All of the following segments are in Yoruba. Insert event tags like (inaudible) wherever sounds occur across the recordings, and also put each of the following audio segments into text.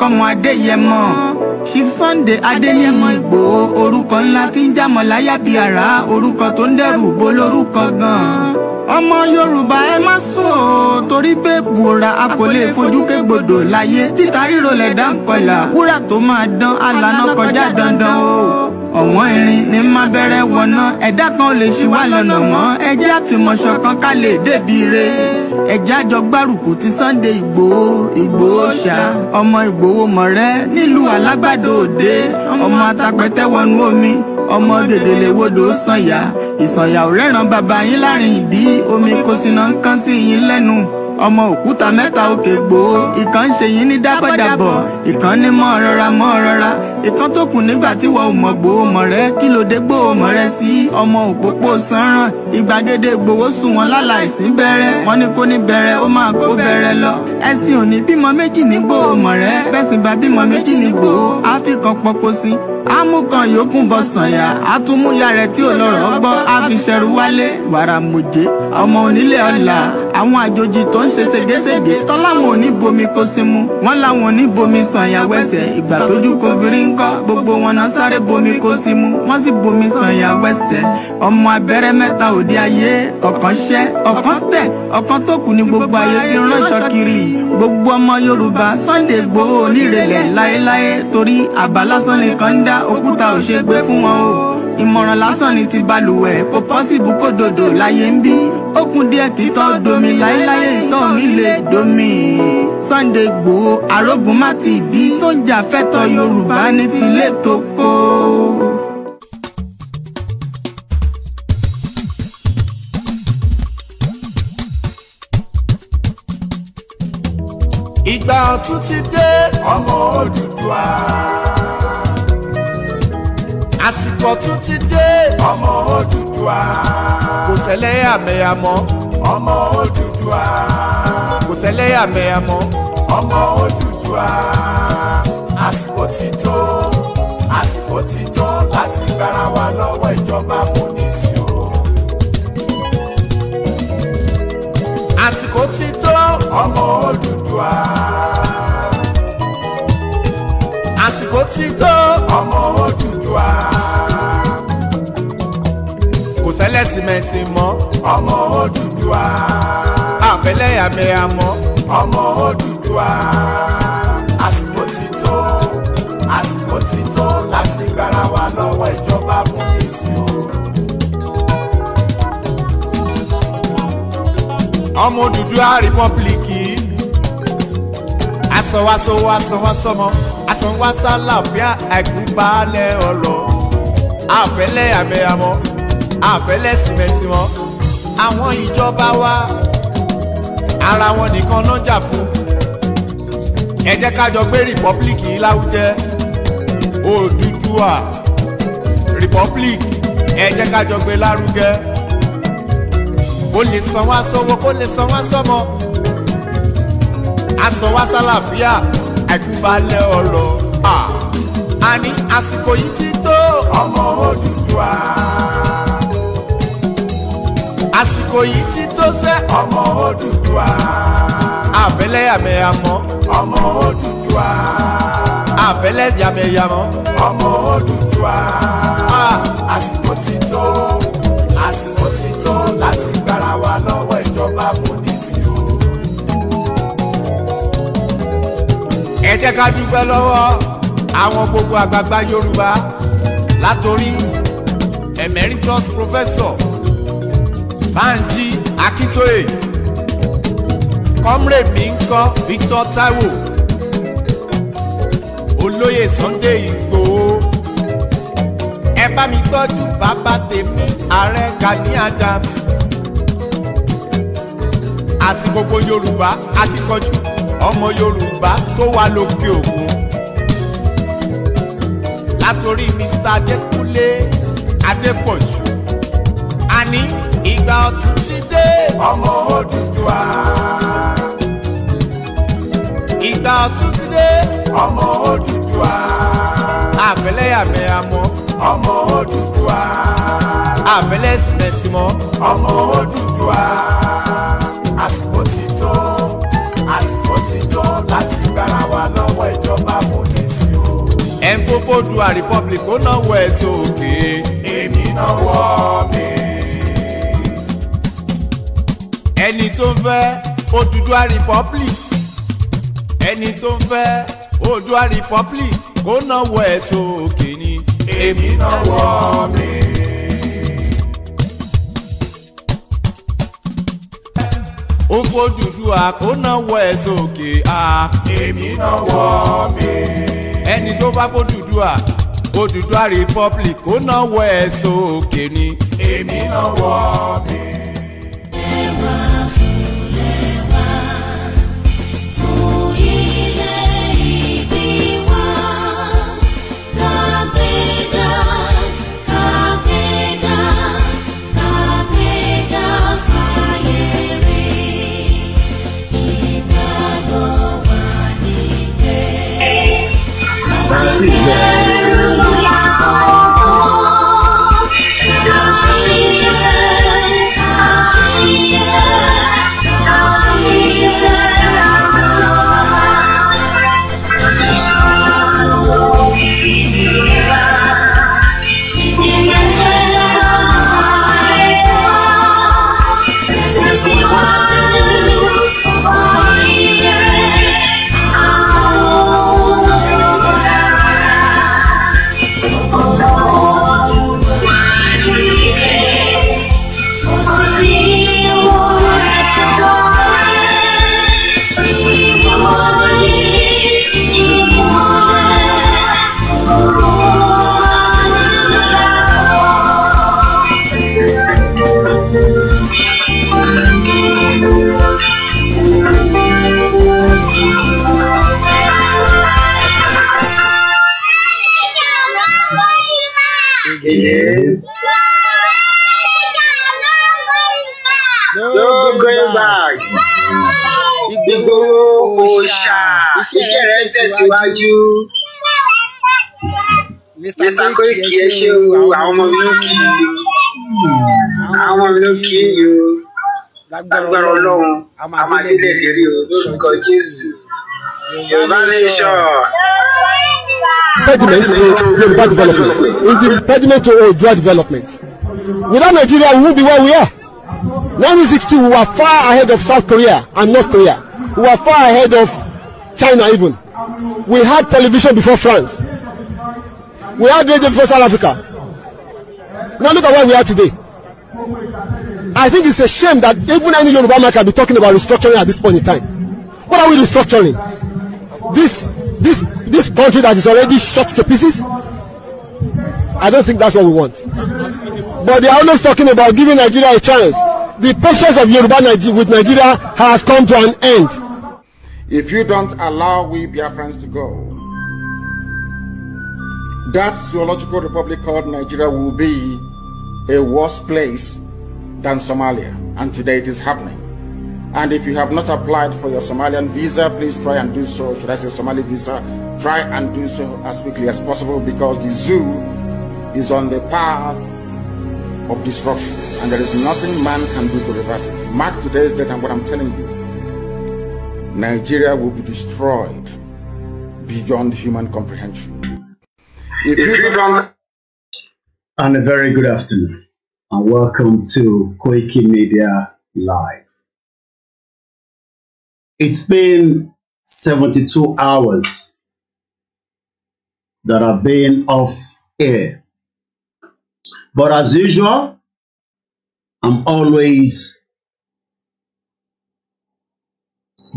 kọ́mọ adéyẹmọ chief sunday adéyẹmọ ìgbòho orúkọ ńlá tí ń jámọ láyà bíi àrá orúkọ tó ń dẹrù bo lórúkọ gan-an ọmọ yorùbá ẹ má sùn o torí pé bùrà a kò lè fojú kégbodò láyé títa ríro lẹ̀dá ń kọlà wúrà tó máa dán alànà kọjá dandan o ọ̀wọ́n irin ní má bẹ̀rẹ̀ wọ̀nà ẹ̀dá kan ò lè ṣì wá lọ́nà mọ́ ẹjẹ́ àfìmọ̀ṣọ̀kan ká lè débi re ẹ̀já jọ gbárùkù ti Sunday Ìgbòho Ìgbòho ṣá ọmọ Ìgbòho mọ̀rẹ́ nílùú alágbàdo òde ọmọ atapẹ̀tẹ̀ wọnú omi ọmọ gègèlè wodò sànyà ìsànyà ò rẹ́ràn bàbá yín láàrin ìdí omi kò sínà ń kán sí yín lẹ́nu ọmọ òkúta mẹ́ta òkè gbòó ìkan ń ṣe yín ní dábọ̀dàbọ̀ ìkan ní mọ́ rọra mọ́ rọra ìkan tó kùn nígbà tí wọ́n mọ̀ gbòó mọ̀ rẹ kí ló dé gbòó mọ̀ rẹ sí ọmọ òpópó sanran ìgbàgede gbowó sùn wọn láláìsí bẹ̀rẹ̀ wọ́n ní kó ní bẹ̀rẹ̀ ó máa kó bẹ̀rẹ̀ lọ ẹ̀sìn òní bímọ méjì ní gbòó mọ̀ rẹ bẹ́sìn bá bímọ méjì ní gbòó àfikàn pọ̀pọ̀ sí amúkan yòókù bọ̀ sànyà àtúmúyà rẹ̀ tí ò lọ́rọ̀ gbọ́ àfiṣẹ́rù wálé wàrà mòjé ọmọ onílé ọ̀la àwọn àjòjì tó ń ṣe ségesège tán ò ní bomi kó sí mu wọ́n láwọn ò ní bomi sàn ìyàwó ẹsẹ̀ ìgbà tójú kò fi rí ń gbogbo wọn náà sáré bomi kó sí mu wọ́n sì bomi sàn ìyàwó ẹsẹ̀ ọmọ abẹ́rẹ́ mẹ́ta òde ayé ọ̀kan ṣẹ́ ọ̀kan tẹ̀ ọ̀kan tó kù ní gbogbo ayé fi ránṣọ́ kiri gbogbo ọmọ Yorùbá Sunday Igboho onírèlẹ̀ láéláé torí àbá lásán nìkan ń dá òkúta ò ṣe gbé fún wọn o ìmọ̀ràn lásán ni ti balùwẹ̀ kò pọ́sibú kò dòdò láyé ń bí ó kún díẹ̀ tí tọ́ domi láéláé ìtọ́ nílé domi Sunday Igboho arógun má ti dí tó ń jà fẹ́tọ̀ Yorùbá ní tilé tó kó. Niger Republic asọwasọwọ asọwọsọmọ asọwọsá láfíà àìkúbalẹ̀ ọ̀rọ̀ àfẹ́lẹ́ àmẹ́yàmọ́ àfẹ́lẹ́ sìmẹ́sìmọ́ àwọn ìjọba wa ara wọn nìkan náà jà fún ẹ jẹ́ ká jọ gbé republic láwùjẹ Odùduwà republic ẹ jẹ́ ká jọ gbé lárugẹ kó lè san wá sówó kó lè san wá sọ́mọ asan wá sálàfíà àìkúbalẹ̀ ọ̀rọ̀ a ní àsìkò yìí ti tó ọmọ Odùduwà àsìkò yìí ti tó sẹ́ ọmọ Odùduwà àfẹ́lẹ́ yàmẹ̀yàmọ́ ọmọ Odùduwà àfẹ́lẹ́ yàmẹ̀yàmọ́ ọmọ Odùduwà àsìkò ti jẹ́ ká dúpẹ́ lọ́wọ́ àwọn gbogbo àgbààgbà Yorùbá látorí Emeritus Professor Banji Akintoye comrade mi ń kọ́ Victor Taiwo olóyè Sunday Igboho ẹ bá mi tọ́jú bàbá tèmi ààrẹ Gani Adams àti gbogbo Yorùbá akíkanjú ọmọ Yorùbá tó wà lókè òkun látòrí Mr. Adékúnlé Adépọ̀jù àní ìgbà ọ̀tun ti dé. ọmọ Odùduwà. ìgbà ọ̀tun ti dé. ọmọ Odùduwà. àfẹlẹ́yàmẹ̀ àmọ́. ọmọ Odùduwà. àfẹlẹ́sìmẹ̀sìmọ́. ọmọ Odùduwà. àsìkò. fòdùà republic ó náwó ẹ̀ sókè. èmi náwó mi. ẹni tó ń fẹ́ Odùduwà republic ẹni tó ń fẹ́ Oòduà republic kó náwó ẹ̀ sókè ni. èmi náwó mi. ó kó dúdú àkónáwọ ẹ̀ sókè á. èmi náà wọ́ mi. ẹni tó bá kó dúdú à Odùduwà Republic ó náà wọ ẹ̀ sókè ni. èmi náà wọ́ mi. ẹ̀wà. 月如刀光，刀心深深，刀心 síwájú. Mr. Koiki ẹ ṣé o, àwọn ọmọ mi ló kí i o, àwọn ọmọ mi ló kí i o, lágbára Ọlọ́run, àmàdélẹ̀ lérí o, lórúkọ Jésù, Yorùbá nation. Impediment to Yoruba development is the impediment to development. Without Nigeria, we won't be where we are. 1962, we were far ahead of South Korea and North Korea. We were far ahead of China even. We had television before France. We had radio before South Africa. Now look at where we are today. I think it's a shame that even any Yoruba man can be talking about restructuring at this point in time. What are we restructuring? This this this country that is already shot to pieces? I don't think that's what we want. But they are always talking about giving Nigeria a chance. The patience of Yoruba Niger with Nigeria has come to an end. If you don't allow we Biafrans to go, that zoological republic called Nigeria will be a worse place than Somalia. And today it is happening. And if you have not applied for your Somalian visa, please try and do so. Should I say Somali visa? Try and do so as quickly as possible because the zoo is on the path of destruction and there is nothing man can do to reverse it. Mark today's date and what I'm telling you. Nigeria will be destroyed beyond human comprehension. If you don't... And a very good afternoon, and welcome to Koiki Media Live. It's been 72 hours that I've been off air. But as usual, I'm always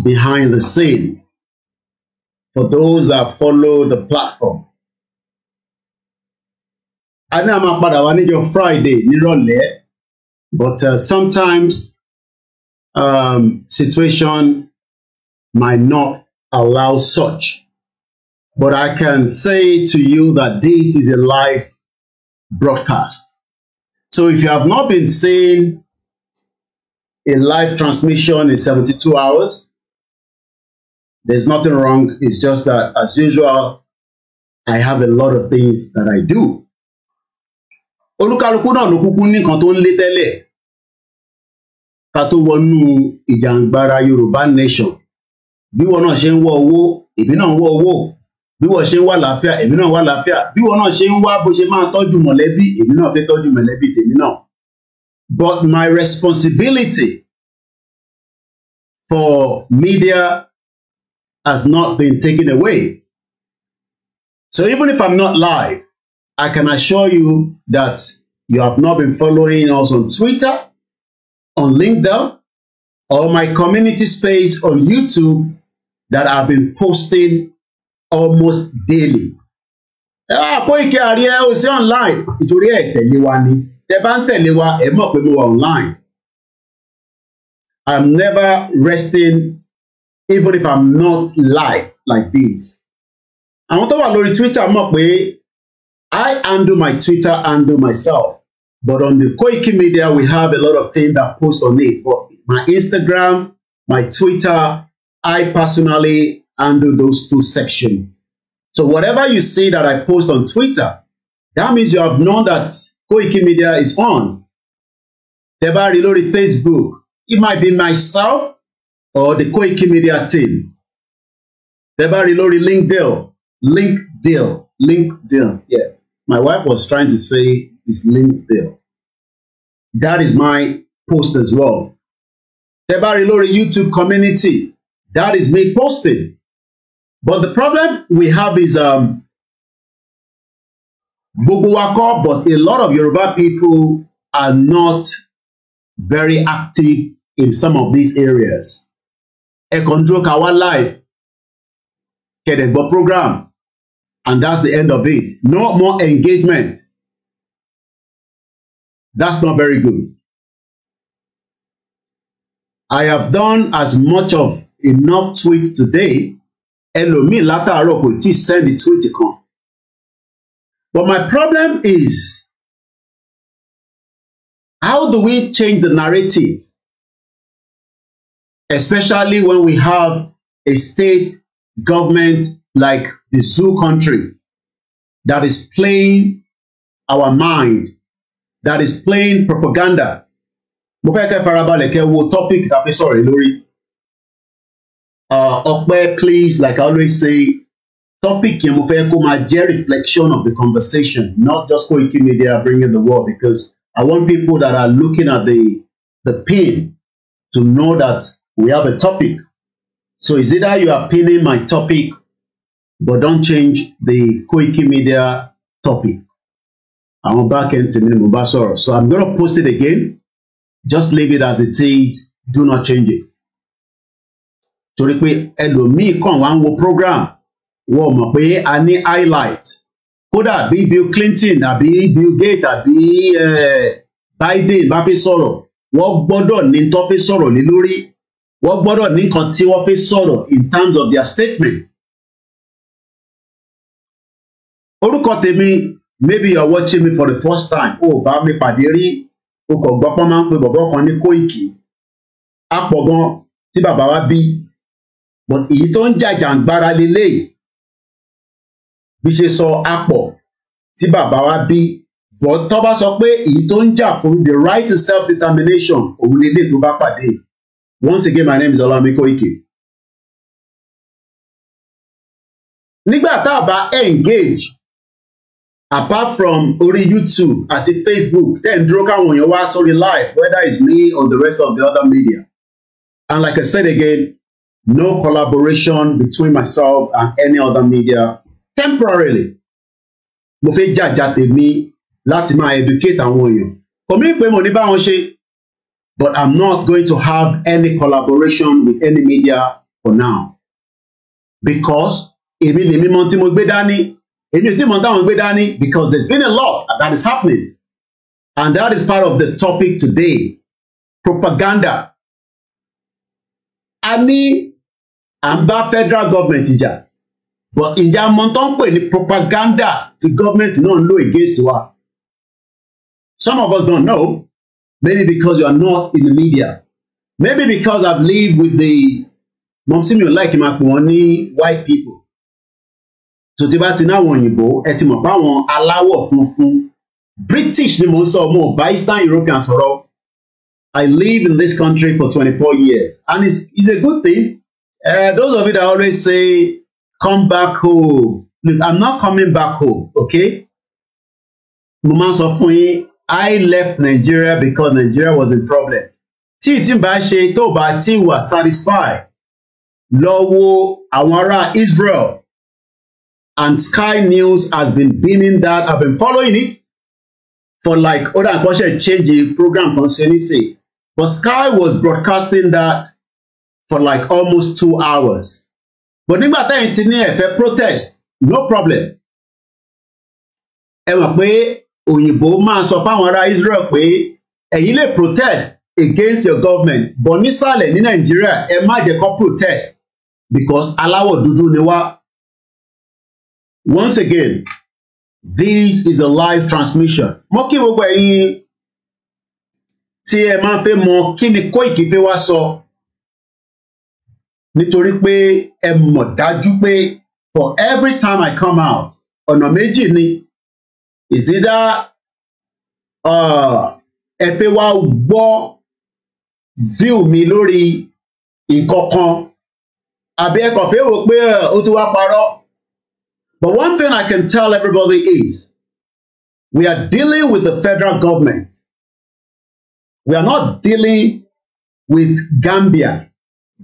behind the scene for those that follow the platform. I know I'm about to need your Friday, you don't But uh, sometimes um, situation might not allow such. But I can say to you that this is a live broadcast. So if you have not been seeing a live transmission in 72 hours, There's nothing wrong. It's just that, as usual, I have a lot of things that I do. Olúkálukú náà ló kúkú ní nǹkan tó ń lé tẹ́lẹ̀ ká tó wọnú ìjàngbara Yorùbá nation. Bí wọn náà ṣe ń wọ owó, èmi náà ń wọ owó. Bí wọn ṣe ń wá làáfíà, èmi náà wá làáfíà. Bí wọn náà ṣe ń wá bó ṣe máa tọ́jú mọ̀lẹ́bí, èmi náà fẹ́ tọ́jú mọ̀lẹ́bí tèmi náà. But my responsibility for media has not been taken away. So even if I'm not live, I can assure you that you have not been following us on Twitter, on LinkedIn, or my community space on YouTube that I've been posting almost daily. Àkóyíkẹ́ àrí ẹ ò sí online nítorí ẹ tẹ̀lé wa ni. online. I'm never resting even if i'm not live like this àwọn tó wà lórí twitter mọ̀ pé i handle my twitter handle myself but on the Koiki Media we have a lot of things that post on it but my instagram my twitter i personally handle those two sections so whatever you see that i post on twitter that means you have known that Koiki Media is on tẹ́ bá facebook it might be myself or the Koiki Media team. Tẹ́ link deal, link deal, link deal. Yeah, my wife was trying to say it's link deal. That is my post as well. Tẹ́ bá rí YouTube community, that is me posting. But the problem we have is um, gbogbo but a lot of Yoruba people are not very active in some of these areas ẹ control our life. wá live kẹ̀dẹ̀ gbọ́ program and that's the end of it no more engagement that's not very good I have done as much of enough tweets today ẹlòmíì látàárọ̀ kò tí ì send tweet kan but my problem is how do we change the narrative especially when we have a state government like the zoo country that is playing our mind, that is playing propaganda. Mo fẹ́ kẹ́ farabalẹ̀ kẹ́ wo topic tàbí sọ̀rọ̀ lórí. Uh, Ọpẹ́ please like I always say topic yẹn mo fẹ́ kó máa jẹ́ reflection of the conversation not just Koiki Media bringing the world because I want people that are looking at the the pain to know that we have a topic. So it's either you are pinning my topic, but don't change the Koiki Media topic. I'm back into minimum ni So I'm gonna post it again. Just leave it as it is. Do not change it. To pé ẹlòmíì kàn wá ń wo program wọ́n mọ̀ any a ní highlight kódà bí Bill Clinton be Bill Gates àbí eh, Biden bá fi What wọ́n in ní tó Liluri wọ́n gbọ́dọ̀ ní nǹkan tí wọ́n fi sọ̀rọ̀ in terms of their statement. orúkọ tèmi maybe you are watching me for the first time o bá mi pàdé rí o kò gbọ́ pọ́n máa ń pe bọ̀bọ́ kan ní Kóìkì á pọ̀ gan tí bàbá wa bí but èyí tó ń jàjàǹgbara lélẹ́yìí bí ṣe sọ á pọ̀ tí bàbá wa bí but tó bá sọ pé èyí tó ń jà fún the right to self-determination òun lélẹ́yìí tó bá pàdé yìí Once again, my name is Olami Koike. Nígbà tá a bá engage apart from orí YouTube àti Facebook then dúró káwọn èèyàn wá sórí live whether it's me or the rest of the other media. And like I said again, no collaboration between myself and any other media temporarily. Mo fẹ́ jàjà tèmi láti máa educate àwọn èèyàn. Kò mí pé mo ní báwọn ṣe but I'm not going to have any collaboration with any media for now because èmi lè mímọ̀ tí mo gbé dání èmi ò tí mọ̀ táwọn gbé dání because there's been a lot that is happening and that is part of the topic today propaganda a ní à ń federal government jà but ǹjẹ́ àmọ́ tó ń pè ní propaganda tí government náà ń lò against wa some of us don't know Maybe because you are not in the media. Maybe because I've lived with the mọ̀símì like máa white people. So ti bá ti náwọn òyìnbó ẹ ti mọ̀ báwọn aláwọ̀ funfun British ni mo ń sọ ọmọ Eastern European sọ̀rọ̀ I live in this country for 24 years and it's, it's a good thing. Uh, those of you that always say come back home look I'm not coming back home okay. mo máa ń I left Nigeria because Nigeria was a problem tí ìtì bá ṣe tó bá tí wà satisfy lọ wo àwọn ará Israel and Sky News has been beaming that I've been following it for like ó dà nǹkan ṣe change program kan ṣe nísìnyí but Sky was broadcasting that for like almost two hours but nígbà táyìn ti ní ẹ̀fẹ́ protest no problem ẹ mọ̀ pé òyìnbó máa sọ fáwọn ará Israel pé ẹ̀yin lè protest against your government but nísàlẹ̀ ní Nàìjíríà ẹ má jẹ́ kó protest because aláwọ̀ dúdú ni wá. Once again, this is a live transmission. Mo kí gbogbo ẹ̀yin tí ẹ máa fẹ́ mọ kí ni Kóìkì fẹ́ wá sọ nítorí pé ẹ mọ̀ dájú pé for every time I come out ọ̀nà méjì ni It's either uh, ẹ fẹ́ wá gbọ́ view mi lórí nǹkan kan àbí ẹ kàn fẹ́ wò pé uh, ó ti wá parọ́. But one thing I can tell everybody is we are dealing with the federal government. We are not dealing with Gambia.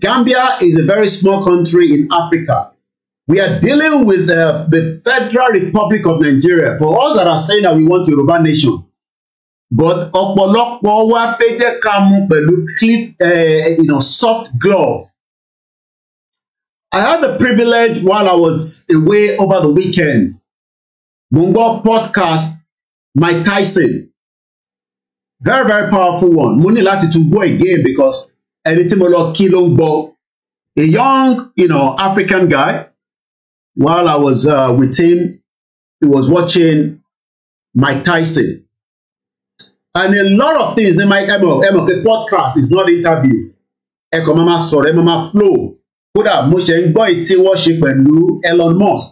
Gambia is a very small country in Africa. We are dealing with the, the Federal Republic of Nigeria. For us that are saying that we want a Yoruba nation, but ọ̀pọ̀lọpọ̀ wa fẹ́ jẹ́ ká mú pẹ̀lú clip eh, you know, soft glove. I had the privilege while I was away over the weekend. Mo ń gbọ́ podcast Mike Tyson. Very very powerful one. Mo ní láti tún gbọ́ again because ẹni tí mo lọ kí ló ń gbọ́. A young you know, African guy while I was uh, with him, he was watching Mike Tyson. And a lot of things, The Mike Emo, Emo, the podcast is not interview. Ẹ kàn máa ma flow. Put up motion. Boy, gbọ́ worship and do Elon Musk.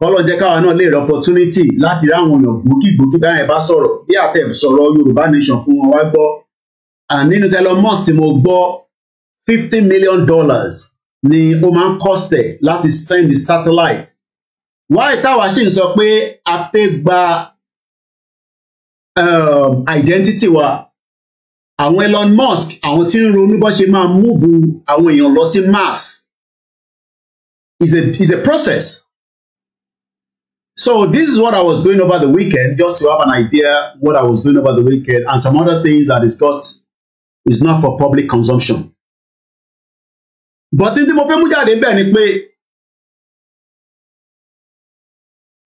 Kọ́lọ̀ jẹ́ káwa náà lè rí opportunity láti ráwọn èèyàn gbòógì-gbòógì báyẹn bá sọ̀rọ̀. Bí àtẹ̀ sọ̀rọ̀ Yorùbá nation fún wọn wá And nínú Elon Musk tí mo gbọ́ fifty million dollars ni ó máa ń cost ẹ̀ láti send satellite Why táwa sì ń sọ pé a fẹ́ gba um, identity wa àwọn Elon Musk àwọn tí ń ronú bó ṣe máa múbu àwọn èèyàn lọ sí Mars is a is a process so this is what I was doing over the weekend just to have an idea what I was doing over the weekend and some other things that is got is not for public consumption. But tí mo fẹ́ mú jáde bẹ́ẹ̀ ni pé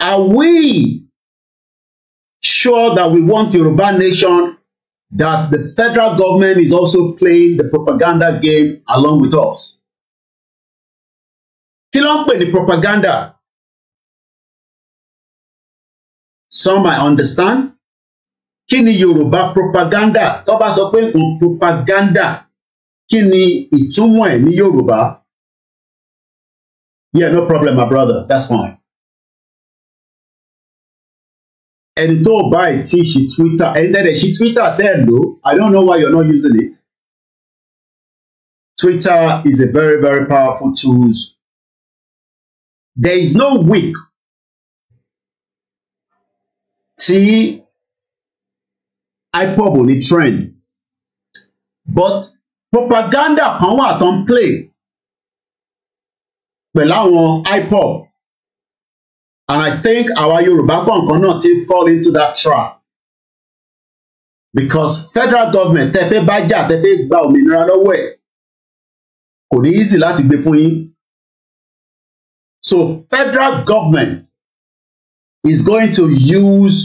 are we sure that we want Yoruba nation that the federal government is also playing the propaganda game along with us? kí ló ń pè ní propaganda? some I understand kí ni Yorùbá propaganda tó bá sọ pé nǹkan propaganda kí ni ìtumọ̀ ẹ̀ ní Yorùbá yeah no problem my brother that's fine ẹni tó bá ẹ̀ tí ṣe Twitter ẹni tẹ́lẹ̀ ṣe Twitter tẹ́ẹ̀ lò I don't know why you're not using it Twitter is a very very powerful tool there is no week tí IPOB ò ní trend but propaganda kan wà tó ń play pẹ̀lú àwọn IPOB and I think our Yorùbá kọ̀ọ̀kan náà ti fall into that trap because federal government tẹ́ fẹ́ bá jà tẹ́ fẹ́ gba òmìnira lọ́wọ́ ẹ̀ kò ní easy láti gbé fún yín so federal government is going to use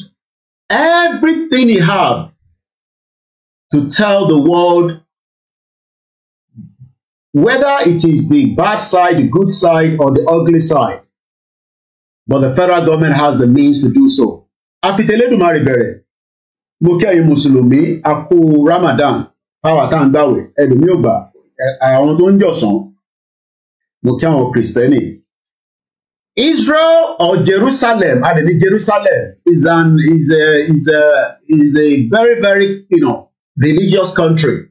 everything he have to tell the world whether it is the bad side, the good side, or the ugly side. But the federal government has the means to do so. Afitele bẹ̀rẹ̀. Mo kí ẹ̀yin aku Ramadan fáwọn tá à ń gbàwẹ̀ ẹlòmíì ò Israel or Jerusalem, Adeni Jerusalem is an is a is a is a very very you know religious country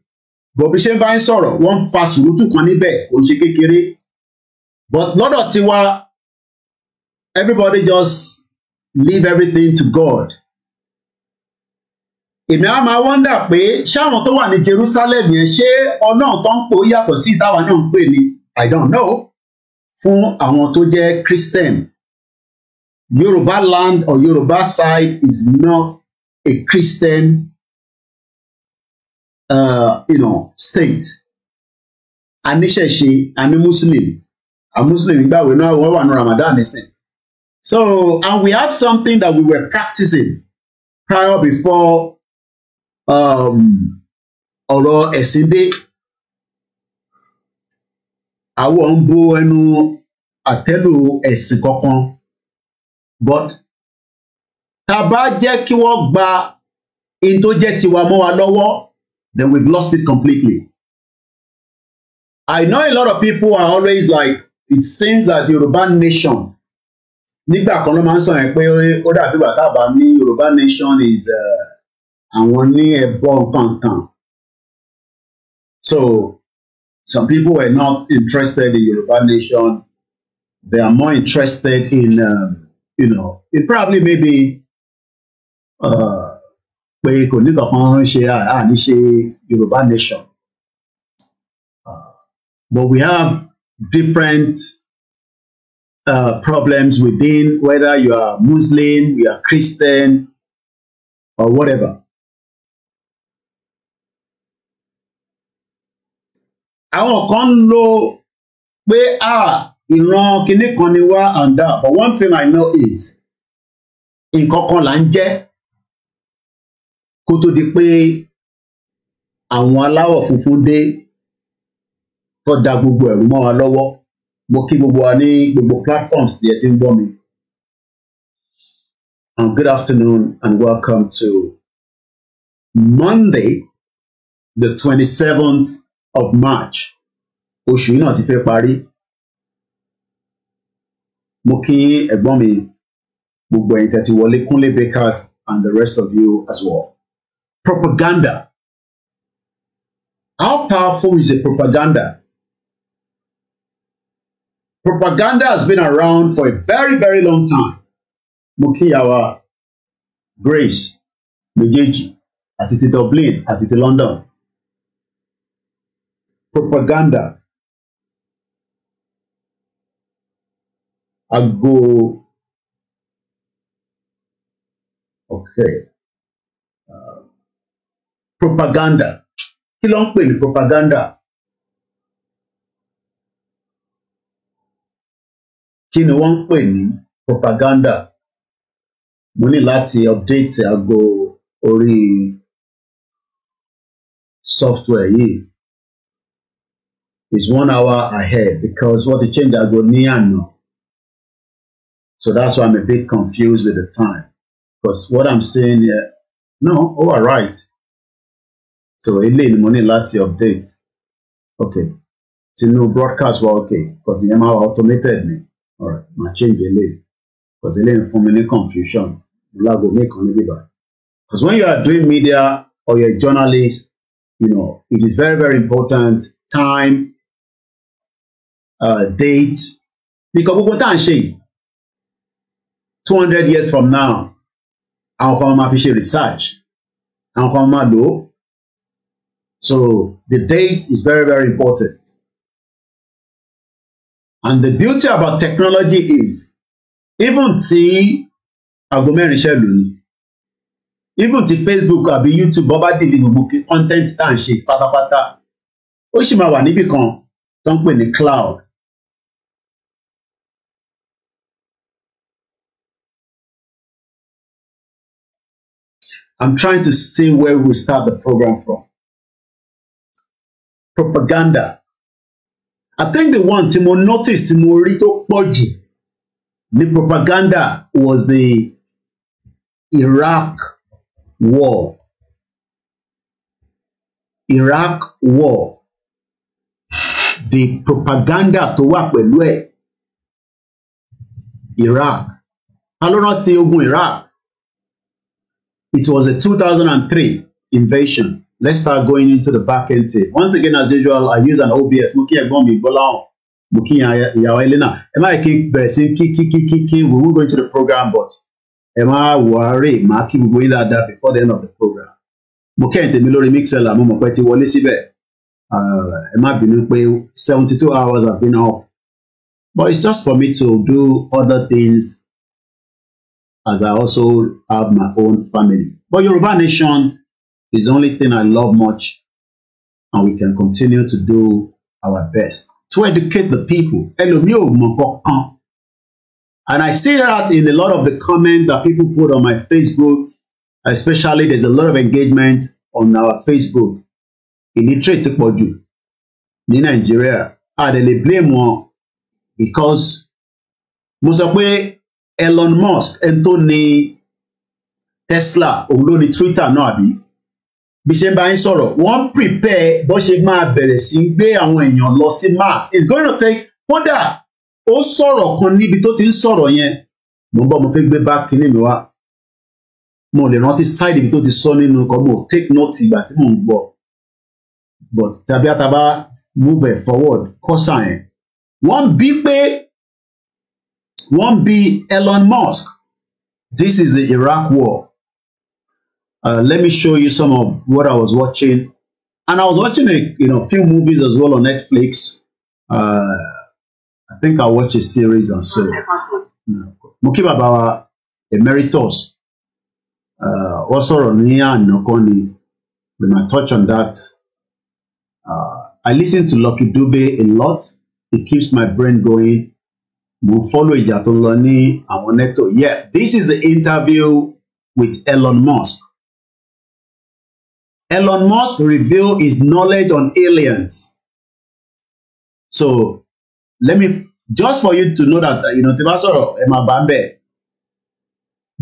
bọ̀bí ṣe ń bá ń sọ̀rọ̀ wọ́n ń fa sùúrùtù kan níbẹ̀ kò ṣe kékeré but lọ́dọ̀ tiwa everybody just leave everything to God èmi á máa wọ́ndà pé ṣáwọn tó wà ní Jerusalem yẹn ṣé ọ̀nà tó ń pò yàtọ̀ sí ìtawà náà ń pè ní I don't know fún àwọn tó jẹ́ Christian Yorùbá land or Yorùbá side is not a Christian uh, you know, state a aníṣẹ̀ṣe àní muslim a muslim gbàwé we wọ́n wà ní ramadan nísìn so and we have something that we were practicing prior before Um, ọ̀rọ̀ ẹ̀sìn dé àwọn ń bo ẹnu àtẹ́lù ẹ̀sìn kankan but tá a bá jẹ́ kí wọ́n gba in tó jẹ́ tiwa mọ́ wa lọ́wọ́ then we've lost it completely. I know a lot of people are always like, it seems that the Yoruba nation, nígbà kan ló máa ń sọ yẹn pé ó dàbí bàtà bá ní Yoruba nation is eh, àwọn ní ẹbọ kankan. So some people were not interested in Yoruba nation. They are more interested in, um, you know, in probably maybe. Uh, pé kò ní kankan ṣe àní ṣe Yorùbá nation uh, but we have different uh, problems within whether you are Muslim, you are Christian, or whatever. Àwọn kan ń lo pé à ìran kinní kan ni wá and that but one thing I know is nǹkan kan là ń jẹ́ kó tó di pé àwọn aláwọ̀ funfun dé tó da gbogbo ẹ̀rú mọ́ wa lọ́wọ́ mo kí gbogbo wa ní gbogbo platforms tí ẹ ti ń gbọ́ mi. Um, good afternoon and welcome to Monday the twenty-seventh of March oṣù yìí náà ti fẹ́ parí. Mo kí ẹ̀gbọ́n mi gbogbo ẹ̀yin tẹ́ ti wọlé Kúnlé Bakers and the rest of you as well propaganda. How powerful is a propaganda? Propaganda has been around for a very, very long time. Mukiyawa, Grace, Mejeji, àti ti Dublin, àti ti London. Propaganda. Ago. Okay propaganda kí ló ń pè ní propaganda kí ni wọ́n ń pè ní propaganda mo ní láti update aago orí software yìí is one hour ahead because what ti change ago ní àná so that's why I'm a bit confused with the time because what I'm saying here no all right so eléyìí ni mo ní láti update okay tinú broadcast wa okay because ìyẹn máa wà automated ni alright máa change eléyìí because eléyìí ń fún mi ní confusion lágbo mi kan níbí báyìí because when you are doing media or you are a journalist you know it is very very important time uh, date because gbogbo tá à ń ṣe yìí two hundred years from now àwọn kan máa fi ṣe research àwọn kan máa lò ó So the date is very, very important. And the beauty about technology is even tí aago mẹ́rin ṣe even ti Facebook àbí YouTube bọ́ bá dìde gbogbo content tá à ń ṣe pátápátá ó sì máa wà níbì kan tó ń pè ní cloud. I'm trying to see where we start the program from propaganda I think the one tí noticed notice tí mo rí propaganda was the Iraq war Iraq war the propaganda to work pẹ̀lú Iraq ta ló rántí Iraq it was a 2003 invasion Let's start going into the back end tape. Once again, as usual, I use an OBS. Mo kí ẹ̀gbọ́n mi Bọ́lá ọ̀hún. Mo kí ìyàwó Elena. Ẹ máa kí bẹ̀rẹ̀ sí we will go into the program but am I wàárẹ̀ máa will gbogbo yín dáadáa before the end of the program. Mo kẹ́yìn milori lórí Mixlr mo mọ̀ pé ti wọlé síbẹ̀. Ah, ẹ má seventy two hours I've been off. But it's just for me to do other things as I also have my own family. But Yoruba Nation the only thing I love much, and we can continue to do our best to educate the people. And I see that in a lot of the comment that people put on my Facebook, especially there's a lot of engagement on our Facebook. Illiterate to pọ̀ jù Nigeria. Nàìjíríà. A blame wọn because mo sọ Elon Musk Anthony Tesla òun Twitter náà àbí bí ṣe bá yín sọ̀rọ̀ wọ́n prepare bó ṣe máa bẹ̀rẹ̀ sí í gbé àwọn èèyàn lọ sí mars it's to take kódà ó sọ̀rọ̀ kan níbi tó ti ń sọ̀rọ̀ yẹn mo ń bọ̀ mo fẹ́ gbé bá kinní mi wá mo lè rántí side ibi tó ti sọ nínú kan mo take note ìgbà tí mò ń gbọ́ but tàbí àtàbá move it forward kọ́sà yẹn wọ́n bí pé wọ́n bí Elon Musk this is the Iraq war Uh, let me show you some of what I was watching. And I was watching a you know few movies as well on Netflix. Uh, I think I watched a series and so. Mukiba Bawa Emeritus. Also uh, on ní Nokoni. kan when I touch on that. Uh, I listen to Lucky Dube a lot. It keeps my brain going. We follow ìjà tó ń lọ ní Yeah, this is the interview with Elon Musk. Elon Musk reveal his knowledge on aliens. So let me just for you to know that you know tí bá sọ̀rọ̀ ẹ máa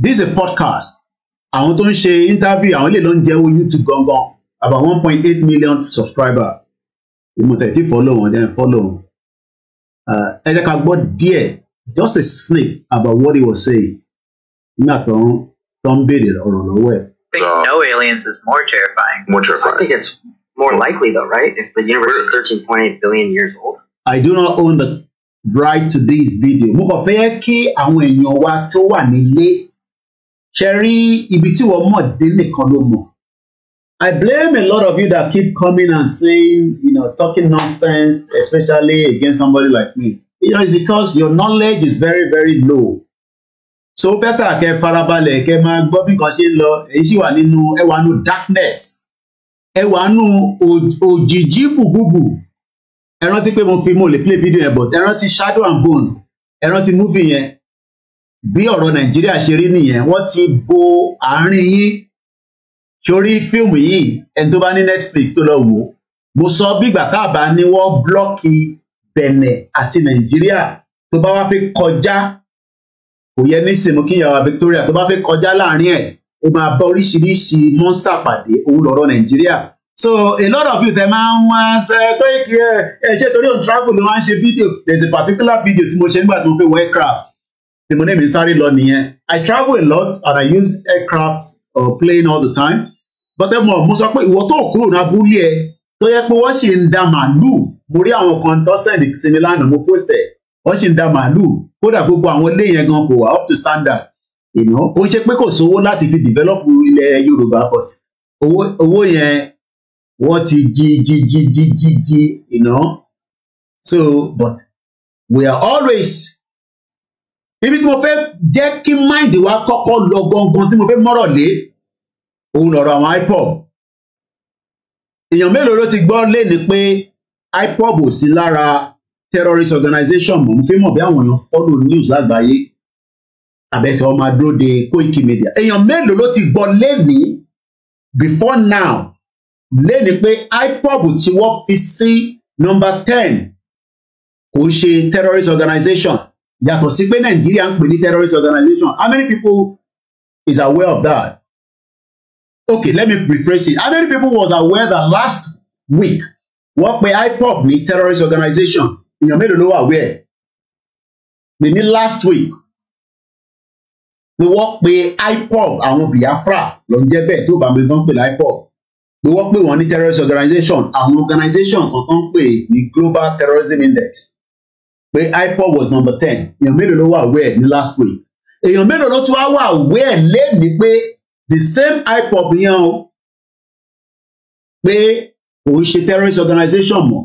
This is a podcast. I want to share interview I only don't ń jẹ́wọ́ YouTube Gong Gong about 1.8 million subscriber. Ìmọ̀tẹ̀ tí follow and then follow wọn. Ẹ jẹ́ ká gbọ́ just a snip about what he was saying nígbà tó ń tó ń béèrè ọ̀rọ̀ lọ́wọ́ ẹ̀. no aliens is more terrifying. More terrifying. I think it's more likely, though, right? If the universe is 13.8 billion years old. I do not own the right to this video. I blame a lot of you that keep coming and saying, you know, talking nonsense, especially against somebody like me. You know, it's because your knowledge is very, very low. so bẹ́tà kẹ farabalẹ̀ kẹ máa gbọ́ bí nǹkan ṣe ń lọ èyí sì wà nínú ẹwà nù darkness ẹwà nù òjìjí bùbùbù ẹ rántí pé mo fi mo lè play video yẹn but ẹ rántí shadow and bone ẹ rántí movie yẹn bí ọ̀rọ̀ nàìjíríà ṣe rí nìyẹn wọ́n ti bo àárín yín sórí fíìmù yìí ẹni tó bá ní netflix tó lọ wò mo sọ bígbà káàbá ni wọ́n blọ́ọ̀kì bẹ̀nẹ̀ àti nàìjíríà tó bá wá fi kọjá kò yẹ nísìnyí kí ìyàwó Victoria tó bá fẹ́ kọjá láàrin ẹ̀ ó máa bá oríṣiríṣi monster pàdé òun lọ́rọ̀ Nàìjíríà so a lot of you dem máa ń wá ṣe pé kí ẹ ẹ ṣe torí òun travel ló máa ń ṣe video there is a particular video tí mo ṣe nígbà tí mo fi wọ aircraft tí mo ní mi sáré lọ nìyẹn I travel a lot and I use aircraft or uh, plane all the time but ẹ mọ̀ mo sọ pé ìwọ tó kúrò ní abúlé ẹ tó yẹ pé wọ́n sì ń da màálù mo rí àwọn kan tó sẹ́ndì sí lánàá mo post ẹ̀ wọ́n sì ń da màálù kódà gbogbo àwọn ilé yẹn gan kò wà up to standard ìná kò ṣe pé kò sówó láti fi develop ilẹ̀ Yorùbá but owó owó yẹn wọ́n ti jí jí jí jí jí jí ìná so but we are always ibi tí mo fẹ́ jẹ́ kí mind wa kọ́kọ́ lọ gangan tí mo fẹ́ mọ́rọ̀ lé òun lọ̀rọ̀ àwọn IPOB èèyàn mélòó ló ti gbọ́ lé ní pé IPOB ò sí lára terrorist organization mò ń fi mọ̀ bí àwọn èèyàn follow news lágbàáyé àbẹ̀kẹ́ ọmọ adó de Koiki Media èèyàn mélòó ló ti gbọ́ lẹ́ni before now lẹ́ni pé IPOB tí wọ́n fi sí number ten kò ń ṣe terrorist organization yàtọ̀ sí pé Nàìjíríà ń pè ní terrorist organization how many people is aware of that okay let me rephrase it how many people was aware that last week wọ́n pe IPOB ní terrorist organization èèyàn mélòó ló wà wí ẹ̀ pè ní last week pé wọ́n pe IPOB àwọn Biafra ló ń jẹ́ bẹ́ẹ̀ tó bá mi tán pè láìpọ̀b pé wọ́n pè wọ́n ní terrorist organization àwọn organization kan tán pè ní global terrorism index pé IPOB was number ten èèyàn mélòó ló wà wí ẹ̀ ní last week èèyàn mélòó ló tún wá wà wí ẹ̀ lẹ́ẹ̀ni pé the same IPOB yẹn o pé kò ń ṣe terrorist organization mọ́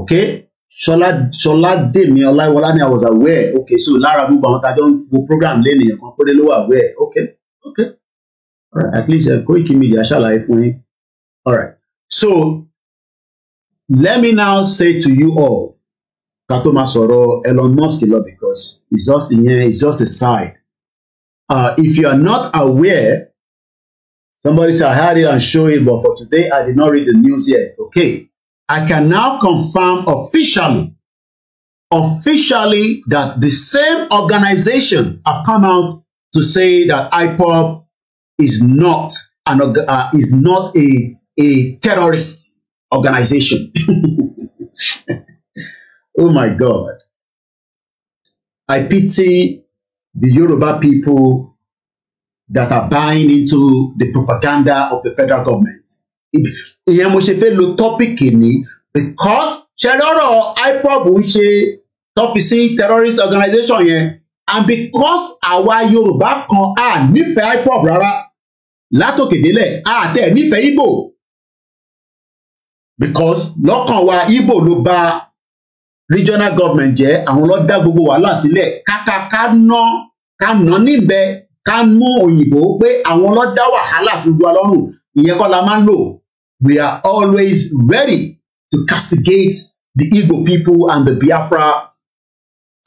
okay ṣọlá ṣọlá dèmí ọláwọlá ni i was aware okay so lára gbogbo àwọn tájọ ń program lẹ́nìyàn kan péré ló aware okay okay at least uh, Koiki Media ṣàlàyé fún yín alright so let me now say to you all ká tó máa sọ̀rọ̀ Elon Musk lọ because it's just ìyẹn it's just a side uh, if you are not aware somebody say I had it and show it but for today I did not read the news yet okay. I can now confirm officially, officially that the same organization have come out to say that IPOB is not an uh, is not a a terrorist organization. (laughs) oh my God! I pity the Yoruba people that are buying into the propaganda of the federal government ìyẹn mo ṣe fẹ́ lo tọ́pìkì ní because ṣẹlọ́rọ̀ IPOB ń ṣe tọ́pì sí terrorist organization yẹn and because àwa Yorùbá kan a nífẹ̀ẹ́ IPOB rárá látòkè délẹ̀ a tẹ̀ nífẹ̀ẹ́ Ibo, because lọ́kàn wa Ibo ló bà regional government jẹ́ àwọn ló dá gbogbo wàhálà sílẹ̀ kàkà ká ná ká ná níbẹ̀ ká mú òyìnbó pé àwọn ló dá wàhálà sí gbogbo alọ́rùn ìyẹn kọ́ la máa ń lò we are always ready to castigate the Igbo people and the Biafra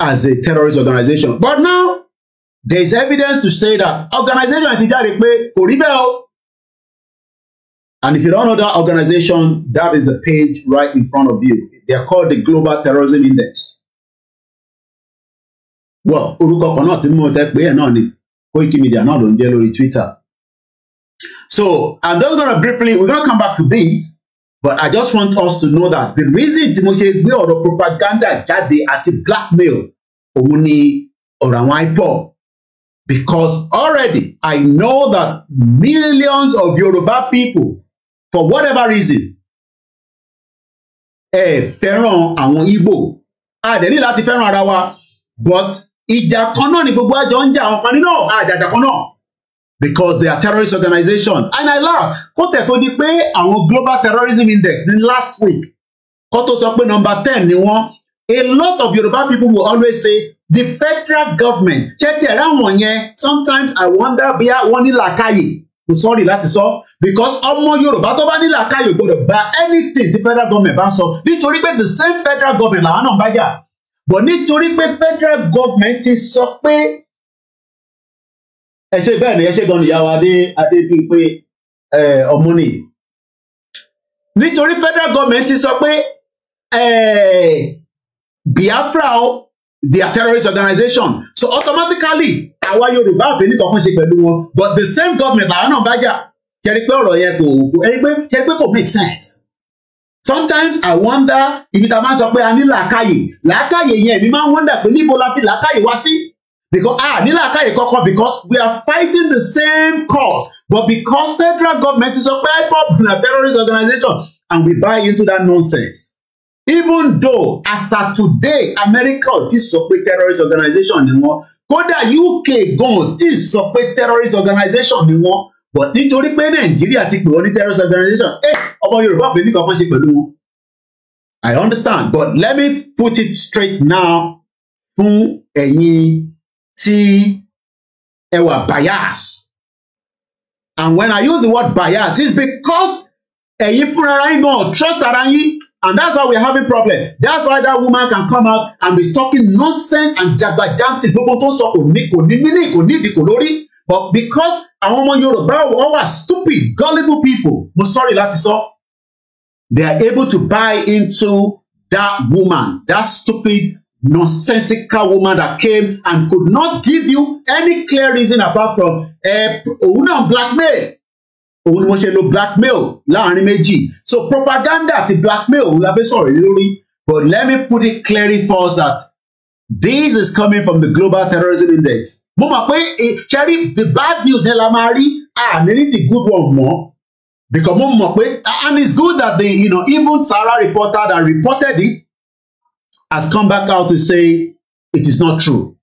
as a terrorist organization. But now, there is evidence to say that organization ti jáde pé And if you don't know that organization, that is the page right in front of you. They are called the Global Terrorism Index. Well, orúkọ kan náà ti mú ọtẹ pé ẹ̀ náà ni Koiki Media now ló ń jẹ́ Twitter. So I'm just going to briefly, we're going to come back to this, but I just want us to know that the reason tí mo ṣe gbé ọ̀rọ̀ propaganda jáde àti blackmail òun ni ọ̀rọ̀ àwọn IPOB because already I know that millions of Yoruba people for whatever reason ẹ fẹ́ràn àwọn Igbo àdẹ̀ní láti fẹ́ràn ara wa but ìjà kan náà ni gbogbo àjọ ń jà àwọn kan nínú àjàjà kan náà because they are terrorist organization and i laugh kó tẹ̀ tó di pé àwọn global terrorism index ní last week kó tó sọ pé number ten ni wọ́n a lot of Yoruba people will always say the federal government ṣé tẹ̀rẹ́ àwọn yẹn sometimes i wonder bí wọ́n ní làákàyè kò sọ́ọ̀rì láti sọ because ọmọ Yorùbá tó bá ní làákàyè gbọdọ̀ gba anything The federal government bá ń sọ nítorí pé the same federal government làwọn náà ń bá jà but nítorí pé federal government ti sọ pé ẹ ṣe bẹ́ẹ̀ ni ẹ ṣe gan níyàwó adé adébíyìpé ọmú nìyí nítorí federal government ti sọ pé Biafra o they are terrorist organization so automatically àwa Yorùbá àbẹ̀ní kankan ṣe pẹ̀lú wọn but the same government làwọn náà bá jà kẹrí pé ọ̀rọ̀ yẹn kò kò pé kẹrí pé kò make sense sometimes I wonder ibi tá a máa sọ pé a ní làákàyè làákàyè yẹn èmi máa ń wonder pé níbo la fi làákàyè wá sí. Si because ah nílà káyè koko because we are fighting the same cause but because federal government is a pipe-up na terrorist organization and we buy into that nonsense even though as at today America ò ti sọ pé terrorist organization ni wọ́n kódà UK gan ò ti sọ pé terrorist organization ni wọ́n but nítorí pé Nàìjíríà ti pè wọ́n ní terrorist organization eh ọmọ Yorùbá pè ní kankan ṣe pẹ̀lú wọn I understand but let me put it straight now fún ẹ̀yin tí ẹ wà bias and when I use the word bias it's because ẹ̀yin fúnra yín gan trust ara yín and that's why we're having problem that's why that woman can come out and be talking nonsense and jagbajanti gbogbo tó sọ kò ní kò ní mílí kò ní ìdí lórí but because àwọn ọmọ Yorùbá wọn wà stupid gullible people mo sorry láti sọ they are able to buy into that woman that stupid nonsensical woman that came and could not give you any clear reason apart from eh, òun náà blackmail òun ni wọ́n ṣe lo blackmail láàrin méjì so propaganda àti blackmail òun la fẹ́ sọ̀rọ̀ lórí but let me put it clearly for us that this is coming from the global terrorism index mo mọ̀ pé eh, ṣẹ́rí the bad news yẹn la máa rí àní ní the good one mọ́ because mo mọ̀ pé and it's good that the you know, even Sarah reporter that reported it has come back out to say it is not true.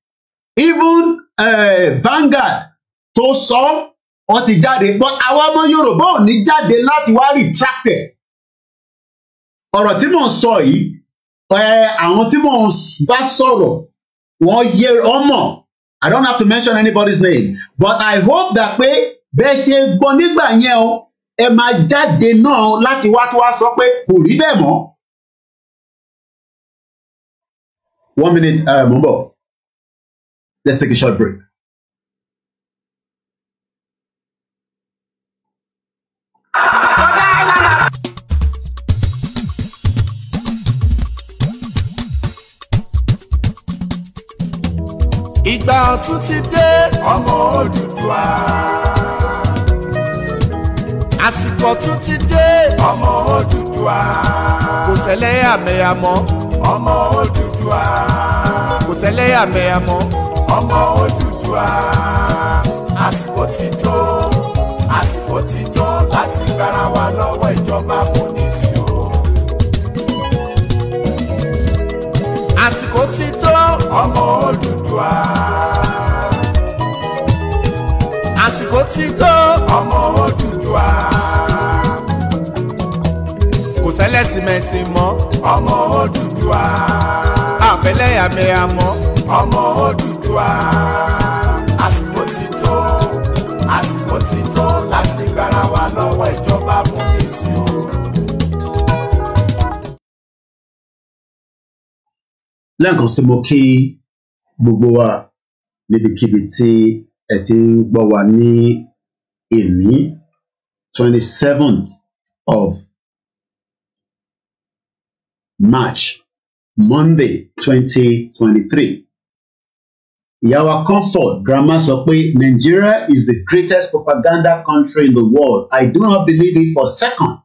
Even uh, Vanguard tó sọ ọ ti jáde but àwọn ọmọ Yorùbá ò ní jáde láti wá retracted. Ọ̀rọ̀ tí mò ń sọ yìí eh, àwọn tí mò ń bá sọ̀rọ̀ wọ́n yẹ ọmọ I don't have to mention anybody's name but I hope that pé bẹ́ẹ̀ ṣe gbọ́ nígbà yẹn o ẹ máa jáde náà láti wá tó wá sọ pé kò rí bẹ́ẹ̀ mọ́ one minute uh, mo let's take a short break. ìgbà ọ̀tun ti dé ọmọ Odùduwà. àsìkò ọ̀tun ti dé ọmọ Odùduwà. kò tẹ̀lé àmẹ́yàmọ́ ọmọ Odùduwà. Odùduwà. kò sẹ́lẹ́yàmẹ̀yà mọ́. ọmọ Odùduwà àsìkò ti tó àsìkò ti tó láti gbára wa lọ́wọ́ ìjọba amúnisìn o. àsìkò ti tó ọmọ Odùduwà. àsìkò ti tó ọmọ Odùduwà kò sẹ́lẹ̀sìmẹ̀sì mọ́. ọmọ Odùduwà àfẹlẹ́yàmẹ̀yà mọ́. ọmọ Odùduwà àsìkò ti tó àsìkò ti tó láti gbára wa lọ́wọ́ ìjọba amúnisí o. lẹ́ẹ̀kan sí mo kí gbogbo wa níbikíbi tí ẹ ti ń gbọ́ wa ní èmi twenty seventh of March Monday twenty twenty three. Ìyáwá Comfort Grandma sọ pé Nigeria is the greatest propaganda country in the world. I do not believe it for a second.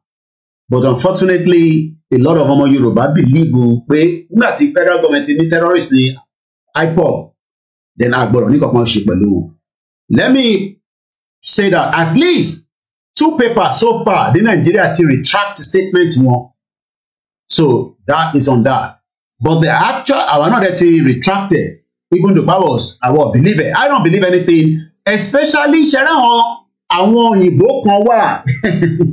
But unfortunately, a lot of ọmọ Yorùbá believe o pé nígbà tí federal government ní terrorist ní IPOB then agbọ̀rọ̀ ní kankan ṣe pẹ̀lú wọn. Let me say that at least two papers so far ní Nigeria ti retract statement wọn. So that is on that. But the actual, our not that retracted, even the powers, I won't believe it. I don't believe anything, especially Sharon, àwọn òyìnbó kan wà.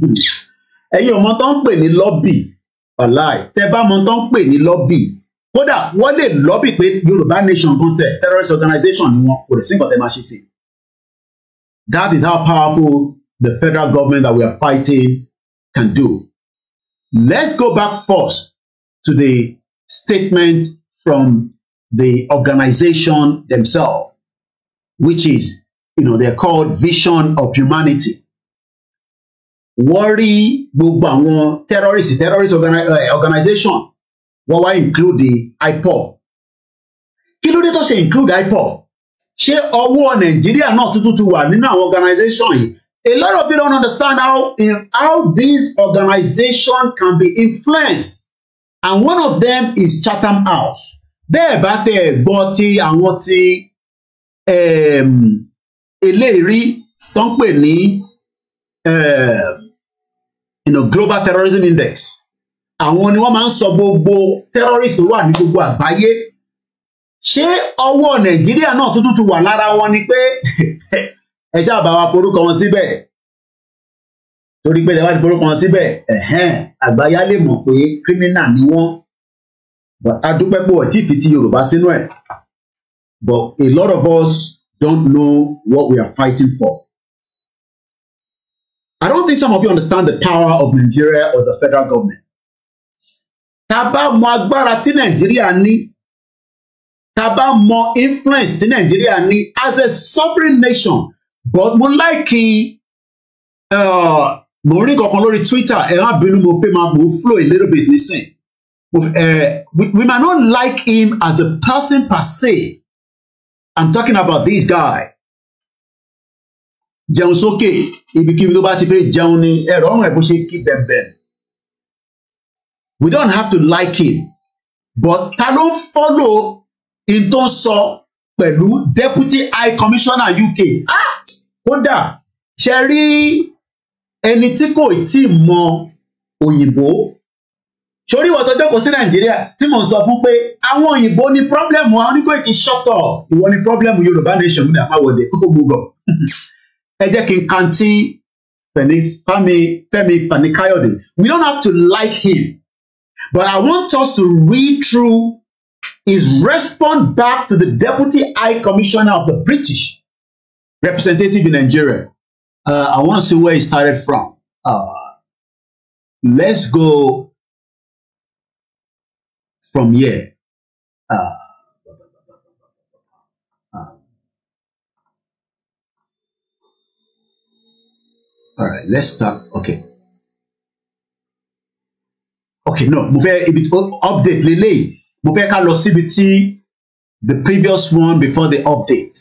(laughs) Ẹ̀yin ọmọ tó ń pè ní lọ́bì, ọ̀la tẹ bá mọ tó ń pè ní lọ́bì. Kódà wọ́n lè lọ́bì pé Yorùbá Nation concept terrorist organization ni wọn kò lè sí nǹkan máa ṣe sí. That is how powerful the federal government that we are fighting can do. Let's go back first to the statement from the organization themselves, which is, you know, they're called Vision of Humanity. Worry, rí gbogbo àwọn terrorist terrorist organi uh, organization wọ́n wá include the IPOB. Kí ló dé tó ṣe include IPOB? Ṣé ọwọ́ Nàìjíríà náà tuntun ti wà nínú àwọn organization yìí? A lot of people don't understand how, how these organizations can be influenced and one of them is Chatham House bẹ́ẹ̀ bá tẹ ẹ̀ gbọ́ ti àwọn ti eléèrí tó ń pè ní global terrorism index àwọn ni wọ́n máa ń sọ gbogbo terrorist tó wà ní gbogbo àgbáyé ṣé ọwọ́ Nàìjíríà náà tuntun ti wà lára wọn ni pé (laughs) ẹ ṣáà bá wa forúkọ wọn síbẹ̀ torí pé lẹ́wọ́n forúkọ síbẹ̀ àgbáyá lè mọ̀ pé kírímínà ni wọ́n adúpẹ́pọ̀ tí fi ti Yorùbá sínú ẹ̀ but a lot of us don't know what we are fighting for. I don't think some of you understand the power of Nigeria or the federal government. Tá a bá mọ agbára tí Nàìjíríà ní tá bá mọ influence tí Nàìjíríà ní as a sovereign nation but mo láìkí. uh, mo rí kankan lórí Twitter ẹ má bínú mo pé máa mo flow a little bit nísìn uh, eh, we, we might not like him as a person per se I'm talking about this guy jẹun sókè ibikíbi tó bá ti fẹ́ jẹun ni ẹ̀rọ ọ̀run ẹ̀ bó ṣe kí bẹ̀m̀bẹ̀ we don't have to like him but ta ló ń in tó ń sọ pẹ̀lú deputy high commissioner UK ah kódà ṣe rí ẹni tí kò tí ì mọ òyìnbó sórí ìwọ tó jókòó sí nàìjíríà tí mò ń sọ fún pé àwọn òyìnbó ní pírọ́blẹ̀mù àwọn oníkóyèkì ṣọ́tọ̀ ìwọ ní pírọ́blẹ̀mù yorùbá nation múlẹ̀ àmáwọlé kókó mu (laughs) gọ̀ ẹ jẹ́ kí n kan tí Femi Fanikayode we don't have to like him but I want us to read through his response back to the deputy high commissioner of the British representative in Nigeria Uh, I want to see where it started from. Uh, let's go from here. Uh, um, all right, let's start. Okay. Okay, no, mo fẹ́ ibi update lélẹ́yìí. Mo fẹ́ ká lọ síbi the previous one before the update.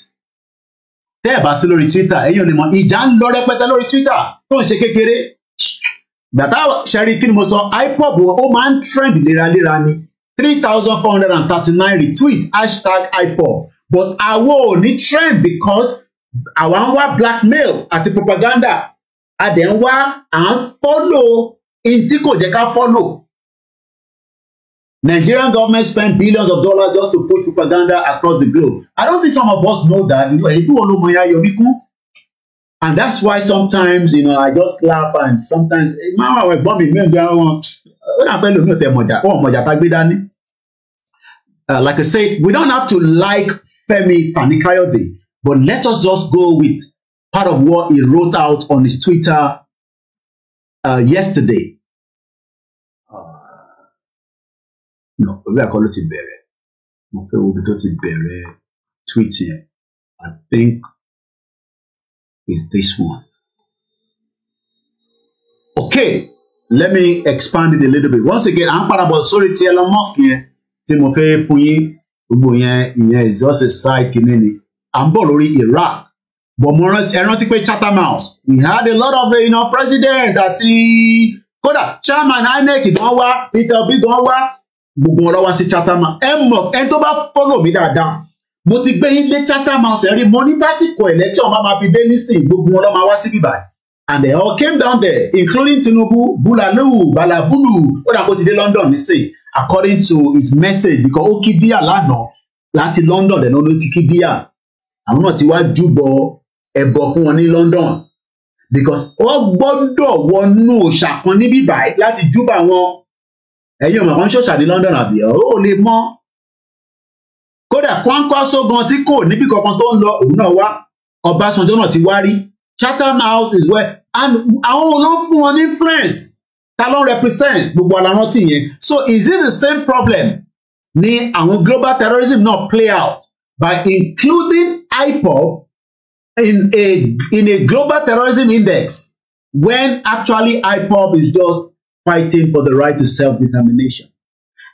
tẹ́ ẹ̀ bá sí lórí twitter ẹ̀yin ò lè mọ̀ ìjà ń lọ rẹpẹtẹ lórí twitter tó ń ṣe kékeré gbàtà ṣẹ́rí kí ni mo sọ ipob ó máa ń trend léraléra ni three thousand four hundred and thirty-nine retweet hashtag ipob but àwo ò ní trend because àwa ń wá blackmail àti propaganda a dẹ̀ ń wá à ń follow in tí kò jẹ́ ká follow Nigerian government spend billions of dollars just to push propaganda across the globe. I don't think some of us know that. And that's why sometimes, you know, I just laugh and sometimes, eh, máa wẹ̀ gbọ́n mi uh, Like I said, we don't have to like Femi Fanikayode, but let us just go with part of what he wrote out on his Twitter uh, yesterday. no òwe àkọ́ ló ti bẹ̀rẹ̀ mo fẹ́ wo ibi tó ti bẹ̀rẹ̀ tweet yẹn I think is this one. Okay, let me expand it a little bit once again à ń padà bọ̀ sórí ti Elon Musk yẹn tí mo fẹ́ fún yín gbogbo yẹn ìyẹn is just a side kìíní ni à ń bọ̀ lórí Iraq but mo rántí ẹ rántí pé Chatham mouse. we had a lot of you know, president àti kódà chairman INEC gan wá Peter Obi gan wá gbogbo wọn lọ́wọ́ sí chatama ẹ mọ̀ ẹni tó bá fọ́lọ̀ mi dáadáa mo ti gbé yín lé chatama ọ̀sẹ̀ rí mo ní lásìkò election máa ma fi dé nísìn gbogbo wọn lọ́wọ́ wá sí bíbá and they all came down there including Tinubu bulalu balabulu ó dà kó ti dé London nísìn according to his message because ó kí díà lánàá láti London dẹ̀ náà ló ti kí díà àwọn náà ti wá júbọ ẹbọ fún wọn ní London because ó gbọ́dọ̀ wọnú òòṣà kan ní bíbá láti júbà wọn ẹ̀yin ọmọ kan ṣòṣà ní London àbí ọ ò lè mọ̀ kódà Kwankwaso gan tí kò níbi kankan tó ń lọ òun náà wá Ọbásanjọ́ náà ti wá rí Chatham House is where àwọn olóhùn fún wọn ní influence ta ló ń represent gbogbo àlàrán tì yẹn so is it the same problem ni àwọn global terrorism náà play out by including IPOB in a in a global terrorism index when actually IPOB is just fighting for the right to self-determination.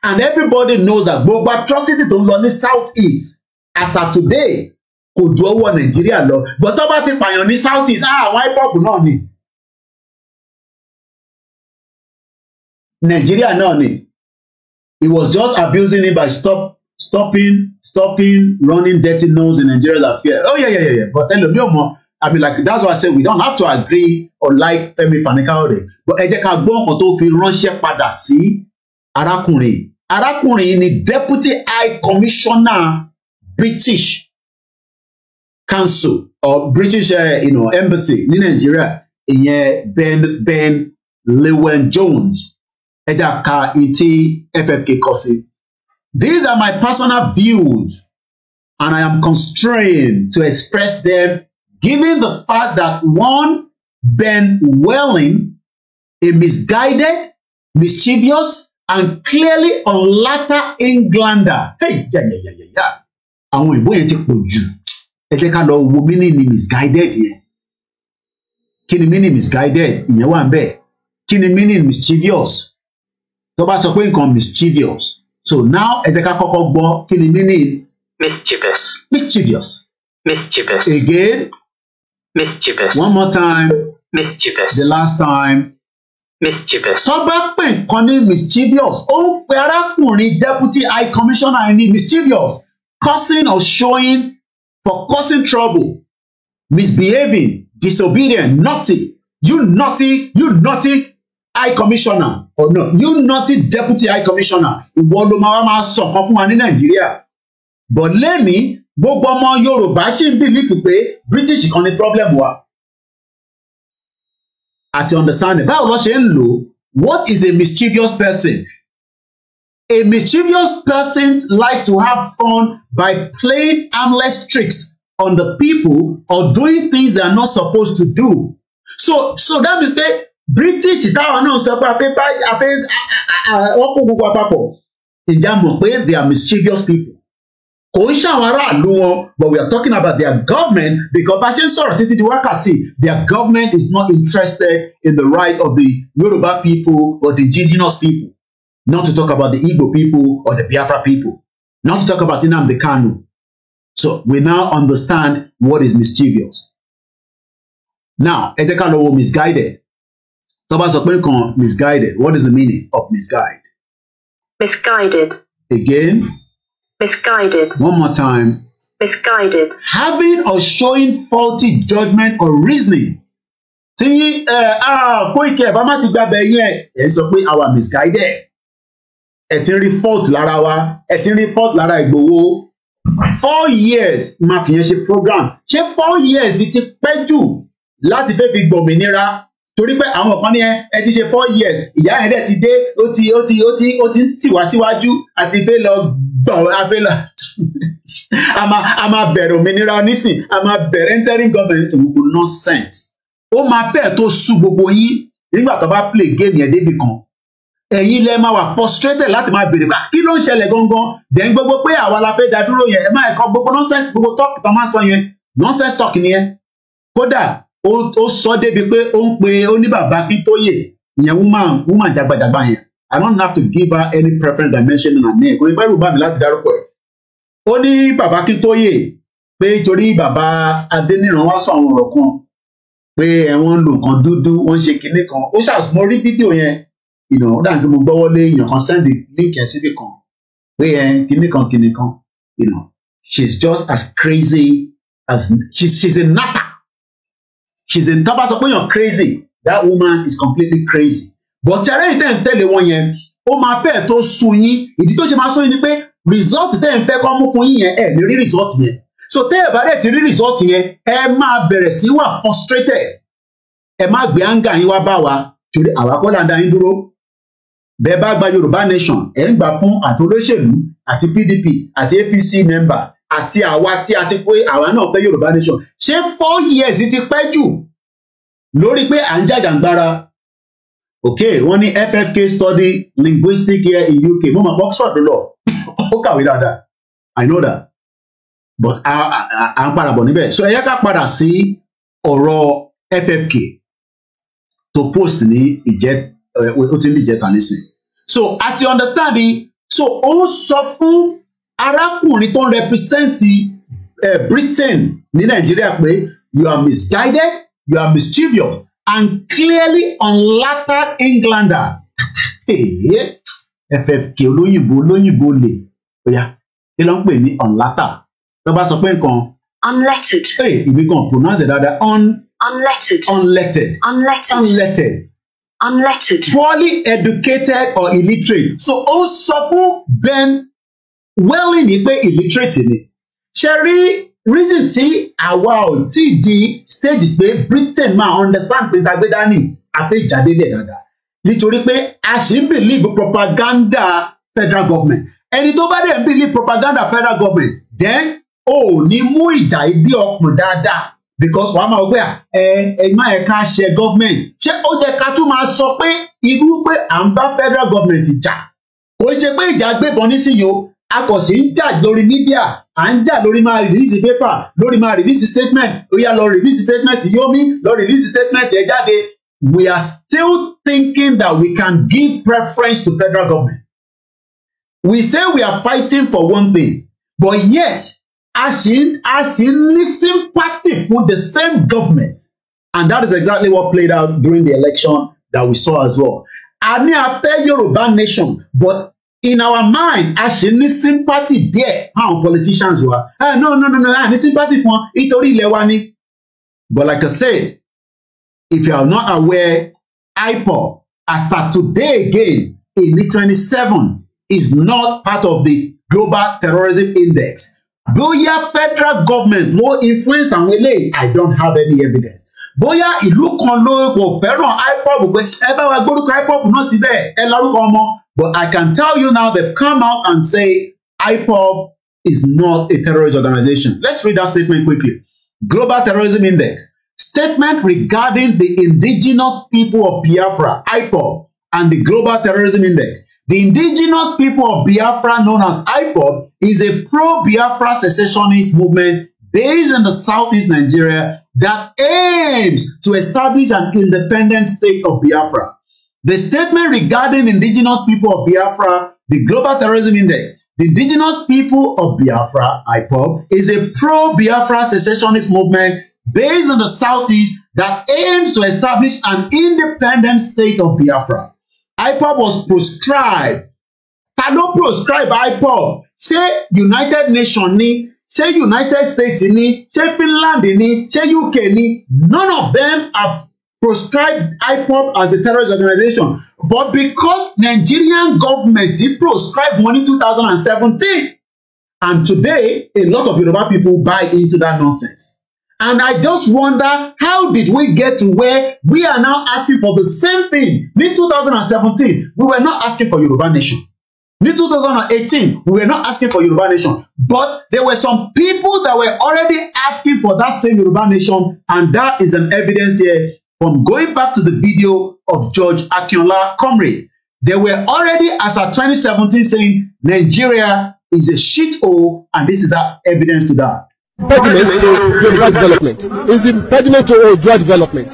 And everybody knows that gbogbo atrocity tó ń lọ ní south east as of today kò ju ọwọ́ Nàìjíríà lọ but tó bá ti pààyàn ní south east ah àwọn IPOB náà ni Nàìjíríà náà ni he was just abusing him by stop stopping stopping running dirty nose in Nigeria's affairs oh yeah yeah yeah yeah. but ẹlòmíì ò mọ I mean, like that's why I say. we don't have to agree or like Femi Panikawode. But ẹ jẹ́ ká gbọ́ nǹkan tó fi ránṣẹ́ padà sí arákùnrin. Arákùnrin ni Deputy High Commissioner British Council or British uh, you know, Embassy ní Nigeria ìyẹn Ben Ben Lewen Jones. Ẹ jẹ́ ká ìtí FFK kọ sí. These are my personal views and I am constrained to express them given the fact that one Ben Welling, a misguided, mischievous, and clearly a latter Englander. Hey, yeah, yeah, yeah, yeah, yeah. Àwọn ìbò yẹn ti pọ̀ you. Ẹ jẹ́ ká lọ wo mini ni misguided yẹn. Kí ni mini misguided? Ìyẹn one ń bẹ̀. Kí mini mischievous? Tó bá sọ pé mischievous. So now ẹ jẹ́ ká kọ́kọ́ gbọ́ kí ni mini. Mischievous. Mischievous. Mischievous. Again mischievous. one more time. mischievous. the last time. mischievous. tó bá pè nǹkan ní mischievous ó ń pe arákùnrin deputy high commissioner ní mischievous causing or showing for causing trouble misbehaving disobedient naughty you naughty you naughty high commissioner or no you naughty deputy high commissioner ìwọ ló máa wá máa sọ nǹkan fún wa ní nàìjíríà but lẹ́ni gbogbo ọmọ Yorùbá ṣì ń bìlífù pé British kan ní problem wa àti understanding báwo ló ṣe ń lò what is a mischievous person a mischievous person like to have fun by playing harmless tricks on the people or doing things they are not supposed to do so so that means pé British táwọn náà sọ pé afẹ́ afẹ́ wọ́n gbogbo àpapọ̀ ìjà mọ̀ pé they are mischievous people kò ń ṣàwọn aráàlú wọn but we are talking about their government because bá a ṣe ń sọ̀rọ̀ títí di wákàtí their government is not interested in the right of the Yoruba people or the indigenous people not to talk about the Igbo people or the Biafra people not to talk about Nnamdi Kanu so we now understand what is mischievous now ẹ ká lọ wo misguided tó bá sọ pé nǹkan misguided what is the meaning of misguided? misguided. again misguided. One more time. Misguided. Having or showing faulty judgment or reasoning. Tí Kóìkì ẹ̀ bá má ti gbàgbẹ́ yẹn ẹ̀ sọ pé àwa misguided. Ẹ ti ń rí fault lára wa, ẹ ti ń rí fault lára Ìgbòho. Four years máa fi yẹn ṣe program. Ṣé four years ti pẹ́ jù láti fẹ́ fi gbòmìnira? torí pé àwọn kan ní ẹ ẹ ti ṣe four years ìyá yẹn dẹ̀ ti dé ó ti ó ti ó ti ó ti ń tì wá síwájú àti fẹ́ lọ gbọ̀n abẹ́ lọ (laughs) a máa a máa bẹ̀rẹ̀ òmìnira nísìn a máa bẹ̀rẹ̀ interim government nísìn gbogbo nonsense ó máa bẹ́ẹ̀ tó sú gbogbo yín nígbà tó bá play game yẹn débi kan ẹ̀yin lẹ máa wà frustrated láti máa béèrè pa ah, kí ló ń ṣẹlẹ̀ gangan dẹ̀ ń gbogbo pé àwa la fẹ́ dá dúró yẹn ẹ máa ẹ̀kọ́ gbogbo nonsense gbogbo talk tó máa sọ yẹn nonsense talk nìyẹn kódà ó sọ débi pé ó ń pe ó ní bàbá Akíntóyè ìyẹn woman woman jagbajagba yẹn I don't have to give her any preference dimension in her name kò ní bẹ́ẹ̀ rù bá mi láti dárúkọ ẹ̀ ó ní bàbá Akíntóyè pé torí bàbá Adéníran wá sọ àwọn ọ̀rọ̀ kan pé ẹ̀wọ̀n ń lo nǹkan dúdú wọ́n ń ṣe kinní kan ó ṣàṣùmọ́ rí fídíò yẹn ìnà ó dà kí mo gbọ́wọ́ lé èèyàn kan send link yẹn síbì kan pé ẹ kinní kan kinní kan ìnà she's just as crazy as she's, she's a natter she's a tábà sọ pé yàn crazy that woman is completely crazy but tẹ̀rẹ́ yìí tẹ̀ ń tẹ̀lé wọn yẹn ó máa fẹ́ tó sun yín ìdí tó ṣe máa sún yín ni pé result tẹ̀ ń fẹ́ kọ́ mú fún yín yẹn ẹ̀ ní rí result yẹn so tẹ́ ẹ̀ bá dẹ̀ ti rí result yẹn ẹ máa bẹ̀rẹ̀ sí wà frustrated ẹ má gbé anger yín wá bá wa torí àwa kọ́ là ń da yín dúró bẹ́ẹ̀ bá gba Yorùbá nation ẹ̀ ń gbà fún àti olóṣèlú àti PDP àti APC member àti àwa tí a ti pé àwa náà pẹ́ Yorùbá nation ṣé four years ti pẹ́ jù lórí pé à ń jàjàǹgbara ok wọ́n ní FFK study linguistic here in UK mo mọ̀ Oxford lọ ó kàwé dáadáa I know that but a ń padà bọ̀ níbẹ̀ so ẹ yẹ ká padà sí ọ̀rọ̀ FFK to post ní ìjẹ́ ó ti ń díjẹ́ ta nísìn so àti understand so ó ń sọ fún arákùnrin tó ń rẹpísẹ́ǹtì eh, Britain ní Nàìjíríà pé you are misguided you are mischievous and clearly unlettered Englander ffk olóyìnbó olóyìnbó lè bóyá kí ló ń pè ní unlettered tó bá sọ pé nǹkan. unlettered. ee ibi kan pronounce it dáadáa un. unlettered. unlettered. unlettered. unlettered. unlettered. poorly educated or illiterate. so ó sọ fún Ben wẹ́lì ní pé illiterate ni ṣe rí reason tí àwa ò tí ì di stage pé Britain máa understand pé Ni ní àfẹ́jáde-lẹ̀ dáadáa nítorí pé a sì ń believe propaganda federal government ẹni tó bá dẹ̀ ń believe propaganda federal government then ò ní mú ìjà ibi ọkùn dáadáa because wàá máa gbé à ẹ ẹ má ẹ ká ṣe government ṣé ó yẹ ká tún máa sọ pé irú pé à ń bá federal government jà kò ṣe pé ìjà gbébọn nísìnyí o a kò sí ń jà lórí mídíà à ń jà lórí máa rìlíìsì pépà lórí máa rìlíìsì statement ó yá lọ rìlíìsì statement yomi lọ rìlíìsì statement ẹ jáde we are still thinking that we can give preference to federal government we say we are fighting for one thing but yet a ṣì ń a ṣì ń ní for the same government and that is exactly what played out during the election that we saw as well. a ní a fẹ́ Yorùbá nation but in our mind a ṣe ní sympathy díẹ̀ àwọn politicians wa ah no no no no ah ní sympathy fún nítorí ilẹ̀ wa ni but like I said if you are not aware Ipo as at today again in the twenty seven is not part of the global terrorism index bóyá federal government ló influence àwọn eléyìí I don't have any evidence bóyá ìlú kan ló kò fẹ́ràn IPOB pé ẹ bá wa gbórúkọ IPOB náà síbẹ̀ ẹ lárúkọ ọmọ But I can tell you now they've come out and say IPOB is not a terrorist organization. Let's read that statement quickly. Global Terrorism Index. Statement regarding the indigenous people of Biafra, IPOB, and the Global Terrorism Index. The indigenous people of Biafra, known as IPOB, is a pro-Biafra secessionist movement based in the southeast Nigeria that aims to establish an independent state of Biafra. The statement regarding indigenous people of Biafra, the Global Terrorism Index, the indigenous people of Biafra, IPOB, is a pro-Biafra secessionist movement based on the Southeast that aims to establish an independent state of Biafra. IPOB was proscribed. Ta ló proscribe IPOB? Say United Nations say United States say Ṣé Finland ni? UK None of them have proscribed IPOB as a terrorist organization but because Nigerian government did proscribe money 2017 and today a lot of Yoruba people buy into that nonsense and I just wonder how did we get to where we are now asking for the same thing Mid 2017 we were not asking for Yoruba nation Mid 2018 we were not asking for Yoruba nation but there were some people that were already asking for that same Yoruba nation and that is an evidence here From going back to the video of George Akinola comrade, they were already as at 2017 saying Nigeria is a shithole and this is that evidence to that. Impediment to Yoruba development is the impediment to Yoruba development.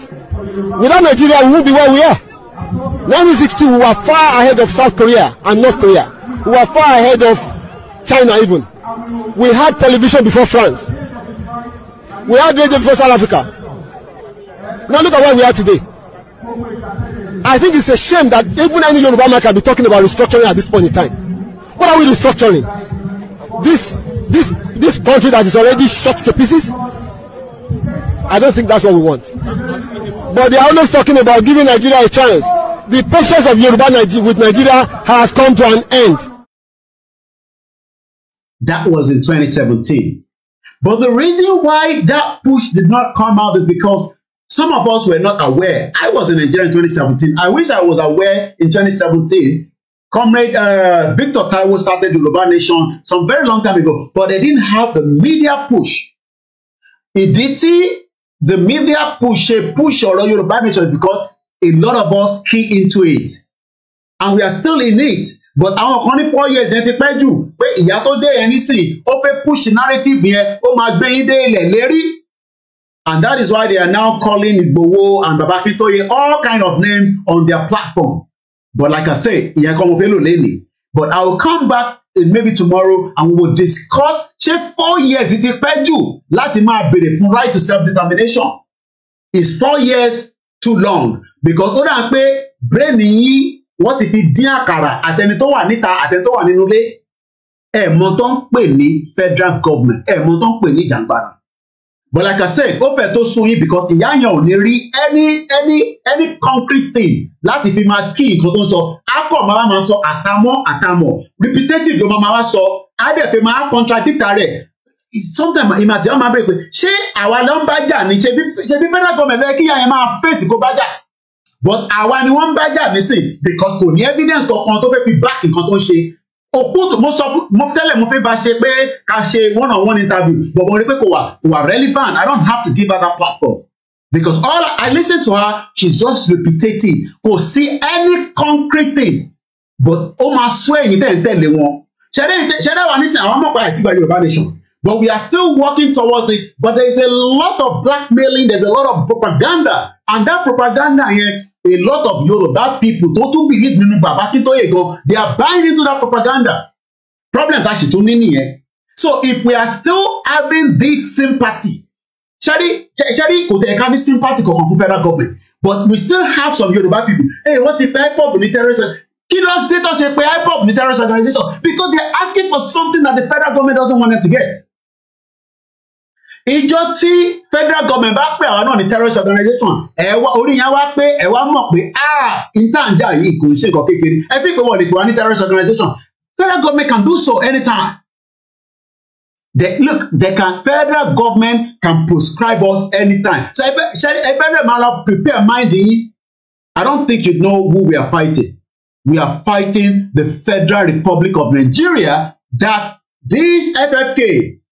Without Nigeria, we would be where we are. 1962, we were far ahead of South Korea and North Korea. We were far ahead of China even. We had television before France. We had radio before South Africa. Now look at where we are today. I think it's a shame that even any Yoruba man can be talking about restructuring at this point in time. What are we restructuring? This this this country that is already shot to pieces? I don't think that's what we want. But they are always talking about giving Nigeria a chance. The patience of Yoruba Niger with Nigeria has come to an end. That was in 2017. But the reason why that push did not come out is because Some of us were not aware. I was in Nigeria in 2017. I wish I was aware in 2017. Comrade uh, Victor Taiwo started the Yoruba Nation some very long time ago, but they didn't have the media push. Ìdítí the media push ṣe push ọ̀rọ̀ Yoruba Nation because a lot of us key into it and we are still in it but àwọn kan ní four years yẹn ti pẹ́ jù pé ìyá tó dé yẹn nísìn ó fẹ́ push narrative yẹn ó máa gbé yín dé ilẹ̀ lérí And that is why they are now calling Igbowo and Baba all kind of names on their platform. But like I say, ìyẹn kan mo fẹ́ lò lẹ́nìí. But I will come back in maybe tomorrow and we will discuss ṣé four years ti pẹ́ jù láti máa béèrè fún right to self-determination. Is four years too long? Because ó dà pé brain yín wọ́n ti fi dín àkàrà àtẹni tó wà níta àtẹni tó wà nínú ilé. Ẹ̀mọ́ tó ń pè ní federal government ẹ̀mọ́ tó ń pè ní ìjàngbara but like i said ó fẹ́ tó sun yín because ìyá yẹn ò ní rí any any any concrete thing láti fi máa kí nǹkan tó ń sọ akọ máa máa sọ àtàmọ́ àtàmọ́ repetitive ló máa wá sọ adẹ̀fẹ̀ máa contradict rẹ̀ sometimes ìmọ̀ àti ọmọ abẹ́rẹ́ pé ṣé àwa ló ń bá jà ní ṣe bí federal government fẹ́ kí ìyá yẹn máa fèsì kó bá jà but àwa ni wọ́n ń bá jà nísìn because kò ní evidence kankan tó fẹ́ fi back nǹkan tó ń ṣe òkú mo sọ fún mo tẹ́lẹ̀ mo fẹ́ bá ṣe pé ká ṣe one on one interview but mo rí pé kò wà kò wà relevant I don't have to give her that platform because all I, I listen to her she's just repetitive kò sí any concrete thing but ó máa sọ ẹ̀yìn tẹ̀ ń tẹ̀lé wọn ṣẹ̀dá wà nísìnyí àwọn ọmọ ọ̀pá àtìgbà Yorùbá nation but we are still working towards it but there is a lot of blackmailing there is a lot of propaganda and that propaganda yẹn a lot of Yorùbá people tó tún believe nínú bàbá Akíntóyè gan they are buying into that propaganda problem ta sì tún ní nìyẹn so if we are still having this sympathy ṣẹ́rí ṣẹ́rí kò tẹ̀ ká ní sympathy kankan fún federal government but we still have some Yorùbá people hey wọ́n ti fẹ́ IPOB ní terrorist kí ló dé tó ṣe pé IPOB ní terrorist organization because they are asking for something that the federal government doesn't want them to get ìjọ tí federal government bá pè àwa náà ní terrorist organization ẹ wá orí yẹn wá pé ẹ wá mọ̀ pé ah intanjà yìí kò ń ṣe nǹkan kékeré ẹ fi pé wọ́n lè pè wá ní terrorist organization federal government can do so anytime they look they can federal government can prescribe us anytime so ebe ebe de ma la prepare mind yin i don't think you know who we are fighting we are fighting the federal republic of nigeria that this ffk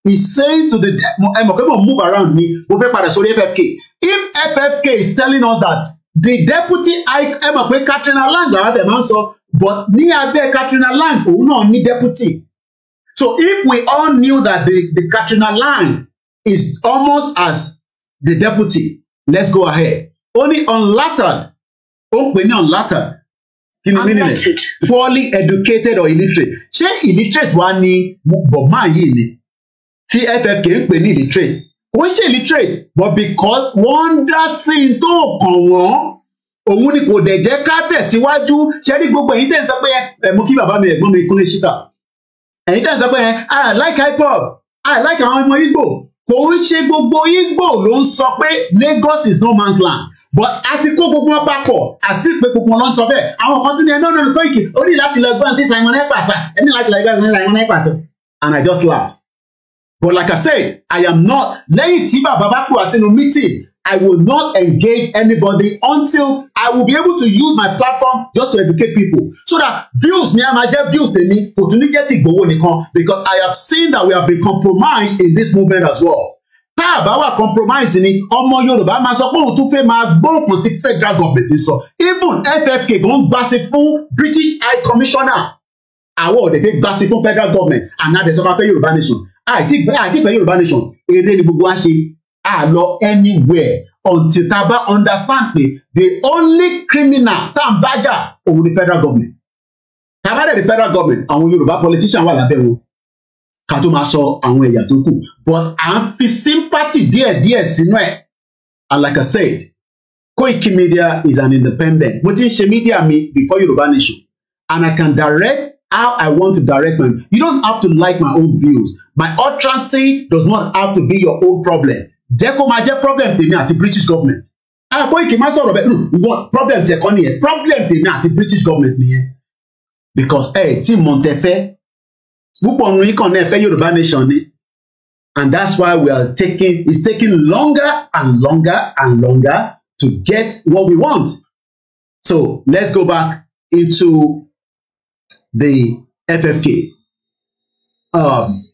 is saying to the ẹ mọ̀ kẹ́ move around ni mo fẹ́ padà sórí FFK if FFK is telling us that the deputy ẹ mọ̀ pé Katrina Lang làwọn tẹ̀ máa ń sọ but ní abẹ́ Katrina Lang òun náà ní deputy so if we all knew that the the Katrina Lang is almost as the deputy let's go ahead only unlettered ó ń pè ní unlettered kí ni meaning it poorly educated or illiterate ṣé illiterate wa ni bọ̀mọ́ yìí ni tí ffk ń pè ní illiterate kò ń ṣe illiterate but because wọ́n ń dá sí i tó kàn wọ́n òun ni kò dẹ̀ jẹ́ ká tẹ̀síwájú ṣe rí gbogbo ẹ̀yin tẹ̀ ń sọ pé ẹ̀ mú kí bàbá mi ẹ̀gbọ́n mi kúnlé síta ẹ̀yin tẹ̀ ń sọ pé ẹ̀ I like hip hop I like àwọn ọmọ Igbo kò ń ṣe gbogbo Igbo ló ń sọ pé Lagos is no man land but a ti kó gbogbo wọn papọ̀ àti pé gbogbo wọn ló ń sọ bẹ́ẹ̀ àwọn kan tún ní ẹ̀ náà nínú Koiki ó ní láti lọ gbọ́n tí Simon Ekpa sà ẹ̀ ní láti lọ gbọ́n tí Simon Ekpa sà and I just laugh But like I said, I am not lẹ́yìn tí bàbá bá pè sínú meeting I will not engage anybody until I will be able to use my platform just to educate people so that views mi a máa jẹ́ views tèmi kò tún ní jẹ́ ti Ìgbòho nìkan because I have seen that we have been compromised in this movement as well. tá a bá wà compromise ni ọmọ Yorùbá máa sọ pé òun tún fẹ́ máa gbóòkùn tí federal government ti sọ even FFK gan gbàsí fún British High Commissioner àwọn òde fi gbàsí fún federal government and na dey sọ ma pé Yorùbá nation àti ìfẹ́ àti ìfẹ́ yorùbá nation eré ni gbogbo wa ṣe à lọ anywhere until tá a understand pé the only criminal tá à ń bájà òun ni federal government tá a bá dẹ̀ ní federal government àwọn yorùbá politician wà lábẹ́ wọn ká tó máa sọ àwọn ẹ̀yà tó kù but à ń fi sympathy díẹ̀díẹ̀ sínú ẹ̀ and like I said Koiki Media is an independent mo ti ń ṣe media mi before yorùbá nation and I can direct how I want to direct my you don't have to like my own views my utterancy does not have to be your own problem jẹ́ kó máa jẹ́ problem tèmi àti British government àpò ah, ìkì máa sọ̀rọ̀ bẹ́ẹ̀ ìwọ problem tẹ̀kọ́ nìyẹn problem tèmi àti British government nìyẹn because ẹ̀ tí mọ̀ tẹ fẹ́ púpọ̀ nu ikàn náà fẹ́ Yorùbá nation ni and that's why we are taking it's taking longer and longer and longer to get what we want so let's go back into the FFK. Um,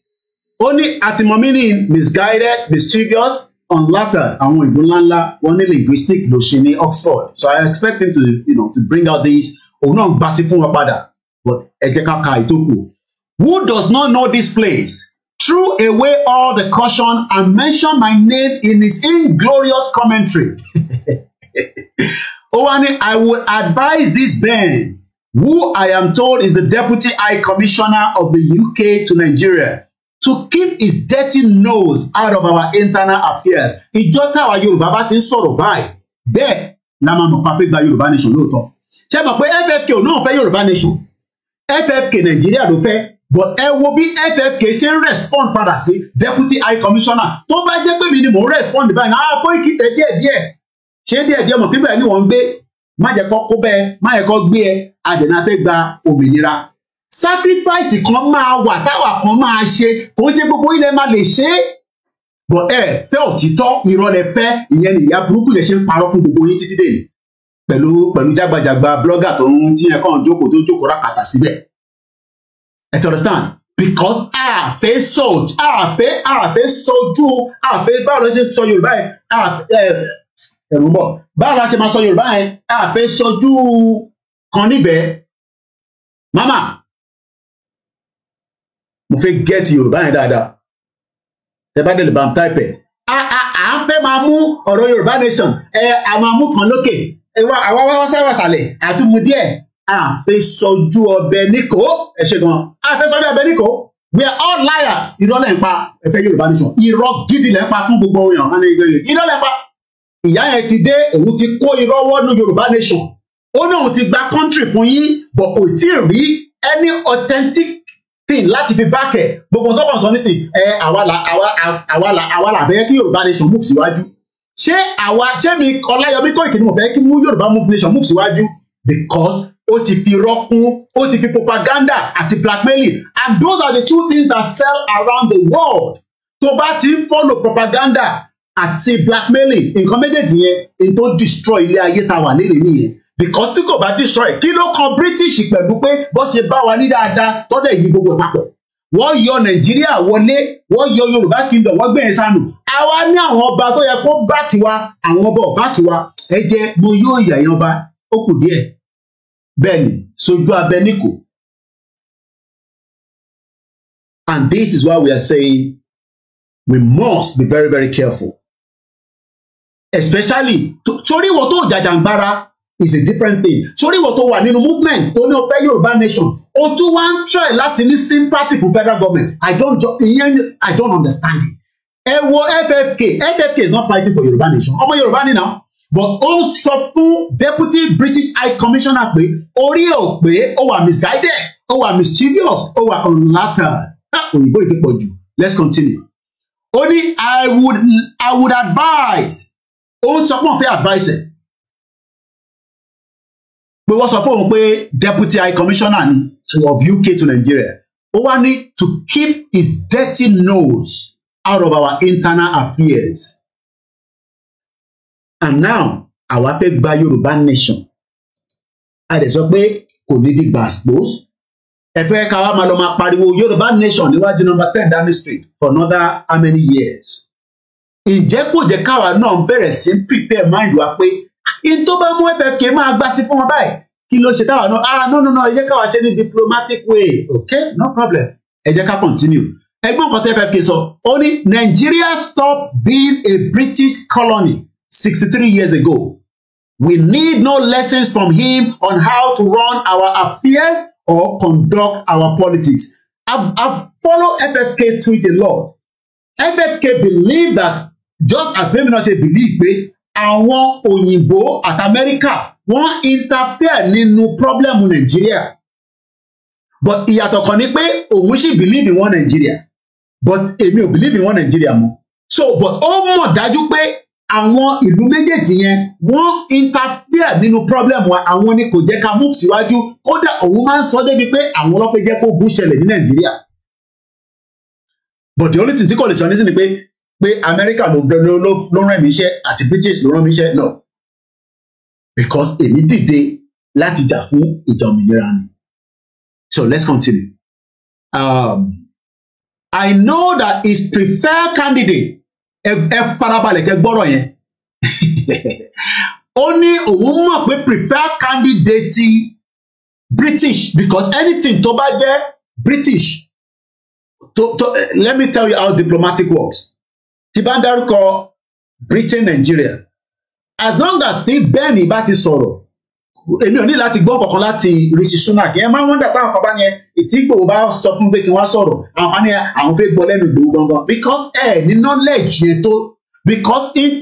ó ní àtìmọ́mí ní misguided mischievous unlettered àwọn òyìnbó ńláńlá wọn ní linguistic ló ṣe ní Oxford so I expect him to you know to bring out these òun náà ń gba sí fún wọn padà but ẹ jẹ́ ká ka ìtókù who does not know this place threw away all the caution and mentioned my name in his inglorious commentary (laughs) ó wá ní I would advise this man, who I am told is the deputy high commissioner of the UK to Nigeria to keep his dirty nose out of our internal affairs ìjọ táwa yorùbá bá ti ń sọ̀rọ̀ báyìí bẹ́ẹ̀ la máa mọ̀ pa pé gba yorùbá nation lóòótọ́ ṣe mọ̀ pé ffk ò náà fẹ́ yorùbá nation ffk nàìjíríà ló fẹ́ but ẹ wo bí ffk ṣe ń respond padà sí deputy high commissioner tó bá jẹ́ pé mi ni mò ń respond báyìí náà kó ìkìtẹ̀ díẹ̀ díẹ̀ ṣé díẹ̀ díẹ̀ mọ̀ pípẹ́ ni wọ́n ń gbé má jẹ́ kó kó bẹ́ẹ̀ má yẹ kó gbé ẹ àdènà fẹ́ gba òmìnira sacrifice kan máa wà táwa kan máa ṣe kò ṣe gbogbo ilẹ̀ máa lè ṣe é bọ̀ ẹ fẹ́ òtítọ́ irọ́ lẹ fẹ́ ìyẹn nìyá burúkú lè ṣe ń parọ́ fún gbogbo yín títí dèní pẹ̀lú pẹ̀lú jágbajàgba blọ́gà tó ń tí ẹ kàn jókòó tó jókòó rákàtà síbẹ̀ ẹ ti understand because àfẹ́ sọ̀t àfẹ́ àfẹ́ sọjú àfẹ́ báwo ló ṣe ń sọ Yorùbá yẹn àfẹ́ ẹ̀rù bọ̀ báwo la ṣe máa sọ Yorùbá yẹn àfẹ́ sọjú kan níbẹ̀ mama mo fẹ́ gẹ́ẹ̀tì yorùbá yẹn dáadáa tẹ bá délé bá ń táìpẹ̀ à ń fẹ́ máa mú ọ̀rọ̀ yorùbá nation ẹ à máa mú kan lókè àwa wá sáwà sàlẹ̀ àtúmu díẹ̀ à fẹ́ sọjú ọbẹ̀ níkò ẹ ṣe gan à fẹ́ sọjú ọbẹ̀ níkò we are all liars irọ́ lẹ́ ń pa ẹ fẹ́ yorùbá nation irọ́ gidi lẹ́ ń pa fún gbogbo èèyàn irọ́ lẹ́ ń pa ìyá yẹn ti dé òun ti kó irọ́ wọ́nú yorùbá nation ó ní òun ti gba country fún yín but kò tí ì rí any authentic thing láti fi back ẹ̀ gbogbo nǹkan kan sọ nísìn ẹ àwa là àwa àwa là àwa là bẹ́ẹ̀ kí Yorùbá nation move síwájú ṣé àwa ṣé mi Ọláyọmí Kóìkì ni mo fẹ́ kí mú Yorùbá move nation move síwájú because ó ti fi rọ́kún ó ti fi propaganda àti blackmailing and those are the two things that sell around the world tó bá ti ń follow propaganda àti blackmailing nǹkan méjèèjì yẹn n tó destroy ilé ayé tá a wà nílẹ̀ nìyẹn because tí kò bá destroy kí ló kan British pẹ̀lú pé bó ṣe bá wa ní dáadáa tọ́lẹ̀ yí gbogbo papọ̀ wọ́n yọ Nàìjíríà wọlé wọ́n yọ Yorùbá kingdom wọ́n gbẹ̀yìn e sànù àwa ní àwọn ọba tó yẹ kó báàkì wa àwọn ọba ọ̀báàkì wa ẹ jẹ́ mo yóò yà yan ọba ó kù díẹ̀ bẹ́ẹ̀ ni sojú abẹ níkò and this is why we are saying we must be very very careful especially torí ìwọ tó jàjàǹgbara is a different thing sórí ìwọ tó wà nínú movement tó ní o fẹ́ Yorùbá nation o tún wá ń try láti ní sympathy for federal government I don't ìyẹn I don't understand it ẹ wo FFK FFK is not fighting for Yorùbá nation ọmọ Yorùbá ni na but ó ń sọ fún deputy British high commissioner pé orí ò pé ó wà misguided ó wà mischievous ó wà unlateral òyìnbó yìí ti pọ̀ jù let's continue ó ní I would I would advise ó ń sọ pé òun fẹ́ advice ẹ̀ pé wọ́n sọ fún òun pé deputy high commissioner of UK to Nigeria ó wá ní to keep his dirty nose out of our internal affairs and now àwa fẹ́ gba Yorùbá nation a lè sọ pé kò ní di gbàgbós ẹ fẹ́ ká wá máa lọ máa pariwo Yorùbá nation níwájú number ten Downing Street for another how many years ǹjẹ́ kò jẹ́ káwa náà bẹ̀rẹ̀ sí prepare mind wa pé in tó bá mú FFK máa gbà sí fún wọn báyìí kí ló ṣe táwọn náà ah no no no ẹ jẹ́ káwa ṣe ní diplomatic way okay no problem ẹ jẹ́ ká continue ẹgbọ́n kan tí FFK sọ ó ní Nigeria stopped being a British colony sixty three years ago we need no lessons from him on how to run our affairs or conduct our politics I, I follow FFK tweet a lot FFK believe that just as Gbemina ṣe believe pé àwọn òyìnbó àti amẹ́ríkà wọ́n interfere nínú pọ́blẹ́mù nàìjíríà but ìyàtọ̀ kan ni pé òun sì believe in one Nigeria. but èmi ò believe in one Nigeria, mọ́ so but ó mọ̀ dájú pé àwọn ìlú méjèèjì yẹn wọ́n interfere nínú problem wa àwọn ni kò jẹ́ ká move síwájú kódà òun máa ń sọ débi pé àwọn ló fẹ́ jẹ́ kó bú ṣẹlẹ̀ ní nàìjíríà but the only thing tí kò lè sọ ní sí ni pé pé Amẹ́ríkà ló ló rán mi iṣẹ́ àti British ló rán mi iṣẹ́ no because èmi dìde láti jà fún ìjà òmìnira ni so let's continue um, I know that his preferred candidate ẹ farabalẹ̀ kẹ́ gbọ́rọ̀ yẹn (laughs) ó ní òun mọ̀ pé preferred candidate ti British because anything tó bá jẹ́ British to, to, eh, let me tell you how diplomatic works tí bá dárúkọ Britain Nigeria as long as tí Benny bá ti sọ̀rọ̀ èmi ò ní láti gbọ́ kankan láti Rishi Sunak ẹ máa ń wọ́ndà táwọn kan bá yẹn ìtí Ìgbòho bá sọ fún pé kí wọ́n sọ̀rọ̀ àwọn ni àwọn fẹ́ gbọ́ lẹ́nu Ìgbòho gangan because ẹ ní knowledge yẹn tó because n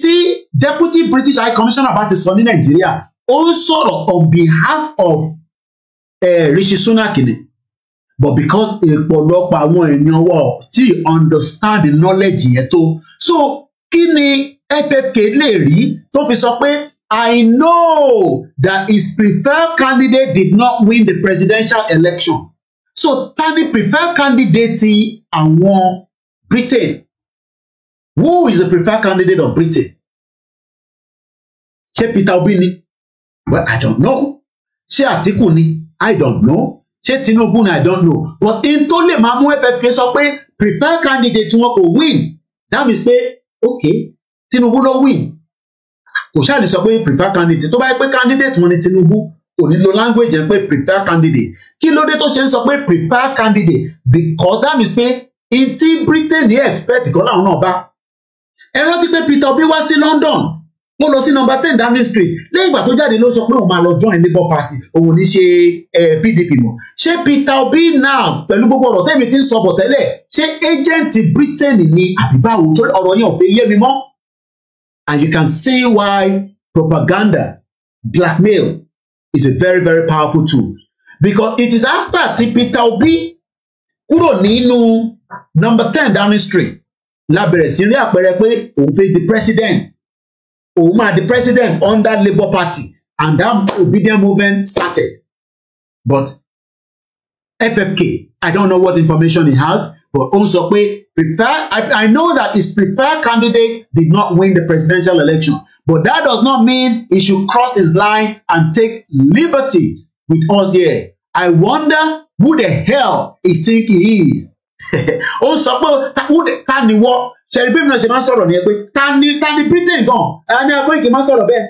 deputy British High Commissioner bá ti sọ ní Nàìjíríà ó ń sọ̀rọ̀ on behalf of uh, Rishi Sunak ni but because ìpọ̀lọpọ̀ àwọn èèyàn wa ò tí understand the knowledge yẹn tó so kí ni FFK lè rí tó fi sọ pé I know that his preferred candidate did not win the presidential election. So Tani preferred candidate ti àwọn Britain. Who is the preferred candidate of Britain? Ṣé Peter Obi ni? Well, I don't know. Ṣé Atiku ni? I don't know ṣé Tinubu ni I don't know but in tó lè máa mú FFK sọ pé prefer candidate wọn kò win that means pé okay Tinubu ló win kò ṣáà lè sọ pé prefer candidate tó bá yẹ pé candidate wọn ni Tinubu kò ní lo language yẹn pé prefer candidate kí ló dé tó ṣe ń sọ pé prefer candidate because that means pé in ti Britain ní expect kọ́ làwọn náà bá ẹ rántí pé Peter Obi wá sí London ó lọ sí nọ́mbà ten Downing Street lẹ́yìn ìgbà tó jáde ló sọ pé òun máa lọ join Labour Party òun ò ní ṣe PDP mọ́ ṣé Peter Obi now pẹ̀lú gbogbo ọ̀rọ̀ tẹ́mi ti ń sọ bọ̀ tẹ́lẹ̀ ṣé agent Britain ni àbí báwo torí ọ̀rọ̀ yẹn ò fẹ́ yé mi mọ́ and you can see why propaganda blackmail is a very very powerful tool because it is after ti Peter Obi kúrò nínú nọ́mbà ten Downing Street la bẹ̀rẹ̀ sí rí àpẹẹrẹ pé òun fẹ́ di president Ouma, the president under Labour Party, and that obedient movement started. But FFK, I don't know what information he has, but also pé prefer I, I know that his preferred candidate did not win the presidential election, but that does not mean he should cross his line and take liberties with us here. I wonder who the hell he think he is. (laughs) ó sọ pé ká ni work? ṣẹ̀rí bí ṣe máa ń sọ̀rọ̀ nìyẹn pé ta ni ta ni Britain gan ẹni agbóyìnkì máa ń sọ̀rọ̀ bẹ́ẹ̀.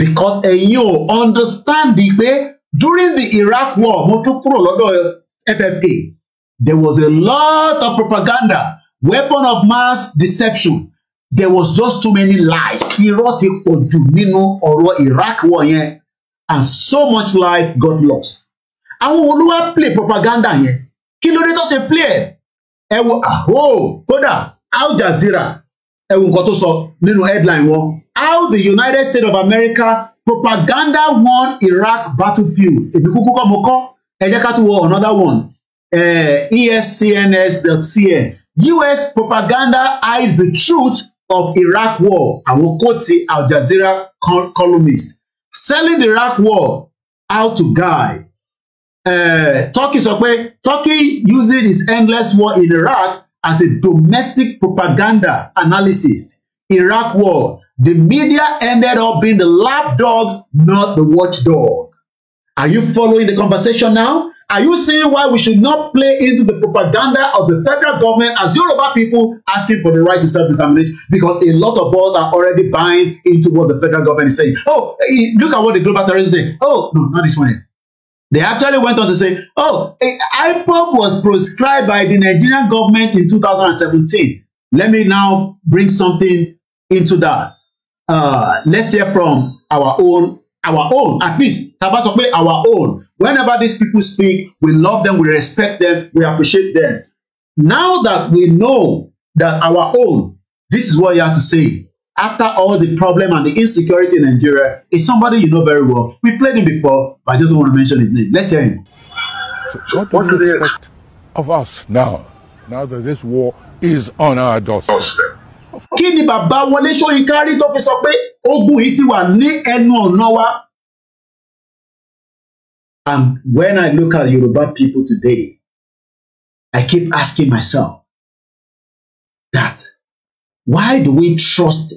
because ẹ̀yin ò understand pé during the Iraq war mo tún kúrò lọ́dọ̀ FFA there was a lot of propaganda weapon of mass deception there was just too many lies irọ́ ti pọ̀ jù nínú ọ̀rọ̀ Iraq war yẹn and so much life got lost. àwọn olúwa play propaganda yẹn kí ló dé tó ṣe play ẹ̀ ẹ wo àhó kódà Al Jazeera ẹ wo nǹkan tó sọ nínú headline wọn how the United States of America propaganda won Iraq battlefield èmi kúkú kọ́ mo kọ́ ẹ jẹ́ ká tún wọ another one uh, eh, escns.cn US propaganda hides the truth of Iraq war àwọn kóòtì Al Jazeera columnist selling the Iraq war out to guy Eh, Turkey sọ pé Turkey using its endless war in Iraq as a domestic propaganda analysis Iraq war the media ended up being the lapdogs not the watchdog are you following the conversation now are you seeing why we should not play into the propaganda of the federal government as Yoruba people asking for the right to self-determination? Because a lot of us are already buying into what the federal government is saying. Oh, eh, look at what the global terrorists say. Oh, no, not this one. They actually went on to say, oh, eh, ipop was proscribed by the Nigerian government in 2017. Let me now bring something into that. Uh, let's hear from our own, our own, at least, Tabasope, our own. Whenever these people speak, we love them, we respect them, we appreciate them. Now that we know that our own, this is what you have to say after all the problem and the insecurity in Nigeria is somebody you know very well. We played him before, but I just don't want to mention his name. Let's hear him. So what do, what do they expect of us now, now that this war is on our doorstep? Kí ni bàbá Wọlé Ṣóyínká rí tó fi sọ pé ogun yìí ti wà ní ẹnu ọ̀nà wa? And when I look at Yoruba people today, I keep asking myself that why do we trust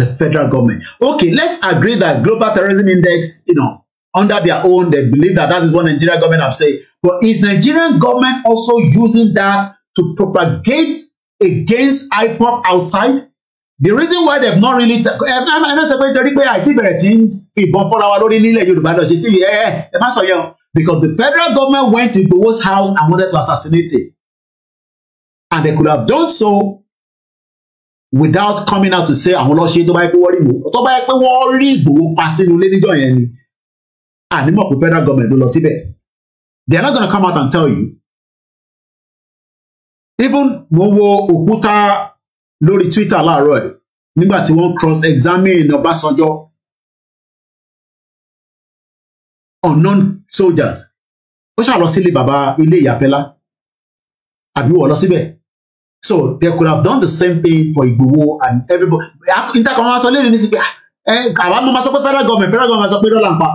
the federal government. Okay, let's agree that Global Terrorism Index, you know, under their own, they believe that that is what Nigerian government have said. But is Nigerian government also using that to propagate against IPOP outside? The reason why they've not really I'm not sọ pé torí pé àìsí ìbẹ̀rẹ̀ tí ń ìbọn fọ́ra wa lórí nílẹ̀ Yorùbá lọ ṣe tí eh, eh, because the federal government went to Igboho's house and wanted to assassinate him and they could have done so without coming out to say àwọn lọ ṣe tó bá yẹ pé wọ́n rí ìgbòho tó bá yẹ pé wọ́n rí ìgbòho pa sínú ilé níjọ́ yẹn ni ànímọ̀ pé federal government ló lọ síbẹ̀ they are not gonna come out and tell you even mo wo òkúta lórí Twitter láàárọ̀ ẹ̀ nígbà tí wọ́n cross examine Ọbásanjọ́ unknown soldiers ó ṣàlọ sílé bàbá ilé ìyàfẹ́lá àbí wọ́n lọ síbẹ̀ so they could have done the same thing for Igboho and everybody intercom wọn ah, eh, sọ lẹ́yìn nísìnyí pé àwa mọ̀ máa federal government federal government sọ pé dọ́là ń pa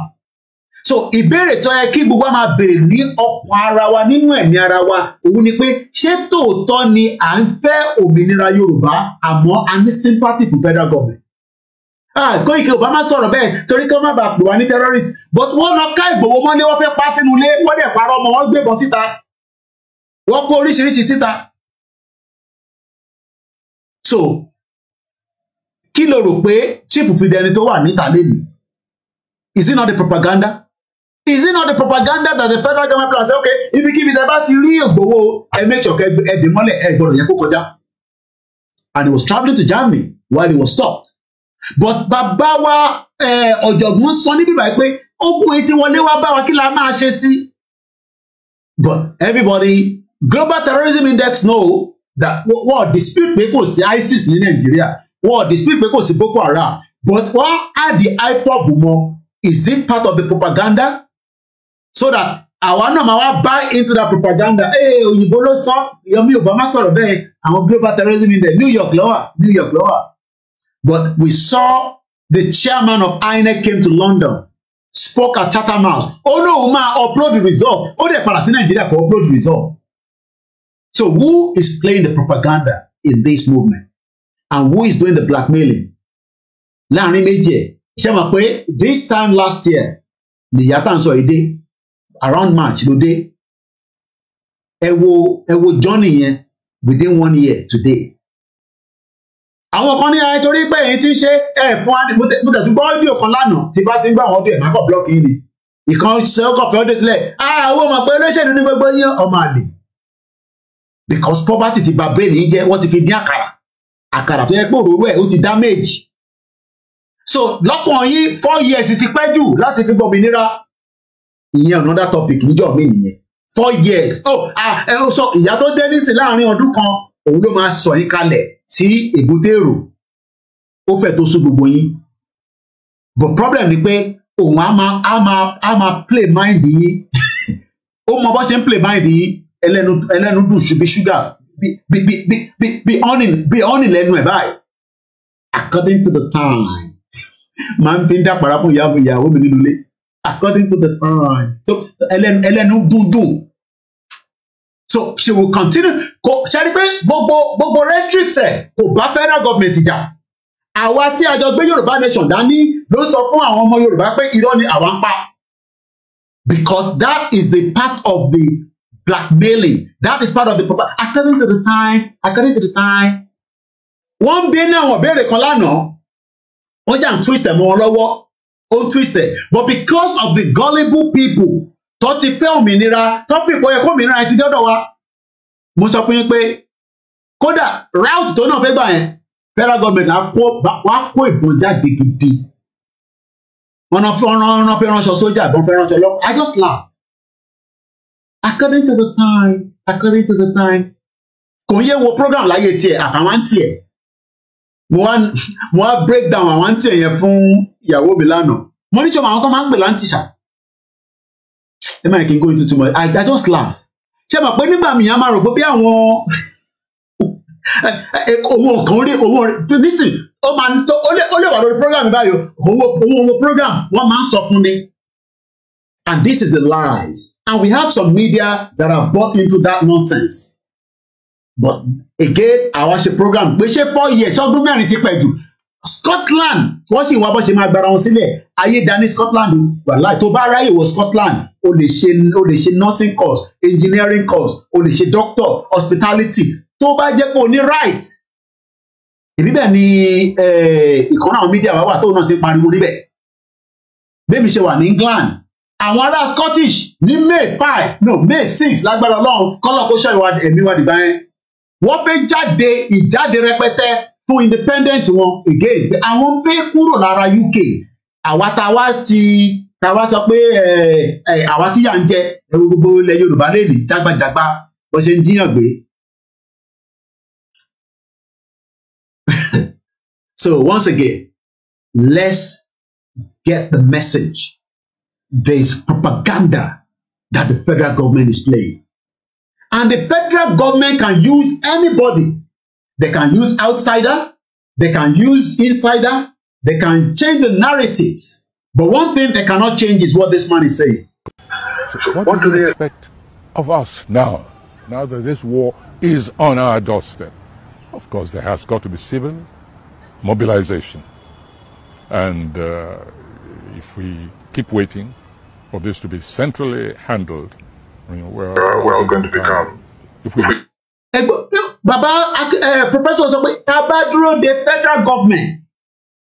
so ìbéèrè tó yẹ kí gbogbo wa máa béèrè ní ọkàn ara wa nínú ẹ̀mí ara wa òun ni pé ṣé tòótọ́ ni à ń fẹ́ òmìnira Yorùbá àmọ́ a ní sympathy for federal government Koiki ò bá má sọ̀rọ̀ bẹ́ẹ̀ torí kí wọ́n má bàa pè wá ní terrorist but wọ́n lọ ká Ìgbòho mọ́lé wọ́n fẹ́ pa sínú ilé wọ́n dẹ̀ parọ́ ọmọ wọn gbébọn síta wọ́n kó oríṣiríṣi síta so kí lo rò pé chief fi dẹni tó wà níta lẹ́nu is it not the propaganda is it not the propaganda that the federal government plan say okay ibikíbi tẹ́ bá ti rí Ìgbòho ẹ make sure kẹ ẹbí mọ́lẹ̀ ẹ gbọ́dọ̀ yẹn kó kọjá and he was travelling to Germany while he was stopped but bàbá wa ọ̀jọ̀gbọ́n sọ níbí báyìí pé ogun etí wọlé wá bá wa kí la máa ṣe sí but everybody global terrorism index know wọ́n dispute pé kò sí ISIS ní Nàìjíríà wọ́n dispute pé kò sí Boko Haram but wọ́n á di IPOB mọ́ is it part of the propaganda so that àwa náà máa wá buy into that propaganda ee hey, òyìnbó ló sọ Yomi Obama sọ̀rọ̀ bẹ́ẹ̀ àwọn global terrorism in there New York lọ́wà New York lọ́wà but we saw the chairman of INEC came to London spoke at Chatham House ó lóun máa upload the result ó dẹ̀ padà sí Nàìjíríà kó upload the result So who is playing the propaganda in this movement? And who is doing the blackmailing? Láàrin méjì ẹ̀, ṣé mọ̀ pé this time last year nìyá tá à ń sọ èdè around March ló dé. Ẹ wo ẹ wo journey yẹn within one year today. Àwọn kan ní ayé torí pé èyí ti ṣe ẹ̀ fún wa mo tẹ̀ tún gbọ́ ọ́díò kan lánàá tí bá ti ń gbà wọ́n ọ́díò ẹ̀ máa kọ̀ blọ́ọ̀kì yìí ni. Ìkan ṣe ó kọ̀ fẹ́ ọ́díò sílẹ̀. Àwọn ah, ọmọ pé olóṣèlú ní gbogbo yín ọmọ àlè because poverty ti bà brain yìí jẹ́ wọ́n ti fi dín àkàrà àkàrà tó yẹ pé òróró ẹ̀ ó ti damage so lọ́kàn yín four years ti pẹ́ jù láti fi gbọ́ òmìnira ìyẹn another topic níjọ́ mi nìyẹn four years oh ah ẹ sọ ìyá tó dé nísìn láàrin ọdún kan òun ló máa sọ yín kalẹ̀ sí èbúté èrò ó fẹ́ tó sún gbogbo yín but problem ni pé òun á máa á máa á máa play mind yín (laughs) ó mọ bó ṣe ń play mind yín ẹlẹ́nu ẹlẹ́nu dùn bí ṣúgà bí bí bí bí bí ọ́nì bí ọ́nì lẹ́nu ẹ̀ báyìí according to the time máa ń fi ń dàpàrà fún ìyàwó ìyàwó mi nínú ilé according to the time ẹlẹ́nu ẹlẹ́nu dúndùn so she will continue kò ṣẹ́ni pé gbogbo gbogbo restricts ẹ̀ kò bá federal government jà àwa tí a jọ gbé Yorùbá nation dání ló sọ fún àwọn ọmọ Yorùbá pé irọ́ ni àwa ń pa because that is the part of the blackmailing. That is part of the proper. According to the time, according to the time. Wọ́n ń bẹ ní àwọn ìbéèrè kan lánàá, wọ́n jà ń twist ẹ̀ mọ́ wọn lọ́wọ́, ó ń twist But because of the gullible people tó ti fẹ́ òmìnira tó fi ìpọ́yẹ kó òmìnira ẹ ti dọ́dọ̀ wa. Mo sọ fún yín pé kódà route tó náà fẹ́ gbà yẹn federal government wàá kó ìbọn jáde gidi. Wọ́n náà fẹ́ ránṣọ sójà, wọ́n fẹ́ ránṣọ lọ́wọ́. I just laugh according to the time according to the time kò ń wo program láyé tiẹ̀ àtàwọn tiẹ̀ mo wá mo wá break down àwọn tiẹ̀ yẹn fún ìyàwó mi lánàá mo ní sọ́mọ àwọn kan máa ń pè láǹtìṣà ẹ má kí n go into too much I, I just laugh ṣe mọ̀ pé nígbà mìíràn máa rò pé bí àwọn owó kan rí owó rí nísìn ó máa ń tó ó lè wà lórí program báyìí owó owó program wọ́n máa ń sọ fún ni And this is the lies. And we have some media that are bought into that nonsense. But again, our ṣe program pé ṣé four years ọdún mẹ́rin ti pẹ̀ Scotland wọ́n sì wá bọ́ ṣe máa gbára wọn Danny Ayé dání Scotland wàhálà tó bá ráyè wọ Scotland o lè ṣe o lè ṣe nursing course, engineering course, o lè ṣe doctor, hospitality tó bá jẹ́ pé right. Èmi bẹ́ẹ̀ ni eh, ìkànnì àwọn mídíà wa wà to náà ti pariwo níbẹ̀. Bẹ́ẹ̀ mi ṣe wà ní England àwọn ará Scottish ní May five no May six lágbára Ọlọ́run kọ́lọ̀ kó ṣàyẹ̀wò ẹ̀mí wa dìgbà yẹn wọ́n fẹ́ jáde ìjáde rẹpẹtẹ fún independent wọn again àwọn fẹ́ kúrò lára UK àwa tá a wá ti tá a wá sọ pé àwa tí yà ń jẹ ẹ̀rọ gbogbo ilẹ̀ Yorùbá lè ní bó ṣe ń jiyàn gbé (laughs) So once again, let's get the message there's propaganda that the federal government is playing. And the federal government can use anybody. They can use outsider, they can use insider, they can change the narratives. But one thing they cannot change is what this man is saying. So what, what do they expect of us now, now that this war is on our doorstep? Of course, there has got to be civil mobilization. And uh, if we keep waiting for this to be centrally handled. You know, we're, we're, all going to become. If we. Bàbá Professor sọ pé tá federal government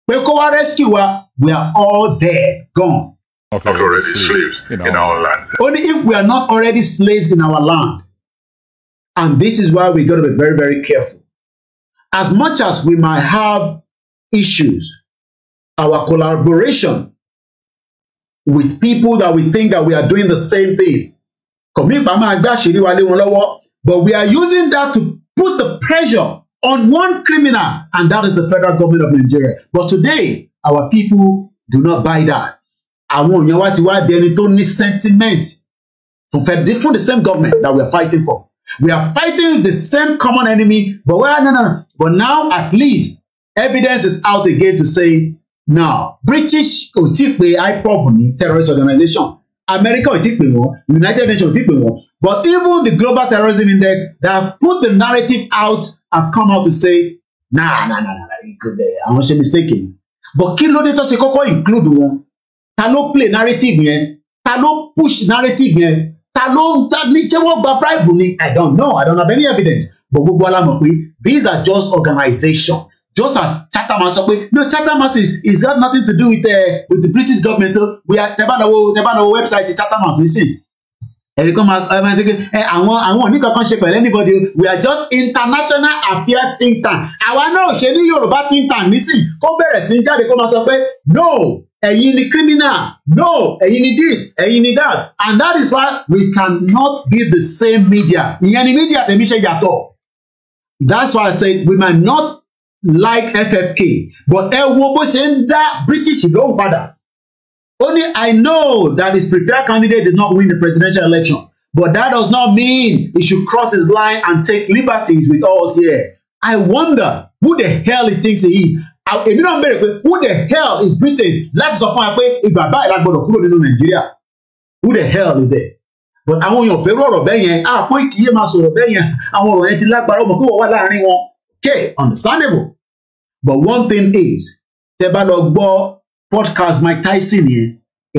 pé kó wá rescue wa we are all dead gone. Not already, already slaves, slaves in, our, in our land. Only if we are not already slaves in our land. And this is why we got to be very, very careful. As much as we might have issues, our collaboration with people that we think that we are doing the same thing kọ̀mípa máa gbé àṣírí wa lé wọn lọ́wọ́ but we are using that to put the pressure on one criminal and that is the federal government of Nigeria but today our people do not buy that àwọn èèyàn wa ti wá di ẹni tó ní sentiment fún fún the same government that we are fighting for we are fighting the same common enemy but well no no no but now at least evidence is out again to say now British ò tí pè IPOB ní terrorist organization America ò tí pè wọ́n United Nations ò tí pè wọ́n but even the Global Terrorism Index that put the narrative out have come out to say nah nah nah nah àwọn ṣe mistake yìí but kí ló dé tó ṣe kọ́kọ́ include wọn ta ló play narrative yẹn ta ló push narrative yẹn ta ló ní ṣé wọ́n gba bribe ni I don't know I don't have any evidence but gbogbo alamọ̀ pé these are just organizations just as Chatham sọ pé no Chatham is is got nothing to do with uh, with the British government o bóyá tẹ́bánàwó tẹ́bánàwó wẹ́bsáìtì Chatham nísìnyí ẹ̀rí kan máa ẹ máa ṣe pé àwọn àwọn oníkankan ṣe pẹ̀lú anybody we are just international affairs think tank àwa náà ò ṣe ní Yorùbá think tank nísìnyí kó bẹ̀rẹ̀ sí jáde kó máa sọ pé no ẹ̀yin ni criminal no ẹ̀yin ni this ẹ̀yin ni that and that is why we cannot be the same media ìyẹn ni media tèmi ṣe yàtọ̀ that's why I say we might not like FFK but ẹ wo bó ṣe ń dá British lóhùn padà ó ní I know that his preferred candidate did not win the presidential election but that does not mean he should cross his line and take liberties with us here I wonder who the hell he thinks he is èmi náà ń béèrè pé who the hell is Britain láti sọ fún wa pé ìgbà báyìí la kúrò nínú Nàìjíríà who the hell is there but àwọn èèyàn fẹ́rù ọ̀rọ̀ bẹ́ẹ̀ yẹn àpò ah, ìkìyè máa sọ̀rọ̀ bẹ́ẹ̀ yẹn àwọn ọ̀rọ̀ yẹn ti lágbára ọmọ pé wọ́n wà láàrin wọn okay understandable but one thing is tẹ́ bá lọ gbọ́ podcast Mike Tyson yẹn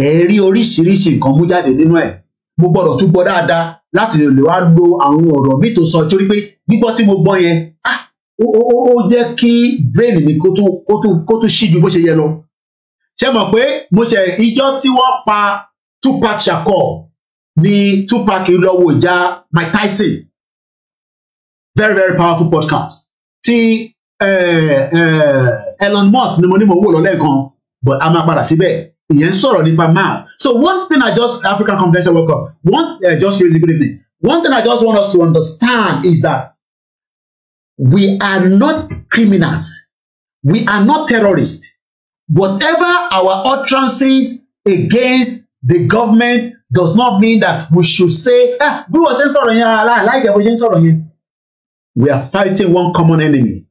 ẹ rí oríṣiríṣi nǹkan mú jáde nínú ẹ̀ mo gbọ́dọ̀ tún gbọ́ dáadáa láti lè wá lo àwọn ọ̀rọ̀ mi tó sọ torí pé gbígbọ́ tí mo gbọ́ yẹn ah ó jẹ́ kí brain mi kó tún kó tún kó tún ṣíjú bó ṣe yẹ lọ ṣe mọ̀ pé mo ṣe ìjọ tí wọ́n pa Tupac Shakur ni Tupac lọ wò Mike Tyson very very powerful podcast ti Elon Musk ni mo ní mo wò lọ lẹ́ẹ̀kan but a máa padà síbẹ̀ ìyẹn sọ̀rọ̀ nípa Mars so one thing I just African Convention World Cup one uh, just raise the good one thing I just want us to understand is that we are not criminals we are not terrorists whatever our utterances against the government does not mean that we should say ah bí wọ́n ṣe ń sọ̀rọ̀ yẹn aláìláìjẹ́ bó ṣe ń sọ̀rọ̀ yẹn we are fighting one common enemy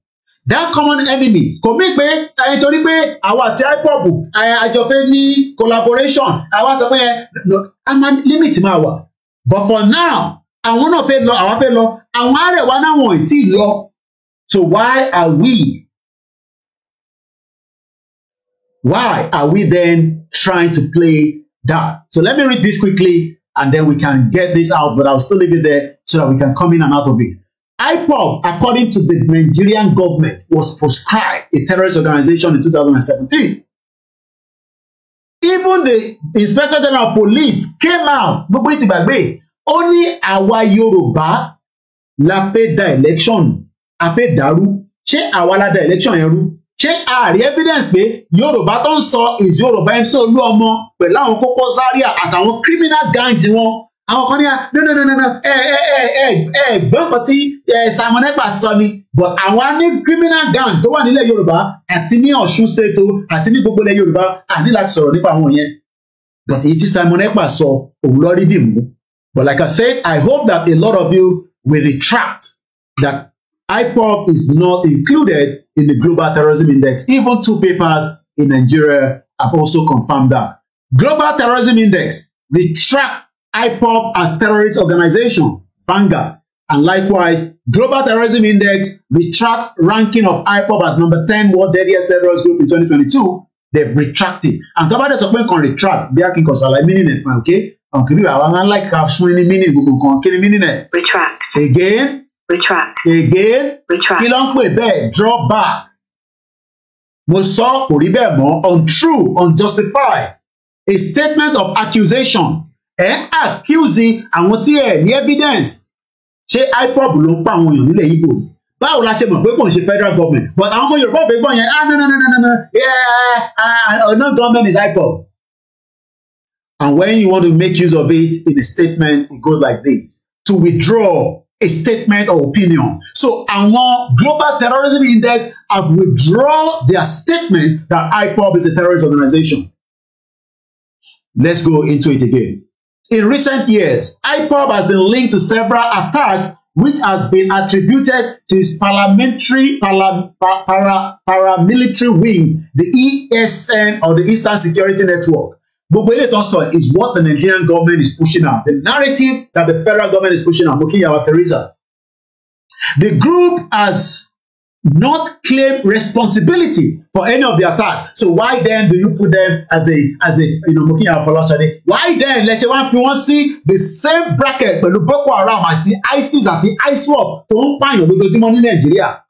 that common enemy kò mí pé eh, nítorí pé àwa àti ipob àjọpẹ eh, ní collaboration àwa sọ pé ẹ eh, limit máa wà but for now àwọn náà fẹ́ lọ àwa fẹ́ lọ àwọn arẹwà náà wọn ì tí ì lọ so why are we why are we then trying to play that so let me read this quickly and then we can get this out but I'll still leave it there so that we can come in and out of it. IPOB, according to the Nigerian government, was proscribed a terrorist organization in 2017. Even the Inspector General of Police came out, Nobody, ìtì gbàgbé, ó ní àwa la fẹ́ da election, a fẹ́ dàrú, ṣé àwa la da election yẹn rú? Ṣé evidence pé Yoruba don't saw is Yoruba ẹ̀ ń sọ olú ọmọ pẹ̀lú Koko Zaria àtàwọn criminal gangs wọn àwọn kan ní à no ẹ ẹ ẹ ẹ ẹ gbọ́n kan tí Simon Ekpa sọ ni but àwọn á ní criminal gang tó wà nílẹ̀ Yorùbá àti ní Ọ̀ṣun state o àti ní gbogbo ilẹ̀ Yorùbá à ní láti sọ̀rọ̀ nípa àwọn yẹn but èyí tí Simon Ekpa sọ òun lọ rí dì mú but like I said I hope that a lot of you will retract that IPOB is not included in the Global Terrorism Index. Even two papers in Nigeria have also confirmed that. Global Terrorism Index retract IPOP as terrorist organization, Vanguard, and likewise, Global Terrorism Index retracts ranking of IPOP as number 10 world deadliest terrorist group in 2022. They've retracted. And Tabade sọ pé nǹkan retract bí akínkàn ṣàlàyé meaning ẹ̀ fún ẹ̀ okay? Àwọn kìíní àwọn máa ń láì ká meaning gbogbo nǹkan kí meaning it. Retract. Again. Retract. Again. Retract. Kí ló ń Draw back. Mo sọ kò rí untrue unjustified a statement of accusation ẹ accusing accuse àwọn tí ẹ ní evidence ṣé ipob ló ń pa àwọn èèyàn nílẹ̀ Ìgbò báwo la ṣe mọ̀ pé kò ń ṣe federal government but àwọn ọmọ Yorùbá òfin gbọ́ yẹn ah no no no no no yeah ah, ah, no government is ipob and when you want to make use of it in a statement it goes like this to withdraw a statement or opinion. So àwọn Global Terrorism Index have withdrawn their statement that IPOB is a terrorist organization. Let's go into it again. In recent years, IPOB has been linked to several attacks which has been attributed to its parliamentary para, para, paramilitary wing, the ESN or the Eastern Security Network. Gbogbo eléyìí tó sọ is what the Nigerian government is pushing out. The narrative that the federal government is pushing out. Mokiyawa Theresa. The group has not claim responsibility for any of the attack. So why then do you put them as a as a you know looking at Folashade? Why then let you want you see the same bracket pẹ̀lú Boko Haram the ISIS àti ISWAP find your pààyàn lójoojúmọ́ in Nigeria?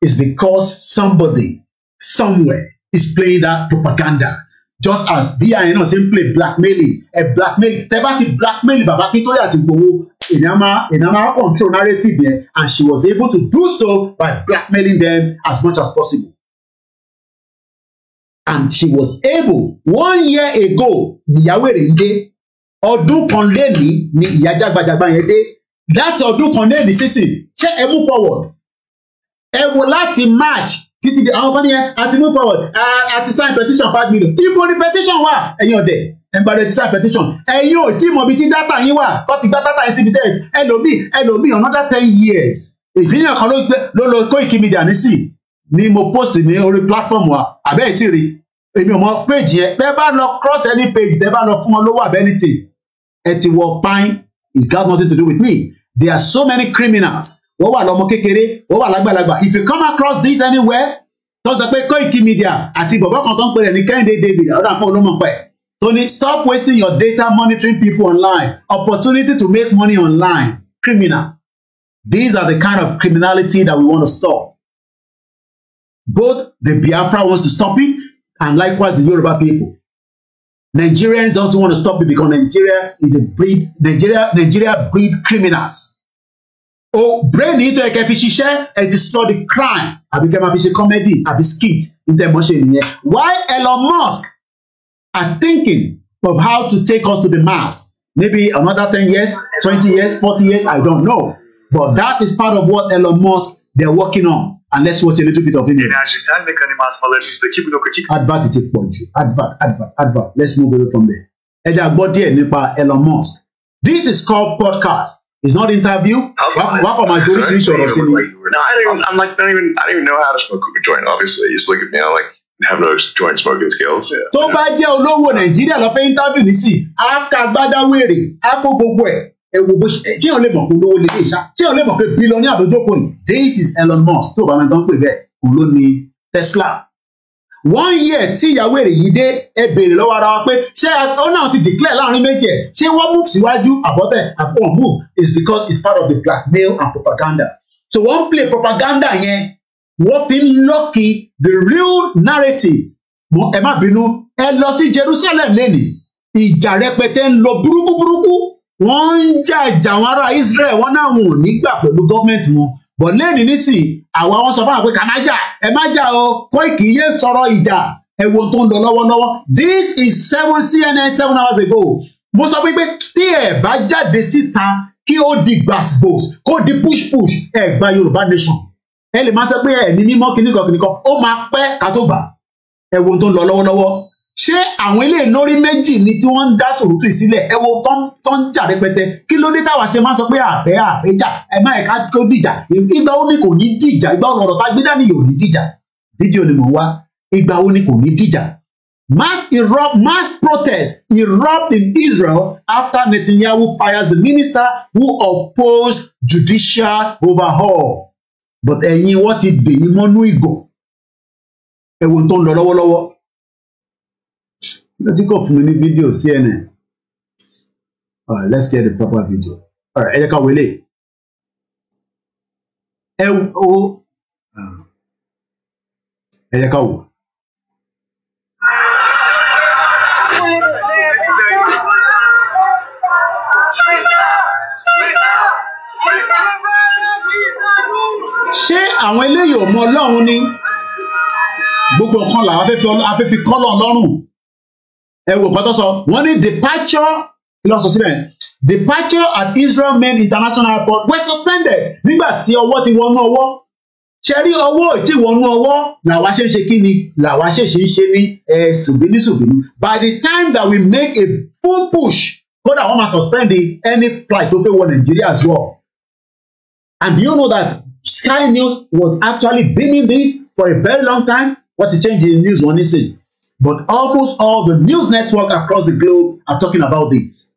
It's because somebody somewhere is playing that propaganda just as BIN náà ṣe ń play blackmailing ẹ blackmail tẹ bá ti blackmail bàbá Akíntóyè àti Ìgbòho ènìyàn máa ènìyàn control narrative yẹn and she was able to do so by blackmailing them as much as possible and she was able one year ago níyàwó èrè yìí dé ọdún kan lẹ́ẹ̀ni ni ìyá jágbajàgba yẹn dé láti ọdún kan lẹ́ẹ̀ni sísìn ṣé ẹ mú forward ẹ wo láti march títí di àwọn kan nìyẹn àti move forward àti sign petition five million ibo ni petition wà ẹ̀yin ọ̀dẹ̀ ẹ̀ǹbàdàn ti sign petition ẹ̀yin ò tí mọ̀ bí tí data yín wà tó ti gba data yín síbi tẹ́ ẹlòmíì ẹlòmíì another ten years ìpínlẹ̀ kan ló lo Koiki Media nísì ni mo post ní orí platform wa àbẹ́ ẹ̀ tí rí èmi ò mọ page yẹn bẹ́ẹ̀ bá lọ cross any page bẹ́ẹ̀ bá lọ fún wọn lówó àbẹ́ni tì ẹ ti wọ pine it got nothing to do with me there are so many criminals ó wà lọ́mọ kékeré ó wà lágbàlagbà if you come across this anywhere tó sọ pé Koiki Media àti bọ̀bọ̀ kan tó ń pè rẹ̀ ní Kẹ́hìndé David ọ̀dọ̀ àpò olómọ̀ pẹ̀ tó stop wasting your data monitoring people online opportunity to make money online criminal these are the kind of criminality that we want to stop both the Biafra wants to stop it and likewise the Yoruba people Nigerians also want to stop it because Nigeria is a breed Nigeria Nigeria breed criminals o brain yìí tó yẹ kẹ́ fi ṣiṣẹ́ ẹ ti sọ di crime àbí kẹ́ máa fi ṣe comedy àbí skit níta ẹ mọ̀ ṣe nìyẹn why Elon Musk are thinking of how to take us to the Mars maybe another ten years twenty years forty years I don't know but that is part of what Elon Musk they working on and let's watch a little bit of him. Enerjisel mekanizmalarımızdaki blokajik. Advert ti pọ̀ jù advert advert advert let's move away from there. Ẹ jẹ́ a gbọ́ díẹ̀ nípa Elon Musk. This is called podcast. It's not interview. What come my Johnny Sins or No, I don't even. I'm like not even. I don't even know how to smoke a joint. Obviously, you just look at me. I like have no joint smoking skills. Tó bá jẹ́ olówó Nàìjíríà lọ fẹ́ interview ní sí, á ka gbádáwèrè, á kó gbogbo ẹ̀. Ẹ wo bó ṣe jẹ́ òun lè do pé olówó lè ṣá. Jẹ́ òun lè mọ̀ pé bílíọ̀nì àdójókòó ni. This is Elon Musk So bá mi tán pè bẹ́ẹ̀. Òun ló ni Tesla one year tí ìyàwó èrè yìí dé ẹ béèrè lọ́wọ́ ara wa pé ṣé ó náà ti declare láàrin méjì ẹ̀ ṣé wọ́n move síwájú àbọ̀tẹ̀ àbọ̀ move is because it's part of the blackmail and propaganda so wọ́n play propaganda yẹn wọ́n fi ń lọ́ọ̀kì the real narrative ẹ má bínú ẹ lọ sí Jerusalem lẹ́nìí ìjà rẹpẹtẹ ń lọ burúkú burúkú wọ́n ń jà ìjà àwọn ará Israel wọ́n náà wọn ò ní gbà pẹ̀lú gọ́ọ̀mẹ̀ntì wọn bọ̀ lẹ́nìí nísìnyí àwa wọn sọ fún àwọn pé ká má jà ẹ má jà o Koiki yé sọ̀rọ̀ ìjà ẹ wo tó ń lọ lọ́wọ́lọ́wọ́ this is seven CNN seven hours ago mo sọ pé tí ẹ bá jáde síta kí ó di gbàsgbòs kó di push push ẹ gba Yorùbá nation ẹ lè má sọ pé ẹ ní mímọ́ kíníkan kíníkan ó máa pẹ́ ká tó gbà ẹ wo tó ń lọ lọ́wọ́lọ́wọ́ ṣé àwọn ilé lórí méjì ni tí wọ́n ń dá sòrótù sílẹ̀ ẹ wo tó ń jà rẹpẹtẹ kí ló dé táwa ṣe máa sọ pé ààrẹ ààrẹ jà ẹ má ẹka tó dìjà ìgbà wo ni kò ní dìjà ìgbà wo lọ̀rọ̀ tá gbé dání yóò ní dìjà fídíò ni mò ń wá ìgbà wo ni kò ní dìjà mass erupt mass protest erupt in Israel after Netanyahu fires the minister who opposed judicial overhaul but ẹ̀yin wọ́n ti dèyí mọ́nú ìgò ẹ̀wọ̀n tó ń lọ lọ́wọ́lọ́wọ́ tí kò fún mi ní fídíò CNN all right let's get the proper video all right ẹ jẹ́ ká wọlé o ẹ jẹ́ ká wò. ṣé àwọn eléyìí ò mọ ọlọ́run ni gbogbo nǹkan làwọn afẹ́fẹ́ kọ́ lọ́rùn ẹ wò kọ́tọ́ sọ wọ́n ní departure kí ló sọ síbẹ̀ departure at Israel Main International Airport were suspended nígbà tí ọwọ́ ti wọnú ọwọ́ ṣe rí ọwọ́ tí wọnú ọwọ́ làwa ṣe ń ṣe kí ni làwa ṣe ṣe ń ṣe ní ẹ ṣùgbìní ṣùgbìní by the time that we make a full push kódà wọ́n máa suspend any flight tó fẹ́ wọ Nàìjíríà as well and do you know that Sky News was actually beaming this for a very long time What ti change the news wọ́n nísìnyí But almost all the news network across the globe are talking about this.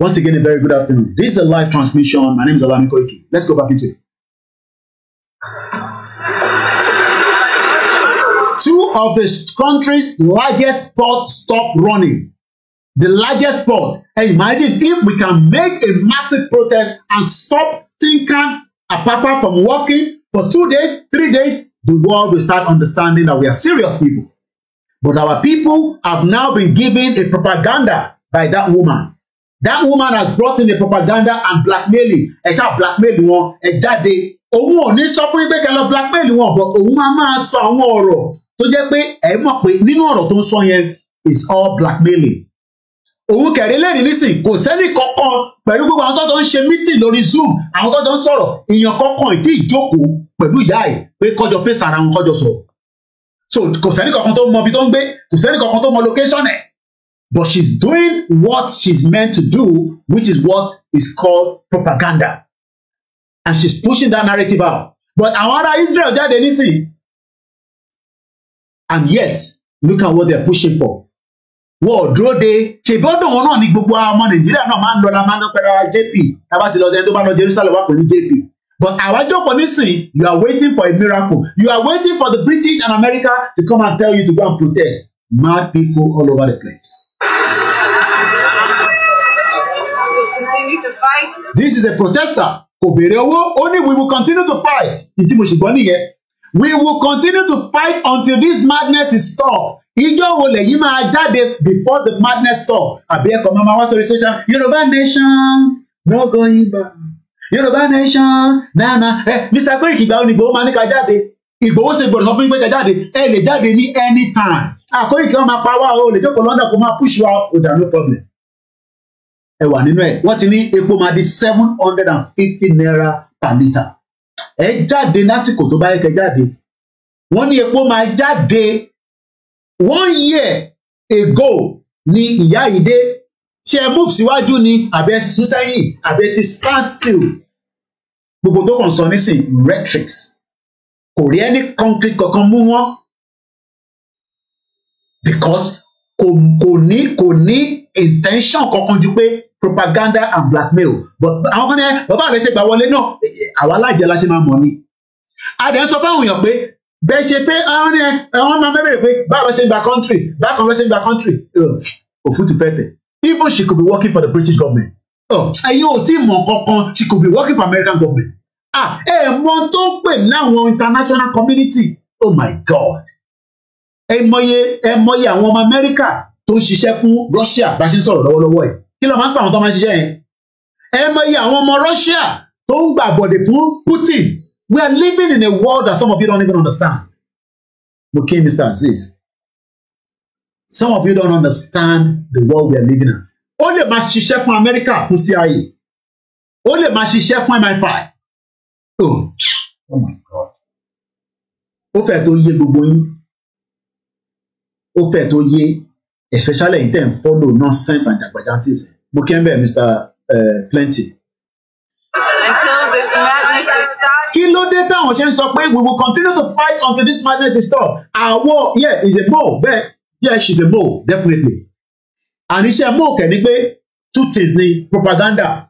Once again, a very good afternoon. This is a live transmission. My name is Alami Koiki. Let's go back into it. Two of the country's largest ports stop running. The largest port. Imagine if we can make a massive protest and stop Tinkan Apapa from working for two days, three days, the world will start understanding that we are serious people. But our people have now been given a propaganda by that woman. That woman has brought in a propaganda and blackmailing. Ẹ ṣá blackmail wọn, ẹ jáde. Òun ò ní sọ fún yín pé kẹ́ lọ blackmail wọn, but òun máa máa sọ àwọn ọ̀rọ̀ tó jẹ́ pé ẹ mọ̀ pé nínú ọ̀rọ̀ tó ń sọ yẹn is all blackmailing. Òun kẹ̀rí lẹ́rìí nísìn, kò sẹ́ni kankan pẹ̀lú gbogbo àwọn tó ń ṣe meeting lórí Zoom, àwọn tó ń sọ̀rọ̀, èèyàn kankan ì tí ì jókòó pẹ̀lú ìyá ẹ̀ pé kọjọ fèsì ara wọn kọjọ sọ̀rọ̀ so kò sẹ́ni kankan tó mọ ibi tó ń gbé kò sẹ́ni kankan tó mọ location ẹ̀ but she's doing what she's meant to do which is what is called propaganda and she's pushing that narrative out but àwọn ará Israel jáde nísìnyí and yet look at what they're pushing for wọ́n ò dúró de ṣèbí ọdún wọn náà ni gbogbo ọmọ Nàìjíríà náà máa ń lọ la máa ń lọ pẹ̀lú JP tá ti lọ sẹ́ni tó bá lọ Jerusalem wá pẹ̀lú JP But àwa jókòó nísìn, you are waiting for a miracle. You are waiting for the British and America to come and tell you to go and protest. Mad people all over the place. Continue to fight. This is a protester. Kò béèrè owó, ó we will continue to fight. Ìtí mo ṣùgbọ́n nìyẹn. We will continue to fight until this madness is stopped. Ìjọ́ wo lẹ́yìn máa jáde before the madness stop? Àbí ẹ̀kọ́ máa wá sórí social Yorùbá nation no going back yorùbá nation nana ẹ eh, mr pé ìgbà ó ní ìgbòho máa ní ká jáde ìgbòho ṣe gbọ́dọ̀ sọ fún pé ká jáde ẹ lè jáde ní anytime àkórí kí wọn máa pa wá o lè jókòó london kó máa push wa kò dà no problem ẹ wà nínú ẹ wọn ti ní epo máa di seven hundred and fifty naira per litre ẹ jáde lásìkò tó bá yẹ kẹ jáde wọn ní epo máa jáde one year ago ni ìyá yìí dé ṣé ẹ move síwájú ni àbẹ sún sẹ́yìn àbẹ ti stand still gbogbo tó kàn sọ nísìn rhetorics kò rí ẹni concrete kankan mú wọn because kò kò ní kò ní intention kankan ju pé propaganda and blackmail but àwọn kan ní eh, bàbá rẹ ṣe gbà wọlé náà àwa alájẹ la ṣe máa mọ̀ ni adẹ ń sọ fáwọn èèyàn pé bẹ́ẹ̀ ṣe pé àwọn máa mẹ́bẹ̀rẹ̀ pé báwo lọ ṣe gba country báwo lọ ṣe gba country òfútu pẹ́pẹ́ even she could be working for the British government oh, ẹ̀yin ò tí mọ̀ kankan she could be working for American government ah ẹ mọ̀ tó ń pè láwọn international community oh my God ẹ mọ̀ye ẹ mọ̀ye àwọn ọmọ Amẹ́ríkà tó ń ṣiṣẹ́ fún Russia bá a ṣe ń sọ̀rọ̀ lọ́wọ́lọ́wọ́ yìí kí ló máa ń pa àwọn tó máa ń yẹn ẹ mọ̀ye àwọn ọmọ Russia tó ń gbà bọ̀dẹ̀ fún Putin we are living in a world that some of you don't even understand mo kí Mr. Azeez some of you don't understand the world we are living in. ó lè máa ṣiṣẹ́ fún Amẹ́ríkà fún CIA ó lè máa ṣiṣẹ́ fún MI5 oh oh my God ó fẹ́ tó yé gbogbo yín ó fẹ́ tó yé especially in ten follow nonsense and jagbajantis mo kí n bẹ̀ Mr Plenty. until this madness is stopped. kí ló dé táwọn ṣe ń sọ pé we will continue to fight until this madness is stopped. àwọ̀ yeah is a ball bẹ́ẹ̀ yes she's a mole definitely and iṣẹ́ mole kẹ̀ ni two things ni propaganda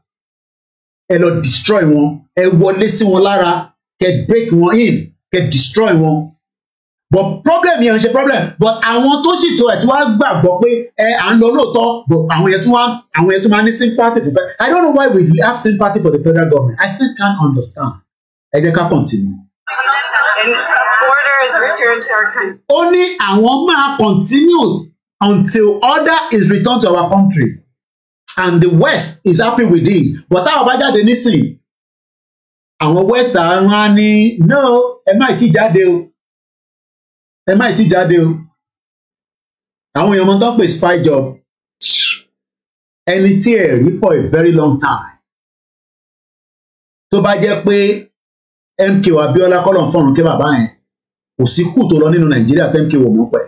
ẹ lọ destroy wọn ẹ wọlé sí wọn lára kẹ break wọn in kẹ destroy wọn but problem yẹn ṣe problem but àwọn tó sì tó ẹ tí wàá gbàgbọ́ pé ẹ à ń lọ lóòótọ́ but àwọn yẹn tí wàá àwọn yẹn tí wàá ní sympathy for fẹ I don't know why we have sympathy for the federal government I still can't understand ẹ jẹ́ ká continue is returned to our country. ó àwọn máa continue until order is returned to our country and the west is happy with this but táwọn bá jáde nísìn àwọn west rán án ní no ẹ má ti jáde o ẹ má ti jáde o àwọn èèyàn tó ń pè spy job ẹni tí ẹ rí for a very long time tó bá jẹ́ pé MKO Abíọ́lá kọlọ ń fọrùn kí bàbá yẹn kò sí kù tó lọ nínú nàìjíríà pmk wò mọ pẹ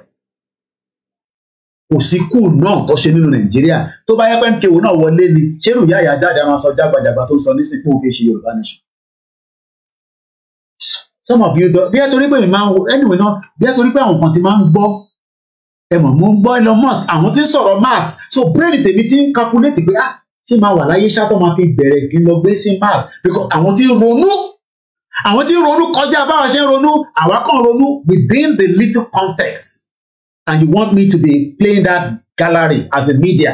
kò sí kù náà tó ṣe nínú nàìjíríà tó bá yẹ pmk wò náà wọlé ni ṣérù yáyà jáde àwọn aṣọ jágbàjàgbà tó ń sọ ní sìnkú òfin ṣe yorùbá nation. some of you bí ẹ torí pé mi máa ń wo anyway náà bí ẹ torí pé àwọn kan ti máa ń gbọ́ ẹ mọ̀ mo ń gbọ́ Elon Musk àwọn tí ń sọ̀rọ̀ Mars so brain tèmi ti ń calculate pé ah ṣé máa wà láyé ṣá tó máa fi bẹ̀rẹ̀ kí n lọ gbé sí Mars because àwọn tí ń ronú àwọn tí ń ronú kọjá báwọn ṣe ń ronú àwa kan ronú within the little context and you want me to be playing that gallery as a media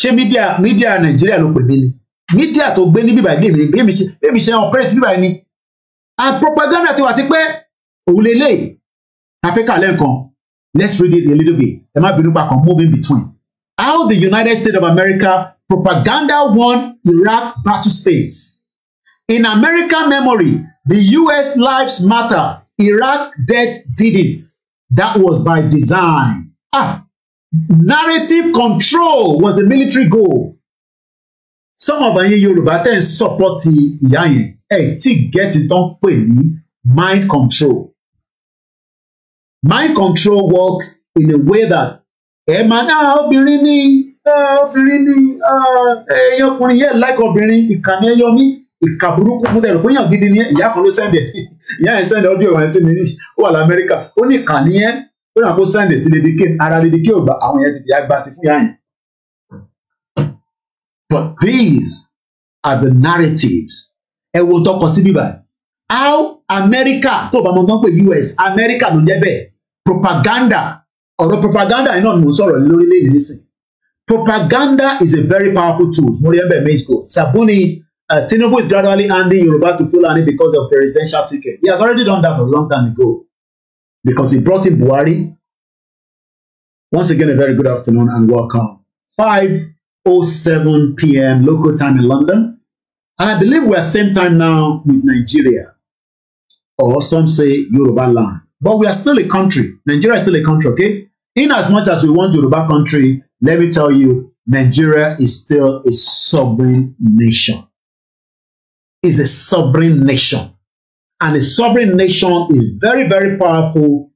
ṣé media media nàìjíríà ló pè mí ni media tó gbé ní bíbá ilé mi bẹ́ẹ̀mi ṣe bẹ́ẹ̀mi ṣe operate bíbá ni and propaganda ti wà ti pẹ́ òun lè lè àfíkà lẹ́ẹ̀kan let's read it a little bit ẹ má bínú pa kan move in between how the United States of America propaganda won Iraq battle space In American memory, the US lives matter. Iraq death it. That was by design. Ah, narrative control was a military goal. Some of ẹ̀yin yoruba ten ń support ìyá yẹn ẹ̀ tí gẹ́tì tán pè ní mind control. Mind control works in a way that ẹ máa náà ah, obìnrin ní ah, obìnrin ní ah, ẹ̀yin ọkùnrin yẹn láìka obìnrin ìkànnì ẹ̀yọ mi ìka burúkú mo dẹ̀ gidi ni ìyá kan ló sẹ́ndẹ̀ ìyá yẹn sẹ́ndẹ̀ ọdún ìwọ̀n sí mi ó wà lamẹ́ríkà ó ní ìkà ni yẹn ó rà kó sẹ́ndẹ̀ sí lédèké ara lédèké ò gbà àwọn yẹn ti ti àgbà sí fún yà yẹn. But these are the narratives ẹ wo tọkọ sí bíbá how America tó o bá mọ tán pé US America ló jẹ́ bẹ́ẹ̀ propaganda ọ̀rọ̀ propaganda yìí náà ni mo sọ̀rọ̀ lórílẹ̀-èdè nísìn propaganda is a very powerful tool mo rí ẹ bẹ́ẹ̀ méjì Sabonis uh, Tinubu is gradually handing Yoruba to Fulani because of presidential ticket. He has already done that a long time ago because he brought in Buhari. Once again, a very good afternoon and welcome. 5.07 p.m. local time in London. And I believe we are same time now with Nigeria, or some say Yoruba land. But we are still a country. Nigeria is still a country, okay? In as much as we want Yoruba country, let me tell you, Nigeria is still a sovereign nation is a sovereign nation. And a sovereign nation is very, very powerful.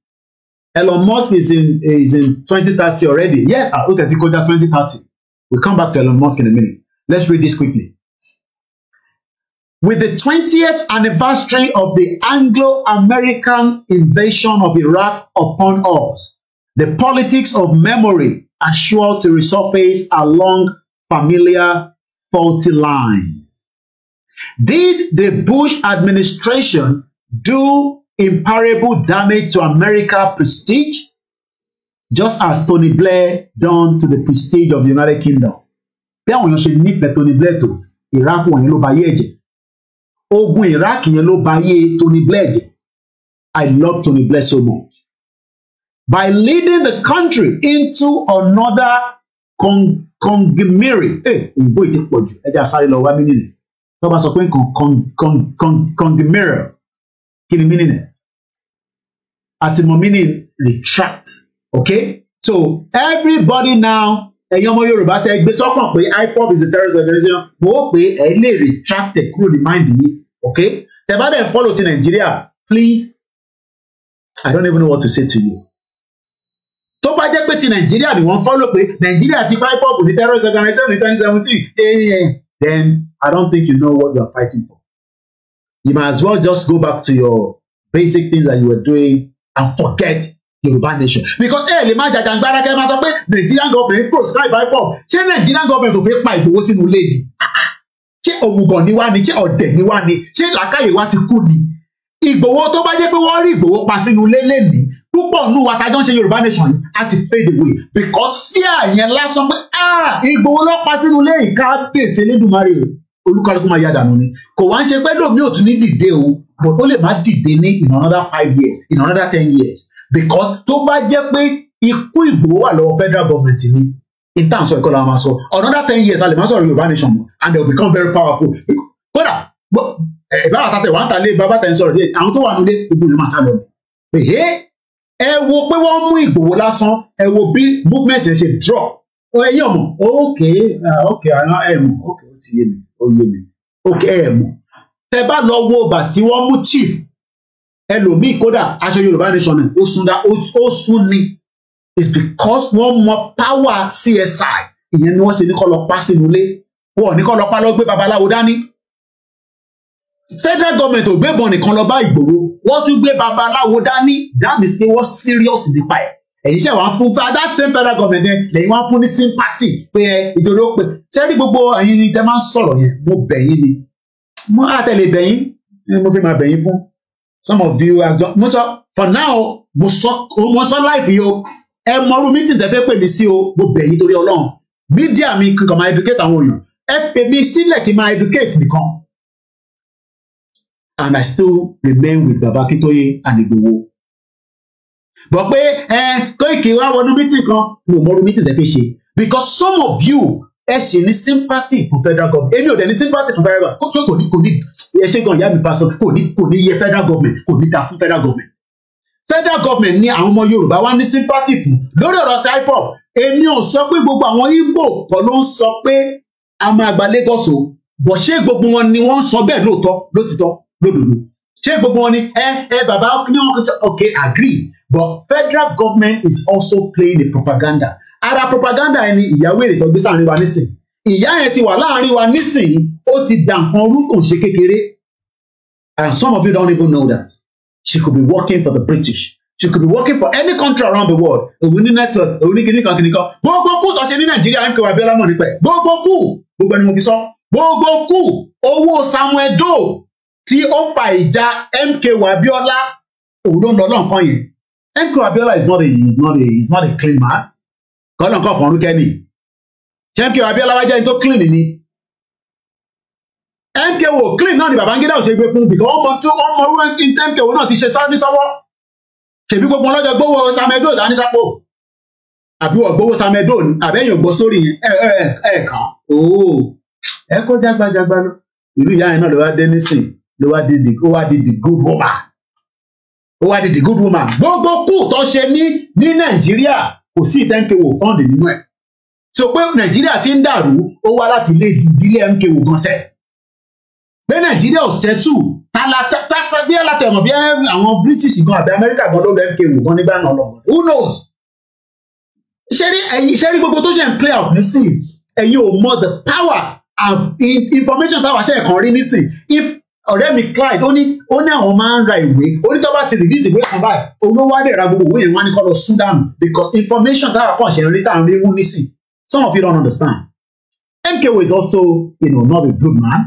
Elon Musk is in is in 2030 already. Yeah, look at Dakota 2030. We'll come back to Elon Musk in a minute. Let's read this quickly. With the 20th anniversary of the Anglo-American invasion of Iraq upon us, the politics of memory are sure to resurface along familiar faulty lines. Did the Bush administration do imparable damage to America prestige? Just as Tony Blair done to the prestige of the United Kingdom. Bí àwọn èèyàn ṣe nífẹ̀ẹ́ Tony Blair tó, Iraq wọ̀nyẹn ló ba ayé ẹ̀jẹ̀. Ogun Iraq yẹn ló ba ayé Tony Blair jẹ́. I love Tony Blair so much. By leading the country into another conglomerate, eh, ẹ̀ ìbò ìtìpọ̀jù ẹja sáré lọ wá mí nìyẹn tó bá sọ pé congemeral kí ni meaning ẹ̀ àti mọ̀ meaning retract okay so everybody now ẹ̀yin ọmọ Yorùbá tẹ́ gbé sọ́kàn pé IPOB is a terrorist organization mo ó pé ẹ lè retract ẹ̀ kúrò ní mind yìí okay tẹ́ bá dẹ̀ follow ti Nàìjíríà please I don't even know what to say to you tó bá jẹ́ pé ti nàìjíríà ni wọ́n fọ́lọ̀ pé nàìjíríà ti IPOB ní terrorist organization ní twenty seventeen eh, eh, eh, then I don't think you know what you are fighting for. You might as well just go back to your basic things that you were doing and forget Yorùbá nation. Because ẹ lè má jàjàngbára kẹ́ máa sọ pé Nigerian government proscribe IPOB. Ṣé Nigerian government ò fẹ́ pa Ìgbòho sínú ilé ni? Ah, ah. Ṣé òmùgọ̀ ni wá ni? Ṣé ọ̀dẹ̀ ni wá ni? Ṣé làákàyè wa ti kú ni? Ìgbòho tó bá jẹ́ pé wọ́n rí Ìgbòho pa sínú ilé lẹ́nìí púpọ̀ nù wa tá a jọ ń ṣe yorùbá nation yìí a ti fade away because fear yẹn lásán pé ah Ìgbòho ló pa sínú ilé ìka bèsè lẹ́dùnmarè rẹ̀ olúkálùkù máa ya dànù ni kò wá ń ṣe pé lómi ò tún ní dìde o but ó lè má dìde ní in another five years in another ten years because tó bá jẹ́ pé ikú Ìgbòho wà lọ́wọ́ federal government ni in terms of ìkọlà máa sọ another ten years a lè máa sọ̀rọ̀ Yorùbá nation and they will become very powerful kódà ìbá àtàtẹ̀ wà ń tà lé bàbá tẹ̀ ń sọ̀rọ̀ lé àwọn tó wà nílé gbogbo ìlú máa sá lọ ẹ wo pé wọ́n mú Ìgbòho lásán ẹ wo bí movement ẹ ṣe drop ẹ̀yin ọmọ ok ah, ok ah, ẹ mọ ok ó ti yé mi ó yé mi òkè ẹ mọ tẹ bá lọ wo ìgbà tí wọ́n mú chief ẹlòmíì kódà aṣọ yorùbá nation ni ó sún ó sún ni is because wọ́n mọ power csi ìyẹn ni wọ́n ṣe ní kó lọ pa sínú ilé wọn ò ní kó lọ pa lọ gbé babaláwo dání federal government ò gbébọn nìkan lọ bá ìgbòho wọ́n tún gbé babaláwo dání that means pé wọ́n serious nípa ẹ̀ ẹ̀yin ṣe wàá fún fún same federal government yẹn lẹ́yìn wàá fún ní sympathy pé ẹ ìjọba ó pè sẹ́rí gbogbo ẹ̀yin ni tẹ́ máa yẹn mo bẹ̀ yín ni mo àtẹ̀lé bẹ̀ yín mo fi máa bẹ̀ yín fún some of you are gone mo sọ for now mo sọ mo sọ life yìí o ẹ mọrú meeting tẹ́ fẹ́ pè mí sí o mo bẹ̀ yín torí ọlọ́run media mi kankan máa educate àwọn èèyàn ẹ pè mí sílẹ̀ kí n máa educate nìkan and I still remain with Baba Akintoye and Igboho bọ̀ pé ẹ Koiki wá wọnú mítìn kan mo mọ mítìn tẹ́ fi ṣe because some of you ẹ ṣì ní sympathy for federal government èmi ò dẹ̀ ní sympathy for federal government kò ní kò ní ẹ ṣe gan ìyá mi pastor kò ní kò ní yẹ federal government kò ní ta fún federal government federal government ní àwọn ọmọ Yorùbá wa ní sympathy fún lórí ọ̀rọ̀ typop èmi ò sọ pé gbogbo àwọn Igbo kan ló ń sọ pé a máa gba Lagos o bọ̀ ṣé gbogbo wọn ni wọ́n ń sọ bẹ́ẹ̀ lóòótọ́ lótìtọ́ lódodo ṣé gbogbo wọn ni ẹ ẹ bàbá ní wọn kò tẹ ok agree but federal government is also playing the propaganda ara propaganda ẹni ìyàwó èrè tó gbé sáàrin wa nísìn ìyá yẹn ti wà láàrin wa nísìn ó ti dà nǹkan orú kò ṣe kékeré and some of you don't even know that she could be working for the British she could be working for any country around the world òun ní network òun ní kìnnìkan kìnnìkan gbogbo kù tó ṣe ní Nàìjíríà MKO Abiola mọ̀ nípa ẹ̀ gbogbo kù gbogbo ẹni mo fi sọ gbogbo kù owó Samuel Doe tí ó fa ìjà MKO Abiola òun ló ń lọ lọ́nkàn yẹn Nko Abiola is not a is not a is not a clean man kọ́nà kan fọ̀ọ́rún kẹ́ni ṣé Nko Abiola wá jẹ́ ẹni tó clean ni Nko clean náà ni Babangida ò ṣe gbé fún bìkan ọmọ tó ọmọ owó Nko náà ti ṣe sáni sọ́wọ́ ṣèbí gbogbo ọlọ́jọ́ gbówó samedo dání sápò àbí wọ́n gbówó samedo àbẹ́yìn ògbó sórí yẹn ẹ ẹ ẹ kàn óò oh. ẹ kó jágbajàgba lọ ìlú ìyá yẹn náà ló wá dé nísìn ló wá di the ó wá di the good woman ó wá di the good woman gbogbo kù tó ṣe ní ní nàìjíríà kò sí ìtẹ́ǹkewò fọ́ǹdì nínú ẹ̀ so pé nàìjíríà ti ń dàrú ó wá láti lè di ìdílé mko gan sẹ pé nàìjíríà ò sẹ́tù tálátá bí alátẹ̀mọ̀ bí àwọn british gan àti amẹ́ríkà gan ló lọ mko gan nígbà náà lọ who knows ṣẹ́rí ẹ̀yin ṣẹ́rí gbogbo tó ṣe ń play out nísìn ẹ̀yin ò mọ the power and information táwa ṣe ẹ̀kan rí nísìn if ọ̀rẹ́ mi Clyde ó ní ó ní àwọn máa ń ra ìwé ó ní tó bá ti release ìwé kan báyìí olówó adé ra gbogbo ìwé yẹn wá ní kọ́ lọ sún because information táwa kàn ṣe ń rí táwọn rí mú nísìn some of you don't understand MKO is also you know, not a good man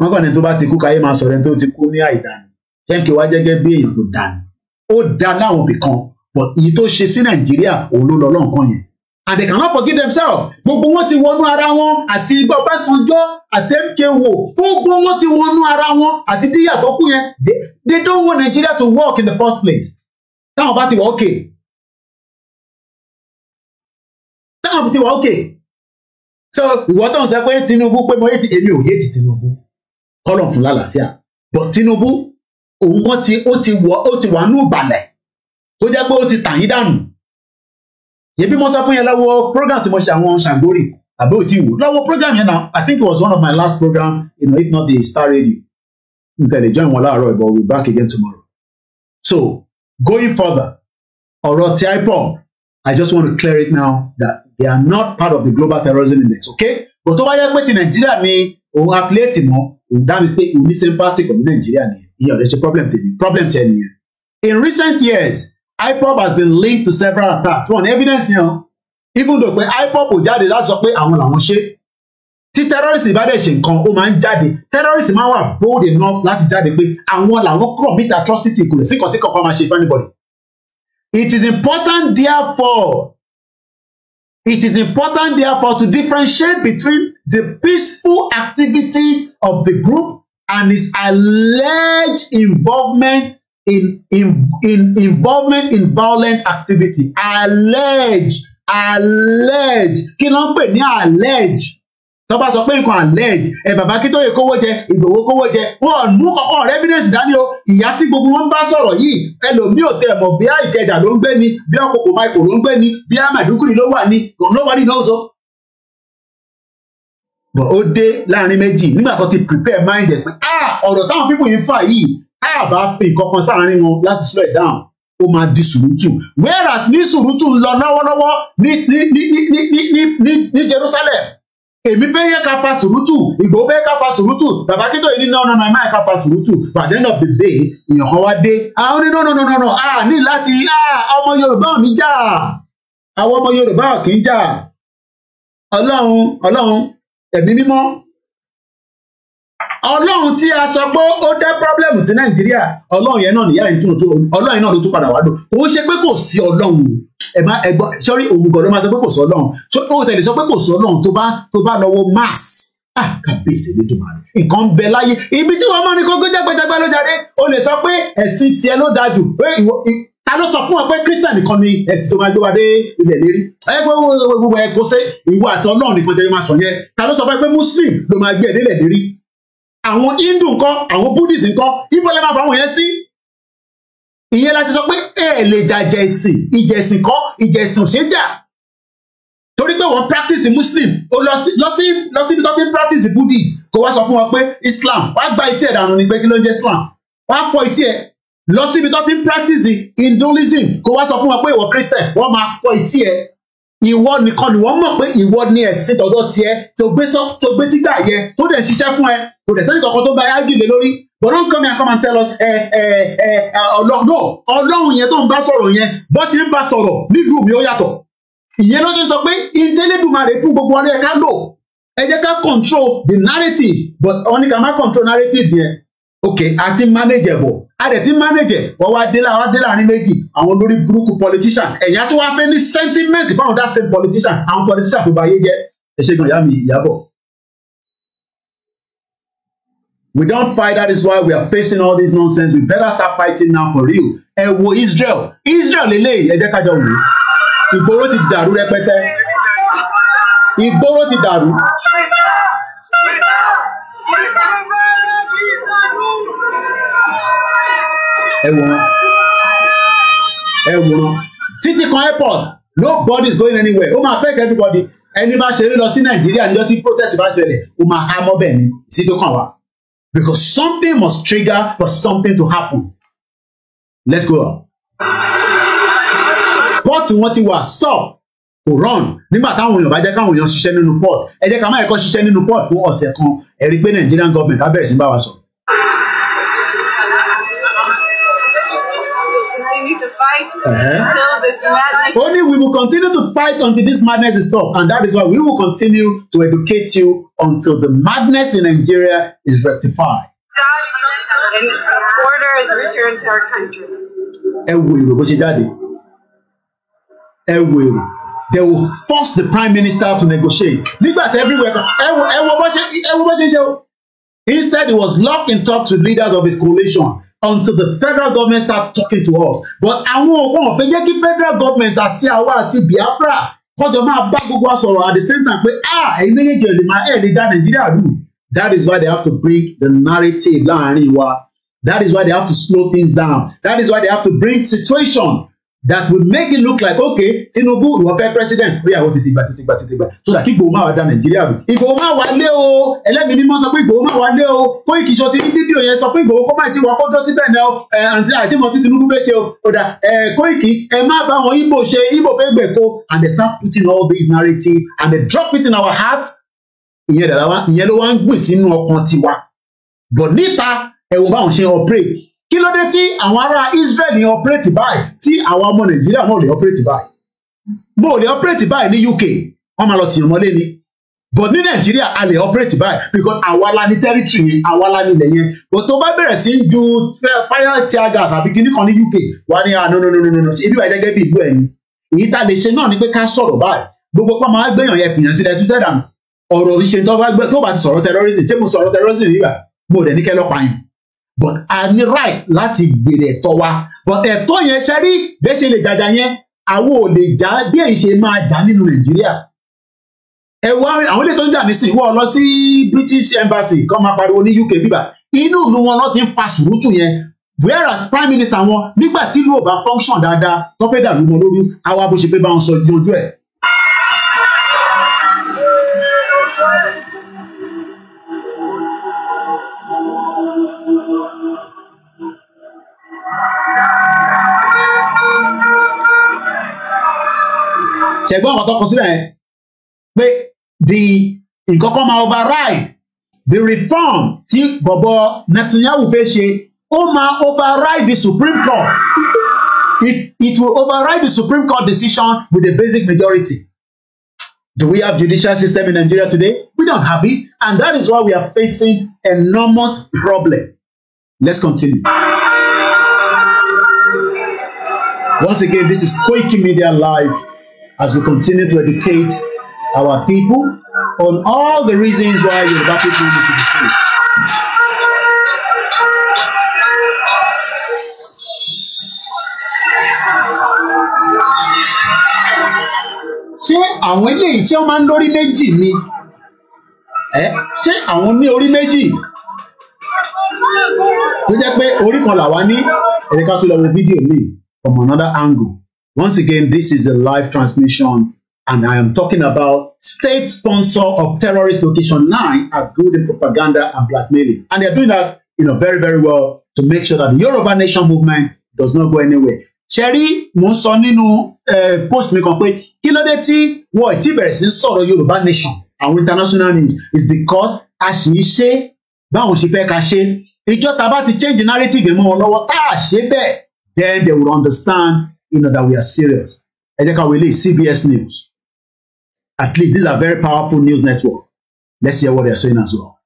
wọn kàn ní tó bá ti kú káyé máa sọ̀rọ̀ ẹni tó ti kú ní àìdáni MKO wá jẹ́gẹ́ bí èèyàn tó dání ó dá láwọn ibì kan but èyí tó ṣe sí Nàìjíríà òun ló lọ lọ́nkàn yẹn and they cannot forgive themselves gbogbo wọn ti wọnú ara wọn àti igbá Ọbásanjọ́ àti MKO gbogbo wọn ti wọnú ara wọn àti díyà tó kù yẹn they don't want Nigeria to work in the first place táwọn bá ti wà okay táwọn ti wà okay so ìwọ tó ń sọ pé Tinubu pé mo yé ti èmi ò yé ti Tinubu kọlọ̀ fún lálàáfíà but Tinubu òun kan ti ó ti wọ ó ti wà nù balẹ̀ tó jẹ́ pé ó ti tàn yín dànù yẹbi mo sọ fún yẹn lọ́wọ́ program tí mo ṣe àwọn ṣàǹgórì àbí òtí wò lọ́wọ́ program yẹn náà i think it was one of my last program you know, if not the star radio n tẹ̀lé join wọn láàárọ̀ but we back again tomorrow so going further ọ̀rọ̀ ti ipob i just want to clear it now that they are not part of the global terrorism index okay but tó bá yẹ pé ti nàìjíríà ni òun affiliate mọ́ òun dá mi pé òun ní sympathy pẹ̀lú nàìjíríà nìyẹn ìyẹn ọ̀dẹ̀ ṣe problem tèmi problem tẹ̀ nìyẹn in recent years IPOB has been linked to several attacks One evidence yẹn even though pé IPOB ò jáde láti sọ pé àwọn làwọn ṣe tí terrorist bá dẹ̀ ṣe nǹkan ó máa ń jáde terrorist máa wà bold enough láti jáde pé àwọn làwọn commit atrocity kò lè sí kan tí kankan máa ṣe fún anybody it is important therefore It is important, therefore, to differentiate between the peaceful activities of the group and its alleged involvement in, in, in involvement in violent activity allege allege kí ló ń pè ní allege tó bá sọ pé nǹkan allege ẹ bàbá kí tó yẹ kówó jẹ ìgbòho kówó jẹ wọn mú kọkọ rẹ evidence dání o ìyá tí gbogbo wọn bá sọ̀rọ̀ yìí ẹlòmíì ò tẹ mọ̀ bí Ìkẹjà ló ń gbé ni bí ọkọọkọ Michael ló ń gbé ni bí Maiduguri ló wà ni nobody knows o bọ̀ ó dé láàrin méjì nígbà tó ti prepare mind ẹ̀ pé ah ọ̀rọ̀ táwọn pípò yìí fà yìí táyà bá fi ìkọkan sáàárín wọn láti slow it down ó máa di sùrùtù whereas ní sùrùtù ń lọ lọ́wọ́lọ́wọ́ ní ní ní ní ní ní ní Jerusalem èmi fẹ́ yẹ ká fa sùrùtù Ìgbòho fẹ́ ká fa sùrùtù bàbá kí tóyìn ní no no no ẹ̀ máa ká fa sùrùtù by the end of the day èèyàn kan wá dé àwọn ní no no no no no a ní láti ọmọ Yorùbá ò ní jà àwọn ọmọ Yorùbá ò kì í jà Ọlọ́run Ọlọ́run ẹ̀mí mímọ́ ọlọ́run tí a sọ pé ó dá problem sí nàìjíríà ọlọ́run yẹn náà nìyá yìí tún ọlọ́run yẹn náà ló tún padà wá dùn kò ń ṣe pé kò sí ọlọ́run ẹ má ẹ gbọ́ sọ́rí òun gan máa sọ pé kò sí ọlọ́run ó tẹ̀lé sọ pé kò sí ọlọ́run tó bá tó bá lọ́wọ́ mass ah, kàbíyèsí ló tó máa rí nǹkan bẹ láyé ibi tí wọ́n máa ní kó gbé jágbẹ́jágbẹ́ ló jáde ó lè sọ pé ẹ̀sìn tiẹ̀ ló dáa jù ta ló sọ fún ọ pé christian nìkan ni ẹ̀sìn tó máa gbé wa dé ilẹ̀ lérí ẹ pé gbogbo ẹ kó sé ìwọ àti ọlọ́run nìkan jẹ́ máa sọ yẹn ta ló sọ fún ẹ pé muslim ló máa gbé ẹ délẹ̀ lérí àwọn hindu ńkọ́ àwọn buddhist ńkọ́ ibo lẹ́ máa fọ àwọn yẹn sí ìyẹn la ti sọ pé ẹ lè jàjà ẹ̀sìn ìjẹ̀sìn kọ́ ìjẹ̀sìn òṣèjà torí pé wọ́n practice muslim ó lọ sí lọ sí lọ síbi tó fi practice buddhist kó wá sọ fún wọn pé islam wá gba etí ẹ̀ dànù ní pé kí ló ń jẹ́ islam wá fọ etí ẹ̀ lọ síbi tó fi practice hinduism kó wá sọ fún wọn pé ìwọ christian wọ́n máa fọ etí ẹ̀ ìwọ nìkan ni wọ́n mọ̀ pé ìwọ ni ẹ̀sìn tọ̀dọ̀ tiẹ̀ tó gbé sọ tó gbé sígbà yẹ tó dẹ̀ ṣiṣẹ́ fún ẹ kò dẹ̀ sẹ́ni kankan tó bá ágì lé lórí but don't come here and come and tell us ẹ ẹ ẹ ọlọ́run náà ọlọ́run yẹn tó ń bá sọ̀rọ̀ yẹn bó ṣe ń bá sọ̀rọ̀ nílùú mi ó yàtọ̀ ìyẹn ló ṣe sọ pé ìtẹ́lẹ́dùmarè fún gbogbo wa ló yẹ ká lò ẹ jẹ́ ká control the narrative but wọ́n ní ká má control narrative yẹn ok àti manage ẹ̀ bọ̀ a dẹ̀ ti manage ẹ̀ wọ́n wá dé láwọn dé láàrin méjì àwọn olórí burúkú politician ẹ̀yà tó wá fẹ́ ní sentiment báwọn dá same politician àwọn politician tó bá yé jẹ́ ẹ ṣe gan ìyá mi ìyàbọ̀. We don't fight that is why we are facing all this nonsense we better start fighting now for real. ẹ wo Israel Israel lélẹ́yìí ẹ jẹ́ kájọ wò ó ìgboro ti dàrú rẹpẹtẹ ìgboro ti dàrú. ẹwòrán ẹwòrán títí kan airport nobody is going anywhere ó máa fẹ́ kẹ́ everybody ẹni bá ṣeré lọ sí nàìjíríà níjọ́ tí protest bá ṣẹlẹ̀ ó máa há mọ́ bẹ́ẹ̀ ni sí tó kàn wá because something must trigger for something to happen let's go on. port wọn ti wà stop kò rọrùn nígbà táwọn èèyàn bá jẹ́ káwọn èèyàn ṣiṣẹ́ nínú port ẹ jẹ́ ká má ẹ̀kọ́ ṣiṣẹ́ nínú port fún ọ̀sẹ̀ kan ẹ̀rí pé Nigerian government á bẹ̀rẹ̀ sí bá wa sọ̀rọ̀ uh Only we will continue to fight until this madness is stopped, and that is why we will continue to educate you until the madness in Nigeria is rectified. And order is returned to our country. Ẹ wo èrò bó ṣe jáde. They will force the prime minister to negotiate. Nígbà tí everywhere Instead, he was locked in talks with leaders of his coalition until the federal government start talking to us but àwọn òkan ọ̀fẹ́ jẹ́ kí federal government àti àwa àti Biafra kọjọ máa bá gbogbo wa sọ̀rọ̀ at the same time pé ah ẹ̀yin méjèèjì ẹ̀ lè máa ẹ̀ lè dá Nàìjíríà rú that is why they have to bring the narrative láàrin wa that is why they have to slow things down that is why they have to bring situation that will make it look like okay Tinubu ìwọ fẹ́ president ó yàwó tètè gbà tètè gbà tètè gbà so that kí Ìgbòho má wá da Nàìjíríà rú Ìgbòho má wá lé o ẹlẹ́mìí mímọ́ sọ pé Ìgbòho má wá lé o kó ìkìṣọ ti ní fídíò yẹn sọ pé Ìgbòho kó má ti wá kó dọ́ síbẹ̀ náà ẹ àǹtí àti mọ̀ tí Tinubu fẹ́ ṣe o ọ̀dà ẹ kó ìkì ẹ má bá wọn Ìgbò ṣe Ìgbò fẹ́ gbẹ̀ kó and they start putting all these narrative and they drop it in our heart ìyẹn ló wá ń gbìn sínú ọkàn tiwa but níta ẹ̀wọ̀n báwọn ṣe operate kí ló dé tí àwọn ará Israel ní ọpẹrẹtì báyìí tí àwọn ọmọ Nàìjíríà náà lè ọpẹrẹtì báyìí mo lè ọpẹrẹtì báyìí ní UK wọn máa lọ tì wọn lé ni but ní Nàìjíríà a lè ọpẹrẹtì báyìí because àwa la ní tẹrítìrì yẹn àwa la ní ilẹ̀ yẹn but tó bá bẹ̀rẹ̀ sí ju fire tear gas àbí kíní kan ní UK wà ní ah no no no no no ibi báyìí gẹ́gẹ́ bí ìlú ẹ̀yìn èyí tá a lè ṣe náà ni pé ká sọ̀rọ̀ báyìí gbogbo pa máa gbẹ̀yàn yẹn fìyàn sílẹ̀ tó tẹ̀ dànù ọ̀rọ̀ ìṣe tó bá ti sọ̀rọ̀ terrorism tí mo sọ̀rọ̀ terrorism yìí wà mo dẹ̀ ní kẹ́ lọ́pàá but a ní right láti gbèrè ẹ̀tọ́ wa but ẹ̀tọ́ yẹn ṣe rí bẹ́ẹ̀ ṣe lè jàjà yẹn àwọn ò lè jà bí èyí ṣe máa jà nínú nàìjíríà ẹ wá àwọn ilé tó ń jà nísìnyí wọ́n lọ sí British Embassy kọ́ máa pariwo ní UK bíbà inú ìlú wọn lọ ti ń fa sùúrùtù yẹn whereas prime minister wọn nígbà tí ìlú ò bá function dáadáa tó fẹ́ dàlú wọn lórí àwa bó ṣe pé bá wọn sọ yanjú ẹ̀ ṣẹ̀gbọ́n ọ̀kan tó kọ síbẹ̀ pé the nǹkan kan máa override the reform tí bọ̀bọ̀ Netanyahu fẹ́ ṣe ó máa override the Supreme Court it, it will override the Supreme Court decision with a basic majority. Do we have judicial system in Nigeria today? We don't have it, and that is why we are facing enormous problem. Let's continue. Once again, this is Koiki Media Live as we continue to educate our people on all the reasons why Yoruba people need to be free. ṣé àwọn eléyìí ṣé wọ́n máa ń lórí méjì ni ẹ ṣé àwọn ní orí méjì tó jẹ́ pé orí kan làwa ní ẹ̀ka tó lọ wo fídíò míì from another angle. Once again, this is a live transmission, and I am talking about state sponsor of terrorist location nine are good propaganda and blackmailing, and they're doing that, you know, very very well to make sure that the Yoruba Nation movement does not go anywhere. Sherry mo ń sọ eh, post mi kan pé kí ló dé tí wọ́n ì tí bẹ̀rẹ̀ Nation and international news is because a ṣì ń ṣe báwọn ṣe fẹ́ ka ṣe ìjọ tá a ti change narrative mọ́ wọn lọ́wọ́ tá be. then they will understand you know that we are serious ẹ jẹ́ ká wo CBS News at least these are very powerful news network let's hear what they are saying as well.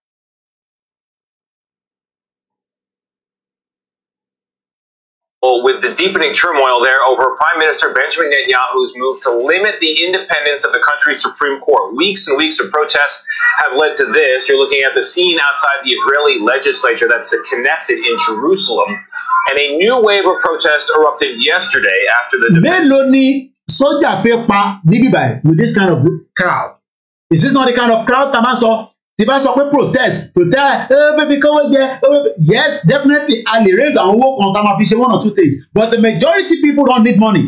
with the deepening turmoil there over Prime Minister Benjamin Netanyahu's move to limit the independence of the country's Supreme Court. Weeks and weeks of protests have led to this. You're looking at the scene outside the Israeli legislature, that's the Knesset in Jerusalem, and a new wave of protests erupted yesterday after the. with this kind of crowd. Is this not the kind of crowd Tamaso tí bá sọ pé protest protest ẹ fẹ́ fi kówó jẹ yes definitely a lè raise àwọn owó on tá a máa fi ṣe one or two things but the majority people don't need money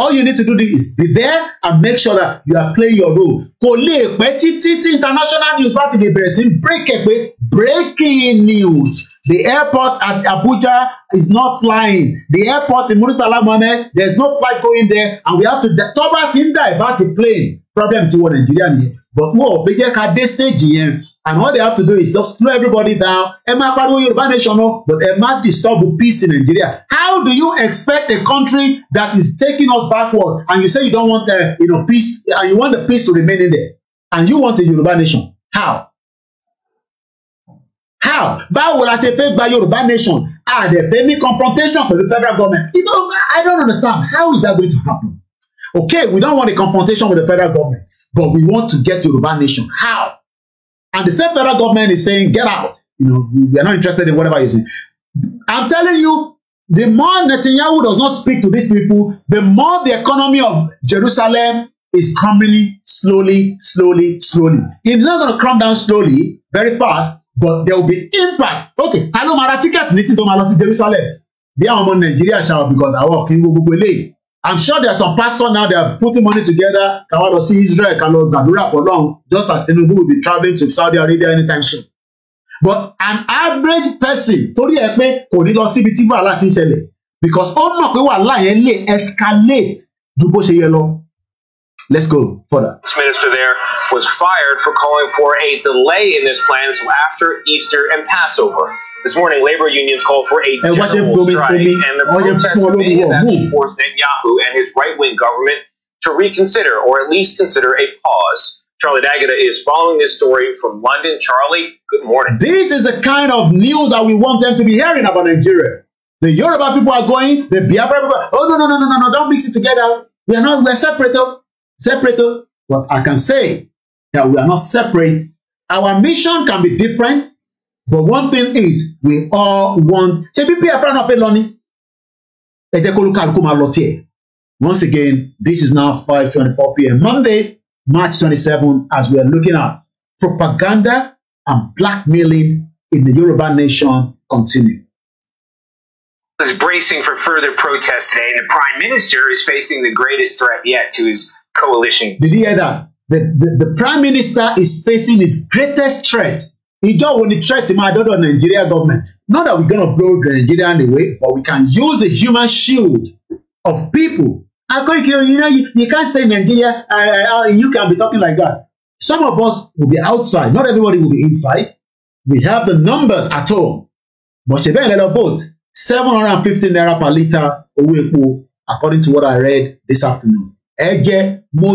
all you need to do is be there and make sure that you are playing your role kò lè pẹ́ títí tí international news bá ti lè bẹ̀rẹ̀ sí break ẹ̀ pé breaking news the airport at Abuja is not flying the airport in Murtala Mohammed there is no flight going there and we have to tọ́ba ti ń dà ìbá ti plane problem ti wọ nàìjíríà nìyẹn but wọn ò fi jẹ́ ká dé stage yẹn and all they have to do is just throw everybody down ẹ máa pariwo yorùbá nation o but ẹ má disturb peace in nigeria how do you expect a country that is taking us backward and you say you don't want uh, you know, peace and you want the peace to remain in there and you want a yorùbá nation how how báwo la ṣe fẹ́ gba yorùbá nation are there any confrontation pẹ̀lú federal government you know i don't understand how is that going to happen. Okay, we don't want a confrontation with the federal government, but we want to get to the Yoruba nation. How? And the same federal government is saying, get out. You know, we are not interested in whatever you're saying. I'm telling you, the more Netanyahu does not speak to these people, the more the economy of Jerusalem is crumbling slowly, slowly, slowly. It's not going to crumble down slowly, very fast, but there will be impact. Okay, ta ló máa ra tíkẹ́ẹ̀tì nísìnyí tó máa Jerusalem? Bí àwọn ọmọ Nàìjíríà ṣàwọ̀ because I ọ̀kìn in Google. I'm sure there are some pastors now that are putting money together ká see Israel Cannot lọ for long. just as Tinubu will be traveling to Saudi Arabia anytime soon but an average person torí ẹ pé kò ní lọ síbi tí wàhálà ti because all mọ̀ pé wàhálà yẹn lè escalate ju bó ṣe Let's go further. This minister there was fired for calling for a delay in this plan until after Easter and Passover. This morning, labor unions called for a general strike, and the protest many have forced Netanyahu and his right-wing government to reconsider, or at least consider a pause. Charlie Daggett is following this story from London. Charlie, good morning. This is the kind of news that we want them to be hearing about Nigeria. The Yoruba people are going, the Biafra people. oh no no no no no! Don't mix it together. We are not. We are separated separated, but I can say that we are not separate. Our mission can be different, but one thing is we all want. Once again, this is now 5:24 p.m. Monday, March 27, as we are looking at propaganda and blackmailing in the Yoruba nation continue. Is bracing for further protests today, the prime minister is facing the greatest threat yet to his coalition. Did you hear that? The, the, the prime minister is facing his greatest threat. He just only threat him out of the Nigeria government. Not that we're going to blow the Nigeria away, but we can use the human shield of people. According to you know, you, you can't stay in Nigeria uh, uh, you can be talking like that. Some of us will be outside. Not everybody will be inside. We have the numbers at home. But Shebe boat, 750 naira per litre according to what I read this afternoon. mo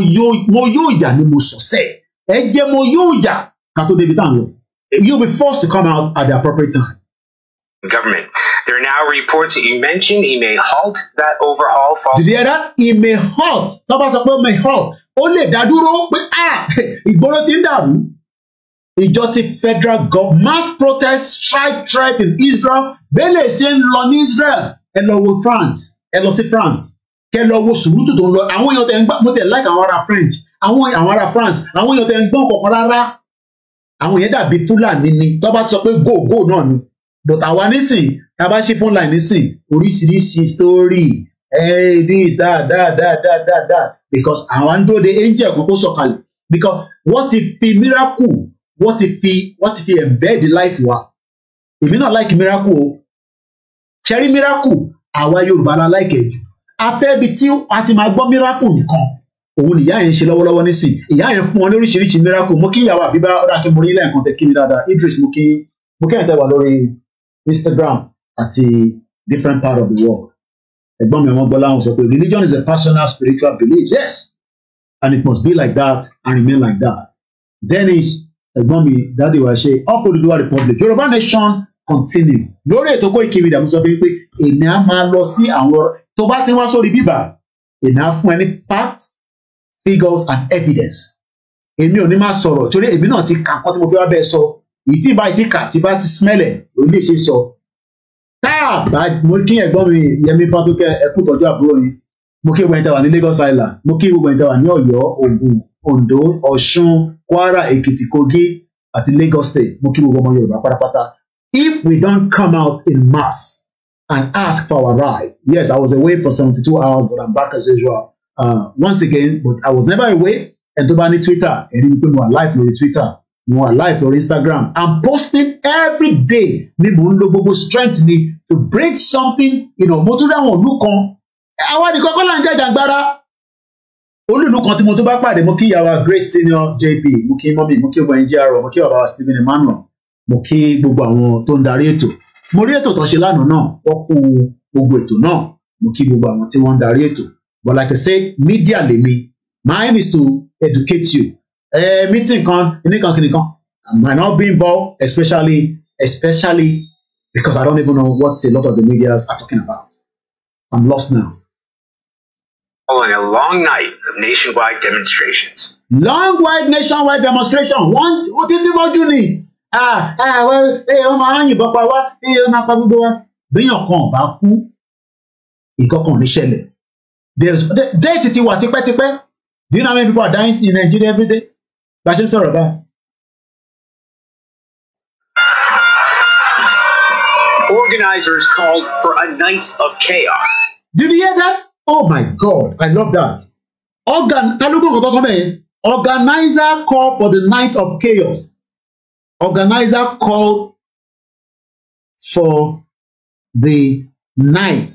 yóò yà ni mo sọ̀sẹ̀ ẹ jẹ́ mo yóò yà ká tó débi tá à you'll be forced to come out at the appropriate time. Government. There are now reports that you mentioned he may halt that overhaul. Did you hear that? He may halt. Tọ́ba sọ pé may halt. Ó lè dá dúró pé ìgboro ti ń dàrú. Ìjọ ti federal government mass protest strike threat in Israel bẹ́ẹ̀ lè ṣe ń lọ ní Israel ẹ lọ wo France ẹ lọ sí France kẹ lọ wo sùúrùtù tó ń lọ àwọn èèyàn tẹ ń gbà mo tẹ like àwọn ará French àwọn àwọn ará France àwọn èèyàn tẹ ń gbọ́n kọ̀ọ̀kan rárá àwọn èèyàn dàbí Fúlàní ni tó bá sọ pé go go náà ni but àwa nísìn tá a bá ṣe fún line nísìn oríṣiríṣi story hey this that that that that that that because àwọn ń dúró de angel kan kó sọ̀kalẹ̀ because wọ́n ti fi miracle wọ́n ti fi wọ́n ti fi embed life wa èmi náà like miracle o ṣẹ́rí miracle àwa Yorùbá la like ẹ̀ jù afẹ́bi tí a ti máa gbọ́ miracle nìkan òun nìyá yẹn ń ṣe lọ́wọ́lọ́wọ́ nísìn ìyá yẹn fún wọn lóríṣiríṣi miracle mo kí ìyàwó àbíbá ọ̀dà kí mo rí ilé nǹkan tẹ kí mi dáadáa Idris mo kí mo kí ẹ̀tẹ̀ wà lórí Instagram àti different part of the world ẹ̀gbọ́n mi wọn gbọ́ láwọn sọ pé religion is a personal spiritual belief yes and it must be like that and remain like that Dennis ẹ̀gbọ́n mi dáàdi wa ṣe up Oduduwa Republic Yorùbá nation continue lórí ètò Koiki Media mo sọ pé èmi á máa lọ sí àwọn tó bá ti wá sórí bíbà èmi á fún ẹ ní fact figures and evidence èmi ò ní máa sọ̀rọ̀ torí èmi náà ti kà kọ́ tí mo fi wá bẹ́ẹ̀ sọ èyí tí ìbá ti kà tí bá ti smẹ́lẹ̀ ló lè ṣe sọ tá a bá mo kí ẹ̀gbọ́n mi Yẹmí Fátókè ẹkú tọ́jú àbúrò yín mo kí gbogbo ẹni ní Lagos Island mo kí gbogbo ẹni tá wà ní Ọ̀yọ́ Ògùn Ondo Ọ̀ṣun Kwara Èkìtì Kogi àti Lagos State mo kí gbogbo ọmọ Yorùbá pátápátá if we don't come out in mass and ask for a ride. Yes, I was away for 72 hours, but I'm back as usual. Uh, once again, but I was never away. And to bá ní Twitter, and pé mo wà live lórí Twitter, my life on Instagram. I'm posting every day ni mundo ń lo gbogbo strength mi to bring something, you know, mo tún dáwọn òlú kan. Àwa nìkan kọ́ là ń jẹ́jà gbára. Olúùlú kan tí mo tó bá pàdé, mo kí great senior JP, Muki mommy. Muki mo kí Muki NGR, mo Stephen Emmanuel, Muki kí gbogbo àwọn tó mo rí ètò tó ṣe lánàá náà wọ́n kú gbogbo ètò náà mo kí gbogbo àwọn tí wọ́n ń darí ètò but like I said media lèmi my aim is to educate you uh, meeting kan nìkan kìnìkan I might not be involved especially especially because I don't even know what a lot of the media are talking about I'm lost now. Following oh, a long night of nationwide demonstrations. Long wide nationwide demonstration wọ́n títí mọ́jú ni àwọn èèyàn máa ń yìnbọn pa wá èèyàn eh, máa pa gbogbo wa béèyàn kan ò bá kú ìkọkàn ní ṣẹlẹ̀ déètì ti wà tipẹ́tipẹ́ do you know how many people are dying in Nigeria every day bá a ṣe ń sọ̀rọ̀ báyìí. Organizers called for a night of chaos. Did you hear that? Oh my God, I love that. Organ, ta ló tó sọ bẹ́ẹ̀? Organizer call for the night of chaos organizer called for the night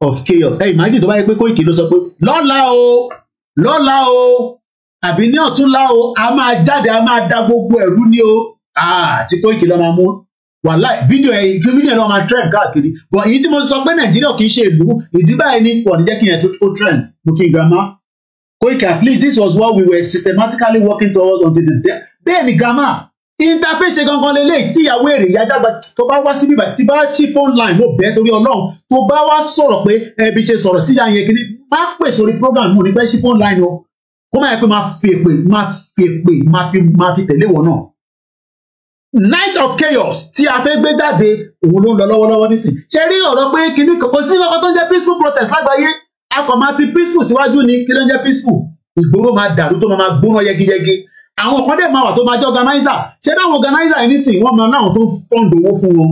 of chaos ẹ imagine tó bá yẹ pé Koiki ló sọ pé lọ́la o lọ́la o àbí ní ọ̀túnla o a máa jáde a máa da gbogbo ẹ̀rú ni o àti ah, Koiki ló máa mú wàhálà fídíò ẹ fídíò ẹ ló máa trend káàkiri but èyí tí mo sọ pé Nàìjíríà kì í ṣe ìlú ìdí báyìí ni wọ́n jẹ́ kí yẹn tó trend mo kí n grandma Koiki at least this was what we were systematically working towards until the bẹ́ẹ̀ ni grandma interface gangan lélẹ́yìí tí ìyàwó èrè ìyájágba tó bá wá síbí báyìí tí bá ṣí phone line mo bẹ́ẹ̀ torí ọlọ́run tó bá wá sọ̀rọ̀ pé ẹbí ṣe sọ̀rọ̀ síyà yẹn kiri má pè sórí program mo ní pẹ́ ṣí phone line o kó má yẹ pé máa fi èpè máa fi èpè máa fi tẹ̀lé wọn náà night of chaos tí a fẹ́ gbé jáde òun ló ń lọ lọ́wọ́lọ́wọ́ nísìn ṣe rí ọ̀rọ̀ pé kinní kò sí ọkọ̀ tó ń jẹ́ peaceful protest lágbàáyé a kò máa ti peaceful síwájú ni kí ló ń jẹ́ peaceful ìgboro máa dàrú tó máa gbóná yẹgiyẹgi àwọn kan dẹ̀ máa wà tó máa jẹ́ organizer ṣé dáwọn organizer yẹn nísìnyí wọ́n máa náwọn tó ń pọ́ǹd owó fún wọn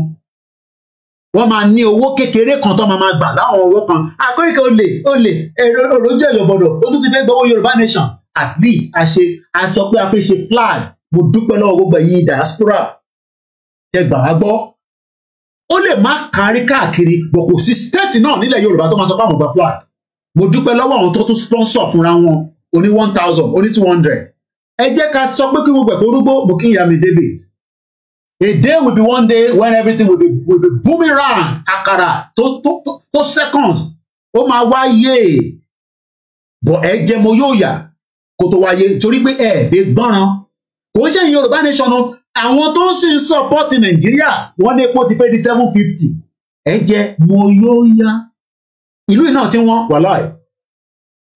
wọ́n máa ní owó kékeré kan tó máa máa gbà láwọn owó kan àkóyèké olè olè òròjọ ìyọ̀bọ̀dọ̀ ó tún ti fẹ́ gbọ́wọ́ Yorùbá nation at least a ṣe a sọ pé a fẹ́ ṣe flag mo dúpẹ́ lọ́wọ́ gbogbo ẹ̀yin diaspora ẹ gbà wá gbọ́ ó lè má kárí káàkiri bọ̀ kò sí state náà nílẹ̀ Yorùbá tó máa sọ pé àwọn gba flag mo dúpẹ́ lọ́wọ́ àwọn tó tún sponsor fúnra wọn oní one thousand oní two hundred ẹ jẹ́ ká sọ pé kí gbogbo ẹ̀kọ́ rúgbó bukiyami David a day will be one day when everything will be will be boomerang àkàrà tó tó tó seconds ó máa wáyé bọ̀ ẹ jẹ́ mo yóò yà kó tó wáyé torí pé ẹ fi gbọ́ràn kò ń ṣẹ̀yìn Yorùbá nation o àwọn tó ń sì ń sọpọ́tì Nàìjíríà wọ́n ní epo ti fẹ́ di seven fifty ẹ jẹ́ mo yóò yá ìlú yìí náà ti wọ́n wàláì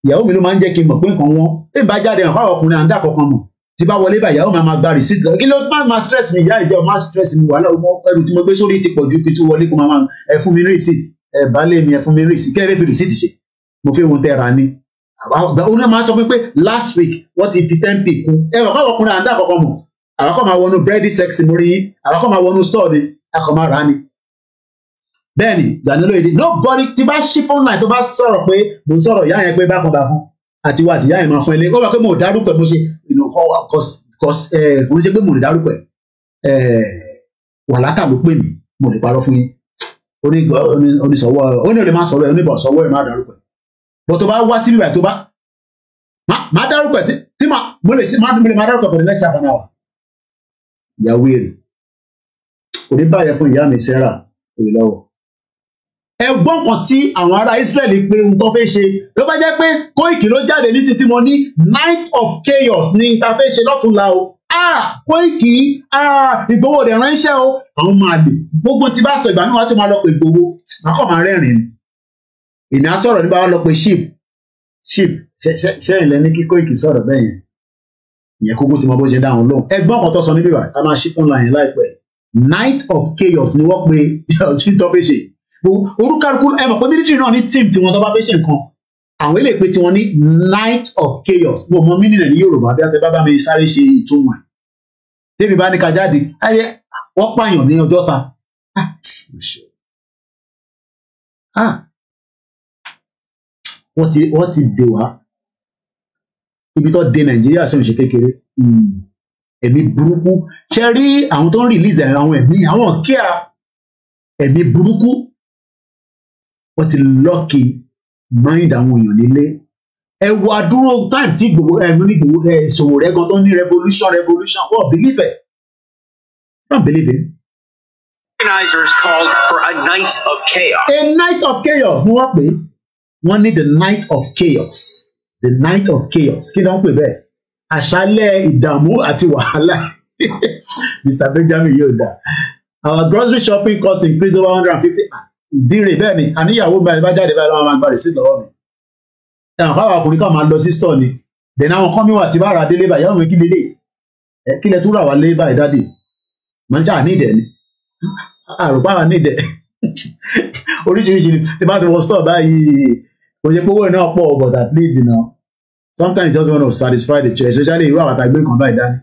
ìyàwó mi ló máa ń jẹ́ kí n mọ̀ pé nǹkan wọn bí n bá jáde hàn fáwọn ọkùnrin à ń dà kankan mọ̀ tí bá wọlé bá ìyàwó máa ma gba rìsíìtì kí ló má ma stress mi ìyá ìjọ má stress mi wàhálà ọmọ ẹrù tí mo gbé sórí ti pọ̀ ju kí tó wọlé kó máa ẹ fún mi rìsíìtì ẹ baálé mi ẹ fún mi rìsíìtì kí ẹ fẹ́ fi rìsíìtì ṣe mo fẹ́ wọn tẹ́ra ni òun náà máa sọ pé last week wọ́n ti fi ten p kún ẹ wà fáwọn ọkùnrin à ń dà kankan mọ̀ àwọn kan máa wọnú bírẹ́dì sẹ́ksì mórí yín àwọn kan máa wọnú stọ́ọ̀ ni akọ̀ máa rà á ni bẹ́ẹ̀ni Gani Olóyèdè nobody ti bá ṣí phone line tó bá sọ̀rọ̀ pé mo sọ̀rọ̀ ìyá yẹn pé bákan bákan àti wa àti ìyá yẹn máa fún ẹ lé ó wà pé mo dárúkọ mo ṣe kò ń ṣe pé mo lè dárúkọ ẹ wà látà ló pè mí mo lè parọ́ fún yín oníṣọwọ ó ní olè máa sọ̀rọ̀ ẹ oníbọ sọwọ ẹ máa dárúkọ ẹ bó tó bá wá síbi ìwà tó bá máa dárúkọ ẹ tí mo lè máa dárúkọ ẹ for the next half an hour ìyàwó èrè kò ní báyẹn fún ìyá mi Sarah Oyèlọ́wọ̀ ẹgbọ́n kan tí àwọn ará Israel pé ohun tó fẹ́ ṣe ló bá jẹ́ pé Kóìkì ló jáde ní sítí ní night of chaos ní ta fẹ́ ṣe lọ́túnla o Kóìkì Ìgbòho rẹ̀ ránṣẹ́ o àwọn máa lò gbogbo tí bá sọ ìgbà mi wá tó máa lọ pé Ìgbòho àkọ́ máa rẹ́rìn ni èmi á sọ̀rọ̀ nípa wa lọ pé chief chief ṣẹ́yìn lẹ́ni kí Kóìkì sọ̀rọ̀ bẹ́ẹ̀ yẹn ìyẹn kókó tí mo bó ṣe dáhùn lóhùn ẹgbọ́n kan tó sọ níbí wa a máa ṣí fún láyìn láìpẹ́ night of chaos ni wọ́n pe (laughs) ọjọ́ tó ṣe orúkálukú ẹ mọ̀ pé military náà ní team tiwọn tó bá fẹ́ ṣe nǹkan àwọn eléyìí pé tiwọn ní night of chaos mo mọ mínínà ní Yorùbá bí wọn bá mi sáré ṣe ìtumọ̀ ẹ̀ tèmi bá ní ká jáde ayé wọ́n pààyàn ní Ọjọ́ta ah, ah. wọ́n ti wọ́n ti dè wá ibi tó de Nàìjíríà sí òṣè kékeré hmm. ẹ̀mí burúkú ṣe rí àwọn tó ń release àwọn ẹ̀mí àwọn kíá ẹ̀mí burúkú wọ́n ti lọ́ọ̀kì mind àwọn èèyàn nílé ẹ wo àdúró time tí gbogbo ẹ ní gbogbo ẹ ìṣòwò rẹ gan tó ní revolution revolution wọ́n believe it wọ́n believe it. Organizers called for a night of chaos. A night of chaos ni wọ́n pè é. Wọ́n ní the night of chaos. The night of chaos. Kí ni wọ́n pè bẹ́ẹ̀? Àṣálẹ̀ ìdààmú àti wàhálà. (laughs) Mr. Benjamin yóò dá. Our grocery shopping cost increase over one hundred and fifty díire bẹ́ẹ̀ ni àníyàwó mi bá jáde báyìí lọ́wọ́ máa gba rèsí lọ́wọ́ mi ẹ̀hàn fáwọn ọkùnrin kan máa lọ sí stọ̀ ni dẹ̀nà àwọn kan mi wà tí bá ra délé báyìí yàwó mi kí lélẹ̀ ẹ kí lẹ tún rà wá lé báyìí dáàdì màá ṣáà ní ìdẹ̀ ni àròpá wa ní ìdẹ̀ oríṣiríṣi ni tí bá ti wọ stọ̀ báyìí kò yẹ pé owó iná pọ̀ but at least you know, sometimes you just wanna satisfy the church especially irú àwọn àtàgbé kan báyìí dání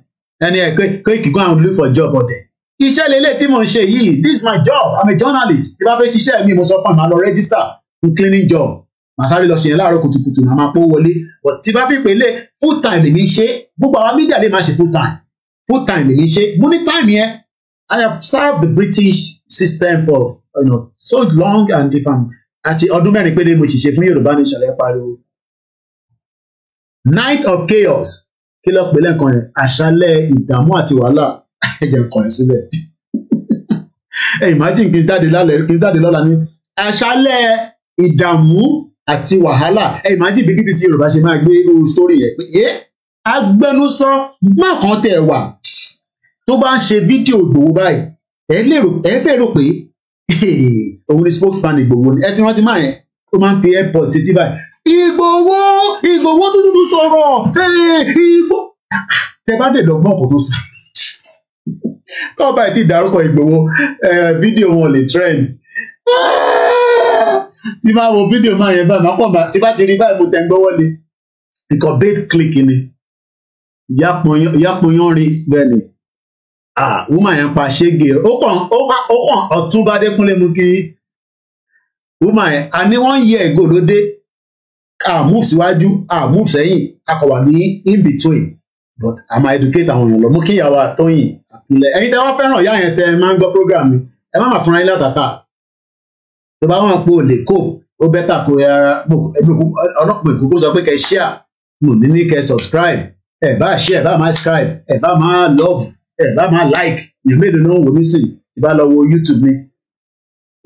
ẹni ẹ kéèkì gan àwọn look for job ọ̀dẹ̀ iṣẹ́ lélẹ̀ tí mò ń ṣe yìí this is my job i'm a journalist tí bá fẹ́ ṣiṣẹ́ mi mo sọ pé màá lọ register fún cleaning job màá sáré lọ ṣe yẹn láàárọ̀ kùtùkùtù màá máa pó wọlé but tí bá fi pè lé full time lèmi ṣe gbogbo àwọn media lè máa ṣe full time full time lèmi ṣe mo ní time yẹn i have served the british system for you know, so long and if i'm àti ọdún mẹ́rin péré mo sì ṣe fún yorùbá nation ẹ pariwo night of chaos kí ló pè lẹ́ǹkan yẹn àṣálẹ́ ìdààmú àti wàhálà ẹjẹ (laughs) kọ ẹ síbẹ̀ ẹ imagine kí n jáde lálẹ́ kí n jáde lọ́la ní àṣálẹ́ ìdààmú àti wàhálà ẹ imagine bí BBC Yorùbá ṣe máa gbé irú story yẹn pé ẹ agbẹnusọ má kàn tẹ wà tó bá ń ṣe fídíò Ìgbòho báyìí ẹ lérò ẹ fẹ́ rò pé (laughs) òun ni spokesman Ìgbòho ni ẹ ti rántí máa yẹn ó máa ń fi airport ṣe tí báyìí Ìgbòho Ìgbòho dúdú sọ̀rọ̀ Ìgbò ah, tẹ bá dé lọ gbọ́ ọkọ̀ tó sọ tó bá ti dárúkọ Ìgbòho fídíò wọn lè trend tí máa wo fídíò máa yẹn báyìí máa pọ̀ máa tí bá ti rí báyìí mo tẹ̀ ń gbọ́wọ́ lé ikọ̀ bait click ni yápọnyán rí bẹ́ẹ̀ ni wúmà yẹn pa ṣége ó kàn ó kàn Ọ̀túnba Adékúnlé mú kí wúmà yẹn àní wọ́n yẹ ìgò lóde àmúfsíwájú àmúfsẹ́yìn akọ̀wà ní in between but a máa educate àwọn èèyàn lọ mú kí ìyàwó àtọyìn àpilẹ ẹ̀yin tẹ́ wá fẹ́ràn ìyá yẹn tẹ́ máa ń gbọ́ program mi ẹ má má fúnra yín látàkà tó bá wọn pé o lè kó o bẹ́tà kó ara ọlọ́pàá ìkókó sọ pé kẹ́ share mo ní ní kẹ́ subscribe ẹ bá share ẹ bá máa subscribe ẹ bá máa love ẹ bá máa like èèyàn mélòó náà ń wò mí sí ẹ bá lọ wo YouTube mi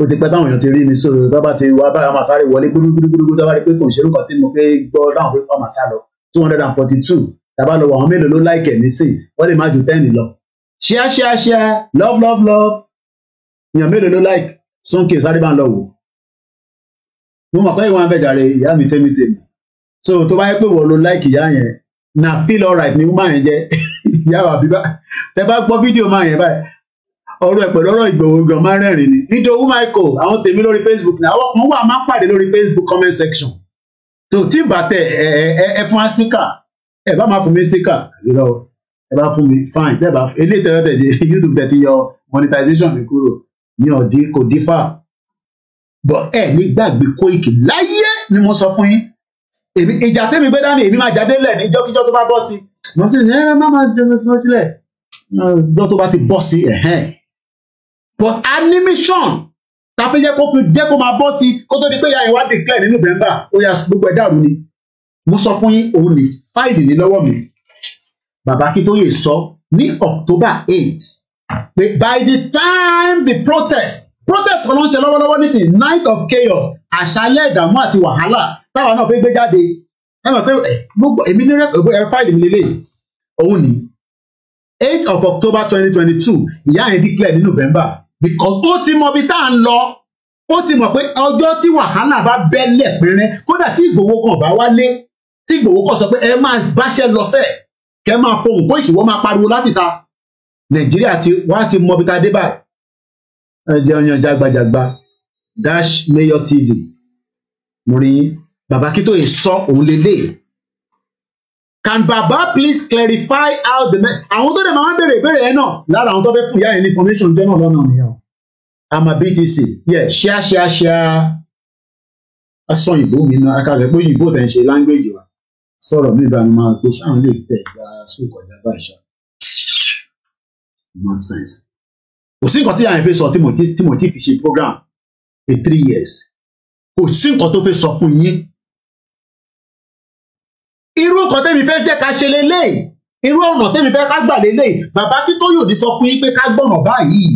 ó ti pẹ́ táwọn èèyàn ti rí mi so tó bá ti wá báyà máa sáré wọlé gbúdúgbúdúgbúdú tó bá rí pé kò ń ṣerú kan tí mo fẹ́ gbọ́ láwọn pé ọmọ sá lọ two hundred and forty two tàbá lọ wọ àwọn mélòó ló láìkẹ̀ nísìn wọ́n lè má ju ten lọ ṣíá ṣíá ṣíá love love love èèyàn mélòó ló láìkẹ̀ Sunky sáré bá ń lọ wò mo mọ̀ pé ìwọ̀n abẹ́jàre ìyá mi tẹ́mi tẹ́mi so tó bá yẹ pé wọ́n ló láìkẹ̀ ìyá yẹn na feel alright ni woman yẹn jẹ́ (laughs) ìyá wa bíbá tẹ bá gbọ́ fídíò máa yẹn báyìí ọ̀rọ̀ ẹ pẹ̀lú ọ̀rọ̀ ìgbòho gan máa rẹ́rìn ni nítorí michael àwọn tèmi lórí facebook ni àwọn kan wà máa pàdé lórí facebook comment section So tí bàtẹ ẹ ẹ ẹ fún astika ẹ bá máa fún mi sticker irọ́ ẹ bá fún mi fine bẹ́ẹ̀ bá eléyìí tẹ́lẹ̀ tẹ́lẹ̀ (laughs) YouTube tẹ́ ti yọ monetization mi kúrò ní ọ̀dí kò dífà bọ̀ ẹ ní gbàgbé Koiki láyé ni mo sọ fún yín èmi ìjà tẹ́mi gbé dání èmi máa jáde lẹ̀ ní jọ́kíjọ́ tó bá bọ́ sí mo sì ní ẹ má máa jẹun fún sílẹ̀ jọ́ tó bá ti bọ́ sí ẹ̀hẹ́n but animation ta fi jẹ́ kó fi jẹ́ kó máa bọ́ sí kó tó di pé ìyá yẹn wá declare ní November ó yà gbogbo ẹ̀ dàrú ni mo sọ fún yín òun ní fáìlì ní lọ́wọ́ mi bàbá Akíntóyè sọ ní October eight pé by the time the protest protest kan ló ń ṣe lọ́wọ́lọ́wọ́ nísìnyí night of chaos àṣálẹ́ ìdààmú àti wàhálà táwa náà fẹ́ gbé jáde ẹ mọ̀ pé gbogbo èmi ní rẹ fáìlì mi lélẹ̀ òun ní eight of October twenty twenty two ìyá yẹn declare ní November because ó ti mọ ibi tá à ń lọ ó ti mọ̀ pé ọjọ́ tí wàhálà bá bẹ́lẹ̀ pẹ́rẹ́ kódà tí Ìgbòho kan bá wálé tí Ìgbòho kọ sọ pé ẹ máa báṣẹ́ lọ́sẹ̀ kẹ́ máa fohùn pé ìkìwọ́ máa pariwo láti ta Nàìjíríà ti wá ti mọ bíta dé báyìí ẹ jẹun yan jágbajàgba dash Mayor TV mo rí bàbá kí tó yẹ sọ òun lélẹ̀ can baba please clarify how the men àwọn tó dẹ̀ máa ń béèrè ìbéèrè ẹ náà lára àwọn tó fẹ́ fún ìyá yẹn ní information jẹ́ náà lọ́nà nìyẹn I'm a BTC yeah ṣíà ṣíà ṣíà aṣọ ìbò mi náà akadẹ́pọ̀ ìbò tẹ̀ ń ṣe language wa sọ̀rọ̀ mi bá mi máa gbé ṣáà lè tẹ̀ gba sùn kọjá báyìí ṣá nonsense kò sí nǹkan tí àyàn fẹ́ sọ tí mo ti fi ṣe program a three years kò sí nǹkan tó fẹ́ sọ fún yín irú nǹkan tẹ́mi fẹ́ jẹ́ ká ṣe lélẹ́yìí irú ọ̀nà tẹ́mi fẹ́ ká gbà lélẹ́yìí bàbá Akíntóyè ní sọ fún yín pé ká gbọ̀nà báyìí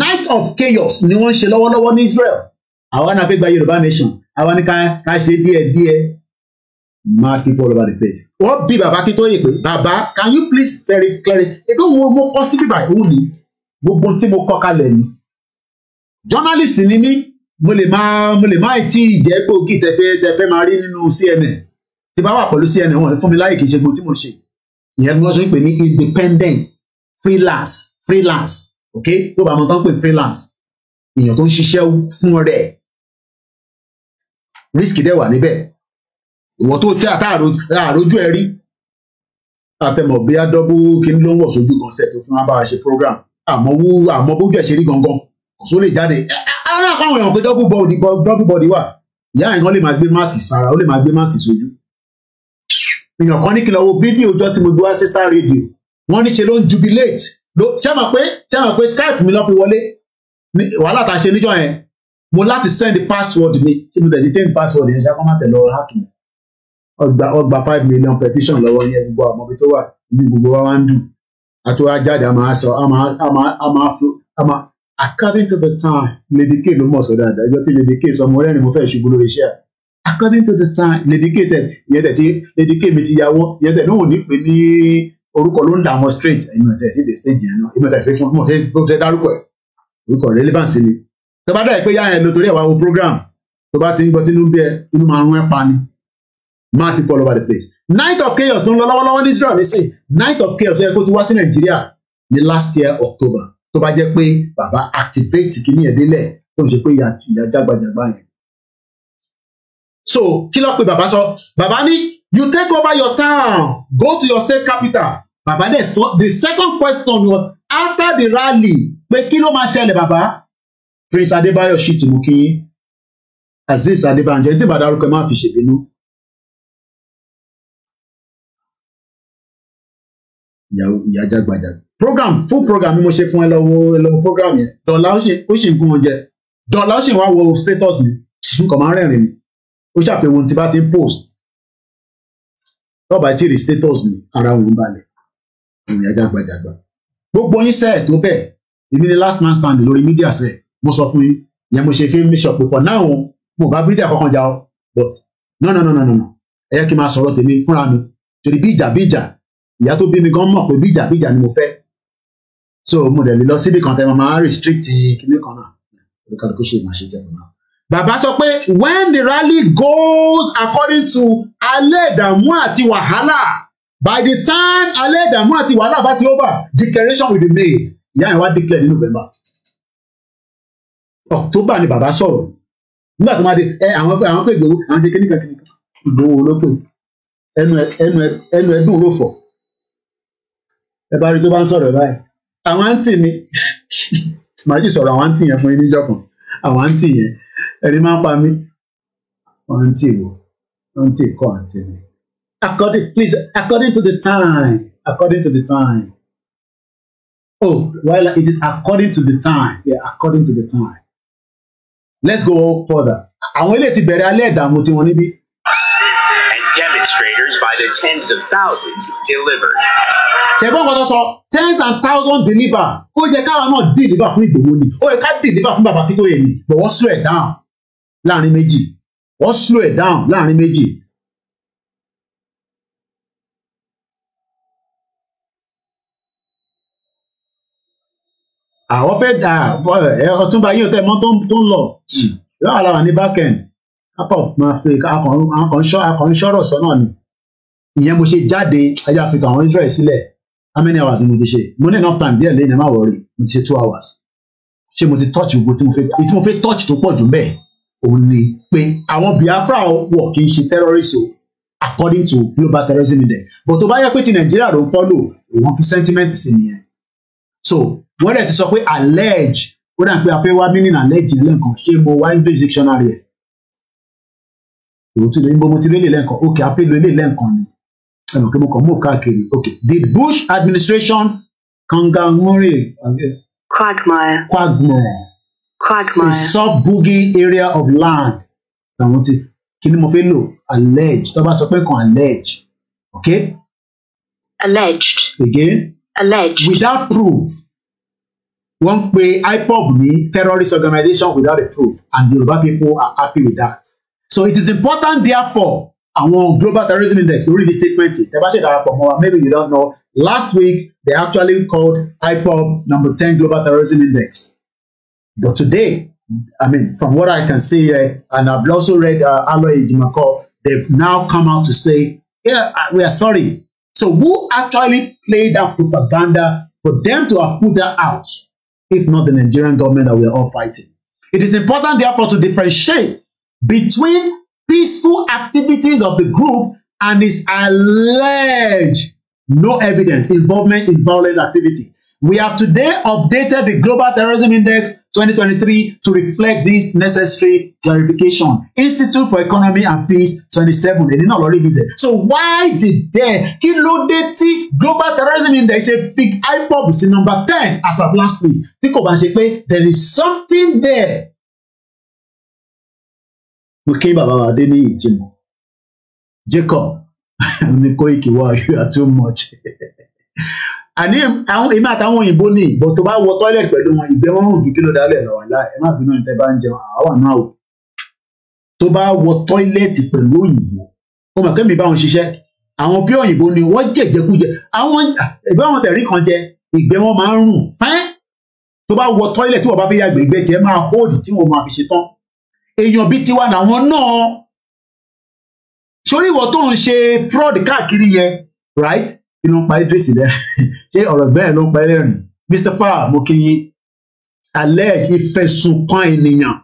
night of chaos ni wọ́n ń ṣe lọ́wọ́lọ́wọ́ ní Israel àwa náà fẹ́ gba Yorùbá nation àwa ní ká ṣe díẹ̀ díẹ̀ mad people all over the place. wọ́n bí bàbá kí tó yè pé bàbá can you please very clearly èdè òun mo kọ́ sí bíbá ìhùn mi gbogbo tí mo kọ́ kalẹ̀ ni journalist ni mí mo lè máa mo lè máa tí ìjẹ́ gbòógì tẹ́fẹ́ tẹ́fẹ́ máa rí nínú CNN tí bá wà pẹ̀lú CNN wọn fún mi láyè kì í ṣe gbogbo tí mo ṣe ìyẹn ni sọ pé ní independent freelance freelance ok tó bá wọn tán pè freelance èèyàn tó ń ṣiṣẹ́ fún rẹ̀ risk dẹ̀ wà níbẹ̀ ìwọ tó tẹ àtàrójú ẹ rí àtẹmọ̀ bí adọbú kíní ló ń wọ sójú kan sẹẹtì fún wa bá wa ṣe program àmọ́ wú àmọ́ bójú ẹ ṣe rí gangan kò só lè jáde ara àpáwọn èèyàn pé double body double body wà ìyá yẹn kan lè máa gbé máàsì sára ó lè máa gbé máàsì sójú èèyàn kan ní kí n lọ wo fídíò ọjọ́ tí mo gbé wá sí star radio wọ́n ní ṣe ló ń jubilate ló ṣàmà pé ṣàmà pé skype mi lọ fi wọlé wàhálà tá a ṣe níjọ́ yẹn mo láti send password mi ṣé mo tẹ̀lé change password yẹn ṣe akọ́mọ̀tẹ̀ lọ hákìmù ọgbà ọgbà five million petition lọ́wọ́ yẹn gbogbo àwọn ọmọbi tó wà ní gbogbo wa wá ń dùn àti wá jáde a máa sọ a máa a máa a máa fún a máa according to the time Lady K ló mọ̀ sọ dáadáa ẹjọ́ tí Lady K sọ ọmọ rẹ́rìn mo fẹ́ ṣubú lórí iṣẹ́ according to the time Lady K tẹ yẹn tẹ ti Lady K mi ti yàwọ́ yẹn tẹ lóhùn ní pé ní orúkọ ló ń dà wọn straight ẹ̀yin ọ̀tẹ̀ ti dé stage yẹn náà ẹ̀yin ọ̀tẹ̀ fi fún ọmọ tẹ dárúkọ ẹ̀ orúkọ relevance ni tó bá dà pé yá yẹn lo torí ẹ̀ wá wo program tó bá ti ń gbọ́ tí inú bí ẹ inú máa ń rún ẹ pa ni mad people all over the place night of chaos ló ń lọ lọ́wọ́lọ́wọ́ ní Israel nísìn night of chaos yẹ kó ti wá sí Nàìjíríà ní last year October tó bá jẹ́ pé bàbá activate kìíní ẹ̀ délẹ̀ tó ń ṣe pé ìyá jágbajàgba yẹn. so kí ló pe bàbá sọ bàbá ní you take over your town go to your state capital bàbá dẹ̀ sọ the second question was after the rally pé kí ló máa ṣẹlẹ̀ bàbá Prince Adébáyọ̀ Shittu Mukinyi Azeez Adébánjọ ẹni tí bàdá arúgbó máa fi ṣèbínú ìyá jágbajà program full program ni mo ṣe fún ẹ lọ wo ẹ lọ wo program yẹn dọ̀là ó sì ń gún oúnjẹ dọ̀là ó sì wá wo status mi nǹkan máa ń rẹ̀rìn mi ó ṣàfihàn tí bá ti ń post tọ́ọ̀bà tí rí status mi ara òun balẹ̀ ìyá jágbajà gbogbo yín sẹ́ẹ̀ tó bẹ́ẹ̀ èmi ni last man standing lórí mídíà sẹ́ẹ̀ mo sọ fún yín ìyẹn mo ṣe fi mí sọ pé for now mo bá mídíà kankan jà ọ but no no no no no ẹ yẹ kí n máa sọ̀rọ̀ tèmi fúnra mi torí bí ìjà bí ìjà ìyá tó bí mi gan mọ̀ pé bíjà bíjà ni mo fẹ́ so mo dẹ̀ lè lọ síbi kan tẹ́ mo máa restrict kinní kan náà olùkàlùkù ṣe máa ṣe jẹ fún náà. bàbá sọ pé when the rally goes according to alẹ́ ìdààmú àti wàhálà by the time alẹ́ ìdààmú àti wàhálà bá ti over declaration will be made ìyá yẹn wá declare ní November October ni bàbá sọ̀rọ̀ nígbà tó máa di ẹ àwọn pé àwọn pé Ìgbòho àwọn ti kíníkan kíníkan Ìgbòho ló pè ẹnu ẹ ẹnu ẹ ẹnu ẹ dùn ló fọ̀ ẹ bá rí tó bá ń sọ̀rọ̀ báyìí àwọn àǹtí mi màá jì sọ̀rọ̀ àwọn àǹtí yẹn fún yín níjọ́ àwọn àǹtí yẹn ẹni máa ń pa mí àǹtí wo àǹtí kọ́ àǹtí mi according please according to the time according to the time oh well it is according to the time yeah according to the time let's go further àwọn ilé ti bẹ̀rẹ̀ alẹ́ ìdààmú tiwọn níbí. and demonstrators by the tens of thousands delivered ṣẹ̀gbọ́n kan sọ tens and thousands deliver ó yẹ káwa náà deliver fún Ìgbòho ni ó yẹ ká deliver fún bàbá Akíntóyè ni but wọ́n slow ẹ̀ down láàrin méjì wọ́n slow ẹ̀ down láàrin méjì. àwọn fẹ́ dà ọ̀túnba yíyan tẹ́ mọ́ tó ń lọ yóò àlàwà ní back end apọ̀ máa fi akọ̀ ń ṣọ́rọ̀ sọ náà ni ìyẹn mo ṣe jáde ẹja fi tàwọn Israel sílẹ̀ how many hours ni mo ti ṣe mo ní enough time díẹ̀ lẹ́yìn ẹ má wọrí mo ti ṣe two hours ṣé mo ti touch gbogbo tí mo fẹ́ tí mo fẹ́ touch tó pọ̀ jù bẹ́ẹ̀ òun ni pé àwọn Biafra wọ̀ kì í ṣe terrorist o according to global terrorism index but tó bá yẹ pé ti Nàìjíríà ló ń follow òun fún sentiment sí nìyẹn so wọ́n dẹ̀ ti sọ pé allege ó dà pé a fẹ́ wá meaning allege yẹn lẹ́ǹkan ṣé mo wá English dictionary ẹ̀ òun tún lè ń bọ́ mo ti lélẹ̀ lẹ́ǹkan ok a fẹ́ lo eléyìí lẹ́ǹkan ni ẹnu kí mo kàn mú káàkiri okay the Bush administration kangamore quagmire quagmire quagmire a soft boogie area of land làwọn ti kí ni mo fẹ́ lò allege tó bá sọ pé kan allege okay. alleged again alleged without proof wọ́n pe IPOB ní terrorist organization without a proof and Yoruba people are happy with that so it is important therefore àwọn global terrorism index lórí ní statement tẹ́ bá ṣe darapọ̀ mọ́ wa maybe you don't know last week they actually called IPOB number ten global terrorism index but today I mean from what I can see here uh, and I've also read uh, Aloy they've now come out to say yeah uh, we are sorry so who actually played that propaganda for them to have put that out if not the Nigerian government that we are all fighting it is important therefore to differentiate between peaceful activities of the group and is alleged no evidence involvement in violent activity. We have today updated the Global Terrorism Index 2023 to reflect this necessary clarification. Institute for Economy and Peace 27 They did not already visit. So why did they kí ló Global Terrorism Index ṣe pick IPOB sí number ten as of last week Think kò it. there is something there mo kí bàbá wa dé ní ìjìnà Jacob (laughs) ní Koiki wá you are too much (laughs) àní àwọn èmi àtàwọn òyìnbó ní ìbọn tó bá wọ tọ́lẹ̀tì pẹ̀lú wọn ìgbẹ́ wọn hùn ju kí ló dálẹ̀ lọ́wọ́ láì ẹ má bínú ẹ̀ bá ń jẹun àwa náà wò tó bá wọ tọ́lẹ̀tì pẹ̀lú òyìnbó ó mọ̀ kẹ́mi bá wọn àwọn bí òyìnbó ni wọ́n jẹ̀jẹ̀kújẹ àwọn ìgbẹ́ wọn tẹ̀rí kan jẹ ìgbẹ́ wọn máa ń rùn fẹ́ẹ́ tó bá wọ tọ́lẹ̀tì tí wọ́n bá fẹ́ yàgbẹ́ ìgbẹ́ tiẹ̀ máa hóòdì tí wọ́n máa fi ṣe tán èèyàn bíi tiwa làwọn náà sórí ìwọ tó ń ṣe fraud káàkiri yẹn right kí ló ń pa Idris rẹ (laughs) ṣé ọ̀rọ̀ bẹ́ẹ̀ ló ń pa ẹlẹ́rìn Mr Power mo kí yín allege ìfẹ̀sùnkàn ènìyàn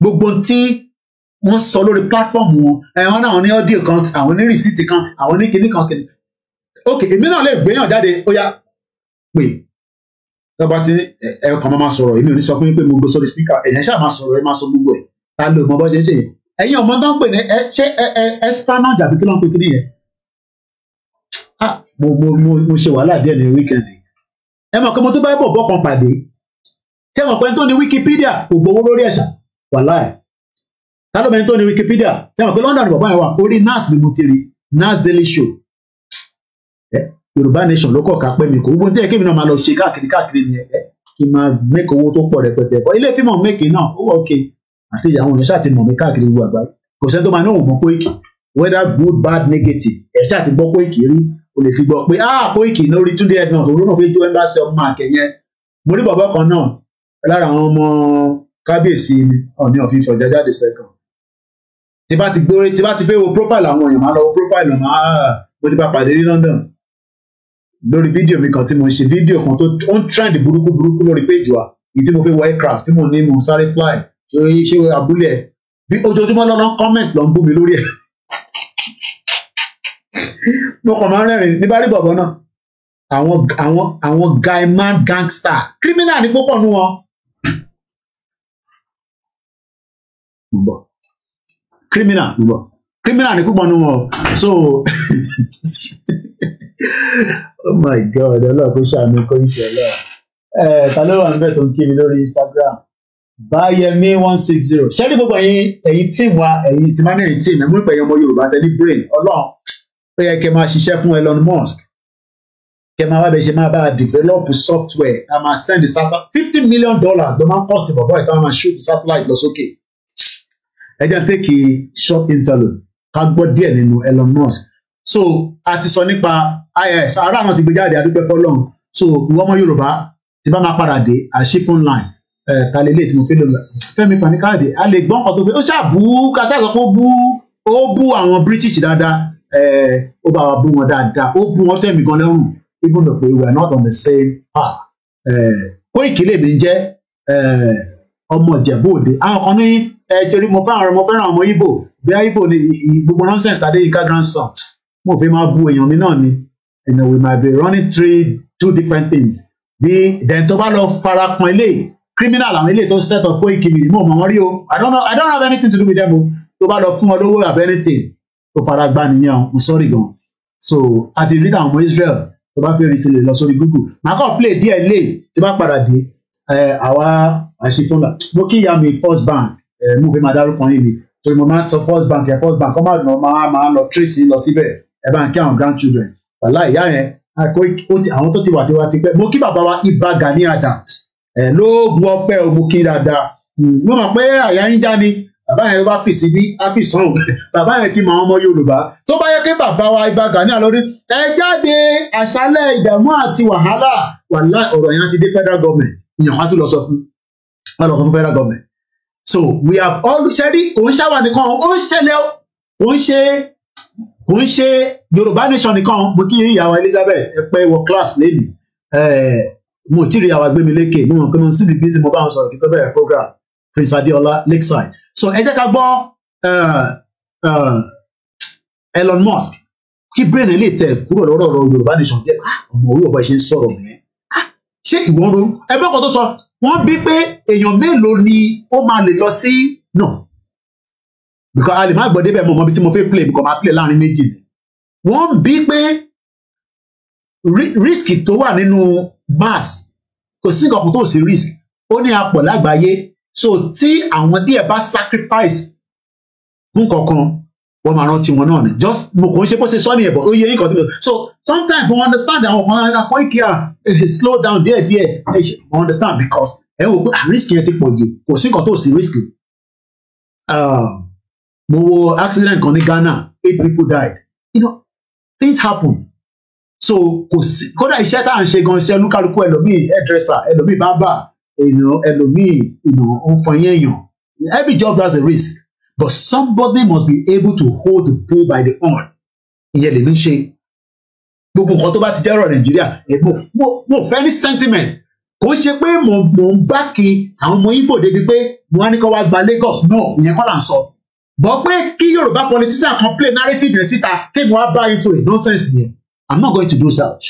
gbogbo tí wọ́n sọ lórí platform wọn ẹ̀hán náà ní audio kan àwọn ní rìsíìtì kan àwọn ní kinní kan kìnnì ok èmi náà lè gbéyàn jáde ó yá pè tọ́ba tí ẹ̀ẹ́kan máa sọ̀rọ̀ èmi ò ní sọ fún yín pé mo gbé sórí speaker ẹ̀yẹ́ ṣáà máa sọ̀rọ̀ ẹ̀ máa sọ gbogbo ẹ̀ ta ló mọ bó ṣe ṣe yẹn ẹ̀yin ọmọ tó ń pè ní ẹ ṣé ẹ ẹ ẹ spanner jàbí kí ló ń pè kí nìyẹn ah mo mo mo mo ṣe wàhálà díẹ̀ ní wíkẹndì ẹ mọ̀ pé mo tó bá bọ̀ bọ́ kan pàdé ṣé mọ̀ pé tó ní wikipedia kò gbowó lórí ẹ̀ṣà wàhálà ẹ̀ ta ló mọ̀ tó ní wikipedia ṣé mọ̀ pé london bàbá yẹn wà orí nas ni mo ti rí nas daily show yorùbá nation ló kọ̀ ká pẹ́ mi kò gbogbo ní ẹ̀kí mi náà máa lọ ṣe káàkiri káàkiri nìyẹn kí n máa mẹ́kọ̀ọ́ owó tó pọ̀ rẹpẹtẹ ilé tí mò ń mẹ́kì náà ó wà okay àti àwọn èèyàn ṣáà ti mọ̀ mí káàkiri gbogbo àgbáyé kò sẹ́ni tó máa ní òun mọ̀ Koiki whether good bad negative ẹ̀ ṣáà ti gbọ́ Koiki rí o lè fi gbọ́ pé ah Koiki lórí Túndé ẹ̀dùn ọ̀tún olóògùn pé joe embassy ọmọ àkẹyẹ mo rí bàbá kan náà lára àwọn ọmọ kábíyèsí ni ọ̀ní ọ̀fin fọjá jáde second tí bá ti gbórí tí bá ti fẹ́ wo profile àwọn èèyàn máa lọ wo profile ọ̀nà ah, mo ti bá pàdé ní London lórí fídíò mi kan tí mo ṣe fídíò kan tó ń trend burúkú burúkú lórí péjì wa èyí tí mo fi wọ aircraft tí mo ní mo sáré fly ṣe abúlé ẹ bí ojoojúmọ́ lọ́nà comment ló ń bú mi lórí ẹ̀ mo kàn máa ń rẹ́rìn ní bá rí bọ̀bọ̀ náà àwọn àwọn àwọn gaiman gangster criminal ní púpọ̀ nú wọn. mbọ̀ criminal mbọ̀ criminal ní púpọ̀ nú wọn so (laughs) oh my god ọlọ́run kò ṣàánú kò ìṣẹ̀lẹ̀ ẹ̀ ta ló wà níbẹ̀ tó ń kí mi lórí Instagram báyẹmí one six zero ṣẹ́ni gbogbo ẹ̀yin ẹ̀yin tíìm wa ẹ̀yin tí máa ń ẹ̀yin tíìm ẹ̀mú ìpẹ̀yẹ ọmọ yorùbá tẹ́lí brain ọlọ́run ó yẹ kẹ́ máa ṣiṣẹ́ fún Elon Musk kẹ́ máa wá bẹ̀ ṣe máa bá a develop software a máa send the satellite fifty million dollars ló máa ń cost bọ̀bọ̀ ìta máa shoot the satellite lọ sókè ẹ jẹ́ take a short interlude ká gbọ́ díẹ̀ nínú Elon Musk so a ti sọ nípa is ara àwọn ti gbé jáde adúpẹ́ fọlọ́run so ìwọ́n ọmọ yorùbá ti bá máa padà dé àṣìfún line ta lè lè mo fi lò Fẹ́mi fani a lè gbọ́n kan tó fi ó ṣàbù ká ṣàkóso kó bú ó bú àwọn British dáadáa ó bá wa bú wọn dáadáa ó bú wọn tẹ̀mí gan lẹ́rùn even though pé we are not on the same path kó ìkílè mi jẹ́ ọmọ Ìjẹ̀bú Òde àwọn kan ní torí mo fẹ́ràn mo fẹ́ràn ọmọ Ìgbò bí Ìgbò ni gbogbo nonsense tàdé yìí ká grandson mo fi máa bu èèyàn mi náà ni you we might be running three two different things bí then tó bá lọ farapọn eléyìí criminal àwọn ilé tó set up Koiki Media mo mọ̀ wọ́n rí o i don't know i don't have anything to do with them o tó bá lọ fún wọn lówó àbẹ anything tó fara gbá nìyẹn o sorry gan so àti rí àwọn ọmọ Israel tó bá fẹ́ rí sílẹ̀ lọ sórí Google màá kàn play díẹ̀ lè tí bá padà dé àwa àṣefúnla mo kí ìyá mi first bank mo fi máa dárúkọ yín ni torí mo máa ń sọ first bank yẹn first bank ọmọ àdùnnà máa máa lọ tracy lọ síbẹ̀ ẹ bá ń kí àwọn grandchildren wàhálà ìyá yẹn àwọn tó ti wà tiwa ti pẹ́ mo kí bàbá wa Ìbà Gani Adams ẹ̀ lóògùn ọpẹ́ òmù kí dáadáa hmm, mo mọ̀ pé àyà yín já ni bàbá yẹn bá fi síbí á fi sàn (laughs) bàbá yẹn ti mọ àwọn ọmọ Yorùbá tó bá yẹ kí bàbá wa Ìbà Gani Aloni ẹ jáde àṣálẹ́ ìdààmú àti wàhálà wàhálà ọ̀rọ̀ yẹn ti dé federal government ìyàn wá tún lọ sọ fún wọn lọ fún federal government so we have all ṣẹ́rí òun ṣáwà nìkan ó ń ṣẹlẹ̀ òun ṣe kò ń ṣe yorùbá nation nìkan mo kí yín ìyàwó elizabeth ẹ pé wọ class lẹ́nu mo ti rí àwa gbémi lékè mo mọ̀ pé mo sì bí bísí mo bá wọn sọ̀rọ̀ kí tó bẹ̀rẹ̀ program Prince Adeola Lakeside so ẹ jẹ́ ká gbọ́ Elon Musk kí brain lè tẹ̀ kúrò lọ́rọ̀ ọ̀rọ̀ Yorùbá nation jẹ́ ah, ọmọ orí ọba ṣe ń sọ̀rọ̀ nìyẹn ah, ṣé ìwọ ń ronú ẹgbẹ́ kan tó sọ wọ́n bí pé èèyàn mélòó ni ó máa lè lọ sí nà because a lè má gbọ́ débẹ̀ mọ̀ mọ́bi tí mo fẹ́ play because máa play láàrin méjì wọ́n bí pé risk tó wà nínú mass kò sí nǹkan kan tó sí risk ó ní apọ̀ lágbàáyé so tí àwọn díẹ̀ bá sacrifice fún kankan wọ́n máa rántí wọn náà ni just mo kò ń ṣe bó ṣe sọ ní ẹ̀bọ̀ ó yẹ nǹkan tó so sometimes wọ́n understand àwọn ọmọ ara kọ́ ìkí à slow down díẹ̀ díẹ̀ wọ́n understand because ẹ wò pé ah, risk yẹn ti pọ̀ jù kò sí nǹkan tó sí risk ah, mo wo accident kan ní Ghana eight people died you know things happen so kò sí kódà iṣẹ́ tá à ń ṣe gan iṣẹ́ olúkálukú ẹlòmíì hairdresser ẹlòmíì bàbà èèyàn ẹlòmíì ìnà èèyàn every job has a risk but somebody must be able to hold the bull by the horn ìyẹn lèmi ń ṣe gbogbo nǹkan tó bá ti jẹ́rọ̀ nàìjíríà ẹ̀bùn mo fẹ́ ní sentiment kò ṣe pé mò ń bá kí àwọn ọmọ Ìgbò débi pé mo wá ní kó wá gba Lagos náà ìyẹn kọ́ là ń sọ bọ́ pé kí Yorùbá politician kan narrative yẹn síta kí mo wá buy into a nonsense yẹn i'm not going to do such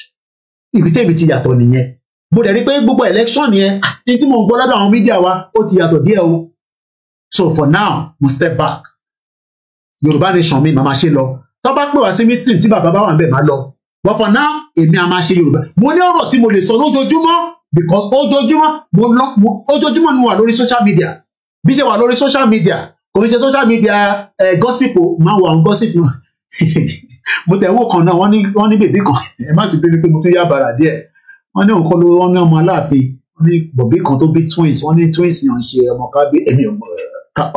ibi tẹ́mi ti yàtọ̀ nìyẹn mo dẹ̀ rí pé gbogbo election yẹn ah, ní tí mo ń gbọ́ lọ́dọ̀ àwọn mídíà wa ó ti yàtọ̀ díẹ̀ o so for now mo step back yorùbá nation mi màmá ṣe lọ tó bá pè wá sí meeting tí bàbá bá wà níbẹ̀ má lọ but for now èmi a máa ṣe yorùbá mo ní ọ̀rọ̀ tí mo lè sọ lójoojúmọ́ because ojoojúmọ́ mo lọ ojoojúmọ́ ni mo wà lórí social media bí ṣe wà lórí social media kò ní ṣe social media eh, gossip, gọ́sìpù máa wà ń gọ́sìpù mo tẹ̀ wò kan náà wọ́n ní wọ́n ní bèbí kan ẹ má ti bínú pé mo tún yá bàrà díẹ̀ wọ́n ní òun kọ́ ló wọ́n ní ọmọ aláàfin wọ́n ní bọ̀bí kan tó bí twins wọ́n ní twins yàn ń ṣe ọmọ kábí èmi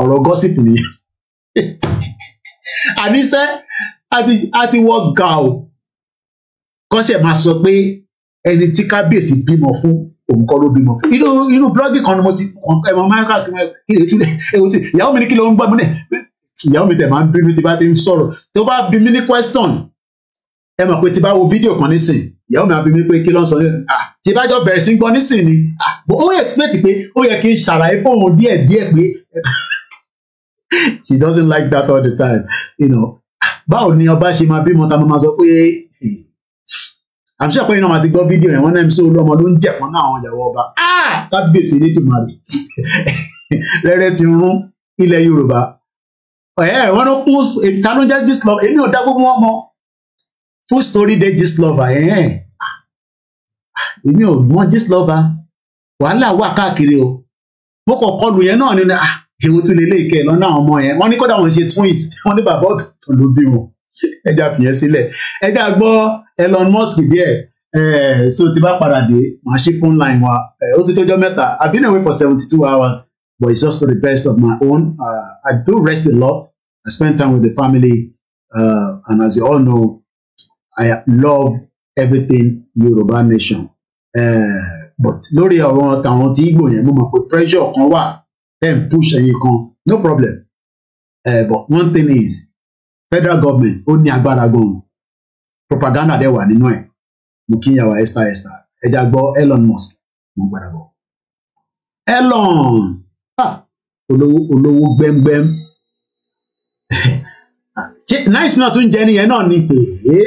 ọ̀rọ̀ gọ́sìpù nìyẹn (laughs) a ti wọ́ ga o kọ́ṣẹ̀ máa sọ pé ẹni tí kábíyèsí bímọ fún òun kọ́ ló bímọ fún irú irú blọọgì kan ni mo ti ẹ̀mọ́ máa ń kà kí ẹ̀ tún lẹ̀ ìyàwó mi ní kí ló ń gbọ́ mú ìyàwó mi tẹ̀ máa ń bínú tí bá ti ń sọ̀rọ̀ tó bá bí mi ní question ẹ mọ̀ pé tí bá wo fídíò kan nísìn ìyàwó mi á bí mi pé kí ló ń sọ ní ah tí bá jọ bẹ̀rẹ̀ sí ń gbọ́ nísìn ni ah bó ó yẹ expect pé ó yẹ kí n ṣàlàyé fóun díẹ̀ díẹ̀ pé (laughs) she doesn't like that all the time you know báwo ni ọba ṣe máa bímọ ta máa sọ pé àmì sàpẹ́yìn náà máa ti gbọ́ fídíò yẹn wọ́n náà ṣé olú ọmọ ló ń jẹ̀pọ̀n náà àwọn ìyàwó ọba kábíyèsí nídùmarè (laughs) rẹ́rẹ́ ti rún ilẹ̀ Yorùbá ẹ eh, wọn ló kún ìtanújẹ gist lover èmi ò dá gbogbo wọn mọ full story dé gist lover ẹ eh. ẹ ah, èmi ò mọ gist lover wàhálà wà káàkiri o mo kàn kọlù yẹn náà nínú èwo ah, tún lè lé ìkẹ lọ́nà àwọn ọmọ yẹn wọn ní kódà wọn ṣe twins wọn ní bàbá ọ̀tọ̀ ló bí wọn ẹja fìyẹn sílẹ̀ ẹja gbọ́ Elon Musk díẹ̀ ẹ eh, so ti bá padà dé màá ṣe fún line wa ó ti tọ́jọ́ mẹ́ta I've been away for seventy two hours but it's just for the best of my own. Uh, I do rest a lot. I spend time with the family, uh, and as you all know, I love everything Yoruba nation. Uh, but lórí ọ̀rọ̀ tàwọn tí Igbo yẹn mo mọ̀ pé pressure on what, then push and you kan no problem uh, but one thing is federal government only a bad gan propaganda they wà nínú ẹ̀ mo kí ìyàwó Esther Esther ẹ̀dá gbọ́ Elon Musk mo gbàdàbọ̀ Elon olówó gbẹ́ngbẹ́m ṣe nice náà tún jẹ nìyẹn náà ni pèé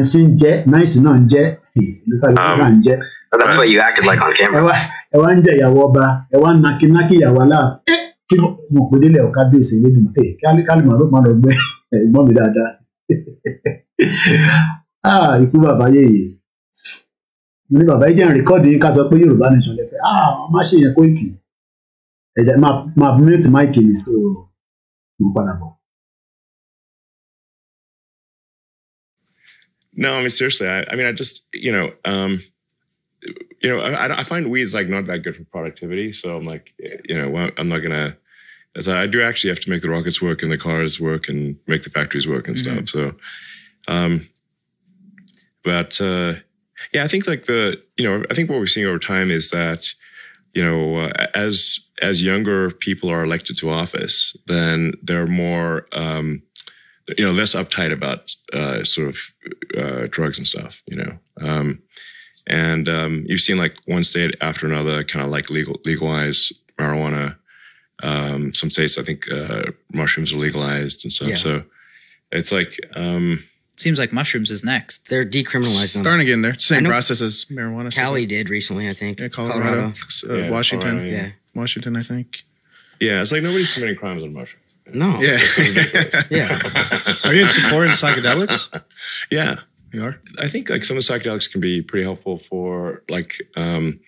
mc ń jẹ nice náà ń jẹ pèé lókàlùkù um, ń jẹ. But that's what you acted like on camera. ẹ wá ń jẹ ìyàwó ọba ẹ wá ń nakináki ìyàwó aláàbò ẹ kí mo pè délé ọ̀ká bíyèsí lédùn ẹ kálí kálí màá ló máa lọ gbẹ (laughs) ẹ̀gbọ́n mi dáadáa (laughs) ah, ikú bàbá yéye. ní bàbá ìjẹun rìkọ́ọ̀dì yín ká sọ pé yorùbá nation lè fẹ́ ah má ṣe yẹn Koiki ẹ̀jẹ̀ máa mute mic mi so mo No, I mean seriously. I, I mean, I just you know, um, you know, I, I find weed's like not that good for productivity. So I'm like, you know, I'm not gonna. As I, I do actually have to make the rockets work and the cars work and make the factories work and mm -hmm. stuff. So, um, but uh, yeah, I think like the you know I think what we're seeing over time is that you know uh, as as younger people are elected to office, then they're more um, you know less uptight about uh, sort of uh, drugs and stuff. You know, um, and um, you've seen like one state after another kind of like legal legalize marijuana. Um, some states, I think, uh, mushrooms are legalized and stuff. Yeah. So it's like um, seems like mushrooms is next. They're decriminalized. Starting again, there. Same process as marijuana. Cali did recently, I think. Yeah, Colorado, Uh, Yeah, Washington, Colorado, Yeah. Washington, I think. Yeah, it's like nobody's committing crimes on mushrooms. No. Yeah. (laughs) Yeah. Are you in support of psychedelics? (laughs) yeah. You are. I think like some of the psychedelics can be pretty helpful for like um,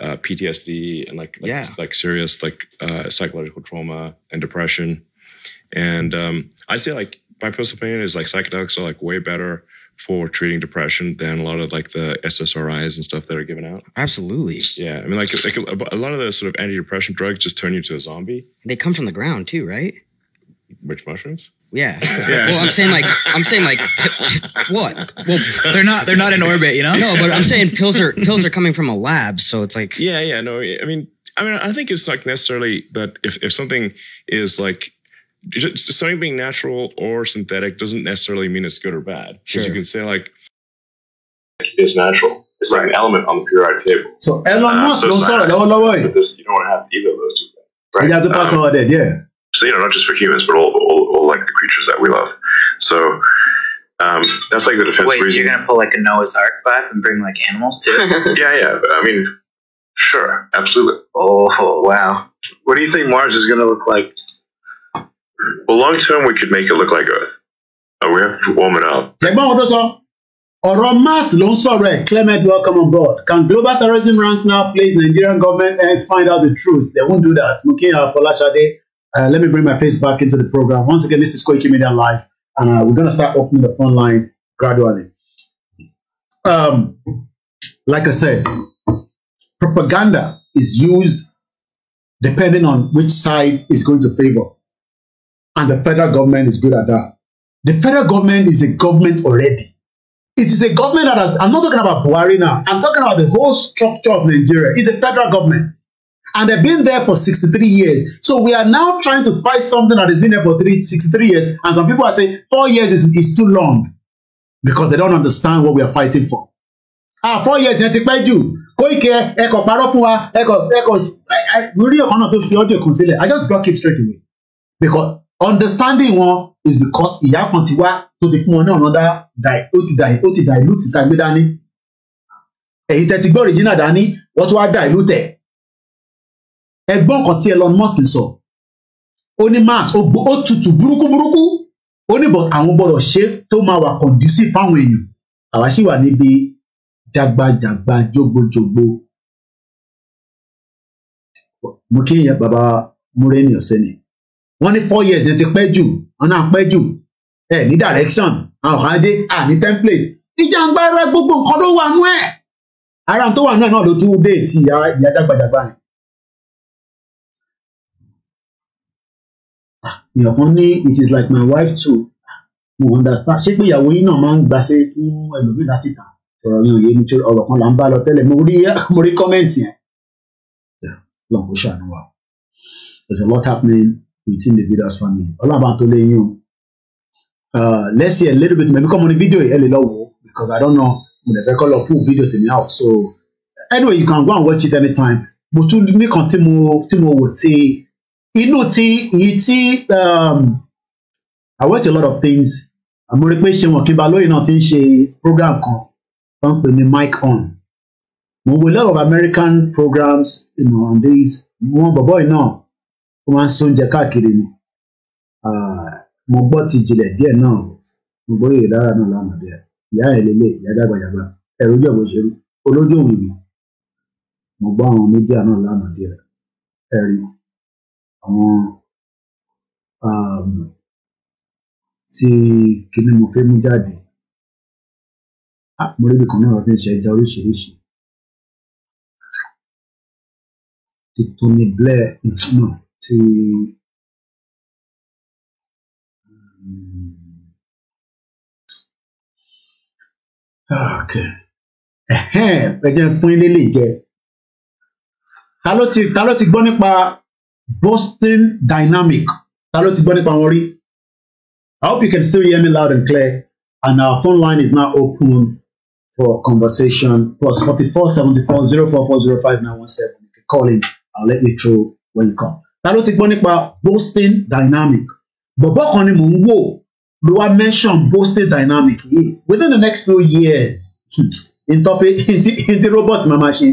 uh, PTSD and like like, Yeah. like serious like uh, psychological trauma and depression. And um, I'd say like my personal opinion is like psychedelics are like way better for treating depression than a lot of like the SSRIs and stuff that are given out. Absolutely. Yeah, I mean, like, like a lot of those sort of antidepressant drugs just turn you into a zombie. They come from the ground too, right? Which mushrooms? Yeah. (laughs) yeah. Well, I'm saying like I'm saying like (laughs) what? Well, they're not they're not in orbit, you know. No, but I'm saying pills are pills are coming from a lab, so it's like. Yeah, yeah, no, I mean, I mean, I think it's like necessarily that if if something is like something being natural or synthetic doesn't necessarily mean it's good or bad. Because sure. you can say like it's natural. It's right. like an element on the periodic table. So Elon ah, Musk don't sell it all the way. You don't have either of those two things. Right? Yeah, the to um, all that, yeah. So you know, not just for humans, but all, all, all like the creatures that we love. So um, that's like the defense. Wait, reason. you're gonna pull like a Noah's Ark vibe and bring like animals too? (laughs) yeah, yeah. But, I mean, sure, absolutely. Oh wow. What do you think Mars is gonna look like well, long term, we could make it look like Earth. Uh, we have to warm it up. Ṣẹ̀gbọ́n ọdún sọ, ọ̀rọ̀ Mars ló sorry, Clement, welcome on board. Can global terrorism rank now please Nigerian government ends eh, find out the truth? They won't do that. Mukinya Folashade, uh, let me bring my face back into the program. Once again, this is Koiki Media Live, and uh, we're going to start opening the phone line gradually. Um, like I said, propaganda is used depending on which side is going to favor. And the federal government is good at that. The federal government is a government already. It is a government that has, I'm not talking about Buhari now, I'm talking about the whole structure of Nigeria. It's a federal government. And they've been there for 63 years. So we are now trying to fight something that has been there for three, 63 years. And some people are saying four years is, is too long because they don't understand what we are fighting for. Ah, four years you ti pẹ́ jù. Koike ẹ kò parọ́ fún wa ẹ kò ẹ kò mo rí ọ̀kan náà I just block it straight away because understanding wọn is because ìyá kan ti wá tó ti fún wọn ní ọ̀nà dá ó ti dà ó ti dà ìlú ti ta gbé dání èyí tẹ́ ti gbọ́ original dání wọ́n tún wá dà ìlú tẹ̀ ẹgbọ́n kan tí Elon Musk sọ ó ní mass ó tutù burúkú burúkú ó ní bọ̀ àwọn gbọ́dọ̀ ṣe tó máa wà conducive fáwọn èèyàn àwa sì wà níbi jagbajagba jogbojogbo mo kí yẹn bàbá múrẹ́ni ọ̀sẹ̀ ni wọ́n ní four years yẹn ti pẹ́ jù wọ́n náà pẹ́ jù ẹ ní direction àwọn kan dé à ní template ìjàngbara gbogbo nǹkan ló wà nú ẹ̀ ara tó wà nú ẹ̀ náà ló tún dé ti ìyá ìyá dàgbàdàgbà yẹn. Ah, èèyàn kan ní it is like my wife too ah, mo understand ṣé pé ìyàwó yín náà máa ń gbaṣẹ́ fún ẹlòmíì láti kà ọ̀rọ̀ yìí òye nítorí ọ̀rọ̀ kan là ń bá lọ tẹ́lẹ̀ mo rí (laughs) mo rí kọ́mẹ́ǹtì yẹn lọ́n kó ṣàánú wa there's a lot happening within the Vedas family ọlọ́run tó lé yín o uh, let's see a little bit maybe come on the video a little lọ because I don't know mo lè fẹ́ kọ́ lọ pull video me out so anyway you can go and watch it anytime But to me, continue, continue mo tí mo wò tí inú tí um, I watch a lot of things àmọ́ rí question what Kìbálóyè náà ti ń ṣe program kan tó ń pè mic on mo wo a lot of American programs you know, on these wọn bọ̀bọ̀ yìí náà ó máa oúnjẹ káàkiri ni mo gbọ́ ti jìnlẹ̀ díẹ̀ náà mo gbọ́ yèrè dára náà lánàá bí ìyá ẹ̀ lélẹ̀ ìyá dàgbàjàgbà ẹ̀rọ ojú ọ̀bọ̀ ṣerú olójú òun ìbí mo gbọ́ àwọn mídíà náà lánàá bí ẹ̀rí àwọn tí kinní mo fẹ́ mú jáde mo rí ibìkan náà fi ń ṣe ẹja oríṣiríṣi ti Tony Blair náà. to um, ah, okay ẹjẹ fún ilé lè jẹ ta ló ti ta ló ti gbọ́ nípa Boston Dynamic ta ló ti gbọ́ nípa wọn rí I hope you can still hear me loud and clear and our phone line is now open for conversation plus forty four seventy four zero four four zero five nine one seven you can call in I'll let you through when you come. ta ló ti gbọ́ nípa boosting Dynamic bọ̀bọ́ kan ni mò ń wò ló wá mention Boston Dynamic within the next few years hmm, ntọ́pẹ́ (laughs) ntí robot máa ma ṣe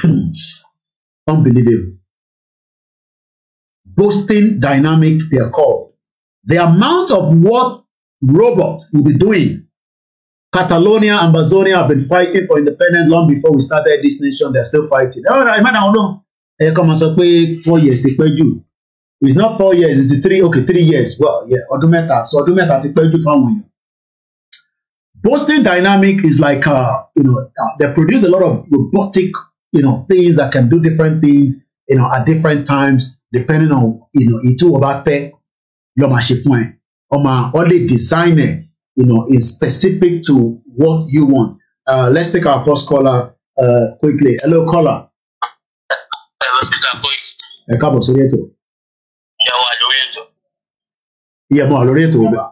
hmm, unbelievable Boosting Dynamic they are called the amount of what robots will be doing Catalonia and Bazonia have been fighting for independence long before we started this nation they are still fighting. Oh, I dàn wọn lóhùn ẹ kọ́ máa sọ pé four years ti pẹ́ jù it's not four years it's three okay three years well yeah ọdún mẹ́ta so ọdún mẹ́ta ti pẹ́ jù fáwọn èèyàn Boston dynamic is like uh, you know uh, they produce a lot of robotic you know things that can do different things you know at different times depending on you know ètò ọba fẹ́ lọ máa ṣe fún ẹ ọmọ only designer you know is specific to what you want uh, let's take our first caller uh, quickly hello caller ẹ káàbọ̀ sórí ètò. ìyá wa lórí ètò. ìyá wa lórí ètò bẹ́ẹ̀.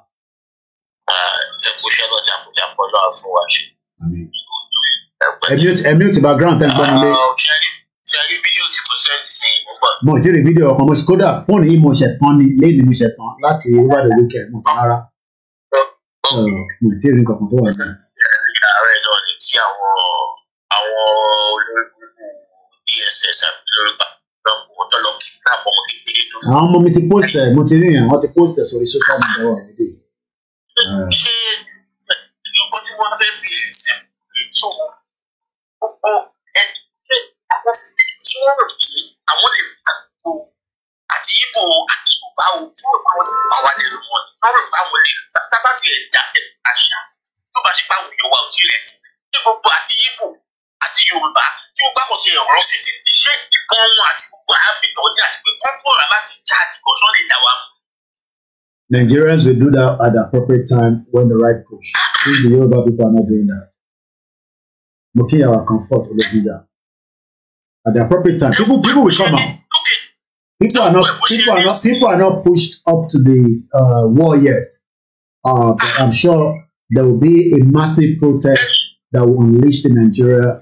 ẹ kú iṣẹ́ náà jàpọ̀jàpọ̀ lọ́wọ́ fún wa ṣe. ẹ̀mí ò ti background tẹ́ ń gbọ́ nílé. ṣẹ́rí fídíò tí mo sẹ́ndì sí ìmúgbà. mo ti rí fídíò ọkàn mo ti kódà fóònù yìí mo ṣẹ̀ tán ni léèlì mo ṣẹ̀ tán láti wáde wíkẹ̀ mo tán rárá. mo ti rí nǹkan kan tó wà sí. ààrẹ náà ni tí àwọn àwọn olórí DSS e àbí lórí pàtó wọn tó lọ kidnap ọmọ kékeré àwọn ọmọ mi ti post ẹ mo ti rí yẹn wọn ti post sórí social media wà níbí. ṣé nǹkan tí àti ibo àti yorùbá o tí wọ́n rò pé àwọn lè lò wọ́n tí tábàtì ẹ̀dá ẹ̀dá àṣà tó bá ti bá wùyọ̀ wá òtí rẹ̀ ní gbogbo àti ibo àti yorùbá yorùbá kò ti rọrùn sí ti iṣẹ́ ìbọn wọn àti gbogbo àbìtàn ní àti pé kọ́ńkọ́ra láti já àdìgbò sọ́ọ́ lè dá wa mọ̀. Nigerians will do that at the appropriate time when the right push. Ah, ah. If the Yoruba people are not doing that, mo kí our comfort will do that at the appropriate time. People people will come out. People are not people are not people are not pushed up to the uh, wall yet. Uh, but I'm sure there will be a massive protest that will unleash the Nigeria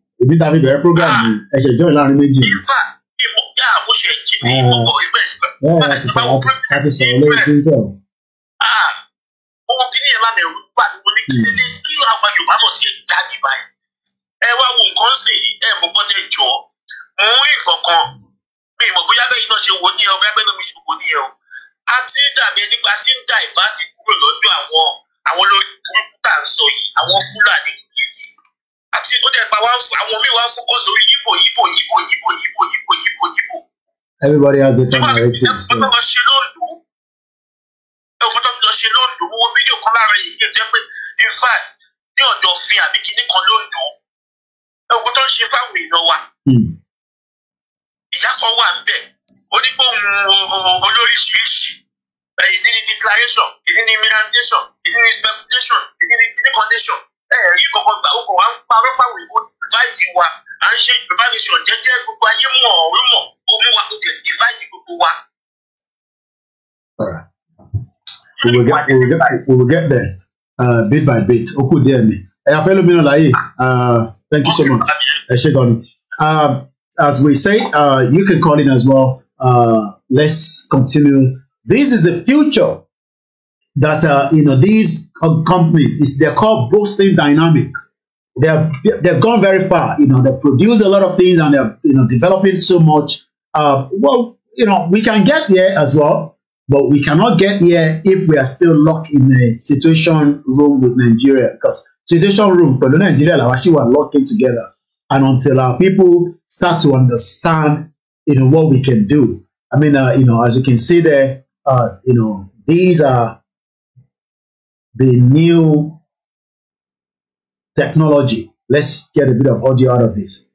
ibi tá fi bẹ̀rẹ̀ program yìí ah! ẹ ṣe eh, méjì ah! hmm. ẹ wá wo nǹkan sì ẹ mọ gbọ́dọ̀ jọ mú ìkọ̀kan mi ìmọ̀ bóyá bẹ́ẹ̀ iná ṣe wò ní ẹ ọbẹ̀ bẹ́ẹ̀ lómi wò ní ẹ a ti ń dàbí ẹni pé a ti ń da ìfá ti kúrò lọ́dọ̀ àwọn àwọn olórí burúkú tá à ń sọ yìí àwọn fúlàní yìí àti tó dẹ̀ pa wá àwọn míì wá fún kọ́sọ̀ orí yíbò yíbò yíbò yíbò yíbò yíbò yíbò everybody has different narratives. nígbà tó ṣe lóńdó ẹ̀kọ́ tó lọ ṣe lóńdó wo fídíò kan lára yìí ní ọjọ́ pé in fact ní ọ̀dọ̀ òfin àbí kinní kan lóńdó ẹ̀kọ́ tó ń ṣe fáwọn èèyàn wa. Hmm. ìyá kan wà bẹ́ẹ̀ onígbòhùn olóríṣiríṣi èyí ní declaration èyí ní mirantation èyí ní speculation èyí ní condition ẹ̀rí kankan gbà ó kàn wá ń parọ́ fáwọn èèbó divide wa à ń ṣe Yorùbá jẹ́jẹ́ gbogbo ayé mọ̀ ọ̀rún mọ̀ ó mú wa kó jẹ divide gbogbo wa. We will get, we will get, there uh, bit by bit. Ó kù díẹ̀ ni. Ẹ̀yà fẹ́ lómi náà láàyè. Uh, thank you so much. Ẹ ṣé gan ni. Um, as we say, uh, you can call in as well. Uh, let's continue. This is the future that uh, you know these uh, companies they're called boosting dynamic. They've they've gone very far. You know they produce a lot of things and they're you know developing so much. Uh, well, you know we can get there as well, but we cannot get there if we are still locked in a situation room with Nigeria because situation room, but Nigeria like, are were locking together. And until our people start to understand, you know what we can do. I mean, uh, you know, as you can see there, uh, you know, these are the new technology. Let's get a bit of audio out of this.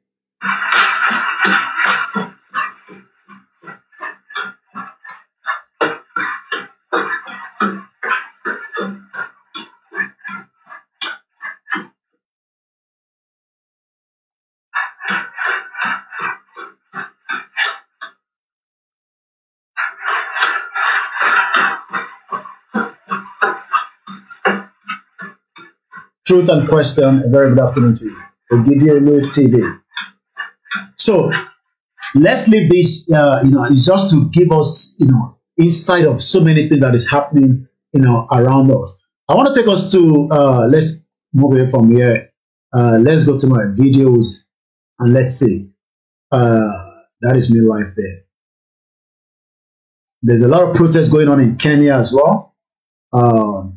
Truth and Question. A very good afternoon to you. Ogidiolu TV. So let's leave this, uh, you know, it's just to give us, you know, insight of so many things that is happening, you know, around us. I want to take us to, uh, let's move away from here. Uh, let's go to my videos and let's see. Uh, that is me life there. There's a lot of protests going on in Kenya as well. Um,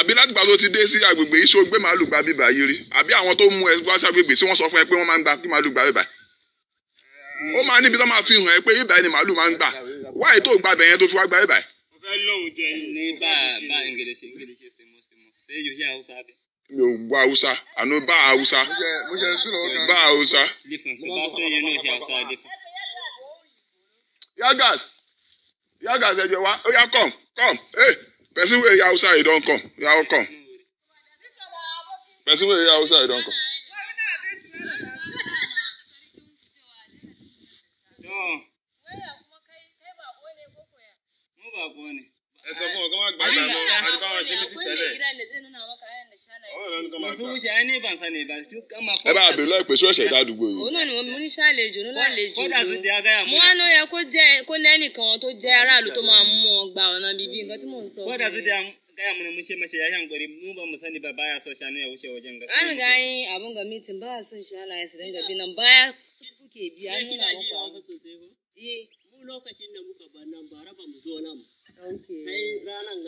àbí láti gbà tó ti dé sí agbègbè iṣẹ́ ògbé màálù gba bíbà yìí rí àbí àwọn tó mú ẹ wá sí agbègbè tí wọ́n sọ fún ẹ pé wọ́n máa ń gba kí màálù gba bíbà ó máa níbi tó máa fi hàn ẹ pé bíbà ni màálù máa ń gbà wáyé tó gba bẹ̀yẹn tó fi wá gba bíbà. mo fẹ́ lóhùn jẹ ní bá bá ìngèlèṣe ìngèlèṣe sèmo sèmo ṣé yóò ṣe haúsá bẹ. mi ò gbọ́ haúsá àná bá haúsá bá haúsá. yagas yagas ẹ̀jẹ̀ wa ó yá come come. Hey person wey hausa e don come ya o come person wey hausa e don come. ẹsẹ̀ fún ọ̀gá má gbàgbà lọ àdìbáwọn ṣe ní ti tẹ́lẹ̀ ẹ bá bèrè lọ́ọ̀ ìpèsè ọ̀sẹ̀ ìdádúgbò yìí. òun náà ni mo ní ṣàlejò ní lálejò ló mo wá ló yẹ kó jẹ kó lẹ́nìkan tó jẹ́ aráàlú tó máa mú ọ gba ọ̀nà bíbí nǹkan tí mò ń sọ. kódà tó dá gaya mana mun ce mace ya shan gwari mu ba mu sani ba baya so shanu ya wuce wajen gaskiya. An ga yi abun ga mitin ba son shanu ya su dinga binan baya suke biya an nuna muku an sosai ko? Eh, mu lokacin da muka bar nan bara ba mu zo nan. Sai ranan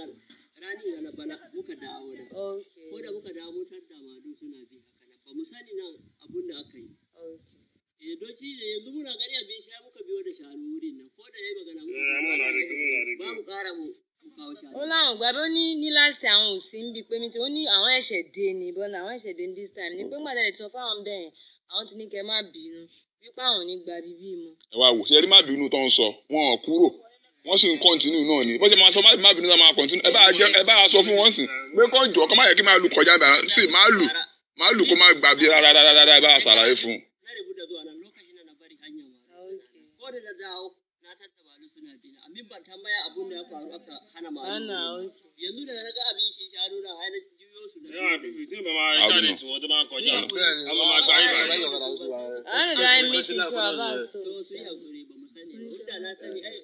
rani da na bana muka dawo da ko da muka dawo motar da madu suna bi haka nan ba mu sani nan abun da aka yi eh doci da yanzu muna gani a bin shaya muka biyo da shanu wurin nan ko da yayi magana mu eh, ba mu kara mu ó láwọn gba bó ní ní láti àwọn òsì ń bi pé mi ti ó ní àwọn ẹ̀ṣẹ̀ dé ni bọ́lá àwọn ẹ̀ṣẹ̀ dé this time ni pé gbàdá lè sọ fáwọn bẹ́ẹ̀ àwọn ti ní kẹ́ má bínú wípé àwọn ò ní gba bíbí mu. ẹ wá wò ṣe rí má bínú tó ń sọ wọn ò kúrò wọ́n sì ń kọ́ntínú náà ni bọ́jà máa sọ má má bínú máa kọ́ntínú ẹ bá jẹ ẹ bá sọ fún wọn sìn pé kọ́ jọ kọ́ má yẹ kí máa lu kọjá bá sì má lu má lu kó má gbà bí rárá rárá ẹ bá ṣàlàyé fún un. abin ban tambaya abun da ya faru aka hana ma yanzu da na ga abin shi ya nuna har na juyo su da yawa bibi tun ba ma ya kare su wata ma kwaja amma ma ba yi ba an ga yi miki ba ba so su yi hakuri ba mu sani da na sani ai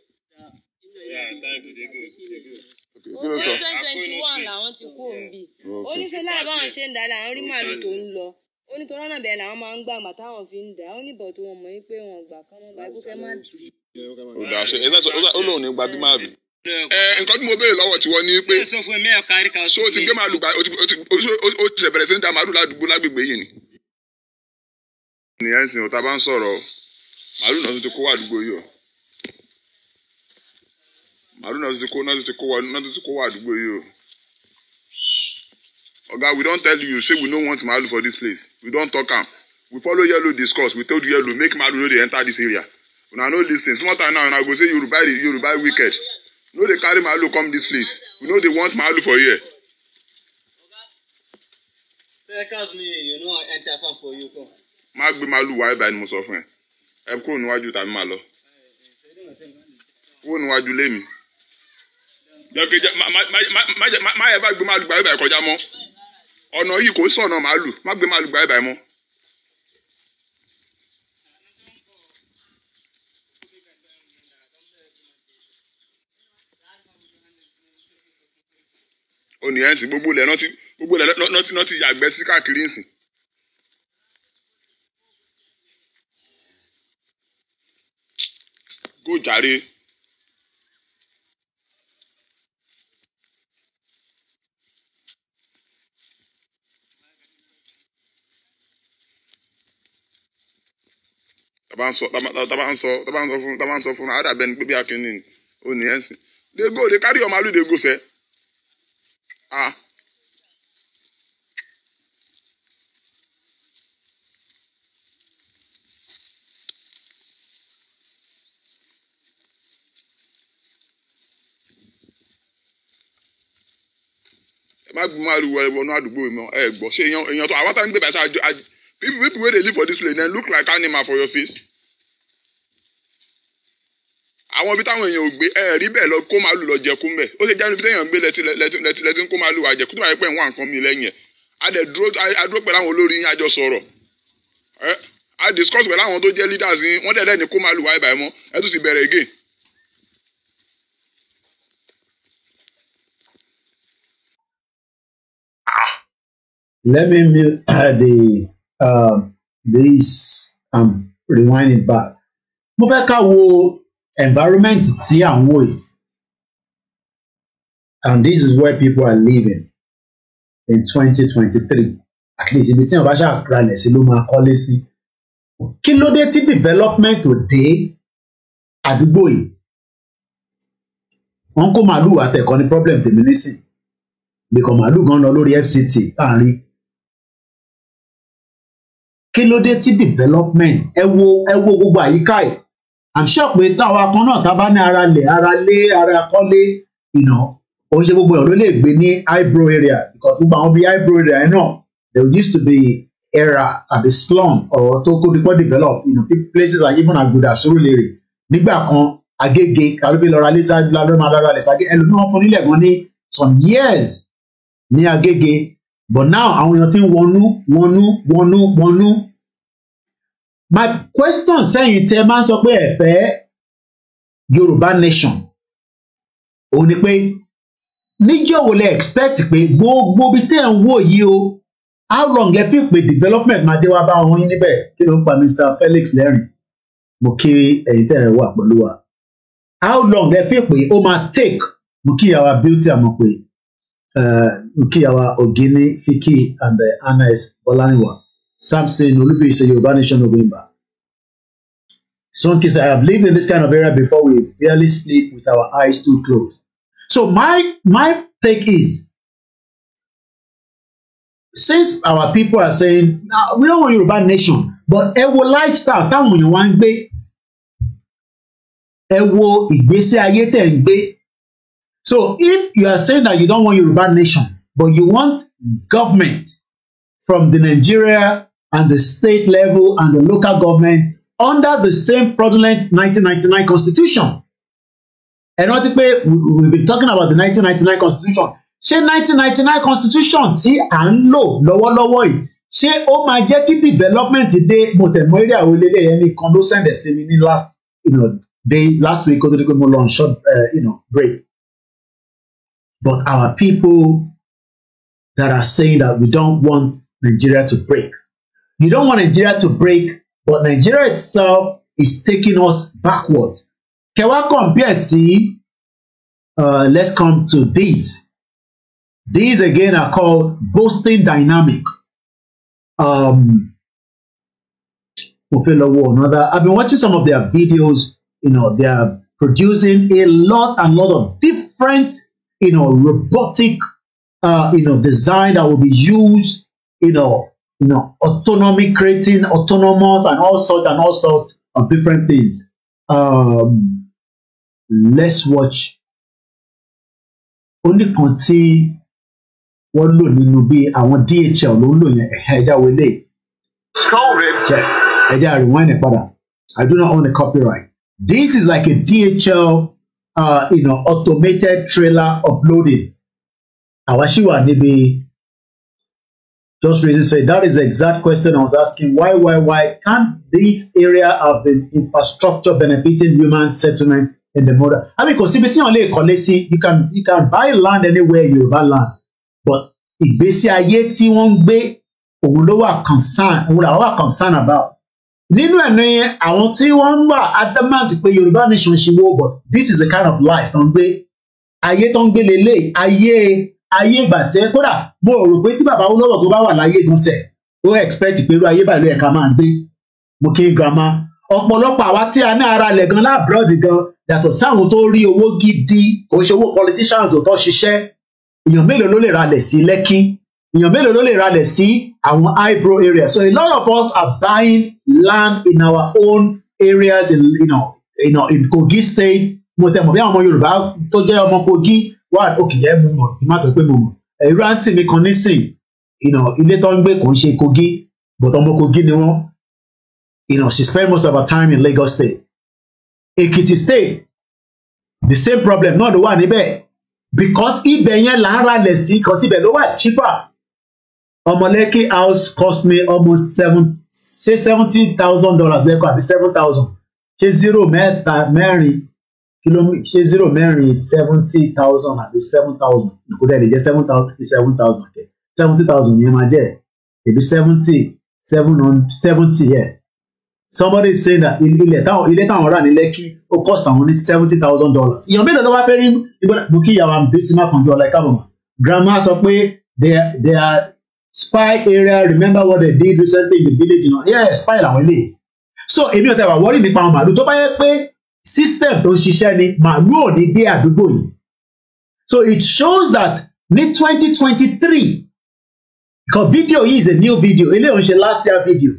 kí ló sọ. ó twenty twenty one làwọn ti kú òǹbì ó ní fẹ́ lára báwọn ṣe ń dà láwọn rí màálù tó ń lọ ó ní tọ́lá náà bẹ̀rẹ̀ làwọn máa ń gbà mà táwọn fi ń dà ó ní bọ̀ tó wọn mọ̀ yín pé wọn gbà kán náà láìpẹ́ fẹ́ má dùn. ó dà ṣe ó lóun ní gbajú má bì. nǹkan tí mo béèrè lọ́wọ́ tiwọn ni pé ṣé o ti gbé màálù gba o ti bẹ̀rẹ̀ sí ń da màálù ládùúgbò lágbègbè yìí ni. nìyẹn sìn ọ̀tá bá ń sọ̀rọ̀ màálù náà tún ti kó wà àdúgbò yìí o màálù náà ti kó náà ti kó wa náà ti kó wa àdúgbò yìí o. oga we don tell you say we no want Maru for dis place we don talk am we follow yellow discuss we told yellow make Maru no dey enter dis area una no lis ten small time now una go say yoruba yoruba wicked no dey carry Maru come dis place we no dey want Maru for here. má gbé màálù wáyé báyìí ni mo sọ fún ẹ ẹ kúrò níwájú tàbí màá lọ eh, eh, kúrò níwájú lémi jẹ́kẹ́jẹ́ má yẹ bá gbé màálù gbàgbé báyìí kọjá mọ́ ọ̀nà yìí kò sọ̀nà màálù má gbé màálù gbàgbé báyìí mọ́. onìyẹn sì gbogbo ilẹ̀ nọ́tí gbogbo ilẹ̀ nọ́tí nọ́tí yàgbẹ́ sí káàkiri nsìn. góòjàre. taba ń taba ń taba ń sọ taba ń sọ ara bẹni pé bí akínní ò ní ẹ sìn dey go dey carry your malu dey go sẹ ah. ẹ má gbọ́ máa lu wọnú àdúgbò mi ẹ gbọ́ ṣé èèyàn tó àwọn táwọn ń gbé bàtà people people wey dey live for dis place dem look like animal for your face àwọn ibi táwọn èèyàn ò gbé ẹ rí bẹ́ẹ̀ lọ kó màálù lọ jẹkú mbẹ ó ṣe jáde ibi téèyàn gbé lẹtí lẹtí lẹtí ń kó màálù wà jẹkú tó bá yẹ pé ń wá nǹkan mi lẹ́yìn ẹ̀ a dẹ̀ dúró a dúró pẹ̀lú àwọn olórí yín a jọ sọ̀rọ̀ ẹ a discuss pẹ̀lú àwọn tó jẹ́ leaders yín wọ́n dẹ̀ lẹ́ni kó màálù wà ibà ẹ̀ mọ́ ẹ tún sì bẹ̀rẹ̀ again. Let me mute uh, the Um, this um, rewinding back mo fẹ́ ká wo environment tí à ń wò yìí and this is where people are living in twenty twenty three at least ibi tí wọn bá ṣàkàlẹ̀ sí ló máa kọ́lé sí kí ló dé tí development ò dé àdúgbò yìí wọn kó màálù àtẹkọ ní problem tèmi nísìn bìkọ màálù gan lọ lórí FCT láàrin kí ló dé tí development ẹ wo ẹ wo gbogbo àyíká ẹ i'm sure pé táwa kan náà tá a bá ní ara lẹ ara lé ara kọ́lé ìnà òun ṣe gbogbo ẹ ló lè gbé ní highbrow area because gbogbo àwọn bíi highbrow area ẹ náà there used to be era àbí slum or tó kó nípọ̀ develop you know, places like even Aguda Surulere nígbà kan Agége kàlùfẹ́ lọ́ra lẹ́sà lọ́dọ́ máa lọ́ra lẹ́sà ẹlòmíràn fún nílẹ̀ gan ní some years ní Agége but now àwọn èèyàn ti ń wọnú wọnú wọnú wọnú my question sẹ́yìn tẹ́ máa ń sọ pé ẹ fẹ́ Yorùbá nation òun ni pé níjọ́ wo lẹ expect pé gbogbo ibi tẹ́ ń wò yìí o how long lẹ fi pé development máa dé wá bá wọn yín níbẹ̀ kí ló ń pa Mr Felix lẹ́rìn mo kí ẹ̀yin tẹ́ ẹ wà pẹ̀lú wa how long lẹ fi pé ó máa take mo kí ìyàwó beauty àmọ́ pé Eh, nkiyawa ogini fiki and uh, anas bolaniwa samson olubisi yorùbá nation of november sonkisa i have lived in this kind of area before we barely sleep with our eyes too closed so my my take is since our people are saying now we don't want yorùbá nation but ẹ lifestyle táwọn èèyàn wá ń gbé ẹ wo ìgbésí ayé tẹ̀ ń gbé So if you are saying that you don't want Yoruba nation, but you want government from the Nigeria and the state level and the local government under the same fraudulent 1999 constitution. Ẹ rántí pé we been talking about the 1999 constitution. Ṣé 1999 constitution see, and ń lò lọ́wọ́lọ́wọ́ yìí ṣé ó máa jẹ́ kí development today, but the eré àwọn olélẹ̀ ẹni kan ló send ẹ̀ sí mi last you know, day last week ó tó di pé mo short uh, you know, break. But our people that are saying that we don't want Nigeria to break. You don't want Nigeria to break, but Nigeria itself is taking us backward. Can we compare? See, uh, let's come to these. These again are called boosting dynamic. Um, Ofelowo, another. I've been watching some of their videos. You know, they are producing a lot and lot of different you know, robotic, uh, you know, design that will be used, you know, you know, autonomy creating, autonomous, and all sorts and all sorts of different things. Um, let's watch. Only ní kan tí wọ́n lò nínú bí DHL ló ń lò yẹn ẹ̀hẹ́ I do not own a copyright. This is like a DHL uh, you know, automated trailer uploading. Àwa ṣì wà just recently. say that is the exact question I was asking. Why, why, why can't this area of the infrastructure benefiting human settlement in the modern? I mean, kò if it's only a kọ́lé you can you can buy land anywhere you buy land, but ìgbésí ayé tí wọ́n ń gbé òun ló concern òun làwọn wà concern about nínú ẹ̀ ni àwọn tí wọ́n ń wà adamant pé Yorùbá nation ṣe wo but this is the kind of life tó ń gbé ayé tó ń gbé lélẹ̀ ayé ayé ìgbà tí kódà mo rò pé tí bàbá olówó tó bá wà láyé gan sẹ̀ ó expect pé irú ayé báyìí ló máa gbé mo kí grandma ọ̀pọ̀lọpọ̀ àwa tí a ní ara lẹ̀ gan láàbúrọ̀d gan yàtọ̀ sáwọn tó rí owó gidi kò ṣe owó politicians ò tó ṣiṣẹ́ èèyàn mélòó ló lè ralẹ̀ sí Lẹ́kì èèyàn mélòó ló lè ralẹ̀ sí Our eyebrow area. so a lot of us are buying land in our own areas in you know you know in Kogi state mo tẹ mọ bí àwọn ọmọ Yorùbá tó jẹ́ ọmọ Kogi wà òkè ẹ mo mọ kí n má fẹ́ pé mo mọ ẹrú àǹtí mi kan nísìn you know ilé tó ń gbé kò ń ṣe Kogi but ọmọ Kogi ni wọ́n you know she spend most of her time in Lagos state Ekiti state the same problem náà ló wà níbẹ̀ because ibẹ̀ yẹn là ń ralẹ̀ sí because ibẹ̀ ló wà cheaper ọmọlẹ́kẹ́ house cost me almost seven ṣe seventeen thousand dollars lẹ́kọ̀ọ́ àbí seven thousand ṣe zero mẹ́ta mẹ́rin kilomita ṣe zero mẹ́rin seventy thousand àbí seven thousand kò dẹ̀ lè jẹ́ seven thousand seven thousand kẹ seventy thousand yẹn máa jẹ́ èbí seventy seven hundred seventy yẹ somebody is saying that ilẹ̀ táwọn ilé táwọn rà ní lẹ́kì ó cost àwọn ní seventy thousand dollars ìyàn mélòó ló wá fẹ́ rí ibùdó kí ìyàwó àmì bísí má kàn jọ ọ̀la ìkàbọ̀mọ̀ grandma sọ pé they are are spy area remember what they did recently in the village you know yeah spy làwọn eléyìí so èmi ò tẹ wà wọ́rí nípa àwọn màálù tó bá yẹ pé system tó ń ṣiṣẹ́ ni màálù ò ní dé àdúgbò yìí so it shows that ní twenty twenty three because video yìí is a new video eléyìí ò ń ṣe last year video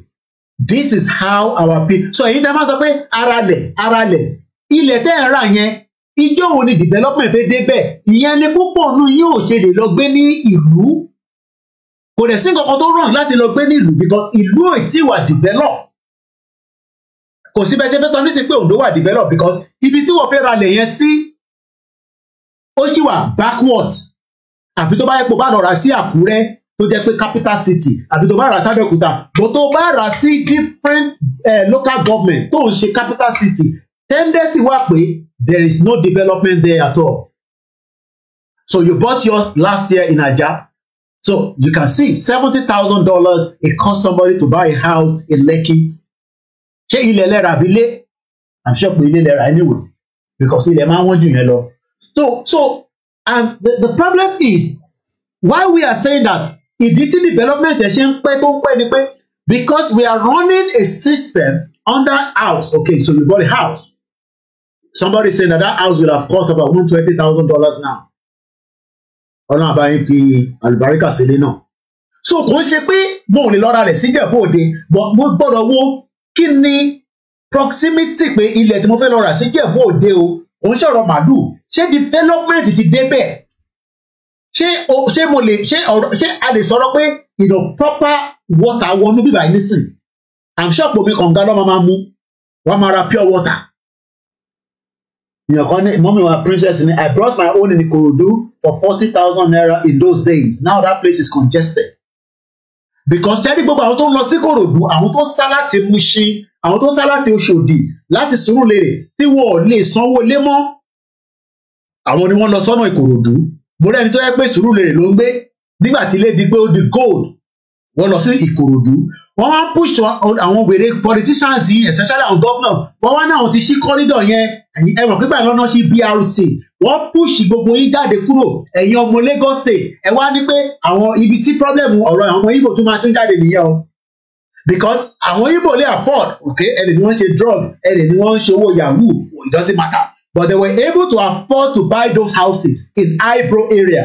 this is how our people so èyí tẹ máa sọ pé aralẹ̀ aralẹ̀ ilẹ̀ tẹ́ ẹ̀ rà yẹn ìjọ́ wo ni development fẹ́ débẹ̀ ìyẹn ni púpọ̀ nù yóò ṣe lè lọ gbé ní ìlú kò dẹ̀ sí nǹkan kan tó ràn láti lọ gbé ní because ìlú ò tí wà develop kò sí bẹ́ẹ̀ ṣe fẹ́ sọ ní sí pé Ondo wà develop because ibi tí wọ́n fẹ́ ra lẹ̀ yẹn sí ó sì wà backward àfi tó bá yẹ kó bá lọ rà sí Àkúrẹ́ tó jẹ́ pé capital city àfi tó bá rà sábẹ́òkúta bó tó bá rà sí different uh, local government tó ń ṣe capital city tendency wà pé there is no development there at all so you bought yours last year in Ajah So you can see seventy thousand dollars it cost somebody to buy a house in Lekki. Ṣé ilẹ̀ lẹ́ra àbí ilé? I'm sure pé ilé lẹ́ra anyway because ilẹ̀ máa ń wọ́n jù yẹn lọ. So so and the, the problem is why we are saying that ìdí tí development ẹ̀ ṣe ń pẹ́ tó ń pẹ́ ni pé because we are running a system under house okay so we bought a house somebody say that that house will have cost about one twenty thousand dollars now ọlọ́run àbáyé fi àlùbáríkà sílé náà so kò ń ṣe pé mo ò lè lọ́ra rẹ̀ síjẹ̀bú òde mo gbọ́dọ̀ wo kí ni proximity pé ilẹ̀ tí mo fẹ́ lọ rà síjẹ̀bú òde o kò ń ṣọ̀rọ̀ màlúù ṣé development ti débẹ̀ ṣé o ṣé mo lè ṣé ọ̀rọ̀ ṣé a lè sọ̀rọ̀ pé ìdọ̀ proper water wọnú bíbá yìí nísìn I'm sure pé omi kànga lọ́mọ máa mú wọ́n máa ra pure water èèyàn kan ní mọ́mí princess ni I brought my own in Ikorodu for forty thousand naira in those days now that place is congested because tẹ́lí gbogbo àwọn tó ń lọ sí Ikorodu àwọn tó ń sá láti Mushin àwọn tó ń sá láti Oṣòdì láti Sùúrùlérè tí wọn ò lè sanwó lé mọ́ àwọn ni wọ́n lọ sọ́nà Ikorodu mo rẹ́ni tó yẹ pé Sùúrùlérè ló ń gbé nígbà tí ilé di pé ó di gold wọ́n lọ sí Ìkòròdú wọ́n wá ń push àwọn wèrè politicians yìí especially àwọn gómìnà wọ́n wá náà ti ṣí kọ́rídọ̀ yẹn ẹ̀wọ̀n pípa ìlànà ṣe BRT wọ́n pùṣì gbogbo yín jáde kúrò ẹ̀yin ọmọ Lagos state ẹ wá ní pé àwọn ibi tí problem ọ̀rọ̀ àwọn Igbo tún máa tún jáde nìyẹn o because àwọn Igbo lè afford okay ẹni ni wọ́n ṣe drug ẹni ni wọ́n ṣe owó yahoo it doesn't matter but they were able to afford to buy those houses in Ibro area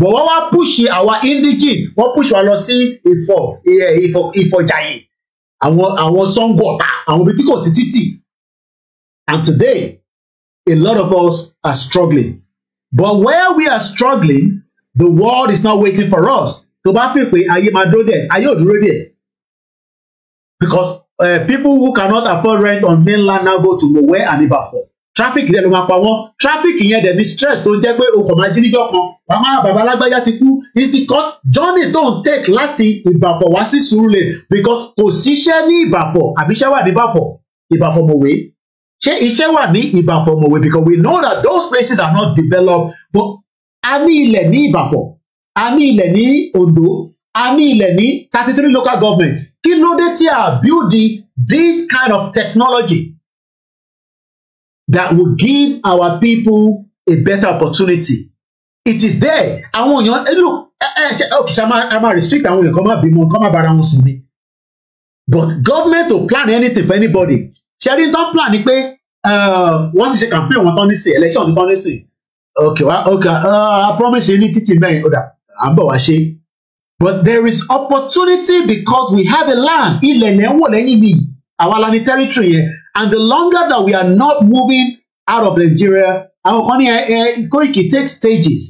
but wọ́n wá pùṣì àwọn indigene wọ́n pùṣì wọn lọ sí Ifọ̀ Ìfọ̀jàyè eh, àwọn àwọn Sango Ọ̀tà àwọn ibi tí kò sí títì and today a lot of us are struggling. But where we are struggling, the world is not waiting for us. Tó bá pè pé ayé máa dó dẹ̀, ayé ò dúró dẹ̀. Because uh, people who cannot afford rent on mainland now go to Mowe and Ibafo. Traffic dẹ̀ ló máa pa wọ́n. Traffic yẹn dẹ̀ ni stress tó ń jẹ́ pé o kò máa jí níjọ́ kan. Màmá bàbá ti kú. It's because journey don't take láti Ìbàfọ̀ wá sí Sùúrùlẹ̀ because kò síṣẹ́ ní Ìbàfọ̀ àbíṣẹ́ wà ní Ìbàfọ̀ Ìbàfọ̀ Mowe ṣé iṣẹ́ wà ní ìbàfọ̀ mọ̀wé because we know that those places are not developed but a ní ilẹ̀ ní ìbàfọ̀ a ní ilẹ̀ ní ondo a ní ilẹ̀ ní thirty three local government kí ló dé tí a build this kind of technology that will give our people a better opportunity it is there àwọn èèyàn ẹ eh, look ẹ eh, ẹ eh, ṣe okay ṣe a máa restrict àwọn èèyàn kó má bímọ kó má bára wọn sùn ni but government to plan anything for anybody ṣẹ́rí tó plan ni pé um, wọ́n ti ṣe campaign wọn tán nísìn election tán nísìn ok wa ok uh, I promise you ní títì mẹ́rin ọ̀dà à ń bọ̀ wá ṣe but there is opportunity because we have a land ilẹ̀ lẹ́ ń wò lẹ́yìn mi àwa la ní territory yẹn and the longer that we are not moving out of Nigeria àwọn kan ní eh, eh, Koiki takes stages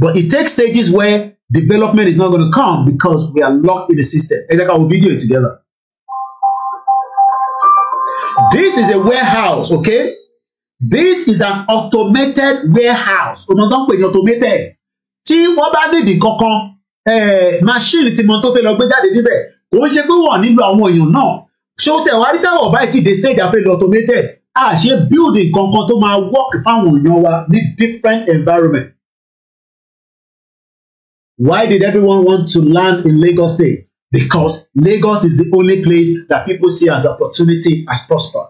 but it takes stages where development is not going to come because we are locked in the system ẹ jẹ́ ká wo fídíò yìí together. This is a warehouse, okay? This is an automated warehouse. Ọmọ tó ń pè ní automated. Tí wọ́n bá nídìí kankan, eh, machine tí mo tó fẹ́ lọ gbé jáde níbẹ̀, kò ń ṣe pé wọ́n nílò àwọn èèyàn náà. Ṣé ó tẹ̀ wá rí táwọn báyìí ti dé stage àfẹ́ lọ automated? A ṣe building kankan tó máa work fáwọn èèyàn wa ní different environment. Why did everyone want to land in Lagos State? because Lagos is the only place that people see as opportunity as prosper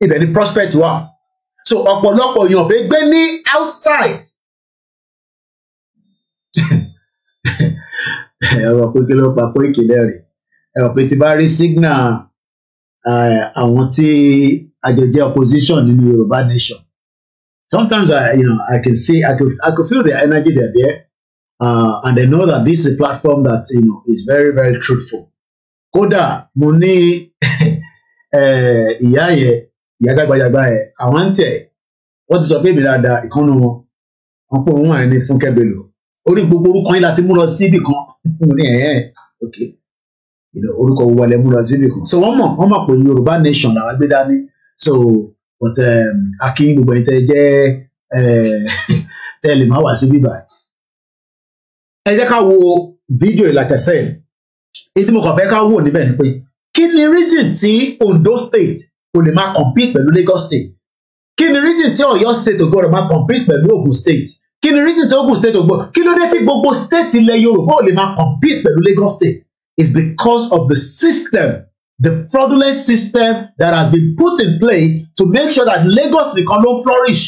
If any prospect wà so ọ̀pọ̀lọpọ̀ èèyàn fẹ́ gbé ní outside ẹ̀rọ pé kí ló pa pé ìkìlẹ̀ rẹ̀ ẹ̀rọ pé ti bá rí signal àwọn tí àjọjẹ opposition nínú Yorùbá nation sometimes I, you know, I can see I can, I can feel the energy there uh, and they know that this is a platform that you know is very very truthful. kódà mo ní (laughs) eh, ìyá yẹn ìyá gbàgbàgbà yẹn àwọn ń tẹ wọ́n ti sọ pé èmi dáadáa ìkànnì wọn wọ́n pọ̀ wọn àìní Fúnkẹ́ Bello orí gbogbo orúkọ yín láti mú lọ síbì kan (laughs) mo ní ẹ ẹ ok orúkọ wo wọlé mú lọ so wọ́n mọ̀ wọ́n mọ̀ pé Yorùbá nation làwọn gbé dání so but um, akin gbogbo yín tẹ jẹ tẹ lè má wá sí ẹ jẹ́ ká wo fídíò ìlàkẹsẹ̀ ètò mo kàn fẹ́ ká wò níbẹ̀ ni pé kí ni reason tí Ondo state kò lè máa compete pẹ̀lú Lagos state kí ni reason tí Ọ̀yọ́ state ò gbọ́dọ̀ máa compete pẹ̀lú Ogun state kí ni reason tí Ogun state ò gbọ́dọ̀ kí ló dé tí gbogbo state ilẹ̀ Yorùbá ò lè máa compete pẹ̀lú Lagos state is because of the system the fraudulent system that has been put in place to make sure that Lagos nìkan ló flourish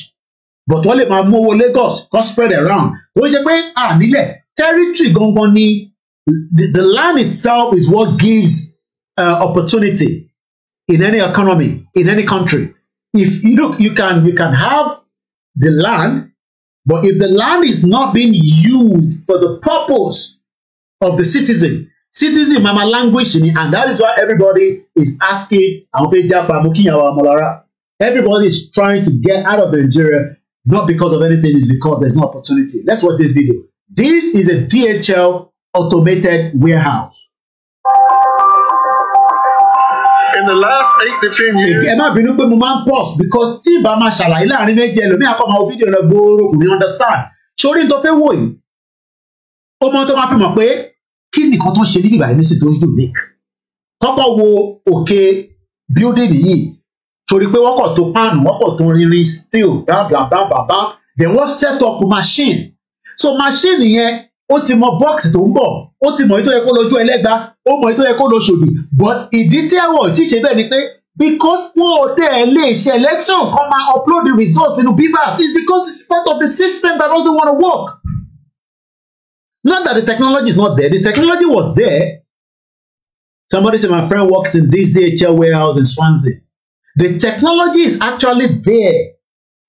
but wọ́n lè máa mú owó Lagos kó spread around kò ń ṣe pé à nílẹ̀ territory gangan ni the, the land itself is what gives uh, opportunity in any economy in any country if you look you can you can have the land but if the land is not being used for the purpose of the citizen citizen mama language ni and that is why everybody is asking àwọn pé japa everybody is trying to get out of Nigeria not because of anything it's because there's no opportunity let's watch this video. This is a DHL automated warehouse. In the last eight to ten years. Ẹ má bínú pé mo máa ń pause because tí ìbá máa ṣàlàyé láàrin méjì ẹlòmíì àkọ́ máa wo fídíò rẹ gbòòrò kò ní understand. Sori tó fẹ́ wò yìí, ó mọ tó máa fi mọ̀ pé kí nìkan tó ń ṣe níbi ìbàdí nísìnyí tó ń dùn make. Kọ́kọ́ wo òkè building yìí torí pé wọ́n kọ̀ tó páànù wọ́n kọ̀ tó rinrin steel bla bla bla bla then wọ́n set up machine so machine yẹn ó ti mọ bọ́ọ̀sì tó ń bọ̀ ó ti mọ èyí tó yẹ kó ó mọ èyí tó yẹ kó but ìdí tí ẹ̀wọ̀n ti ṣe bẹ́ẹ̀ ni pé because wọn ò tẹ ẹ lè ṣe election kan máa upload the results inú bivas it's because it's part of the system that doesn't wanna work not that the technology is not there the technology was there somebody say my friend worked in this DHL warehouse in Swansea the technology is actually there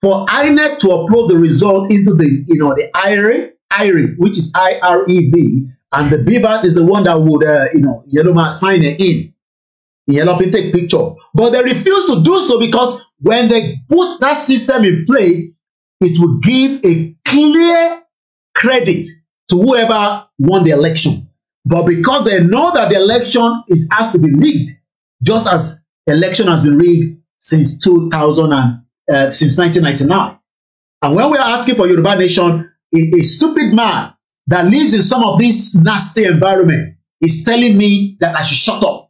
for INEC to upload the result into the you know the IRE, IRE which is I R E B, and the Beavers is the one that would uh, you know Yeloma sign it in. Yelofin take picture, but they refuse to do so because when they put that system in place, it will give a clear credit to whoever won the election. But because they know that the election is has to be rigged, just as election has been rigged since 2000 and Uh, since 1999. And when we are asking for Yoruba Nation, a, a stupid man that lives in some of this nasty environment is telling me that I should shut up.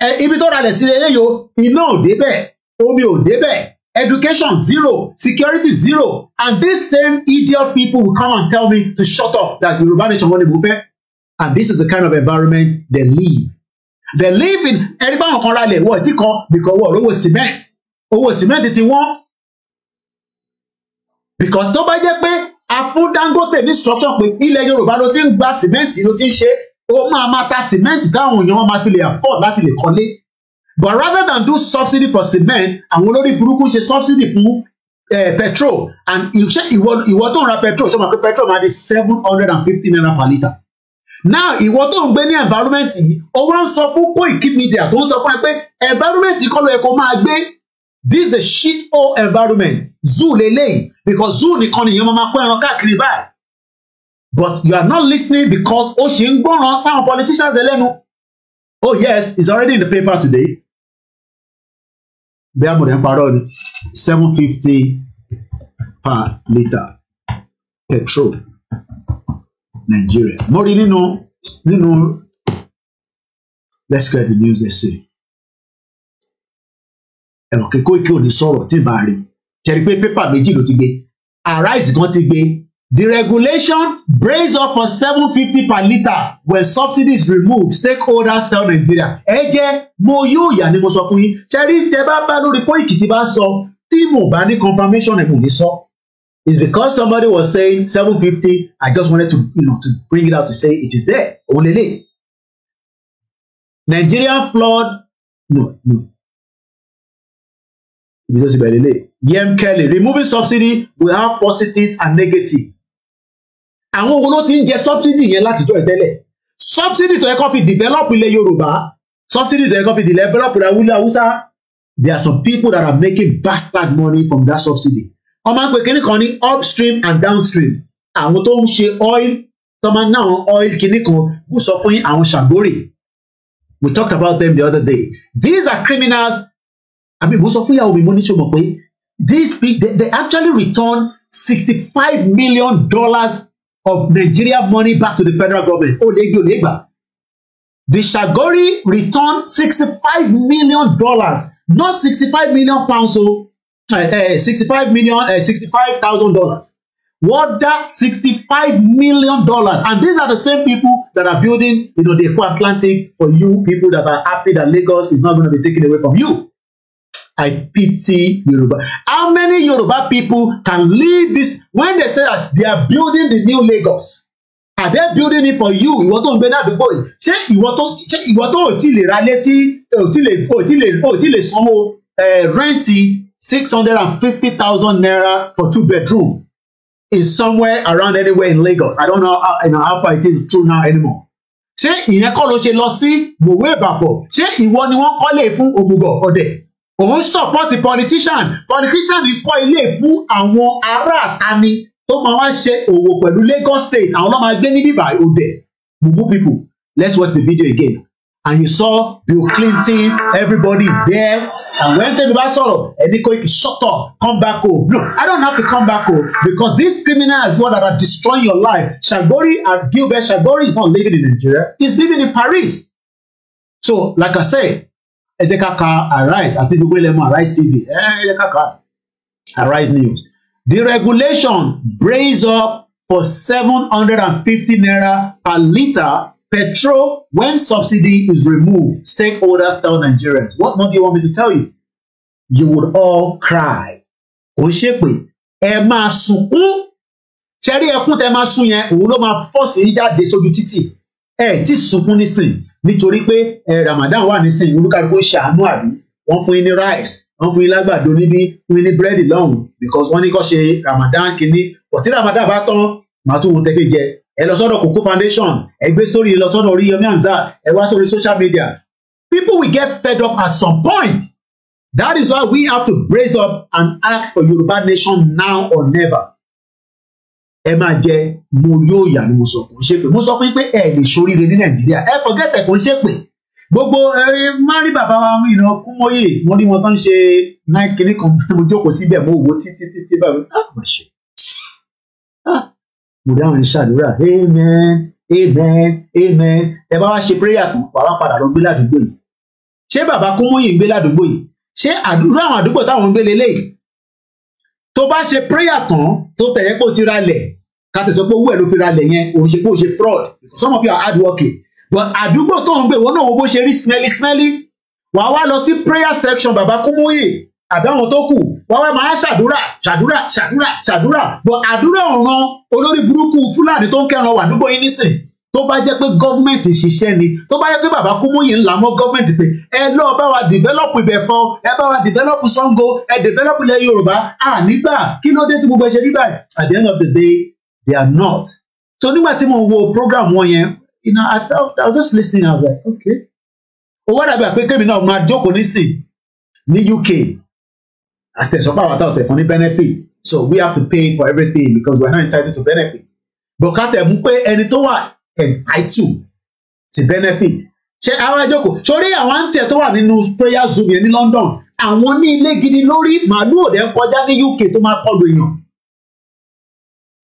Eh, ibi tó ralẹ̀ sí eléyìí o, iná ò débẹ̀, omi ò débẹ̀, education zero, security zero, and these same idiot people will come and tell me to shut up that Yoruba Nation wọ́n ní fẹ́. And this is the kind of environment they live. They live in ẹ̀rí báwọn kan ralẹ̀ wọ́n ti kọ́ because wọ́n rówó cement owó sìmẹ́ǹtì ti wọ́n because tó bá jẹ́ pé a fún Dangote ní structure pé ilẹ̀ Yorùbá ló ti ń gba sìmẹ́ǹtì ló ti ń ṣe ó máa ma ta sìmẹ́ǹtì táwọn èèyàn wọn máa fi lè afford láti lè kọ́lé but rather than do subsidy for cement àwọn olórí burúkú ṣe subsidy fún eh, petrol and ṣé ìwọ ìwọ tó ń ra petrol ṣé o mọ̀ pé petrol máa di seven hundred and fifty naira per litre now ìwọ tó ń gbé ní environment yìí ó wá ń sọ fún Koiki Media tó ń sọ fún ẹ pé environment kọ́ ló yẹ kó máa gbé this is a shit hole environment zoo lélẹ́yìn because zoo nìkan nìyẹn máa kó ẹran káàkiri báyìí but you are not listening because ó ṣe ń gbọ́ràn sáwọn politicians ẹlẹ́nu oh yes it's already in the paper today bí amòdè ń parọ́ ni seven fifty per litre petrol Nigeria mo rí nínú nínú let's get the news they say ẹ̀rọ kíkó kí ò ní sọ̀rọ̀ tí ì bá rí ṣẹ́ni pé pépà méjì ló ti gbé Arise gan ti gbé the regulation brings up for seven fifty per litre when subsidies is removed stakeholders tell Nigeria ẹ jẹ́ mo yóò yà ni mo sọ fún yín ṣẹ́ni tẹ bá bá lórí Koiki tí bá sọ tí mo bá ní confirmation ẹ̀ mo ní sọ it's because somebody was saying seven fifty I just wanted to you know to bring it out to say it is there òun lélẹ̀ Nigerian flood no no ibi tó ti bẹ̀rẹ̀ lè Yemkele removing subsidy will have positives and negative àwọn owó ló ti ń jẹ subsidy yẹn látijọ́ ìtẹ́lẹ̀ subsidy tó yẹ kó fi develop ilẹ̀ Yorùbá subsidy to yẹ kó fi develop ilẹ̀ Haúsá there are some people that are making bastard money from that subsidy ọmọ àgbẹ̀ kínní kan ní upstream and downstream àwọn tó ń ṣe oil tó máa ń oil kínní kan mo sọ fún àwọn ṣàgbórè we talked about them the other day these are criminals àbí mo sọ fún ìyàwó mi mo ní ṣe mọ̀ pé these people they, they actually return sixty five million dollars of Nigeria money back to the federal government ó lè the Shagori returned sixty five million dollars not sixty five million pounds o eh, eh, sixty five million eh, sixty five thousand dollars what that sixty five million dollars and these are the same people that are building you know the Eko Atlantic for you people that are happy that Lagos is not going to be taken away from you I pity Yoruba. How many Yoruba people can leave this when they say that they are building the new Lagos? Are they building it for you? Ìwọ tó ń gbé ní àdúgbò yìí. Ṣé ìwọ tó ṣé ìwọ tó ò tí lè ra lé sí ò tí lè ò tí lè ò tí lè sanwó rẹ́ǹtì six hundred and fifty thousand naira for two bedroom is somewhere around anywhere in Lagos. I don't know how, you know, how far it is true now anymore. Ṣé ìyẹn kọ́ ló ṣe lọ sí Mòwe Ìbàpọ̀? Ṣé ìwọ ni wọ́n kọ́lé fún òmùgọ̀ ọ̀dẹ̀? òun sọpọ́tì politician politician kọ́ ilé fún àwọn aráàta ni tó máa wá ṣe òwò pẹ̀lú Lagos State àwọn náà máa gbé níbí báyìí òde gbogbo people let's watch the video again and you saw Bill Clinton everybody is there and when tẹ́mi bá sọ̀rọ̀ ẹni kò kì shut up come back home no I don't have to come back home because these criminals what well, are destroying your life Shagori and Gilbert Shagori is not living in Nigeria he's living in Paris so like I said ẹ jẹ́ ká ka arise àti gbogbo ẹlẹ́mọ arise tv ẹ jẹ́ ká ka arise news the regulation raise up for seven hundred and fifty naira per litre petrol when subsidy is removed stakeholders tell nigerians what more do you want me to tell you you would all cry ó ṣe pé ẹ máa sunkún ṣẹ́rí ẹkún tẹ máa sun yẹn òun ló máa fọ́ọ̀sì jáde sójú títì ẹ ti sunkún nísìnyí nítorí pé eh, Ramadan wà nísìnyí olúkàlùkù ṣàánú àbí wọ́n fún yín ní rice wọ́n fún yín lágbàdo níbí fún yín ní búrẹ́dì lọ́hùn because wọ́n ní kó ṣe Ramadan kínní ọ̀tí Ramadan bá tán màá tún wọn tẹ́gbẹ́ jẹ ẹ lọ sọ́dọ̀ Koko Foundation ẹ gbé story lọ sọ́dọ̀ Oríyọmí Hamzat ẹ wá sórí social media people will get fed up at some point that is why we have to brace up and ask for Yoruba nation now or never ẹ máa jẹ mo yóò yà ni mo sọ kò ń ṣe pé mo sọ fún yín pé ẹ lè ṣoríire ní nàìjíríà ẹ fọgẹtẹ kò ń ṣe pé gbogbo ẹrí má rí bàbá wa ìran kúmọyè mo rí wọn tó ń ṣe night kiri kan (laughs) mo jókòó síbẹ̀ mo wò títí títí bàbá mi ah, má ṣe ah, mo dáhùn ní ṣàdúrà amen amen amen ẹ bá wá ṣe prayer tó wàá wá padà lọ gbé ládùúgbò yìí ṣé bàbá kúmọyè ń gbé ládùúgbò yìí ṣé àdúrà àwọn àdúgbò táwọn ń gbé lélẹyìí tó bá ṣe prayer tán tó tẹ̀yẹ́ pò ti ra lẹ̀ ká tẹ̀sọ́ pé owó ẹ̀ ló fi ra lẹ̀ yẹn òun ṣe pé ó ṣe fraud some of you are hard working but àdúgbò tó ń gbé ìwọ náà wo bó ṣe rí smelly smelly wàá wá lọ sí prayer section bàbá kúmúyè àbí àwọn tó kù wàá wá máa ṣàdúrà ṣàdúrà ṣàdúrà ṣàdúrà but àdúrà ọ̀ràn olórí burúkú fúlàní tó ń kẹran wà àdúgbò yín nísìn tó bá jẹ́ pé gọ́ọ̀mẹ̀ntì ṣiṣẹ́ ni tó bá jẹ́ pé bàbá kúmúyè ńlá mọ́ gọ́ọ̀mẹ̀ntì pé ẹ lọ́ọ́ bá wa dìvẹ́lọ́pù ìbẹ̀fọ́ ẹ bá wa dìvẹ́lọ́pù Ṣàngó ẹ dìvẹ́lọ́pù ilẹ̀ Yorùbá ànígbà kí ló dé tí gbogbo ẹ ṣe rí báyìí at the end of the day they are not so nígbà tí mo wo program wọn yẹn you know i felt i was just listening i was like okay owó dàbí àpékèmí náà máa jókòó nísìn ní uk àtẹ̀sọ́pá àwọn àtàwọn tẹ̀fọ́n ní benefit so we have to pay for everything because we are not entitled to benefit but ká tẹ̀ mú pé ẹni tó wà entitled to benefit ṣe àwọn ẹjọ́kọ̀ sórí àwọn àǹtí ẹ̀ tó wà nínú prayer zoom yẹn ní London àwọn ní ilé gidi lórí màálù òde ń kọjá ní UK tó máa kọlu èèyàn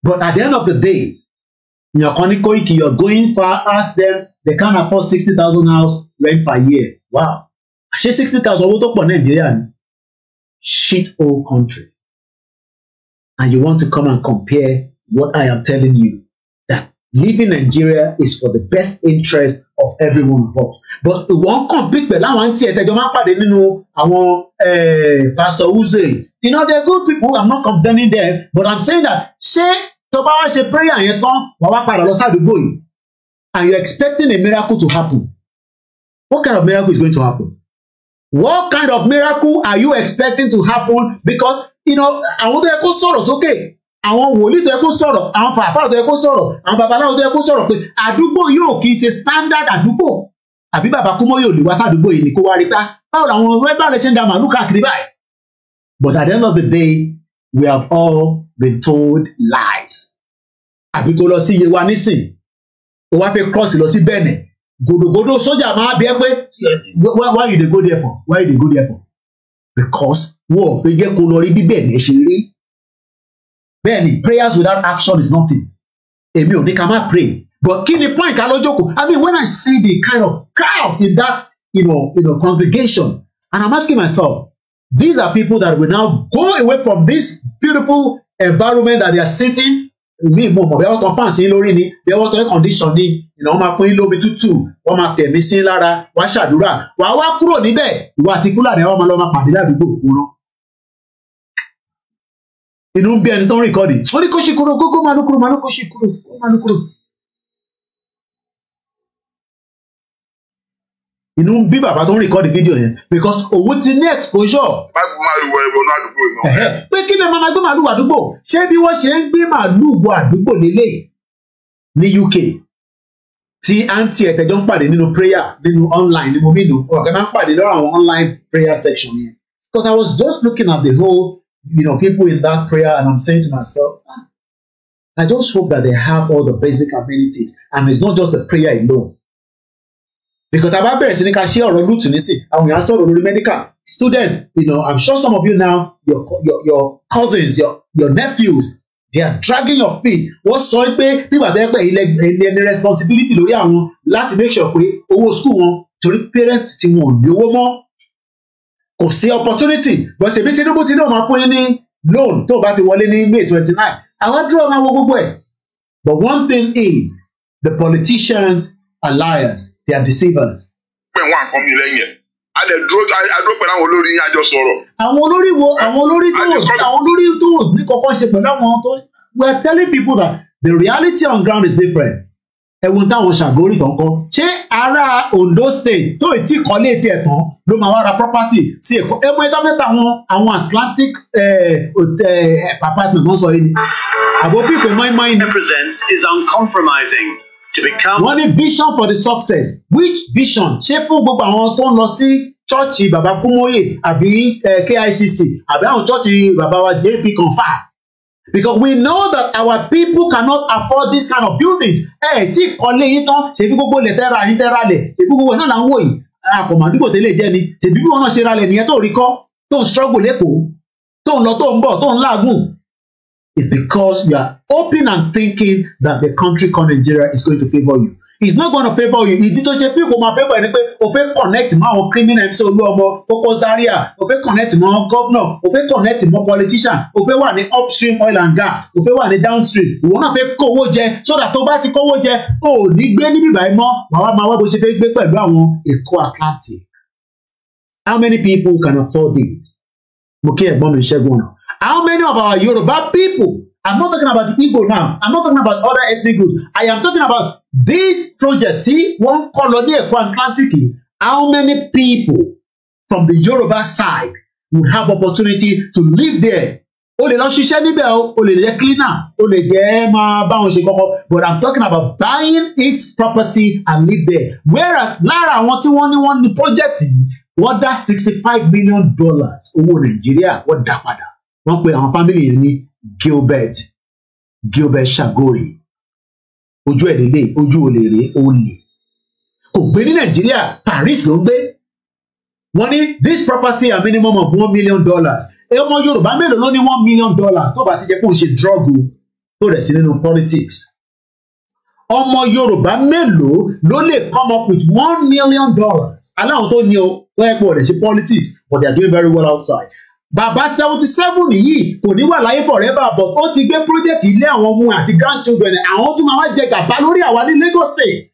But at the end of the day, Nyakoni Koiki, you're going far, ask them, they can't afford 60,000 house rent per year. Wow. Ṣé 60,000 what up on Nigeria? Shit old country. And you want to come and compare what I am telling you leaving Nigeria is for the best interest of everyone involved. us but ìwọ́n kàn bí pẹ̀lú àwọn àǹtí ẹ̀tẹ́jọ́ máa ń pàdé nínú àwọn eh, pastor Uze you know are good people i'm not condemning them but i'm saying that ṣé tó bá wá ṣe prayer yẹn tán wàá wá padà lọ sádùúgbò yìí and you're expecting a miracle to happen what kind of miracle is going to happen what kind of miracle are you expecting to happen because you know àwọn tó yẹ kó sọ̀rọ̀ sókè àwọn wòlíì tó yẹ kó sọ̀rọ̀ àwọn fàáfàá tó yẹ kó sọ̀rọ̀ àwọn babaláwo tó yẹ kó sọ̀rọ̀ pé àdúgbò yóò kì í ṣe standard àdúgbò àbí bàbá kúmọ́ yóò lè wá sádùúgbò yìí ni kó wá rí pa ah, báwo làwọn rẹ́bà lè ṣe ń da màálù káàkiri báyìí. But at the end of the day we have all been told lies. àbí kó lọ sí iye wa nísìn ó wá fẹ́ cross lọ sí Benin gòdògòdò sójà máa bí ẹ pé why you dey go there for why you dey go there for because wọn ò fẹ́ jẹ́ kó lọ rí bí Benin ṣe rí bẹ́ẹ̀ni prayers without action is nothing èmi ò ní ká má pray but kí ni point ká lójókòó i mean when i see the kind of crowd in that you know, you know, congregation and i'm asking myself these are people that will now go away from this beautiful environment that they are sitting mi mo mọ̀ bẹ́ẹ̀ wọ́n tan pàǹsí lórí ni bẹ́ẹ̀ wọ́n tan condition ni ìná wọ́n máa fún yín lómi tútù wọ́n máa tẹ̀mí sí lára wàá ṣàdúrà wàá wá kúrò níbẹ̀ ìwà àti fúlàní àwọn ọmọ lọ́ọ́ máa pàdé ládùúgbò òkúrán inú ń bí ẹni tó ń rìkọ́dì wọ́n ní kó ṣe kúrò kókó máa ló kúrò máa ló kó ṣe kúrò kó máa ló kúrò. inú ń bí bàbá tó ń rìkọ́dì fídíò yẹn because òun ti ní exposure. báyìí màlúù wọ ìwọ náà àdúgbò náà. pé kí ni màmá gbé màlúù àdúgbò ṣé bí wọ́n ṣe ń gbé màlúù wọ àdúgbò lélẹ̀ ní UK tí àǹtí ẹ̀ tẹ̀jọ́ ń pàdé nínú prayer nínú online nínú mínú ọ̀gá máa ń pàdé lọ́rọ̀ àwọn online prayer section yẹn because I was just looking at the whole you know, people in that prayer, and I'm saying to myself, ah, I just hope that they have all the basic amenities, and it's not just the prayer alone. Because tá a bá bẹ̀rẹ̀ share ní ká ṣe ọ̀rọ̀ lùtù nísìn, àwọn the medical student, you know, I'm sure some of you now, your your your cousins, your your nephews, they are dragging your feet. What sọ pé people tó yẹ pé ilẹ̀ ilẹ̀ ni responsibility lórí àwọn make sure pé owó school to torí parents ti wọn ò more? kò sí opportunity bọ́n ṣèbí Tinubu ti ní òun máa fún yín ní loan tó bá ti wọlé ní May twenty nine àwọn dúró máa wo gbogbo ẹ̀ but one thing is the politicians are liars they are deceivers. pẹ̀ wá nǹkan mi lẹ́yìn ẹ̀ a lè dúró a dúró pẹ̀lú àwọn olórí yín àjọ sọ̀rọ̀. àwọn olórí wo àwọn olórí tó àwọn olórí tó ní kọ̀ọ̀kan ṣe pẹ̀lú àwọn tó we are telling people that the reality on ground is different ẹwọn táwọn ṣàgórì tó kọ ṣé ará Ondo state tó ti kọ́lé tiẹ̀ tán ló máa wá ra property sí Èkó ẹ ẹjọ mẹ́ta àwọn àwọn Atlantic apartment wọn sọ yìí ni àbò pípé mọ́ínmọ́ín ni. represents is uncompromising to become. wọ́n ní vision for the success which vision ṣé fún gbogbo àwọn tó ń lọ sí chọ́ọ̀chì baba Kúmóyè àbí KICC àbí àwọn chọ́ọ̀chì baba wa JP Confab because we know that our people cannot afford this kind of buildings ẹ tí kọ́lé yín tán ṣèbí gbogbo lè tẹ́ ra yín tẹ́ ra lẹ̀ ṣèbí gbogbo náà là ń wò yìí àkọ̀mọ̀ àdúgbò tẹ́lẹ̀ jẹ́ ni ṣèbí bí wọn náà ṣe ra lẹ̀ nìyẹn tó rí kọ́ tó ń struggle lẹ́kọ̀ọ́ tó ń lọ tó ń bọ̀ tó ń láàgùn is because you are hoping and thinking that the country called Nigeria is going to favour you he's not gonna favour you ìdí tó ṣe fi kò máa favour ẹ ni pé o fẹ́ connect mọ́ àwọn criminal mc olúọmọ kókó zaria o fẹ́ connect mọ́ governor o fẹ́ connect mọ́ politician o fẹ́ wà ní upstream oil and gas o fẹ́ wà ní downstream ìwọ náà fẹ́ kówó jẹ so that tó bá ti kówó jẹ o ò ní gbé níbí báyìí mọ́ wàá wá máa wá bó ṣe fẹ́ gbé pẹ̀lú àwọn èkó atlantic how many people can afford this mo kí ẹ̀gbọ́n mi ṣẹ́gun náà how many of our Yoruba people I'm not talking about the Igbo now. I'm not talking about other ethnic groups. I am talking about this project one colony, ń kọ́ How many people from the Yoruba side would have opportunity to live there? O le lọ ṣiṣẹ́ níbẹ̀ o, o lè jẹ́ cleaner, o le jẹ́ máa bá wọn ṣe kọ́kọ́. But I'm talking about buying his property and live there. Whereas lára àwọn tí wọ́n ní wọ́n ní project yìí, wọ́n dá sixty five million dollars owó Nàìjíríà wọ́n dá padà wọ́n pe àwọn fámìlì yẹn ní Gilbert Gilbert Shagori ojú ẹ̀ lélẹ̀ ojú olè rèé olè kò gbé ní Nàìjíríà Paris ló ń gbé wọ́n ní this property a minimum of one million dollars ọmọ Yorùbá mélòó ló ní one million dollars tó bá ti jẹ́ kó n ṣe drug o tó rẹ̀ sí nínú politics ọmọ Yorùbá mélòó ló lè come up with one million dollars aláwọn tó ní o wọ́n ẹ̀ pọ̀ rẹ̀ ṣe politics but they are doing very well outside bàbá seventy seven yìí kò ní wà láyé forever but ó ti gbé project ilé àwọn ọmọ àti grandchildren àwọn tún máa wá jẹ gàba lórí àwa ní Lagos State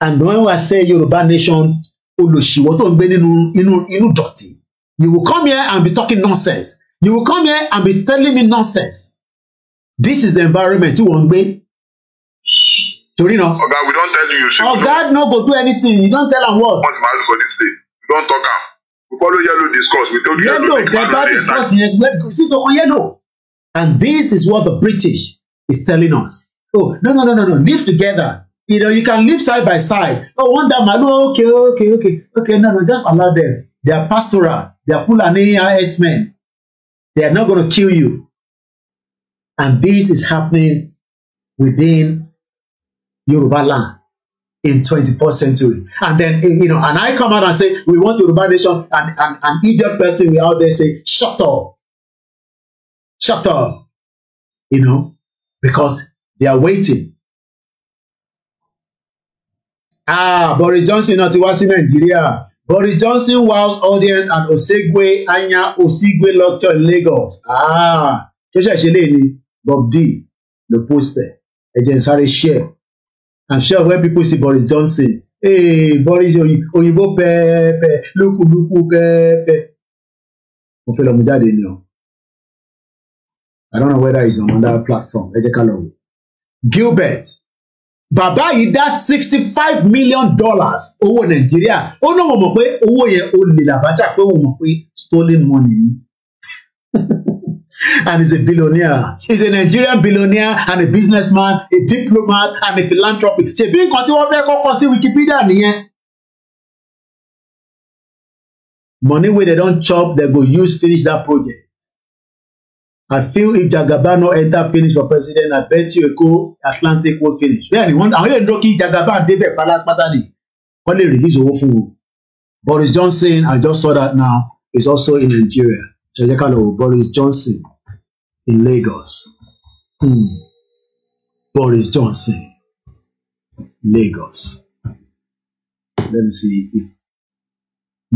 and when I say Yorùbá nation olùṣìwọ́ tó ń gbé nínú inú inú dọ̀tí you will come here and be talking nonsense you will come here and be telling me nonsense this is the environment tí wọ́n ń gbé torí náà. oga we don tell you you say. oga no go do anything you don tell am what. once my husband dey say you don talk am we follow yellow discuss we don't yellow tẹ bá discuss yẹn gbẹ sí kankan yellow and this is what the British is telling us oh no no no no no live together you know you can live side by side oh one day malu oh, okay okay okay okay no no just allow them they are pastoral they are Fulani herdsmen they are not gonna kill you and this is happening within Yoruba land in 21st century. And then, eh, you know, and I come out and say, we want Yoruba nation, and an idiot person will out there say, shut up. Shut up. You know, because they are waiting. Ah, Boris Johnson náà ti wá Boris Johnson wows audience at Osegwe Anya Osigwe lecture in Lagos. Ah, ṣé ṣe ṣe Bob D The poster. ẹ̀? Ẹ jẹ́ share. I'm sure when people see Boris Johnson, hey, Boris òyìnbó pẹ́ẹ́pẹ́ lókùlùkù pẹ́ẹ́pẹ́. Mo fẹ́ lọ mú jáde ni o. I don't know whether he's on another platform. Ẹ jẹ́ ká lọ wò. Gilbert bàbá yìí dá sixty five million dollars owó Nàìjíríà ó náà wọ́n mọ̀ pé owó yẹn ó lè làbájá pé wọ́n mọ̀ pé stolen money (laughs) and he's a billionaire he's a Nigerian billionaire and a businessman a diplomat and a philanthropist ṣèbí nǹkan tí wọ́n fẹ́ kọ́kọ́ sí Wikipedia nìyẹn money wey dem don chop dem go use finish that project I feel if Jagaba no enter finish for president I bet you Eko Atlantic won finish bẹ́ẹ̀ni wọn àwọn èèyàn dókì Jagaba débẹ̀ pátápátá ni wọ́n lè release owó fún wọn Boris Johnson I just saw that now is also in Nigeria ẹ ká lọ Boris Johnson in Lagos hmm. Boris Johnson Lagos let me see if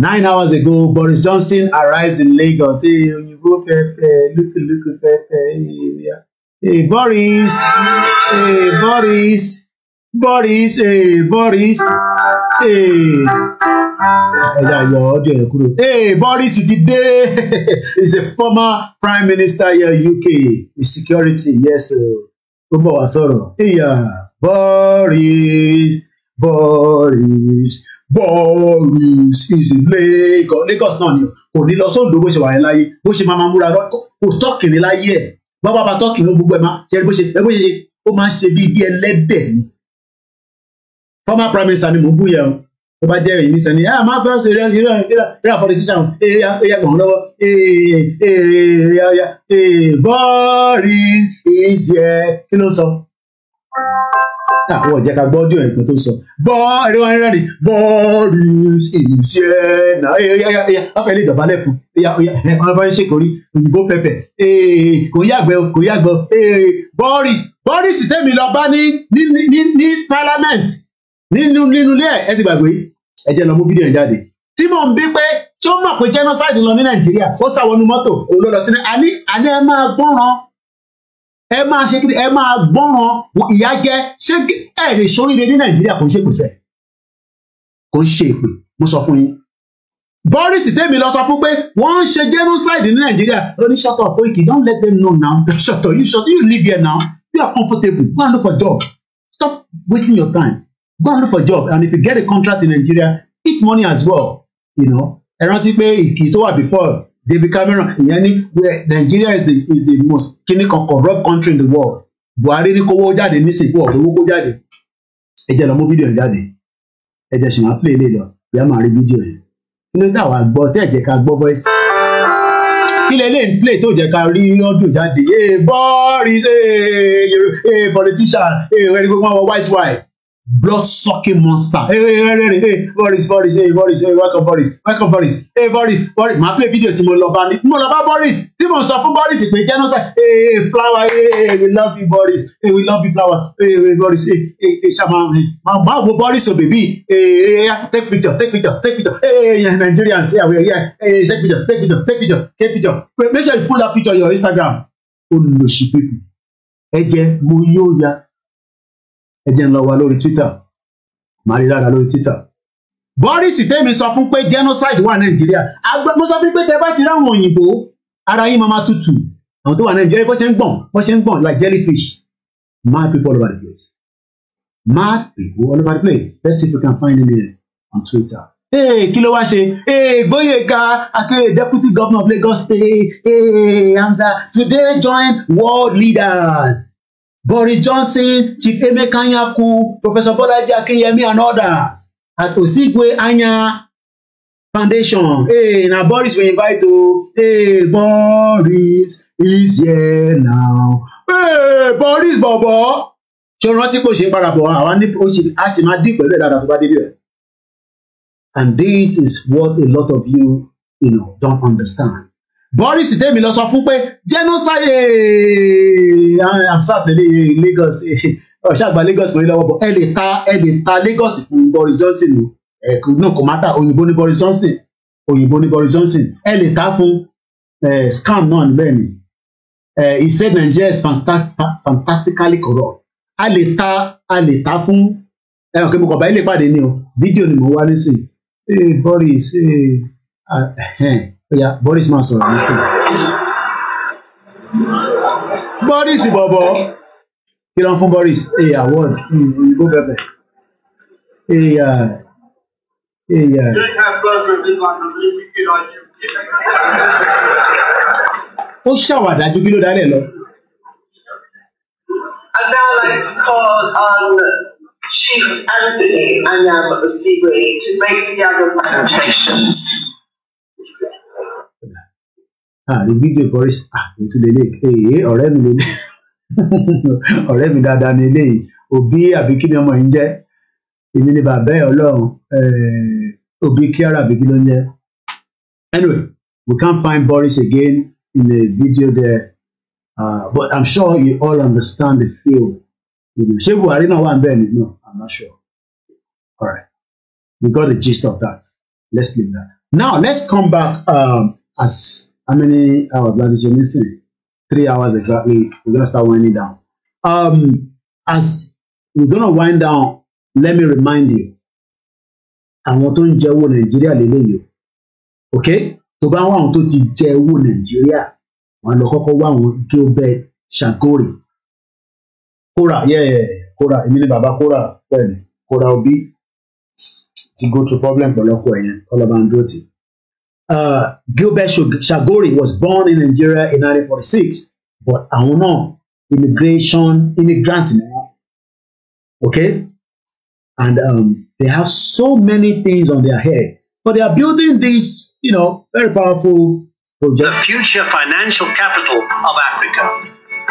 nine hours ago Boris Johnson arrives in Lagos ṣe òyìnbó fẹ́fẹ́ lúkúlúkú fẹ́fẹ́ ẹ̀yà hey Boris hey Boris Boris hey Boris. Hey, Boris ẹ̀yà yọ ọdún ẹ̀ kúrò Boris ti dé is (laughs) a former prime minister here UK with security yes ó bọ̀ wá sọ̀rọ̀ ẹ̀yà Boris Boris Boris is in Lagos Lagos náà ni kò ní lọ sóńdó bó ṣe wà láyé bó ṣe máa máa múra lọ kò tọ́kìnrin láyé ẹ̀ bá bá bá tọ́kìnrin gbogbo ẹ̀ máa ṣe bó ṣe ó máa ń ṣe bí ẹlẹ́dẹ̀ ni former prime minister ni mò ń bú yẹn o tó bá jẹ́ èyí ní sẹ́ni ẹ̀ ah, máa gbọ́ sí rẹ̀ rẹ̀ rẹ̀ àfọ̀dé tíṣà wọn ẹ̀yà ẹ̀yà gbọ̀n lọ́wọ́ ẹ̀yà bọ́ọ̀rì ìṣẹ̀ kí ló sọ. àwọn ah, ọ̀jẹ̀ ká gbọ́dọ̀ ẹ̀gbọ́n tó sọ bọ́ọ̀rì wọn rẹ̀ ni bọ́ọ̀rì ìṣẹ̀ náà ẹ̀yà ẹ̀yà ọ̀fẹ́ lè dọ̀bà lẹ́kùn ẹ̀yà eh, ẹ̀yà ọ̀nà bá ń ṣèkórí òyìnbó pẹ̀pẹ̀ eh, kò yàgbẹ́ kò yàgbọ́ bọ́ọ̀rì eh, bọ́ọ̀rì sì tẹ́mi lọ bá ní ní ní ní parliament nínú nínú ilé ẹ ti gbàgbé ẹ jẹ́ lọ mú fídíò yẹn jáde tí mò ń bí pé tí ó mọ̀ pé genocide lọ ní nàìjíríà ó sá wọnú mọ́tò òun ló lọ sí àní àní ẹ máa gbọ́ràn ẹ máa ṣe kí ẹ máa gbọ́ràn ìyá jẹ ṣé ẹ lè ṣoríire ní nàìjíríà kò ń ṣèpèsè kò ń ṣe èpè mo sọ fún yín boris tèmi lọ sọ fún pé wọ́n ń ṣe genocide ní nàìjíríà oníṣọtọ Koiki don't let them know now ṣọtọ (laughs) you ṣọtọ you live here now you are comfortable go and look for job stop wasting your time go and look for job and if you get a contract in Nigeria eat money as well you know ẹ rántí pé ìkì tó wà before David Cameron ìyẹn ní where Nigeria is the is the most kíní corrupt country in the world Buhari ní kówó jáde nísìnyí kó ọ̀rọ̀ owó kó jáde ẹ jẹ́ lọ mú fídíò jáde ẹ jẹ́ ṣì máa play lè lọ bí a máa rí fídíò yẹn kí ló dé àwọn àgbọ̀ tẹ́ ẹ jẹ́ ká gbọ́ voice kí lè lè ń play tó jẹ́ ká rí ọdún jáde ee Boris ee politician ee ẹni gbogbo wọn white white blood sucking monster. Hey, hey, hey, hey, hey, Boris, Boris, hey, Boris, hey, welcome Boris, welcome Boris, hey, Boris, Boris. Màá play video tí mo lọ bá ní. Mo lọ bá Boris tí mo sọ fún Boris pé genocide. Hey, hey, flower, hey, hey, we love you Boris, hey, we love you flower, hey, hey, Boris, hey, hey, hey, ṣàmà mi. Màá wo Boris o baby. hey, hey, take picture, take picture, take picture, hey, hey, Nigerians, yeah, we are here, hey, take picture, take picture, take picture, take picture. Make sure you pull that picture on your Instagram. Olùlọ̀ṣì pípì, ẹ jẹ́ mo yóò ya ẹ jẹ́ ń lọ wa lórí twitter màá rí lára lórí twitter. boris tẹ́mi sọ fún pé genocide wà nàìjíríà mo sọ fún pé tẹ bá ti ráwọn òyìnbó ara yín máa tutù àwọn tó wà nàìjíríà bó ṣe ń gbọ̀n bó ṣe ń gbọ̀n like jellyfish mad people all over the place mad people all over the place let's see if we can find him here on twitter. Hey, kí ló wá ṣe hey, Gboyega Akere deputy governor of Lagos state hey, answer today join world leaders Boris Johnson, Chief Emeka Anyaku, Professor Bolaji Akinyemi and others at Osigwe Anya Foundation. Hey, na Boris we invite o. Hey, Boris is here now. Hey, Boris Bobo. Ṣé o rántí pé o ṣe ń padà bọ̀ àwa ní o ṣe a sì máa dín pẹ̀lú ẹ̀dá tó bá dé And this is what a lot of you, you know, don't understand. Boris tèmi lọ sọ fún pé genocide eh, amsat ah, lè eh, Lagos ọ̀ṣàgbà eh, (laughs) oh, Lagos mọ̀ lọ́wọ́ bọ̀ ẹ lè ta ẹ lè ta Lagos fún Boris Johnson o ẹ̀kú náà kò má ta òyìnbó ní Boris Johnson òyìnbó ní Boris Johnson ẹ lè ta fún scam náà níbẹ̀ ni he said Nigeria is fantastically corrupt a lè ta a lè ta fún ẹ̀rọ kí mo kọ̀ bá ilé pàdé ni o fídíò ni mo wá nísìnyí Boris. Eh, uh, eh. Yeah, Boris máa you see. Boris bọ̀bọ̀ kí ló ń fún Boris a award hmm, òyìnbó bẹ̀bẹ̀ a uh, a. Uh, ó ṣàwàdà ju kí ló dálẹ̀ lọ. I'd now like to call on Chief Anthony Anyam Osigwe to make the other presentations àrí fídíò kan rí sí ètò lélẹ̀ èyí ọ̀rẹ́ mi lélẹ̀ (laughs) ọ̀rẹ́ mi dáadáa ní eléyìí òbí àbí kí ni ọmọ yìí ń jẹ́ èmi ni bàbá ẹ̀ ọlọ́run eh, òbí kíara àbí kí ló ń jẹ́ anyway we can't find Boris again in a video there uh, but I'm sure you all understand the feel ṣé Buhari náà wà ń bẹ́ẹ̀ ni no I'm not sure all right we got the gist of that let's leave that now let's come back um, as how many hours láti ṣe nísìn three hours exactly we're gonna start winding down um, as we're gonna wind down let me remind you àwọn tó ń jẹ owó nàìjíríà lélẹyìí o ok tó bá wá àwọn tó ti jẹ owó nàìjíríà wọn lọ kọ́kọ́ wá àwọn gilbert shagori kóra yẹẹ kóra èmi ni Baba kóra pẹ̀lú kóra obi ti go through problem pẹ̀lú ọkọ ẹ yẹn kọlọ bá ń dúró tì í uh, Gilbert Shagori was born in Nigeria in 1946, but àwọn immigration immigrant now, Okay, and um, they have so many things on their head, but they are building this, you know, very powerful project. The future financial capital of Africa.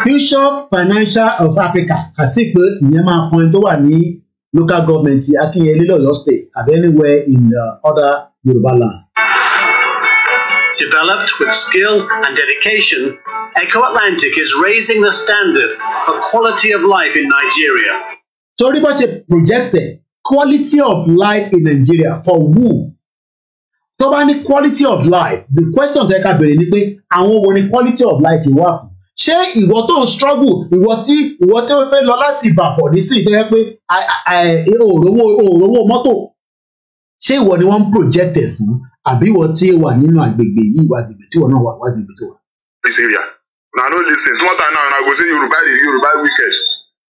Future financial of Africa. Àti pé ìyẹn máa fún ẹni tó wà local government Akinyele lọ́yọ́ state and anywhere in uh, other Yorùbá land. Developed with skill and dedication, Echo Atlantic is raising the standard for quality of life in Nigeria. Torí bá ṣe projected quality of life in Nigeria for who? Tó quality of life, the question tẹ́ ká bẹ̀rẹ̀ ni pé àwọn wo ni quality of life you wà fún? Ṣé ìwọ tó ń struggle ìwọ tí ìwọ tí ó fẹ́ lọ láti Ìbàbọ̀ nísìnyí tó yẹ pé òòrówó òòrówó mọ́tò ṣé ìwọ ni wọ́n ń projected fún? àbí wọ́n tí wà nínú àgbègbè yìí wà àgbègbè tí wọ́n náà wà wà àgbègbè tó wà. na no lis ten small time now una go say yoruba dey yoruba wicked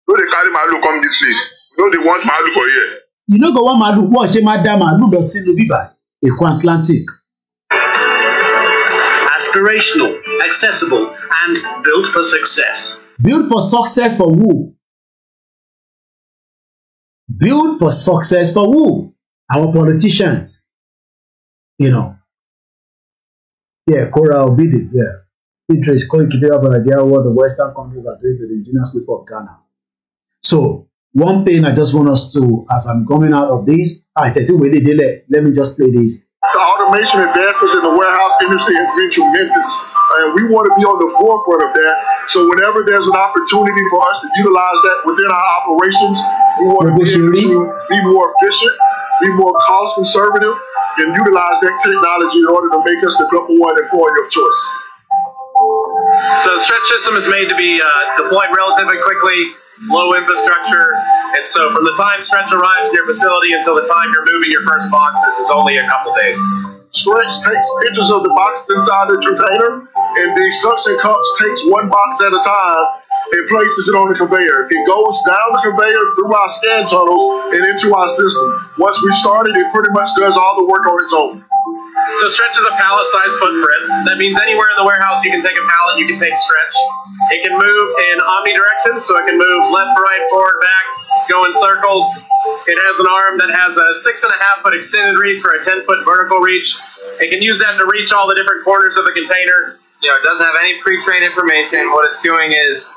no dey carry màálù come dis place no dey want màálù for here. you no go wan màálù wọ́n ṣe máa dá màálù lọ sínú bíbá èkó atlantic. aspirational accessible and built for success. built for success for who? built for success for who? our politicians. you know. Yeah, Cora Obidi, yeah. Idris Koi Kidera have an idea what the Western countries are doing to the indigenous people of Ghana. So, one thing I just want us to, as I'm coming out of this, I think we wait a let me just play this. The automation advancements in the warehouse industry has been tremendous. And uh, we want to be on the forefront of that. So whenever there's an opportunity for us to utilize that within our operations, we want to be, to be more efficient, be more cost conservative, and utilize that technology in order to make us the number one employer of choice. So stretch system is made to be uh, deployed relatively quickly, low infrastructure, and so from the time stretch arrives at your facility until the time you're moving your first boxes is only a couple days. Stretch takes pictures of the boxes inside the container, and the suction cups takes one box at a time and places it on the conveyor. It goes down the conveyor through our scan tunnels and into our system. Once we start it, it pretty much does all the work on its own. So stretch is a pallet-sized footprint. That means anywhere in the warehouse you can take a pallet, you can take stretch. It can move in omnidirection, so it can move left, right, forward, back, go in circles. It has an arm that has a six and a half foot extended reach for a 10 foot vertical reach. It can use that to reach all the different corners of the container. You know, it doesn't have any pre-trained information. What it's doing is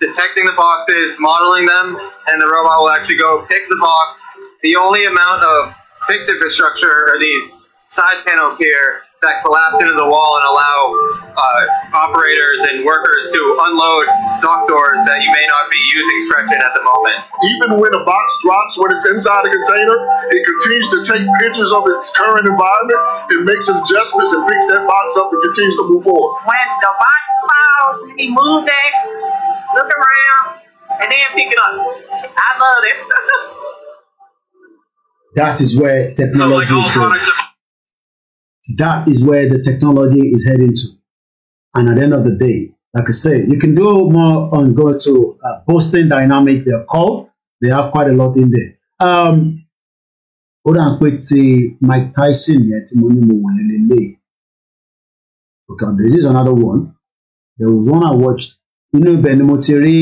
detecting the boxes, modeling them, and the robot will actually go pick the box. The only amount of fixed infrastructure are these side panels here that collapse into the wall and allow uh, operators and workers to unload dock doors that you may not be using stretching at the moment. Even when a box drops, when it's inside a container, it continues to take pictures of its current environment It makes adjustments and picks that box up and continues to move forward. When the box falls, we move it look around, and then pick it up. I love it. (laughs) that is where technology is going. That is where the technology is heading to. And at the end of the day, like I say, you can do more on go to uh, Boston Dynamic, they're called. They have quite a lot in there. Um, hold on. ń pé Mike Tyson Yet, Okay, this is another one. There was one I watched inú ibẹ̀ ni mo ti rí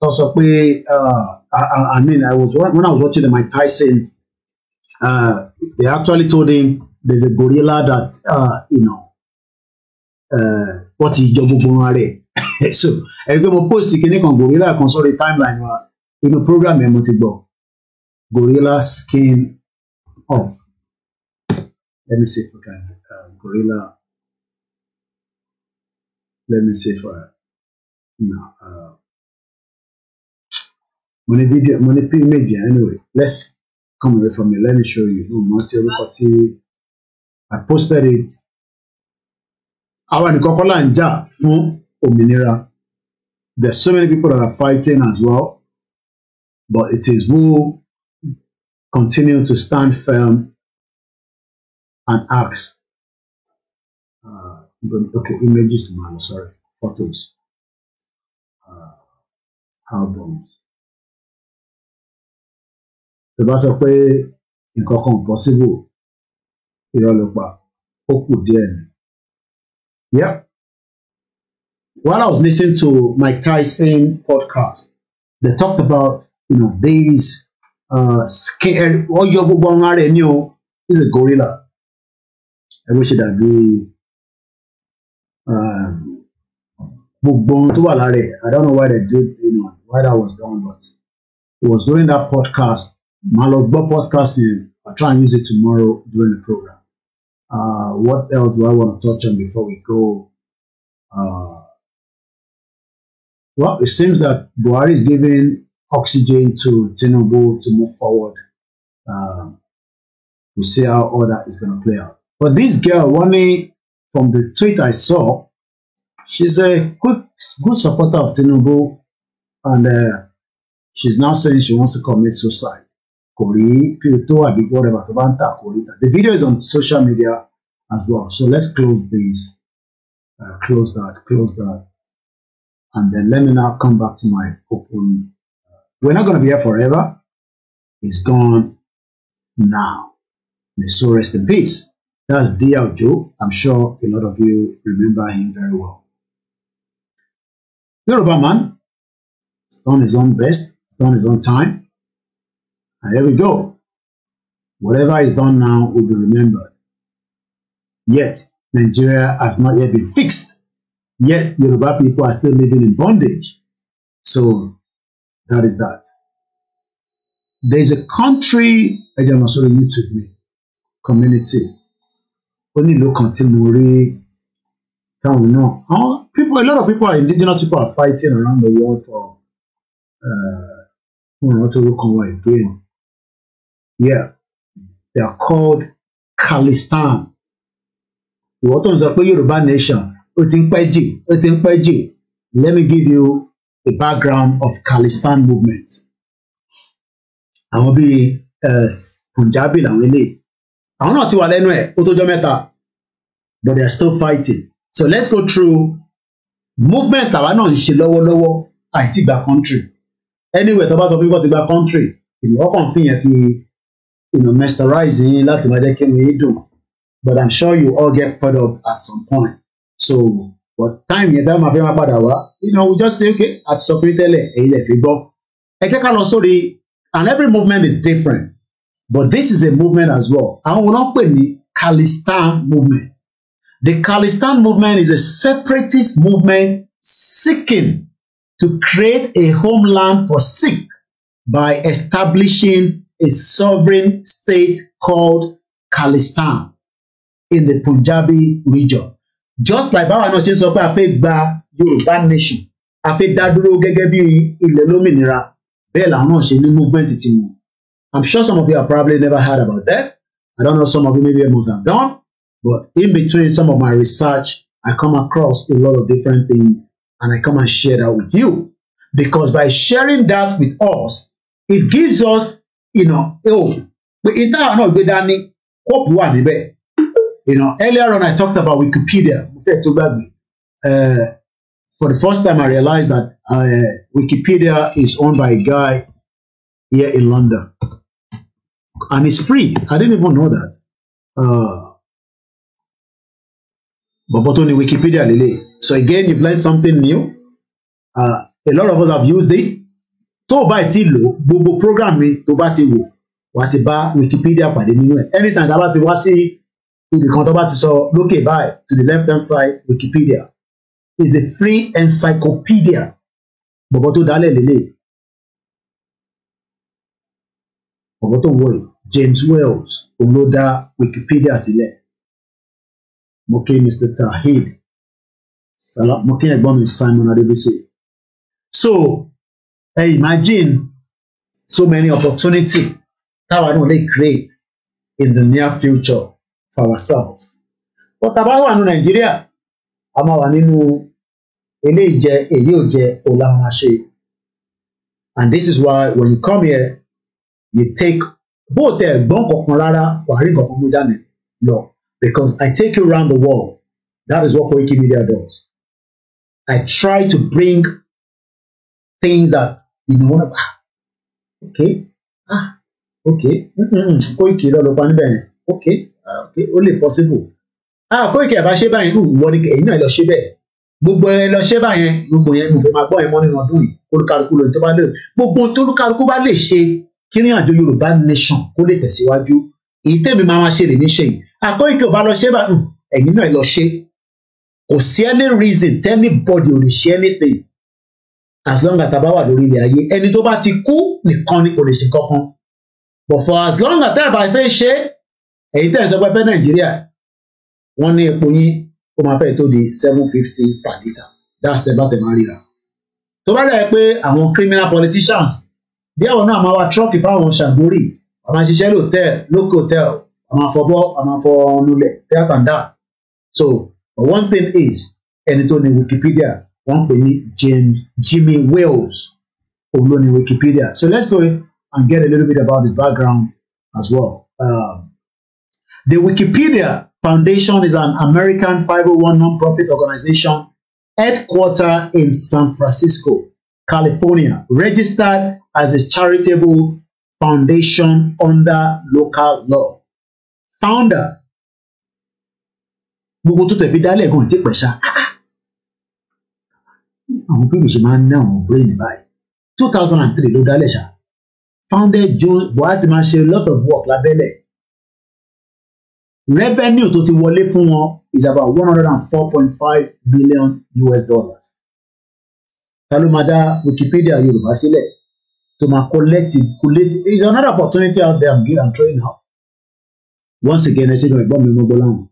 tó sọ pé uh, I mean I was when I was watching the Mike Tyson uh, they actually told him there's a gorilla that uh, you know uh, wọ́n ti jọ gbogbo wọn rẹ̀ (laughs) so ẹ̀rí pé mo post kinní kan gorilla kan sorry, timeline wa inú program yẹn mo ti gbọ́ gorilla skin off let me see if I can uh, gorilla let me see if I. No. Uh, money video, money pay media. Anyway, let's come away from here. Let me show you. Oh, I posted it. want to là ń jà fún òmìnira. There's so many people that are fighting as well, but it is who continue to stand firm and ask. Uh, okay, images tomorrow, sorry, photos. albums. tó bá sọ pé nǹkan kan possible irọ́ ló pa ó kù díẹ̀ ni. yeah. While I was listening to Mike Tyson podcast, they talked about you know these uh, scared. scare ọyọ gbogbo ọrùn ara ẹ ní o he's a gorilla ẹ bó ṣe dàbí um, gbogbo tó i don't know why they did you know why that was done but it was during that podcast My lọ but podcasting. i try and use it tomorrow during the program uh, what else do i want to touch on before we go uh, well it seems that Buhari is giving oxygen to Tinubu to move forward um, we'll see how all that is going to play out but this girl one from the tweet i saw She's a good, good supporter of Tinubu, and uh, she's now saying she wants to commit suicide. Kori, Kirito, whatever, Korita. The video is on social media as well. So let's close this. Uh, close that, close that. And then let me now come back to my open. Uh, we're not going to be here forever. It's gone now. May so rest in peace. That's D.L. Joe. I'm sure a lot of you remember him very well. Yoruba man. He's done his own best. He's done his own time. And here we go. Whatever is done now will be remembered. Yet, Nigeria has not yet been fixed. Yet, Yoruba people are still living in bondage. So, that is that. There's a country, I don't know, sorry, YouTube me, community. Only look until Marie town now. All people, a lot of people, are indigenous people are fighting around the world for, uh, you to look on what Yeah, they are called Khalistan. Ìwọ tó ń sọ pé Yorùbá nation ó ti ń pẹ́ jù ó ti ń pẹ́ jù let me give you a background of Khalistan movement. Àwọn bíi uh, Punjabi làwọn eléyìí. Àwọn náà ti wà lẹ́nu ẹ̀ ó tó jọ mẹ́ta but they are still fighting so let's go through movement àwa náà ń ṣe lọ́wọ́lọ́wọ́ àìtí gba country anyway tó bá sọ fún yín ti gba country ìlú ọkàn fi yẹn fi mesterize yín láti máa jẹ́ kí ni yín dùn but i'm sure you all get fed up at some point so but time yẹn dáhùn máa fi máa padà wá you know we just say okay àti sọ fún yín tẹ́lẹ̀ èyí lè fi gbọ́ ẹ jẹ́ ká lọ sórí and every movement is different but this is a movement as well àwọn wọn pè ní Khalistan movement The Khalistan movement is a separatist movement seeking to create a homeland for Sikh by establishing a sovereign state called Khalistan in the Punjabi region. Just like báwa náà ṣe ń sọ pé a fẹ́ gba Yorùbá nation a fẹ́ dá dúró gẹ́gẹ́ bí ilẹ̀ lómìnira bẹ́ẹ̀ làwọn náà ṣe ní movement tiwọn. I'm sure some of you have probably never heard about that. I don't know some of you maybe must have But in between some of my research, I come across a lot of different things and I come and share that with you. Because by sharing that with us, it gives us, you know, oh, But in hope what You know, earlier on I talked about Wikipedia. Uh, for the first time, I realized that uh, Wikipedia is owned by a guy here in London. And it's free. I didn't even know that. Uh, bọ̀bọ̀ tó ní Wikipedia lele. so again you've learned something new uh, a lot of us have used it tó o bá ti lò gbogbo program mi tó bá ti wò wàá ti bá Wikipedia pàdé nínú ẹ̀ anytime tá a bá ti wá sí ibìkan tó bá ti sọ lókè báyìí to the left hand side Wikipedia is a free encyclopedia bọ̀bọ̀ tó dálẹ̀ lélẹ̀ bọ̀bọ̀ tó wọ̀ yìí James Wells òun ló dá Wikipedia sílẹ̀. Si mo mr tahid salam mo kí ẹ̀gbọ́n mi simon adébísí so ẹ hey, imagine so many opportunity táwa náà lè create in the near future for ourselves but tá a bá wà ní nàìjíríà a máa wà nínú eléyìí jẹ èyí ò jẹ ọlá and this is why when you come here you take both o tẹ ẹ̀gbọ́n kankan rárá wàá rí kankan mú dání lọ because I take you around the world. That is what Koiki Media does. I try to bring things that you know. about. Okay, ah, okay. Mm-hmm. Koiki lọ́lọ́pàá níbẹ̀ yẹn. Okay, ah, okay. Only possible. Ah, Koiki ẹ̀ bá ṣe báyìí. Ìwọ ni èyí náà lọ ṣe bẹ́ẹ̀ gbogbo ẹ lọ ṣe báyẹn gbogbo yẹn mo fẹ́ máa gbọ́ ẹ mọ́ nínú ọdún yìí olùkàlùkù lóyún tó bá lè gbogbo tólùkàlùkù bá lè ṣe kí ní àjọ Yorùbá nation kó lè tẹ̀síwájú èyí tèmi máa máa ṣe lè ní ṣe yìí àkóyíkè ò bá lọ ṣe bá hmm. ẹ̀yin náà lọ ṣe kò sí any reason anybody ò lè ṣe anything as long as tàbá wà lórí ilẹ̀ ayé ẹni tó bá ti kú nìkan ni kò lè ṣe kankan but for as long as tẹ́ẹ̀bà fẹ́ ṣe èyí tẹ́ ẹ̀ sọ pé fẹ́ nàìjíríà wọ́n ní epo yín ó máa fẹ́ tó di seven fifty per litre that's the bàtẹ̀ máa ríra tó bá dẹ̀ pé àwọn criminal politicians bí àwọn náà máa wá trọ́ọ̀kì fáwọn ṣàgbórì àwọn àṣìṣe lòtẹ́ẹ̀lì lókè hòtẹ́ẹ̀lì a máa fọ bọ́ a nulẹ̀ that and that so one thing is and it's ní Wikipedia One, thing ní James Jimmy Wales only ló Wikipedia so let's go and get a little bit about his background as well. Um, the Wikipedia Foundation is an American 501 nonprofit organization headquartered in San Francisco, California, registered as a charitable foundation under local law. founder gbogbo tó tẹ̀fi dálẹ̀ gan ti pẹ̀ṣá àwọn pípì ṣe máa ń ná àwọn brain báyìí two thousand and three ló dálẹ̀ ṣá founded Jones Buhari ti máa ṣe a lot of work lábẹ́lẹ̀ revenue tó ti wọlé fún wọn is about one hundred and four point five billion US dollars ta ló máa dá Wikipedia Yorùbá sílẹ̀ tó máa collect collect is another opportunity out there I'm, giving I'm throwing out Once again, I said,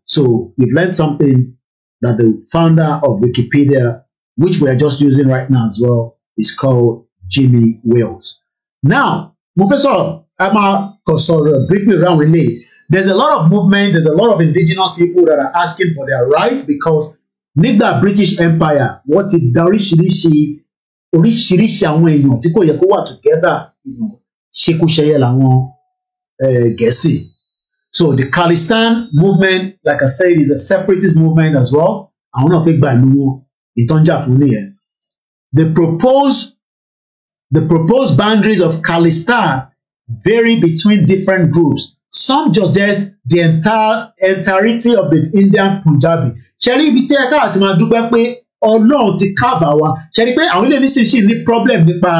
so you've learned something that the founder of Wikipedia, which we are just using right now as well, is called Jimmy Wales. Now, Professor Emma Kosoro briefly around with me. There's a lot of movements, there's a lot of indigenous people that are asking for their rights because nígbà British Empire, what ti da oríṣiríṣi oríṣiríṣi àwọn èèyàn tí kò yẹ kó wà together ṣekúṣẹyẹ làwọn eh, Gẹ̀ẹ́sì So the Khalistan movement, like I said, is a separatist movement as well. Àwọn náà fẹ́ gba ìlú wọn ìtọ́jà fún nìyẹn. The proposed the proposed boundaries of Khalistan vary between different groups. Some suggest the entire entirety of the Indian Punjabi. Ṣẹ́rí ibi tí out? àti máa dúpẹ́ pé Ọlọ́run ti Shall we? Ṣẹ́rí pé àwọn ilé nísinsìnyí ní problem nípa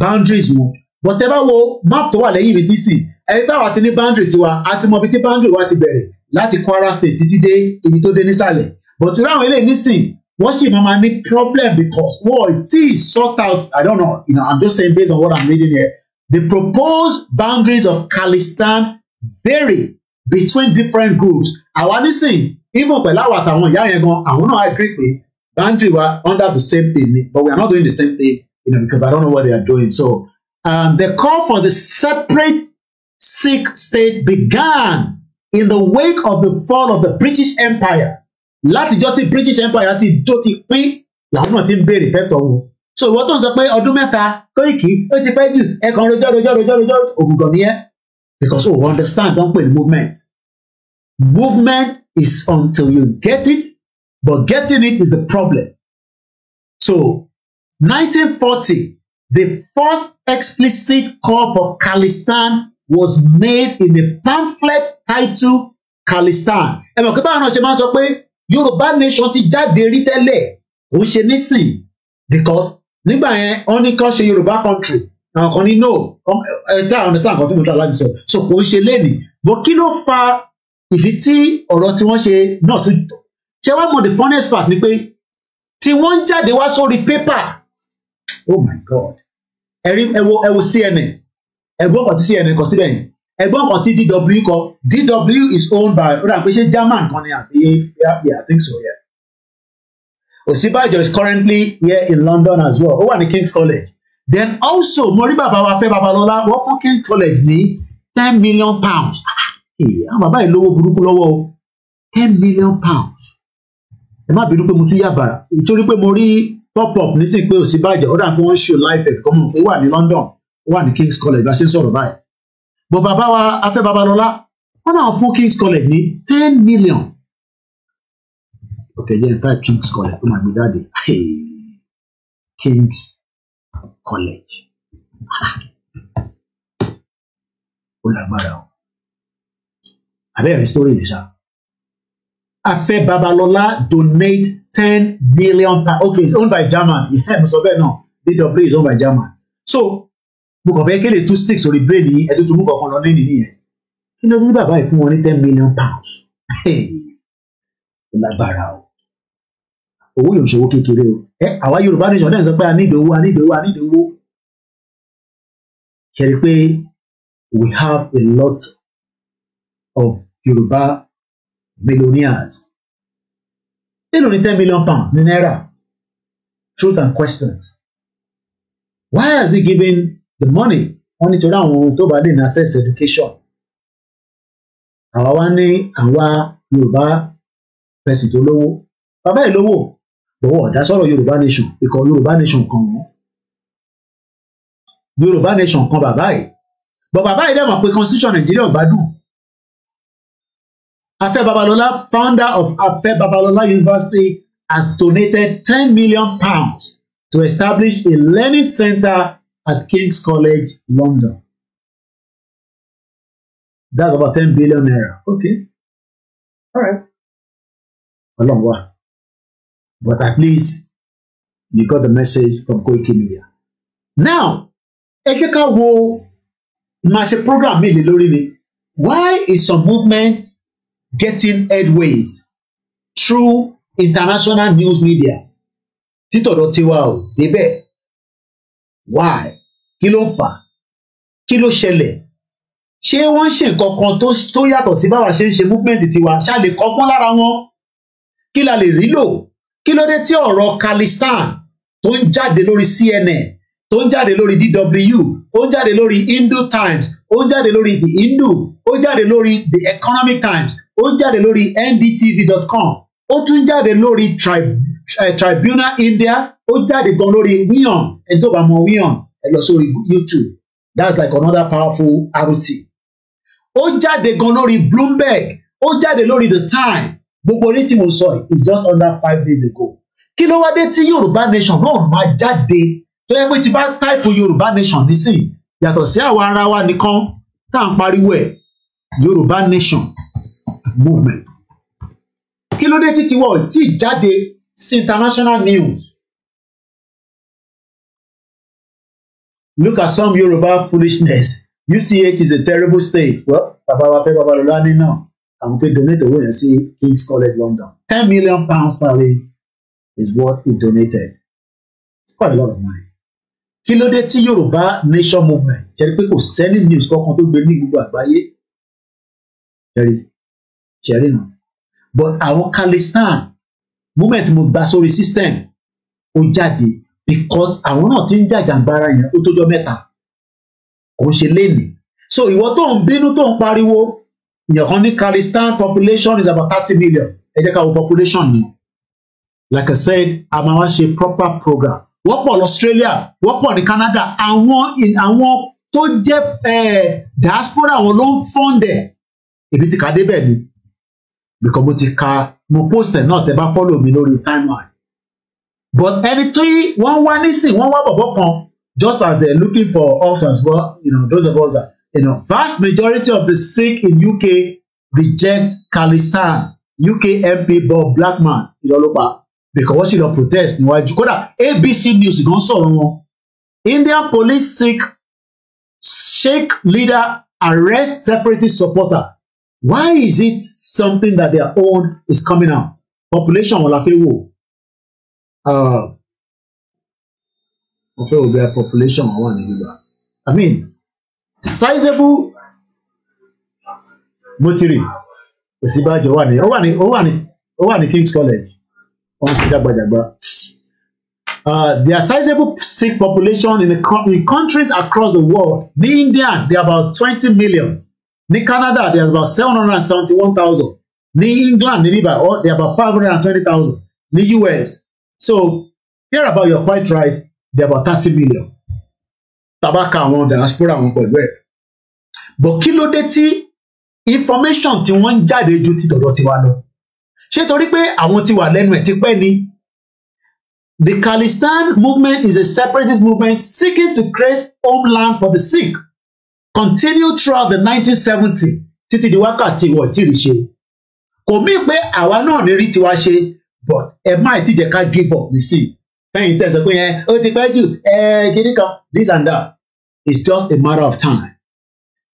boundaries wọn. Whatever bá map to what they even nísìnyí ẹni pé àwa ti ní boundary tiwa a ti mọ ibi tí boundary wa ti bẹ̀rẹ̀ láti Kwara state títí dé ibi tó dé nísàlẹ̀ but irú àwọn eléyìí nísìn wọ́n sì máa ní problem because wọ́n tí ì sort out I don't know, you know I'm just saying based on what I'm reading here the proposed boundaries of Khalistan vary between different groups àwa nísìn even pẹ̀lú àwọn àtàwọn ìyá yẹn gan àwọn náà agree pé boundary wa under the same thing but we are not doing the same thing you know because I don't know what they are doing so um, they call for the separate Sikh state began in the wake of the fall of the British Empire látijọ́ tí British Empire ti tó ti pín làwọn náà ti ń béèrè fẹ́tọ̀ wọn so ìwọ tó ń sọ pé ọdún mẹ́ta Koiki ó ti pẹ́ jù ẹ̀kan rojọ́ rojọ́ rojọ́ rojọ́ ògùngàn nìyẹn because we understand don pè ní movement movement is until you get it but getting it is the problem so 1940 the first explicit call for Khalistan was made in a pamphlet titled "Kalistan." ẹ mọ̀ pé báwọn náà ṣe máa ń sọ pé Yorùbá nation ti jáde rí tẹ́lẹ̀ ó ṣe nísìn because nígbà yẹn wọ́n ní kàn ṣe Yorùbá country àwọn kan ní no ẹ tá àwọn ọ̀nẹ́sàn kan tí mo tọ́ láti sọ so kò ń ṣe lẹ́nìí bó kí ló fa ìdí tí ọ̀rọ̀ tí wọ́n ṣe náà tún ṣe wá mọ̀ the funnest part ni pé tí wọ́n ń jáde wá sórí paper, oh my god ẹ wo ẹ wo CNN ẹ̀gbọ́n kan ti cnn kọ síbẹ̀ yẹn ẹ̀gbọ́n kan ti dw kọ dw is owned by ó dàbí pé ṣé german kan ni àbí yeah i think so yeah. Osibajo is currently here in London as well ó wà ní King's College then also mo rí bàbá wa fẹ́ Babalọ́lá wọ́n fún King's College ní ten million pounds ah, àwọn bàbá yìí lówó burúkú lọ́wọ́ o ten million pounds ẹ má bínú pé mo tún yàbàrà nítorí pé mo rí pop up nísìnyí pé Osibajo ó dà pé wọ́n ń ṣe live ẹ̀ kọ́mọ̀ ó wà ní London ó wà ní King's College bá ṣe ń sọ̀rọ̀ báyìí bọ̀ bàbá wa Afẹ́ Babalọ́lá wọ́n náà fún King's College ní ten million ok yẹn type King's College ó máa gbé jáde King's College (laughs) ó lágbára o àbẹ́rẹ́ story yìí ṣá Afẹ́ Babalọ́lá donate ten million pounds okay it's owned by German yeah (laughs) mo sọ bẹ́ẹ̀ náà BW is owned by German so mo kàn fẹ́ kéde two sticks orí bírèdì yín ẹtú tó mú kankan lọ lẹ́yìn nìyẹn kí ló dé bàbá yìí fún wọn ní ten million pounds lágbára o owó yóò ṣòwò kékeré o ẹ àwa Yorùbá nation náà sọ pé a ní ìdòwò a ní ìdòwò a ní ìdòwò ṣe pé we have a lot of Yorùbá millionaires nínú ní ten million pounds ní náírà truth and questions why has he given the money wọn nítorí àwọn ohun tó bá lè ní access education àwa wá ní àwa yorùbá person tó lówó bàbá ẹ lówó bọ̀wọ̀ ọ̀dá sọ̀rọ̀ yorùbá nation ikọ̀ yorùbá nation kan wọ́n yorùbá nation kan bàbá ẹ̀ bọ̀ bàbá ẹ̀ dẹ̀ mọ̀ pé constitution Nigeria. ò gbádùn Afẹ́ Babalọlá founder of Afẹ́ Babalọlá University has donated ten million pounds to establish a learning center at King's College, London. That's about 10 billion naira. Okay. All right. Along what? But at least you got the message from Koiki Media. Now, ẹ jẹ́ wo máa program mi lè Why is some movement getting headways through international news media? Tito tiwa ò débẹ̀. Why? kí ló ń fà á kí ló ṣẹlẹ̀ ṣé wọ́n ń ṣe nǹkan kan tó yàtọ̀ sí báwa ṣe ń ṣe movement tiwa ṣáàlè kọ́gbọ́n lára wọn kí la lè rí lò kí ló dé tí ọ̀rọ̀ Khalistan tó ń jáde lórí CNN tó ń jáde lórí DW ó ń jáde lórí Hindu Times ó ń jáde lórí The Hindu ó jáde lórí The Economic Times ó jáde lórí ndtv.com ó tún jáde lórí tri, eh, Tribunal India ó jáde gan lórí wiyan ẹni tó mọ wiyan ẹ lọ sórí YouTube that's like another powerful RT ó jáde gan lórí Bloomberg ó jáde lórí The Time gbogbo orí tí mo sọ yìí is just under five days ago kí ló wá dé tí Yorùbá Nation náà máa jáde tó yẹ pé tí bá táìpù Yorùbá Nation nísìnyí yàtọ̀ sí àwọn ara wa nìkan tá à ń pariwo ẹ̀ Yorùbá Nation movement kí ló dé tí tiwọ̀ tí jáde sí international news look at some Yoruba foolishness UCH is a terrible state well bàbá wa fẹ́ Babalọlá now. náà àwọn fẹ́ donate owó yẹn sí King's College London ten million pounds sterling is what he donated it's quite a lot of money kí ló dé tí Yorùbá nation movement jẹ́rìí pé kò sẹ́ni news kankan tó gbé ní gbogbo àgbáyé jẹ́rìí jẹ́rìí náà but àwọn Kalistan movement mo gba sórí system ó jáde because àwọn náà ti ń jàjàǹgbara yẹn ó tójọ́ mẹ́ta kò ń ṣe léèmí so ìwọ tó ń bínú tó ń pariwo èèyàn ní Khalistan population is about thirty million ẹ jẹ́ ká wo population yẹn like I said a máa wá ṣe proper program wọ́pọ̀ l'Australia wọ́pọ̀ ní Canada àwọn àwọn tó jẹ́ eh, diaspora àwọn ló ń fọ́ndẹ̀ èmi ti kà débẹ̀ ni because mo ti ka mo post ẹ̀ náà tẹ́ bá follow mi lórí timeline but ẹni tí wọ́n wá nísìn wọ́n wá bọ̀bọ̀ kan just as they are looking for us as well you know those of us that you know vast majority of the sick in UK reject Calistan UK MP Bob Blackman ìlọlọpa because wọ́n ṣì lọ protest níwájú kódà ABC News gan sọ̀rọ̀ wọn Indian police sick Sheikh leader arrest separatist supporter why is it something that their own is coming out population wọn la fẹ́ wò Uh, mo fẹ́ wo bí population wọn one ní gbígbà i mean sizable motiri kò see by wà ní ó wà ní ó wà ní ó wà ní King's College wọn sì Uh, they are sizable Sikh population in, the co in countries across the world. The India, they are about 20 million. In Canada, there are about 771,000. In England, they are about 520,000. In the US, so here about you're quite right There about thirty million tabaka àwọn diaspora wọn pẹ̀lú ẹ̀ but kí ló dé tí information tí wọ́n ń jáde ju ti dọ̀dọ̀ tiwa lọ ṣé torí pé àwọn ti wà lẹ́nu ẹ̀ tipẹ́ ni the Khalistan movement is a separatist movement seeking to create homeland for the sick continue throughout the 1970 s títí di wákàtí ìwọ̀ntí ìrìṣe kò mí pé àwa náà ní rí tiwa ṣe but ẹ má ì tíjẹ ká give up You see, fẹ́yìn tẹ̀sán pé yẹn ó ti pẹ́ jù ẹ kiri kan this and that it's just a matter of time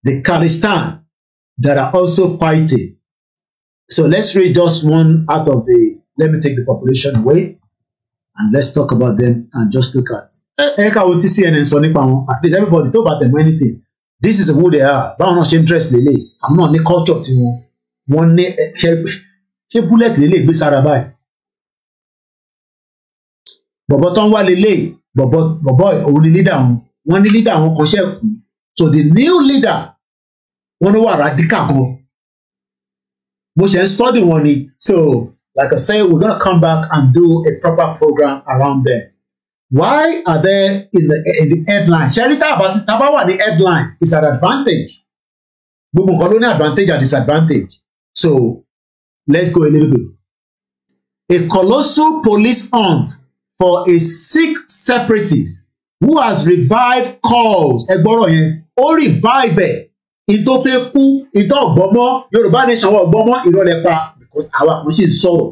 the Khalistan that are also fighting so let's read just one out of the let me take the population away and let's talk about them and just look at ẹ ká wo tí CNN sọ nípa wọn at least everybody talk about them. mọ́ anything this is who they are báwọn náà ṣe ń dress lélẹ̀ àwọn náà ní culture tiwọn wọ́n ní ṣe bullet lélẹ̀ gbé sára báyìí bọ̀bọ̀ tó ń wá lélẹ̀ bọ̀bọ̀ bọ̀bọ̀ òun ni leader wọn wọn ní leader wọn kan ṣẹ́kù so the new leader wọn ló wà radical gan mo ṣe ń study wọn ni so like I say we're gonna come back and do a proper program around them why are they in the, in the headline ṣẹ́rí tábà wà ní headline is an advantage gbogbo nǹkan ló ní advantage and disadvantage so let's go a little bit a colossal police hunt for a sick separatist who has revived cause ẹgbọ́rọ̀ yẹn ó revive ẹ̀ ìtò fẹ́ kú ìtò ọ̀gbọ́mọ́ Yorùbá nation wọ́n ọ̀gbọ́mọ́ ìrọ̀lẹ́ pa because àwa kò ṣe ń sọ̀rọ̀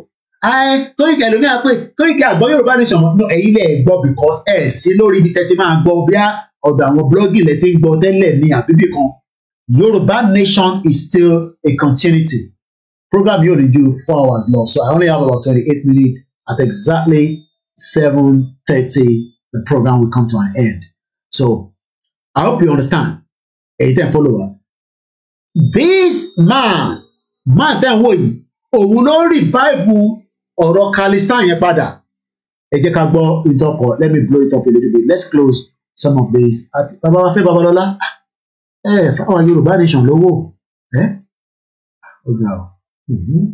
ẹ Koiki ẹlòmíràn pé Koiki àgbọ̀ Yorùbá nation no ẹ̀yin lẹ̀ gbọ́ because ẹ̀ sí lórí ibi tẹ́tí máa gbọ́ bíá ọ̀dọ̀ àwọn blọ́gì lẹ ti ń gbọ́ tẹ́lẹ̀ ní àbíbí kan Yorùbá nation is still a continuity program yóò ní ju four hours lọ so I only have about twenty-eight minutes at exactly 7.30, the program will come to an end. So I hope you understand. Èyí tẹ̀ This man, man then ń wò yìí, òun ló revive ọ̀rọ̀ Khalistan yẹn let me blow it up a little bit, let's close some of these. Baba Àti baba lola. Eh, Babalọ́lá, ẹ fáwọn Yorùbá nation lówó. Ẹ ọ̀gá Hmm.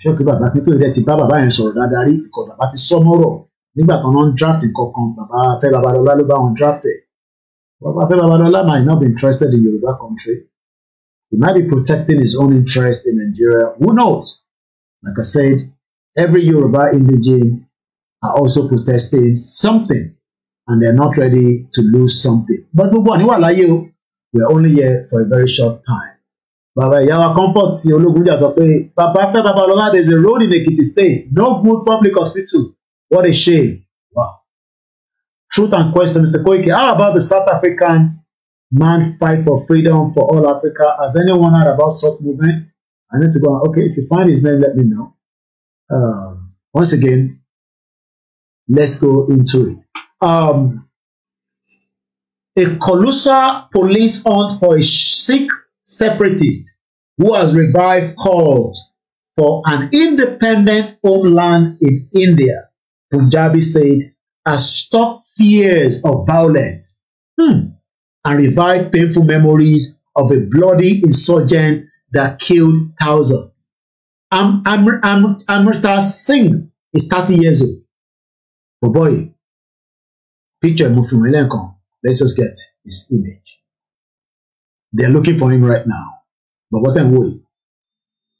sure pé bàbá pípé rẹ ti bá bàbá yẹn sọ̀rọ̀ dáadáa rí because bàbá ti sọ mọ́rọ̀ nígbà kan náà draft kankan bàbá Fẹ́ Babalọ́lá ló bá wọn draft ẹ̀ bàbá Fẹ́ Babalọ́lá might not be interested in Yorùbá country he might be protecting his own interest in Nigeria who knows like I said every Yorùbá indigene are also protesting something and they are not ready to lose something but gbogbo àníwá o we are only here for a very short time. bàbá ìyáwá comfort ti ológunjà sọ pé bàbá fẹ́ bàbá ọlọ́lá there is a road in Ekiti state no good public hospital what a shame wow truth and question Mr. Koiki how about the South African man fight for freedom for all Africa has anyone heard about such movement I need to go on. okay if you find his name let me know um, once again let's go into it. Um, a Colusa police hunt for a Sikh separatist who has revived calls for an independent homeland in India, Punjabi state, has stopped fears of violence hmm, and revived painful memories of a bloody insurgent that killed thousands. Am, Am, Am, Amrita Singh is 30 years old. But boy, picture Mufimu Let's just get his image. They're looking for him right now. But what ń wò One,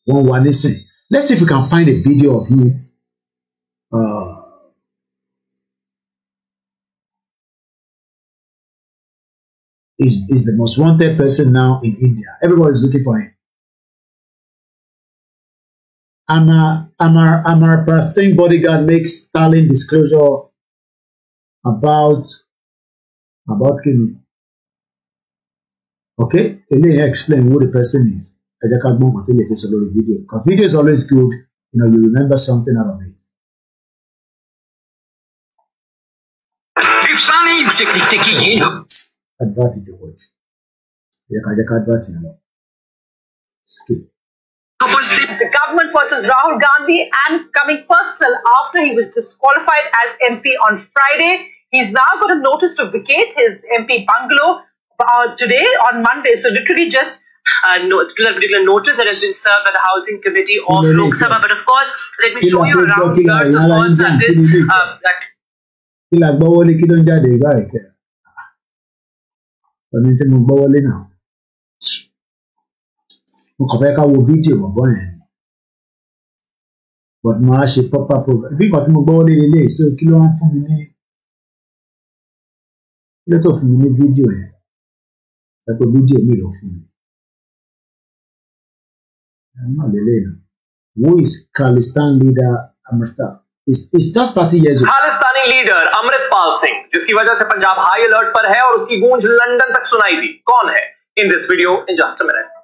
one wà nísìn let's see if we can find a video of him. Uh, is, is the most wanted person now in India. Everybody is looking for him. Amar Amar Amar Singh bodyguard makes Stalin disclosure about about Kim. okay and then I explain who the person is I just can't move until it's a sọ lórí video. because video is always good you know you remember something out of it. Efsane yükseklikteki yeni... I video koymuş. Yakacak advert yani. Skip. The government versus Rahul Gandhi and coming personal after he was disqualified as MP on Friday. He's now got a notice to vacate his MP bungalow uh, today on Monday. So literally just uh, no, to that particular notice that has been served by the Housing Committee of Very Lok Sabha. But of course, let me show you around So, of this. Uh, kí kí kẹ́ mo mo but mo á program bí mo so kilo ló wá ń fún mi ní ẹ pé fídíò mi lọ fún mi náà lélẹ́yìn náà who is Khalistan leader Amrita is is just thirty years old. Khalistani leader Amritpal Singh जिसकी वजह से Punjab high alert पर है और उसकी गूंज London तक सुनाई दी कौन है in this video in just minute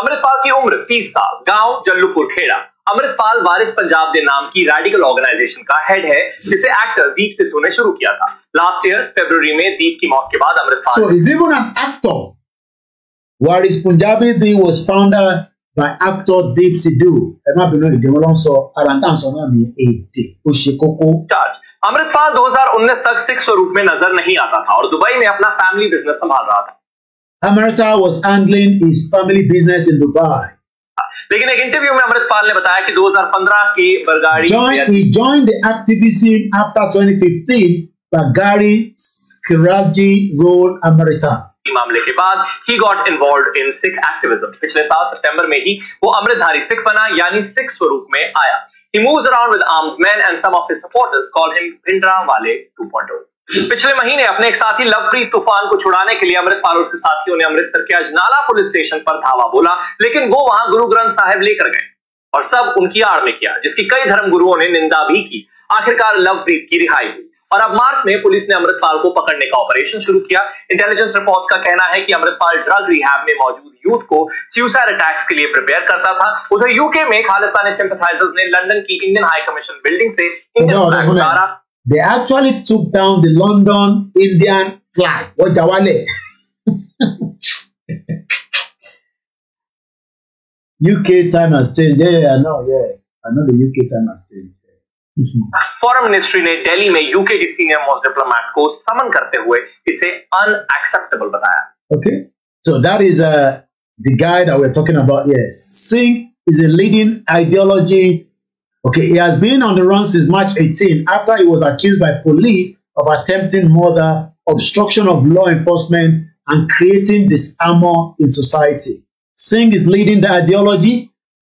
Amritpal की उम्र 30 साल गांव जल्लूपुर खेड़ा अमृतपाल वारिस पंजाब के नाम की रेडिकल ऑर्गेनाइजेशन का हेड है जिसे एक्टर दीप सिद्धू ने शुरू किया था लास्ट ईयर फेब्रुवरी में दीप की मौत के बाद Amritpal so is even an actor Whereas Punjabi D was founded by actor Deep Sidhu. Ẹ má bínú èdè wọn ló ń sọ ara ń tà ń sọ náà ní èdè ó ṣe kókó. Amritpal 2019 तक सिख स्वरूप में नजर नहीं आता था और दुबई में अपना फैमिली बिजनेस संभाल रहा था Amrita was handling his family business in Dubai. लेकिन एक इंटरव्यू में अमृतपाल ने बताया कि 2015 के Bargari Join, he joined the activism after 2015 Bagari Skirabji Road, Amrita. मामले के बाद ही got involve in Sikh activism पिछले साल सितंबर में ही वो अमृतधारी सिख बना यानी सिख स्वरूप में आया He moves around with armed men and some of his supporters call him Bhindra Wale 2.0. पिछले महीने अपने एक साथी लवप्रीत तूफान को छुड़ाने के लिए अमृतपाल और उसके साथियों ने अमृतसर के अजनाला पुलिस स्टेशन पर धावा बोला लेकिन वो वहां गुरु ग्रंथ साहिब लेकर गए और सब उनकी आड़ में किया जिसकी कई धर्म गुरुओं ने निंदा भी की आखिरकार लवप्रीत की रिहाई हुई और अब मार्च में पुलिस ने अमृतपाल को पकड़ने का ऑपरेशन शुरू किया इंटेलिजेंस रिपोर्ट्स का कहना है कि अमृतपाल ड्रग रिहैब में मौजूद यूथ को सुसाइड अटैक्स के लिए प्रिपेयर करता था उधर यूके में खालिस्तानी सिंपथाइजर्स ने लंदन की इंडियन हाई कमीशन बिल्डिंग से Indian They actually took down the London Indian flag. What Jawale? UK time has changed. Yeah, yeah, I know. Yeah, I know the UK time has changed. Foreign ministry ने दिल्ली में UK की senior most diplomat को summon करते हुए इसे unacceptable बताया okay so that is the guy that we are talking about here Singh is a leading ideology Okay, he has been on the run since March 18 after he was accused by police of attempting murder, obstruction of law enforcement, and creating disarmor in society. Singh is leading the ideology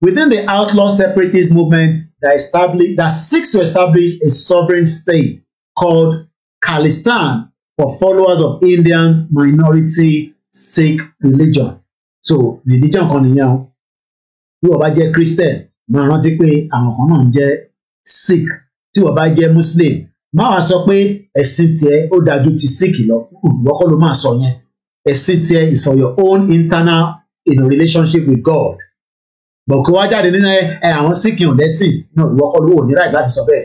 within the outlaw separatist movement that establish that seeks to establish a sovereign state called Khalistan for followers of Indians minority Sikh religion. So religion kan nìyẹn o. Bí wọ́n Christian, ma rántí pé àwọn kan náà ń jẹ́ Sikh. Tí wọ́n bá jẹ́ Muslim, ma wa sọ pé ẹ̀sìn tiẹ̀ ó dájú ti Sikh lọ. Hmm, ìwọ kọ́ ló máa sọ yẹn. Ẹ̀sìn tiẹ̀ is for your own internal you know, relationship with God bọ̀ kí wá jáde nínú ẹ àwọn síkì ò lẹ́sìn náà ìwọ kọ́ ní right láti sọ bẹ́ẹ̀.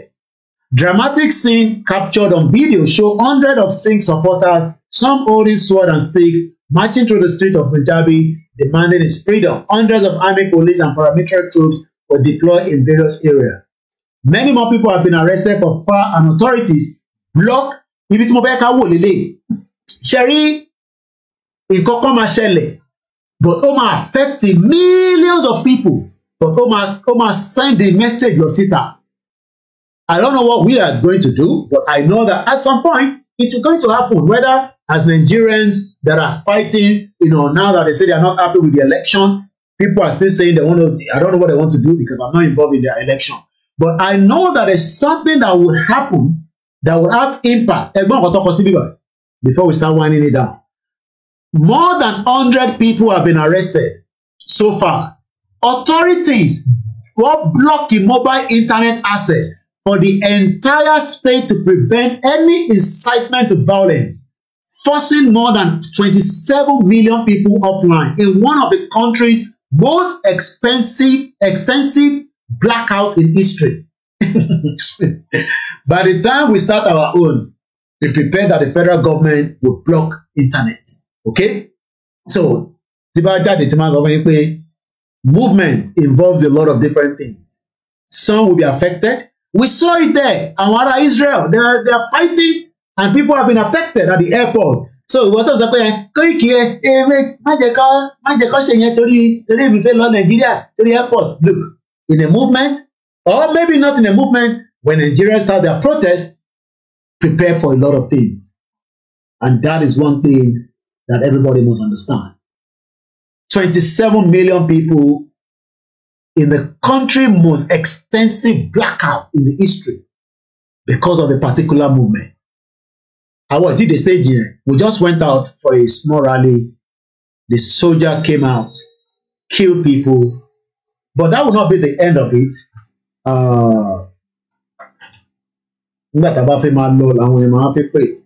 dramatic scene captured on video show hundreds of Singh supporters some holding sword and sticks marching through the streets of Punjabi demanding his freedom hundreds of army police and paramilitary troops were deployed in various areas. many more people have been arrested for far, and authorities block ibi tí mo fẹ́ ká wò lélẹ̀ ṣe rí nǹkan kan máa ṣẹlẹ̀ but ó máa millions of people but ó máa ó send the message lọ sita. I don't know what we are going to do but I know that at some point it's going to happen whether as Nigerians that are fighting you know now that they say they are not happy with the election people are still saying they want to I don't know what they want to do because I'm not involved in their election but I know that there's something that will happen that will have impact before we start winding it down More than 100 people have been arrested so far. Authorities were blocking mobile internet access for the entire state to prevent any incitement to violence, forcing more than 27 million people offline in one of the country's most expensive, extensive blackout in history. (laughs) By the time we start our own, we prepare that the federal government will block internet. okay so the bá jáde tí movement involves a lot of different things some will be affected we saw it there and Israel they are they are fighting and people have been affected at the airport so what tó ń sọ pé Koiki ẹ ẹ má jẹ kó má jẹ kó ṣe airport look in a movement or maybe not in a movement, when Nigerians start their protest, prepare for a lot of things. And that is one thing that everybody must understand. 27 million people in the country most extensive blackout in the history because of a particular movement. I was at the stage here. we just went out for a small rally. The soldier came out, killed people, but that will not be the end of it. Uh, nígbà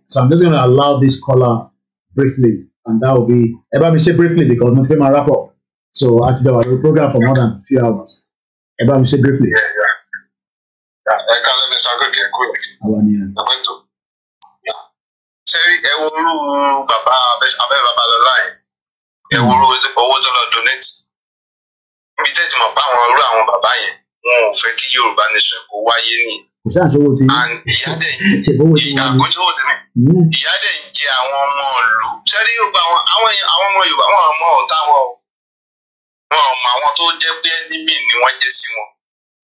So I'm just going to allow this caller briefly and that will be ẹ bá mi ṣe briefly because mo ti fẹ́ wrap up so a ti dọ̀wà program for more than a few hours ẹ bá mi ṣe briefly. ẹ ká lẹ́nu ìṣàkóso ẹ̀kọ́ yìí. àwa ni ẹ. ṣé ẹ wo orú bàbá abẹ́ bàbá lọ́la yìí ẹ wo owó tó lọ donate níbi tẹ́tí mọ̀ bá àwọn orú àwọn bàbá yẹn wọn ò fẹ́ kí Yorùbá nation kó wáyé nìyẹn kò sáà sówó tí. ìyáde ìyàgò sówó tèmi hmm. ìyáde ń jẹ àwọn ọmọ ìlú sẹ́rí yorùbá àwọn àwọn ọmọ yorùbá wọn ọmọ ọ̀tá wọn o wọn ò àwọn tó jẹ́ pé ẹnìmí ni wọ́n jẹ́ sí wọn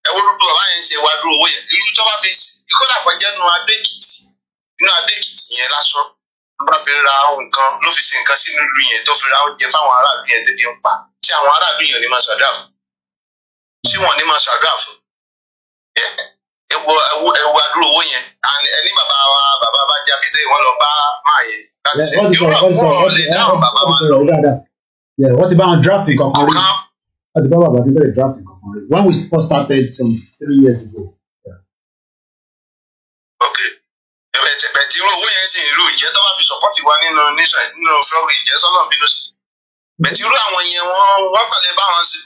ẹ wọ́n dúdú ọ̀la ń ṣe wàá dúró owó yẹn irú tó bá fi kódà kan jẹ́ nu adékìtì inú adékìtì yẹn lásọ tó bá fi ra nǹkan ló fi sin nǹkan sínú ìlú yẹn tó fi ra oúnjẹ fáwọn aráàlú yẹn ẹwọ ẹwọ ẹwọ adúrò owó yẹn ẹni bàbá wa bàbá bá já kété wọn lọ bá máa yẹn láti ṣe yóò rà fún rí wọ́n ti bàbá akíndélé draft nǹkan rí when we first started some three years ago. ok irú owó yẹn sì ń lò bá fi sí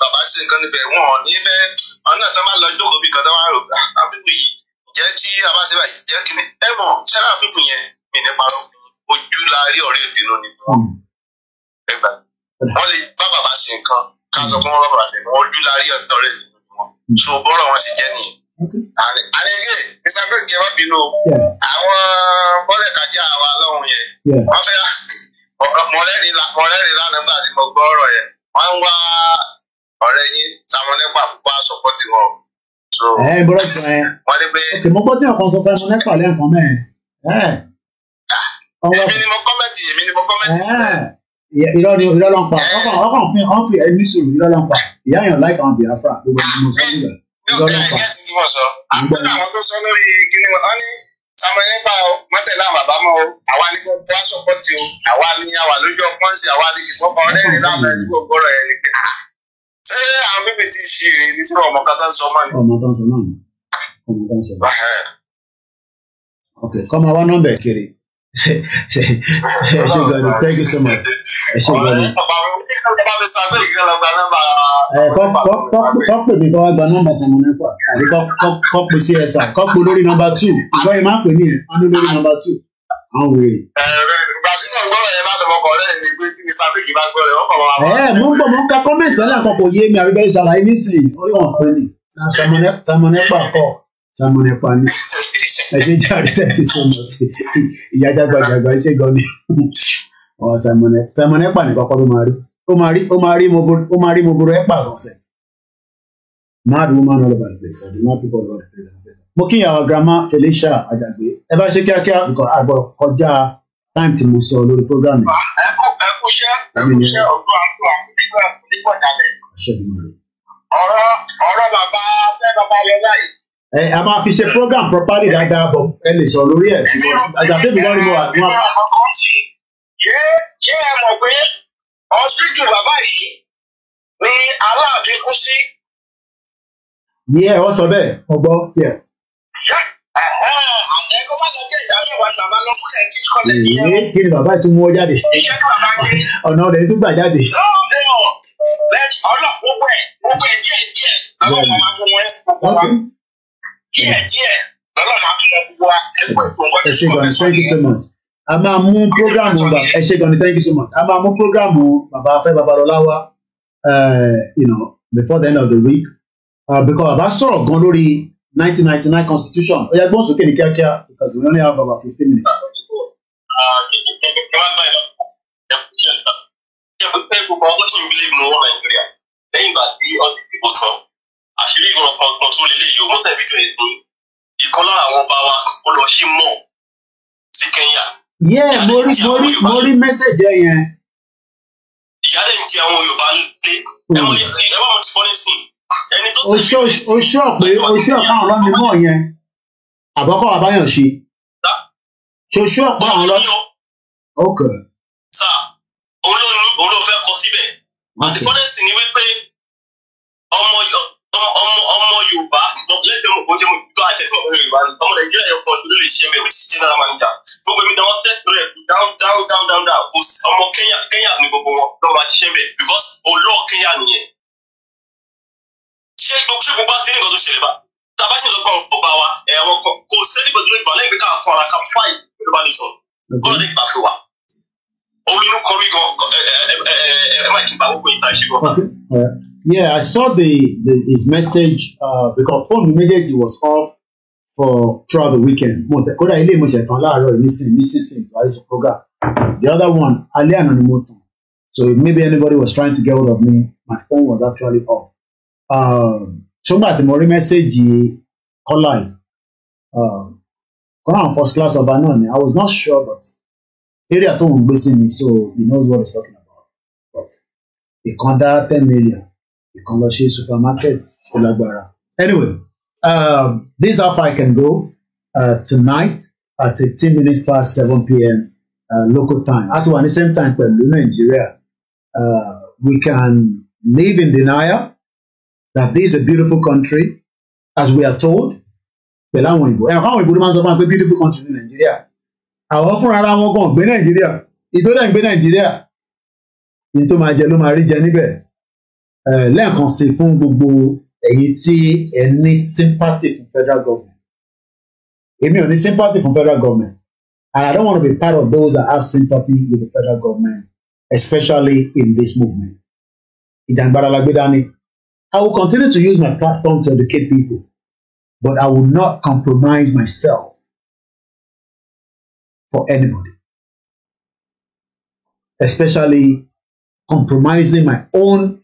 bàbá ṣe nǹkan níbẹ̀ wọ́n ní bẹ́ẹ̀ ọ̀nà tó bá lọ jókòó bí kan tó bá rò á ah, pípù yìí jẹ́ tí a bá ṣe báyìí jẹ́ kí ni ẹ mọ̀ sẹ́ra pípù yẹn mi ní parọ́ ojú la rí ọ̀rẹ́ ìbínú ni hmm. ẹgbà wọ́n lè bá bàbá ṣe nǹkan ká sọ pé wọ́n bá bàbá ṣe nǹkan ojú la rí ọ̀rẹ́ ìbínú wọn hmm. so bọ́rọ̀ wọn ṣe jẹ́ nìyẹn. àlejò mr craig jẹ́ má bínú àwọn bọ́lẹ̀ kájà wa lọ́hùn yẹn wọ́n fẹ́ (laughs) mọ̀lẹ́rìí lánàá nígbà tí mo gbọ́ ọ̀rọ̀ yẹn wọ́n ń wá ọ̀rẹ́ yín táwọn nípa púpọ̀ àsọ̀pọ̀ tí wọn. ẹ bọ́dọ̀ sọ ẹ wọ́n ní pé. òkè mo gbọ́ tí sọ fún nípa lẹ́ẹ̀kan mẹ́ẹ̀. èmi ni mo kọ́mẹ̀tì èmi ni mo kọ́mẹ̀tì. irọ́ ni irọ́ ló ń pa eh. ọkàn fi ọ̀n fi ẹni sùúrù irọ́ ló ń pa ìyá yàn láìka àwọn Biafra gbogbo ẹni mo sọ eh, nígbà eh, irọ́ ló ń pa. àgbẹ̀dẹ̀ ah, àwọn tó sọ lórí kíní wọn ní sàmọ nípa o mọtẹlẹ àwọn bàbá mọ o àwa ni kò tó àsopọ̀ tí o àwa ni àwa lójú ọpọ́nsì àwa ni ìfọkànrẹ́rìn láwọn ẹni gbogbo ọ̀rọ̀ yẹn ni pé ah, ṣé àwọn bíbí ti ṣe rè ní sọ ọmọ kan tó ń sọ ni. ọmọ tó ni ok kọ́ wá nọ́mbà kiri ṣe gbọ́dọ̀ thank you so much ẹ ṣe gbọ́dọ̀. kọ́ pè mí kọ́ wá gba nọ́mbà sàmù nípa àbí kọ́ pè sí ẹ̀ sà kọ́ pè lórí nọ́mbà two ìgbọ́ yìí má pè mí ẹ̀ lórí nọ́mbà two àwọn wèrè. ẹ ẹ mo ń bọ̀ mo ń ka kọ́mẹ̀sì aláǹkan kò yé mi àbíbẹ́ ìṣàlàyé nísìnyí orí wọn pẹ́ ni sàmúnẹ́pà kọ́ sàmúnẹ́pà ni ẹ ṣe jáde tẹ̀lé sọmọ tí ìyá jágbajàgba ṣe gan ni ọ sàmúnẹ́pà ní kọ́kọ́ ló máa rí ó máa rí ó máa rí ó máa rí mo burú ẹ̀ pààrọ̀ ọ̀sẹ̀ mad woman all over mo kí àwọn grandma Felicia Àjàgbé ẹ bá ṣe kíákíá nǹkan àgbọ kọjá time tí mo sọ lórí program yìí. Ah, ẹ kú ẹ kú iṣẹ́ ẹ kú iṣẹ́ ọdún àdúrà nígbà nígbà dalẹ. ọ̀rọ̀ ọ̀rọ̀ bàbá fẹ́ bàbá yọ báyìí. ẹ a máa fi ṣe program properly dáadáa bọ ẹ lè sọ lórí ẹ àjàgbé mi lọ́rùn wa. ṣé ṣé ẹ mọ̀ pé ọ̀sìtìjù bàbá yìí ni aláàfin kú sí. yíyẹ ọ sọ bẹ́ẹ̀ ọgbọ yẹ. Yeah àtẹ kó má sọ pé ìdálẹ́ wa ni bàbá lọ múlẹ̀ kí ni bàbá ìtumọ̀ wọ jáde. ọ̀nà rẹ̀ tún gbà jáde. ẹ ṣe gan thank you so much a máa mú programu ẹ ṣe gan thank you so much a máa mú programu bàbá afẹ́ babalọ́lá wa eh, before the end of the week uh, because bàbá sọ̀rọ̀ gan lórí 1999 ninety nine constitution ó yẹ gbọ́n sókè ní kíákíá because we only have about fifteen minutes. lẹ́yìn ìgbà tí ọtí dìbò tán àṣírí yẹ mo rí mo rí ẹ yẹn. ìyá lè ń àwọn Yorùbá ń lé ẹ má mọ ti fọ́nẹ́sìn ẹni tó sì fi oṣù pé oṣù ọ̀pá àwọn ọlọ́mi mọ̀ yẹn àbọ́kọ̀ àbáyàn ṣe ṣoṣù ọ̀pá àwọn ọlọ́mi. ok. sà òun ló òun ló fẹ́ kọ síbẹ̀ àti fọ́nẹ́sì ni wípé ọmọ ọmọ Yorùbá lẹ́gbẹ̀ẹ́ mọ̀ kọjá mọ̀ Yorùbá àti ẹ̀sìn ọmọ Yorùbá ọmọ Nàìjíríà yẹn fún ọdún lórí ìṣẹ́yẹmẹ wíṣí general manager gbogbo èmi dáwọn tẹ́ lórí ẹ̀kú down down down down down ọmọ Kenya Kenyans ni gbogbo wọn lọ́wọ́ àti ṣẹ́yẹmẹ because olóò Kenya nìyẹn ṣé gbogbo ṣé gbogbo àti nǹkan tó ṣẹlẹ̀ bá tá ṣe ìsọpọ̀ ó bá wa ẹ̀wọ̀n kan kò sẹ́ni pẹ̀lú ìgbà lẹ́yìn pé ká kọ́ ara ká fáì ló bá lè sọ gọ́ọ̀dì gbà fún wa olórí kọrí gan ẹ má kí n bá gbogbo ìta ṣe gan. Yeah, I saw the, the his message uh, because phone immediately was off for throughout the weekend. Mo tẹ̀ kódà ilé ìmọ̀ṣẹ̀ tán láàárọ̀ nísìnyí nísinsìnyí ìwádìí sọ program. The other one, alẹ́ àná ni mo tàn. So maybe anybody was trying to get hold of me, my phone was actually off. Um, ṣùgbọ́n àti mo rí mẹ́sẹ̀gì kọ́lá yìí um, kọ́lá àwọn first class ọba náà ni I was not sure but area tó ń gbé sí ni so he knows what he's talking about but ìkan dá ten million ìkan lọ ṣe supermarket ó lágbára anyway um, this half I can go uh, tonight at eighteen minutes past seven pm uh, local time àti wà ní same time pẹ̀lú Nàìjíríà uh, we can live in denial. that this is a beautiful country as we are told pẹ̀lú àwọn òyìnbó ẹ̀ka àwọn òyìnbó ló máa ń sọ fún wa pé beautiful country ní nàìjíríà àwọn fúnra ara wọn gan gbé nàìjíríà ìtòlẹ̀ ń gbé nàìjíríà ní tó máa jẹ ló máa rí jẹ níbẹ̀ lẹ́ẹ̀kan sí fún gbogbo ẹ̀yin tí ẹ ní sympathy fún federal government èmi ò ní sympathy fún federal government and I don't want to be part of those that have sympathy with the federal government especially in this movement ìjàngbara la gbé dání I will continue to use my platform to educate people, but I will not compromise myself for anybody, especially compromising my own,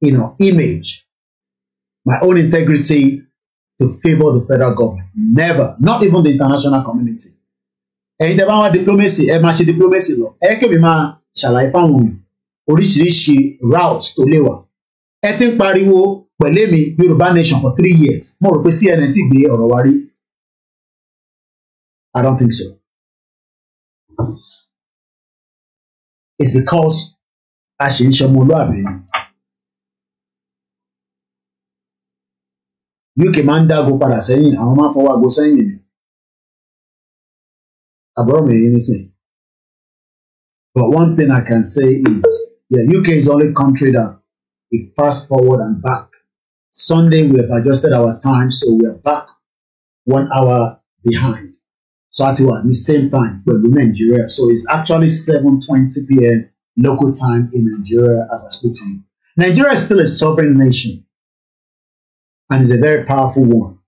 you know, image, my own integrity to favor the federal government. Never, not even the international community. Ẹ̀yin tẹ́ bá wá diplomacy, ẹ máa ṣe diplomacy lọ. Ẹ kébì máa ṣàlàyé fáwọn oríṣiríṣi route tó lè wà ẹ ti ń pariwo pẹ̀lẹ́ mi yorùbá nation for three years mo rò pé cnn ti gbé ọ̀rọ̀ wa rí i don't think so it's because a ṣe ń ṣọmọ olóàbí ni uk máa ń dágo padà sẹ́yìn àwọn máa ń fọwọ́ ago sẹ́yìn àbúrò mi yìí nísìnyí but one thing i can say is the yeah, uk is only country that We fast forward and back. Sunday, we have adjusted our time, so we are back one hour behind. So at the same time, but in Nigeria. So it's actually 7.20 p.m. local time in Nigeria as I speak to you. Nigeria is still a sovereign nation and it's a very powerful one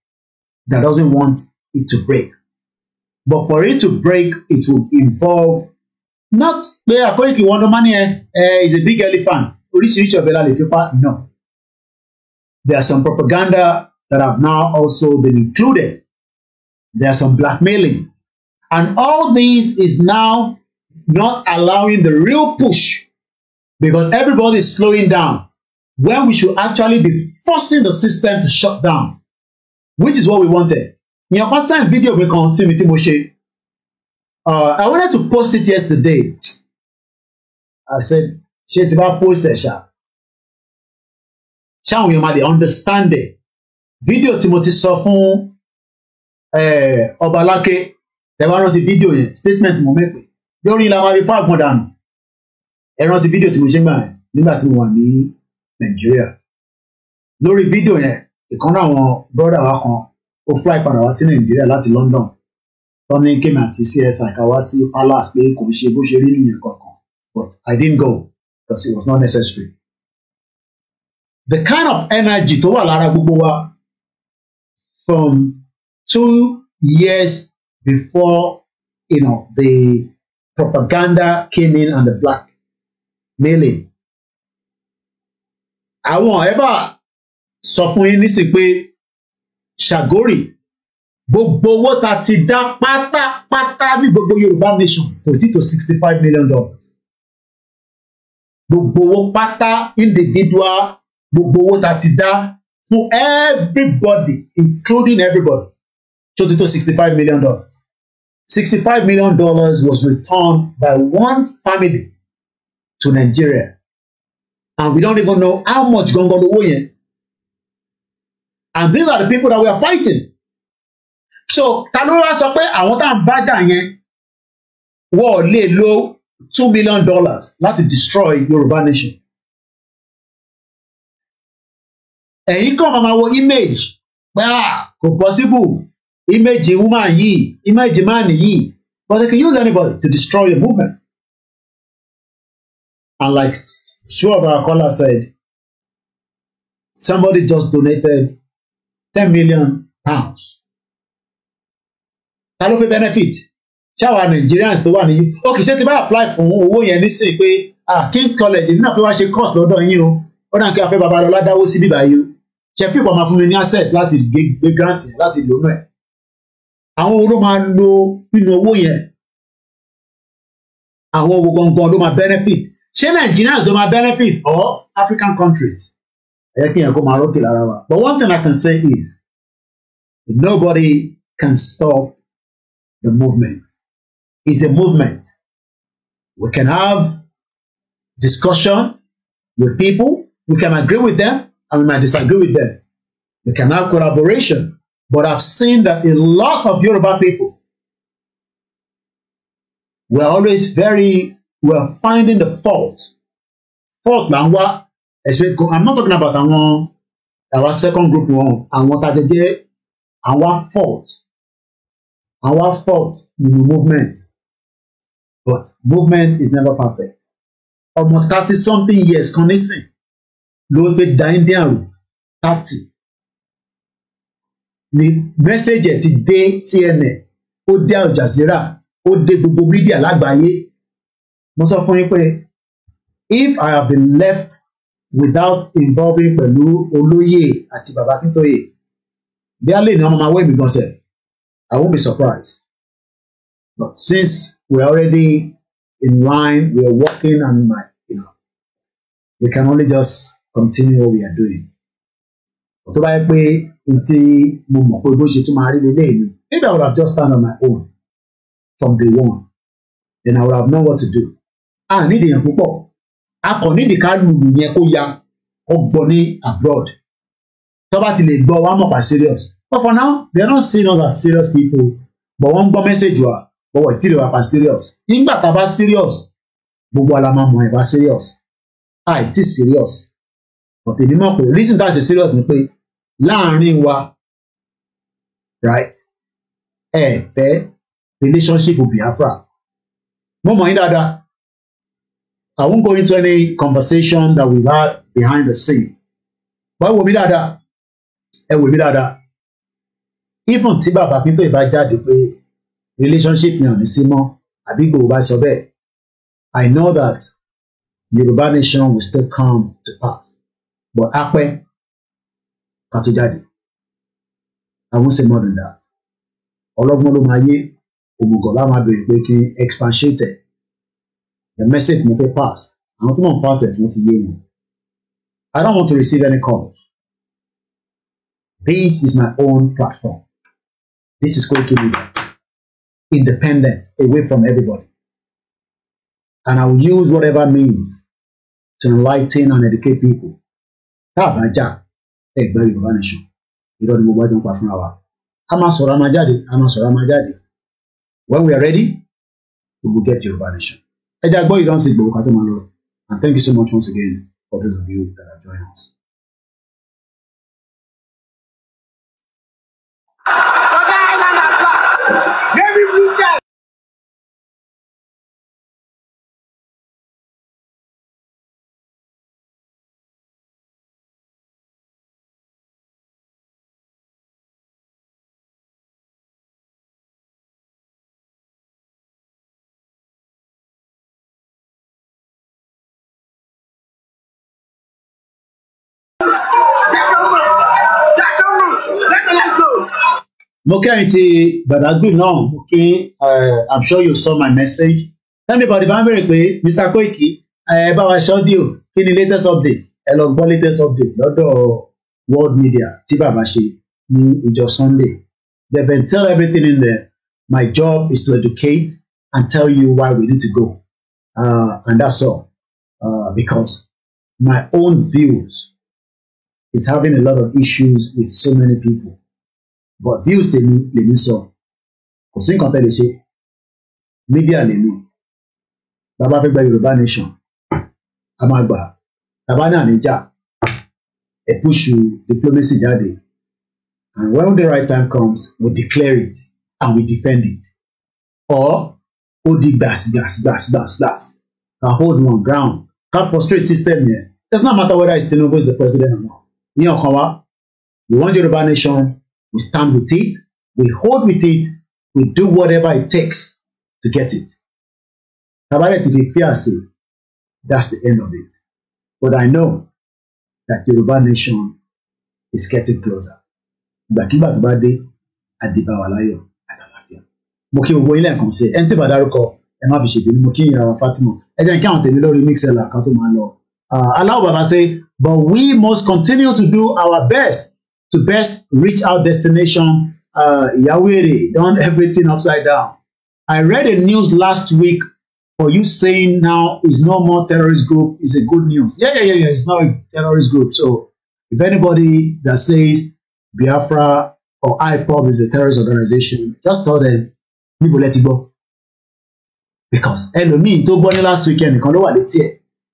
that doesn't want it to break. But for it to break, it will involve not the Akoiki Wonderman here eh, eh, is a big elephant oríṣiríṣi ọ̀bẹ la lè fi no there are some propaganda that have now also been included there are some blackmailing and all this is now not allowing the real push because everybody is slowing down when we should actually be forcing the system to shut down which is what we wanted ìyẹn kan sign video we kan sí mi tí mo uh, I wanted to post it yesterday I said ṣé ti bá post ẹ̀ ṣá ṣáwọn èèyàn máa lè understand ẹ̀ fídíò tí mo ti sọ fún ọba lákè ẹ bá rántí fídíò yẹn statement mo mẹ́pẹ́ lórí ilà máa fi fún àgbọ̀n dànù ẹ rántí fídíò tí mo ṣe gbà nígbà tí mo wà ní nàìjíríà lórí fídíò yẹn ìkànnà àwọn bọ́dà wa kan ó fly padà wá sí nàìjíríà láti London wọn ní kémi àti csi ká wá sí palace pé kò ń ṣe bó ṣe rí nìyẹn kankan but I didn't go because it was not necessary. The kind of energy tó wà from two years before you know the propaganda came in and the black mailing. Àwọn ẹ̀fà sọ fún yín nísìnyí pé Ṣàgórì gbogbo owó tá ti dá pátápátá ní gbogbo Yorùbá nation kò tí tó sixty five million dollars gbogbo owó pátá individual gbogbo owó tá a ti dá fún everybody including everybody tó ti tó sixty five million dollars sixty five million dollars was returned by one family to Nigeria and we don't even know how much gangan owó yẹn and these are the people that we are fighting so ta ló wá sọ pé àwọn tá à ń bá jà yẹn wọ́n lè lo two million dollars láti destroy Yorùbá nation. ẹ̀yin kàn máa wo image pé kò possible image woman yìí image man yìí but they can use anybody to destroy the movement. And like two of our caller said, somebody just donated ten million pounds. Ta ló fi benefit? ṣáwa Nigerians tó wà ní ok ṣé ti bá apply fún owó yẹn nísìn pé ah King College nínú àfẹ́ wá ṣe course lọ́dọ̀ yín o ó dàn kí afẹ́ Babalọlá dáwó sí bíbá yìí o ṣe fipá máa fún mi ní access láti gbé grant yẹn láti lò náà àwọn owó ló máa lo nínú owó yẹn àwọn owó gangan ló máa benefit ṣé Nigerians ló máa benefit or African countries ẹ̀yẹ́ kí yẹn kó máa rókè lára wa but one thing I can say is nobody can stop the movement is a movement. We can have discussion with people. We can agree with them and we might disagree with them. We can have collaboration. But I've seen that a lot of Yoruba people were always very, were finding the fault. Fault langwa, I'm not talking about our second group one. And wọn, àwọn tàjẹjẹ, Our fault, Our fault in the movement but movement is never perfect Almost thirty something years kan nísìn ló fi da indian rò thirty ni mẹ́sẹ̀jì ti dé CNN ó Al Jazeera ó dé gbogbo mídíà lágbàáyé mo sọ if I have been left without involving pẹ̀lú olóyè àti baba Akíntóyè bí a lè ní ọmọ máa wé I won't be surprised But since we're already in line, we're walking, and my, you know, we can only just continue what we are doing. Tó bá yẹ pé n tí mo mọ̀ pé bó ṣe tún máa rí lélẹ̀ mi, maybe I would have just stand on my own from day one. Then I would have known what to do. A nídìí yẹn púpọ̀. A kàn nídìí ká lùlù yẹn kó ya kó gbọ́ ní abroad. Tó bá ti lè gbọ́, wọ́n á mọ̀ pa serious. But for now, they are not seen us as serious people. But wọ́n ń gbọ́ message wa bọ̀wọ̀ ìtìrẹ̀ wà pa serious nígbà tá a bá serious gbogbo ala máa mọ̀ ẹ̀ bá serious àìtí serious but èmi mọ̀ pé reason tá a ṣe serious ni pé láàárín wa right ẹ fẹ́ relationship with Biafra mo mọ̀ yín dáadáa I won't go into any conversation that we had behind the scene bọ́ ẹ wò mí dáadáa ẹ wò mí dáadáa even tí bàbá pípé bá jáde pé relationship mi ò ní sí mọ́ àbí gbòòrò bá sọ bẹ́ẹ̀ I know that Yorùbá nation will still come to pass but apẹ́ ká tó jáde I won't say more than that ọlọ́gbọ́n ló máa yé òmùgọ̀ lá máa bèrè pé kí n expansiate the message mo fẹ́ pass àwọn tí mò ń pass ẹ̀ fún ti yé wọn I don't want to receive any calls this is my own platform this is Koiki Media independent, away from everybody. And I will use whatever means to enlighten and educate people. Tá a bá jà ẹgbẹ́ Yorùbá nation, irọ́ ni mo gbájú ń pa fúnra wa. A máa sọ̀rọ̀ a When we are ready, we will get Yorùbá nation. Ẹ jẹ́ àgbọ̀ ìdánsìn ìgbòho ká tó máa lọ. And thank you so much once again for those of you that have joined us. Merry Blue Jack! mo kẹ́rin ti gbàdágbì náà mo kí eh, i'm sure you saw my message anybody bá ń bèrè pé mr Koiki ẹ bá wa ṣọ́ díò kí ni latest update ẹ lọ gbọ́ latest update lọ́dọ̀ world media tí bàbá ṣe ní ìjọ sunday they been tell everything in there my job is to educate and tell you why we need to go uh, and that's all uh, because my own views is having a lot of issues with so many people but views tèmi lèmi sọ kò sí nǹkan tẹ́lẹ̀ ṣe media lèmi bàbá fẹ́ gba yorùbá nation a máa gbà bàbá náà níjà ẹ púṣù diplomacy jáde and when the right time comes we declare it and we defend it or ó di gbàs gbàs gbàs gbàs gbàs ka hold one ground ka frustrate system yẹn it's not matter whether it's Tinubu is the president or not ní ọkàn wa You want yorùbá nation We stand with it, we hold with it, we do whatever it takes to get it. Tabaret if you fear say, that's the end of it. But I know that the Yoruba nation is getting closer. Ìgbàkigbà tó bá dé, àdìbáwá láyọ̀ àtàlàfíà. Mo kí gbogbo ilé ẹ̀kan sí ẹ, ẹni tí bá dárúkọ ẹ má fi ṣèbínú, mo kí ìyá wa Fatima. Ẹ jẹ́ kí àwọn tèmi lórí Mixlr kan tó máa lọ. Ah, but we must continue to do our best to best reach our destination, uh, Yahweh, done everything upside down. I read a news last week for you saying now is no more terrorist group is a good news. Yeah, yeah, yeah, yeah. It's not a terrorist group. So if anybody that says Biafra or IPOB is a terrorist organization, just tell them níbo lẹ ti gbọ́ because ẹlòmíín tó gbọ́ last weekend nìkan ló wà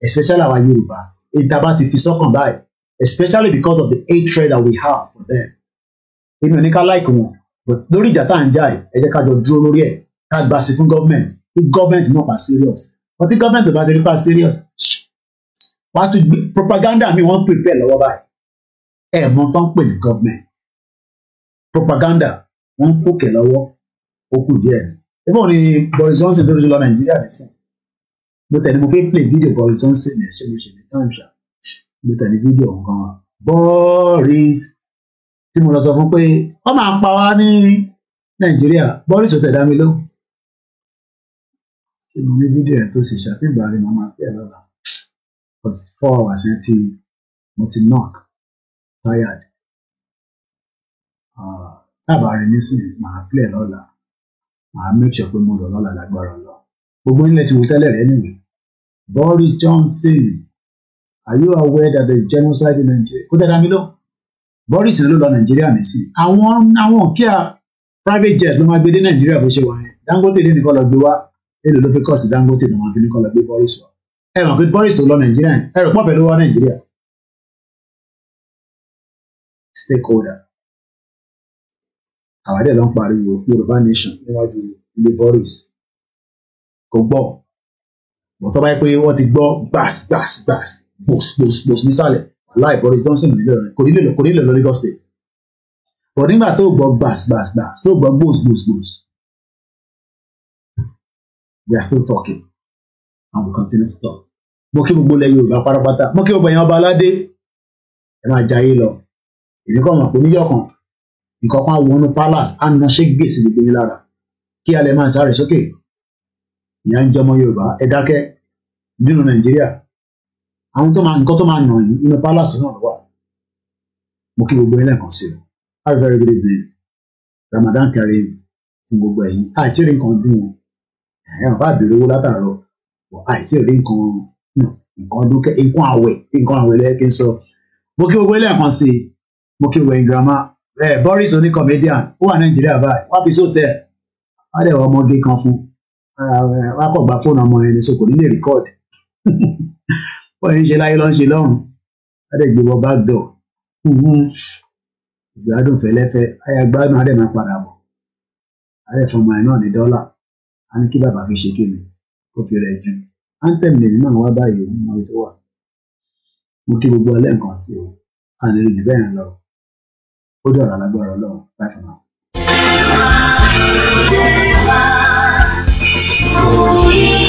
especially our Yorùbá èyí about a bá ti fi especially because of the hatred that we have for them. èmi ò ní ká láìkì wọn but lórí ìjà tá à ń jà yìí ẹ jẹ́ ká jọ dúró lórí ẹ̀ ká gba sí fún gọ́ọ̀mẹ̀ntì kí gọ́ọ̀mẹ̀ntì náà pa serious but tí gọ́ọ̀mẹ̀ntì bá ti rí pa serious wàá tún gbé propaganda mi wọ́n prepare lọ́wọ́ báyìí ẹ̀ mọ tán pè ní gọ́ọ̀mẹ̀ntì propaganda wọ́n kókè lọ́wọ́ ó kù díẹ̀ ni ebó ni Boris Johnson lórí ṣe lọ Nàìjíríà nísìn mo tẹ̀lé mo fẹ́ play video Boris Johnson ẹ̀ ṣe mo ṣe ní time gbé tẹlifídíò nǹkan Boris tí mo lọ sọ fún pé wọ́n máa pa wá ní Nàìjíríà Boris ò tẹ̀ dá mi lóhùn ṣé mo ní fídíò ẹ̀ tó ṣe ṣàtìgbà rẹ̀ màmá lọ́la four hours yẹn ti mo ti knock tired ah, tábà rẹ̀ nísìnyí màá pẹ́ lọ́la màá make sure pé mo lọ lọ́la lágbára lọ gbogbo ilẹ̀ ti wo tẹ́lẹ̀ Boris Johnson are you aware that there is genocide in Nigeria kó dáadáa mi lọ Boris ló lọ Nàìjíríà nísìnyí àwọn àwọn kíá private jet ló máa gbé dé Nàìjíríà bó ṣe wà yẹn Dangote lé nìkan lọ gbé wá èlò ló fi kọ́ọ̀sì Dangote náà wọn fi nìkan lọ gbé Boris wá ẹ mọ̀ pé Boris tó lọ Nàìjíríà yẹn ẹ rò pọ́fẹ́ ló wá Nàìjíríà stakeholder àwàdẹ ló ń pariwo Yorùbá nation níwájú ilé Boris kò gbọ́ bọ́tọ́ báyìí pé wọ́n ti gbọ́ gbàs gbàs gbàs gbòsgbòs nísàlẹ̀ aláì Boris Johnson nílò rẹ kò nílò kò nílò lọ Lagos state bọ̀ nígbà tó gbọ́ gbàsgbàsgbàs tó gbọ́ gbòsgbòsgbòs they are still talking and we continue to talk mo kí gbogbo ilẹ̀ Yorùbá pátápátá mo kí gbogbo ẹ̀yin ọba aládé ẹ máa jayé lọ èmi kàn mọ̀ pé níjọ́ nǹkan kan wọnú palace á na ṣé gèsè gbogbo yín lára kí alẹ́ máa sáré sókè ìyá ń jẹ́ ọmọ Yorùbá ẹ dákẹ́ nínú Nàìjíríà àwọn tó máa nǹkan tó máa yín nínú palace náà wà mo gbogbo ẹlẹ́kan sí o have a very good evening Ramadan Kareem fún gbogbo ẹ̀yin àìtí nǹkan dùn ẹ̀ ọ̀bá àbèrè owó látàárọ̀ àìtí rí nǹkan nǹkan dúkẹ́ nǹkan àwẹ̀ nǹkan àwẹ̀ lẹ́ẹ̀kí sọ mo kí gbogbo ẹlẹ́kan sí mo kí ẹ̀ Boris oní comedian ó wà Nàìjíríà báyìí wá ọmọge kan fún wá gba fóònù ọmọ ẹni so kò ní (laughs) wọ́n yìí ṣe láyé ló ń ṣe lọ́hùn adẹ́gbẹ̀wọ̀ bá dọ̀ ìgbádùn fẹ́lẹ́fẹ́ ayagbádùn adẹ́ máa padà bọ̀ adẹ́ fọmọ ẹ̀ náà ní dọ́là á ní kí bàbá fi ṣe kíni kó fi rẹ̀ jù anthem lèmi náà wá báyìí òun mọ ibi tó wà mo kí gbogbo ọlẹ́ nǹkan sí o a lè rí jù bẹ́ẹ̀ lọ ó dọ̀rọ̀ alágbára ọlọ́run láti máa. Oh, yeah.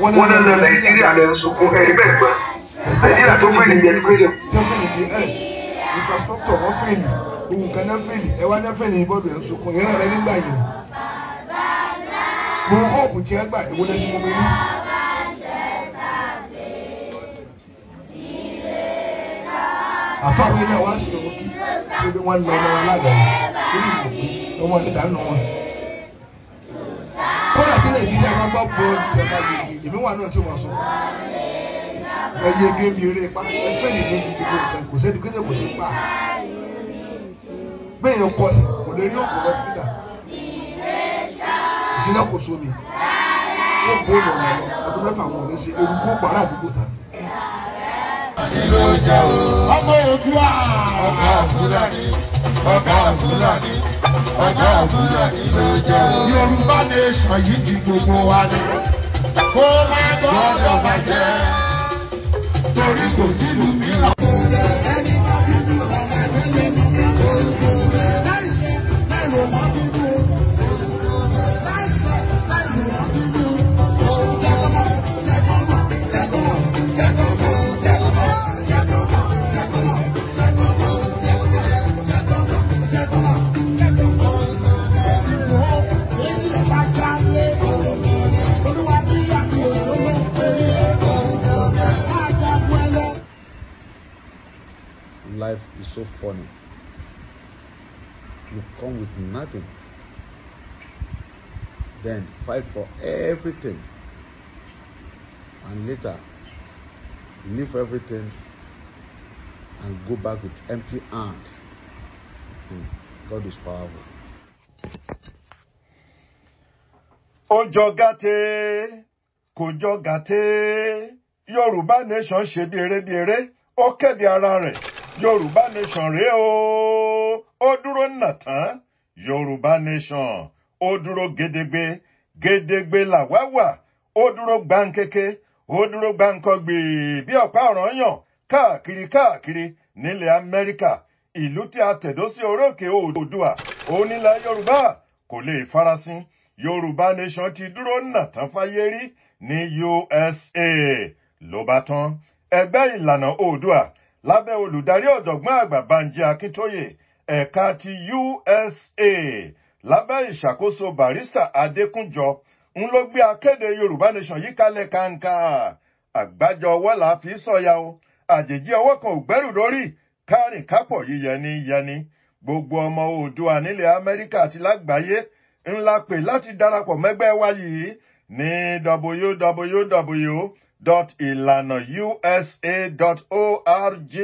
wọn nana nàìjíríà lẹ nsọkún ẹ bẹ́ẹ̀ gbà nàìjíríà tó fẹ́ nìyẹn education. tó fẹ́ nìyẹn health infrastructure wọn fẹ́ nì ohun kan náà fẹ́ nì ẹ náà fẹ́ nì bọ́ọ̀dù ẹ̀ nsọkún yẹn náà nígbà yẹn. mo hope tí ẹ gbà èwo náà ni mo mẹ ní. àfáà náà wá sí ọmọ kí ló dé wọn lọ ọmọ wọn lágbàá yìí ó ní ìsìnkú ọmọ ìdánù wọn kọ́nà tí nàìjíríà máa gbọ́ bọ́ ìjọba yìí èmi wà náà tí wọ́n sọ. ẹ yé gémi eré pa ẹ fẹ́ lè ní gbogbo nǹkan kò sẹ́ni kí kò sí pa. bẹ́ẹ̀ yẹn kọ́ sí kò lè rí òògùn lọ síta. ìsinà kò sómi. wọ́n kó ìrọ̀lẹ́ ọdún mẹ́fà wọn ò ní ṣe eruku gbàrà àdúgbò tán. Fúlàní ló jẹ́ o. Ọmọ Oòduà. Ọ̀gá Fúlàní, ọ̀gá Fúlàní, ọ̀gá Fúlàní ló jẹ́ o. Yorùbá nation yìí ti gbogbo wa ni. Kó má gbọ́dọ̀ bàjẹ́, torí kò sílùú mìíràn. so funny. You come with nothing. Then fight for everything. And later, leave everything and go back with empty hand. Hmm. God is powerful. Ó jọ gàtẹ́, kò jọ nation ṣe bí eré bí eré, ara rẹ̀ yorùbá nation rèé o ó dúró nàtán yorùbá nation ó dúró gédégbé gédégbé làwa wà ó dúró gbáǹkéké ó dúró gbáǹkọ́gbè bí ọ̀pá ọ̀ràn yàn káàkiri káàkiri nílẹ̀ amẹ́ríkà ìlú tí a tẹ̀dó sí orókè oòdùà onílà yorùbá kò lè farasin yorùbá nation ti dúró nàtán fáyé rí ní usa ló bá tán ẹgbẹ́ ìlànà oòdùà lábẹ́ olùdarí ọ̀jọ̀gbọ́n àgbà Banji Akíntóyè ẹ̀ka ti USA lábẹ́ ìṣàkóso barista Adékúnjọ ń ló gbé akéde Yorùbá Nation yìí kalẹ̀ kàǹkà àgbájọ ọwọ́ là fi sọ̀yà o àjèjì ọwọ́ kan ò gbẹ́rù lórí kárìn kápọ̀ yìí yẹni yẹni gbogbo ọmọ Oòduà nílẹ̀ Amẹ́ríkà àti lágbàáyé ńlá pè láti darapọ̀ mẹ́gbẹ́ wa yìí ní www ilanausa.org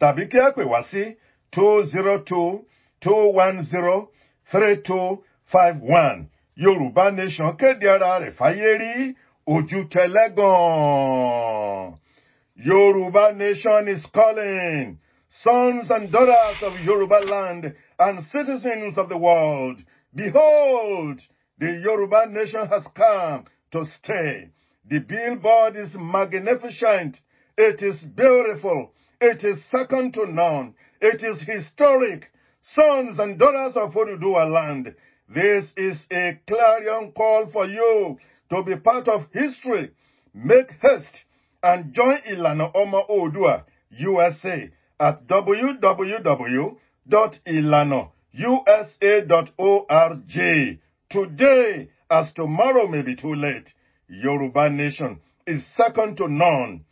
tàbí kí ẹ pè wá sí two zero two two one zero three two five one yorùbá nation kéde ara rẹ̀ fáyé rí ojú tẹlẹ́gàn. Yoruba nation is calling. Sons and daughters of Yoruba land and citizens of the world, behold, the Yoruba nation has come to stay. The billboard is magnificent. It is beautiful. It is second to none. It is historic. Sons and daughters of Odudua land, this is a clarion call for you to be part of history. Make haste and join Ilana Oma Odua USA at www.ilanousa.org. Today, as tomorrow may be too late. Yoruba nation is second to none.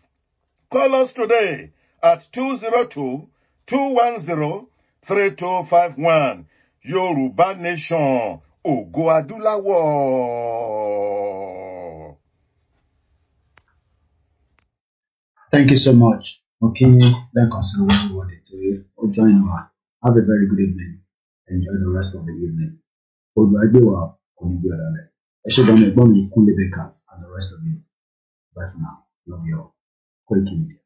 Call us today at 202-210-3251. Yoruba Nation, Ogo Adulawo. Thank you so much. Okay, Thank you so much wanted to Have a very good evening. Enjoy the rest of the evening. Odo Agbewa, Omi Adale. ẹ ṣe gan-an ẹ̀gbọ́n mi Kúnlé Bakers and the rest of you bye for now love you all Koiki Media.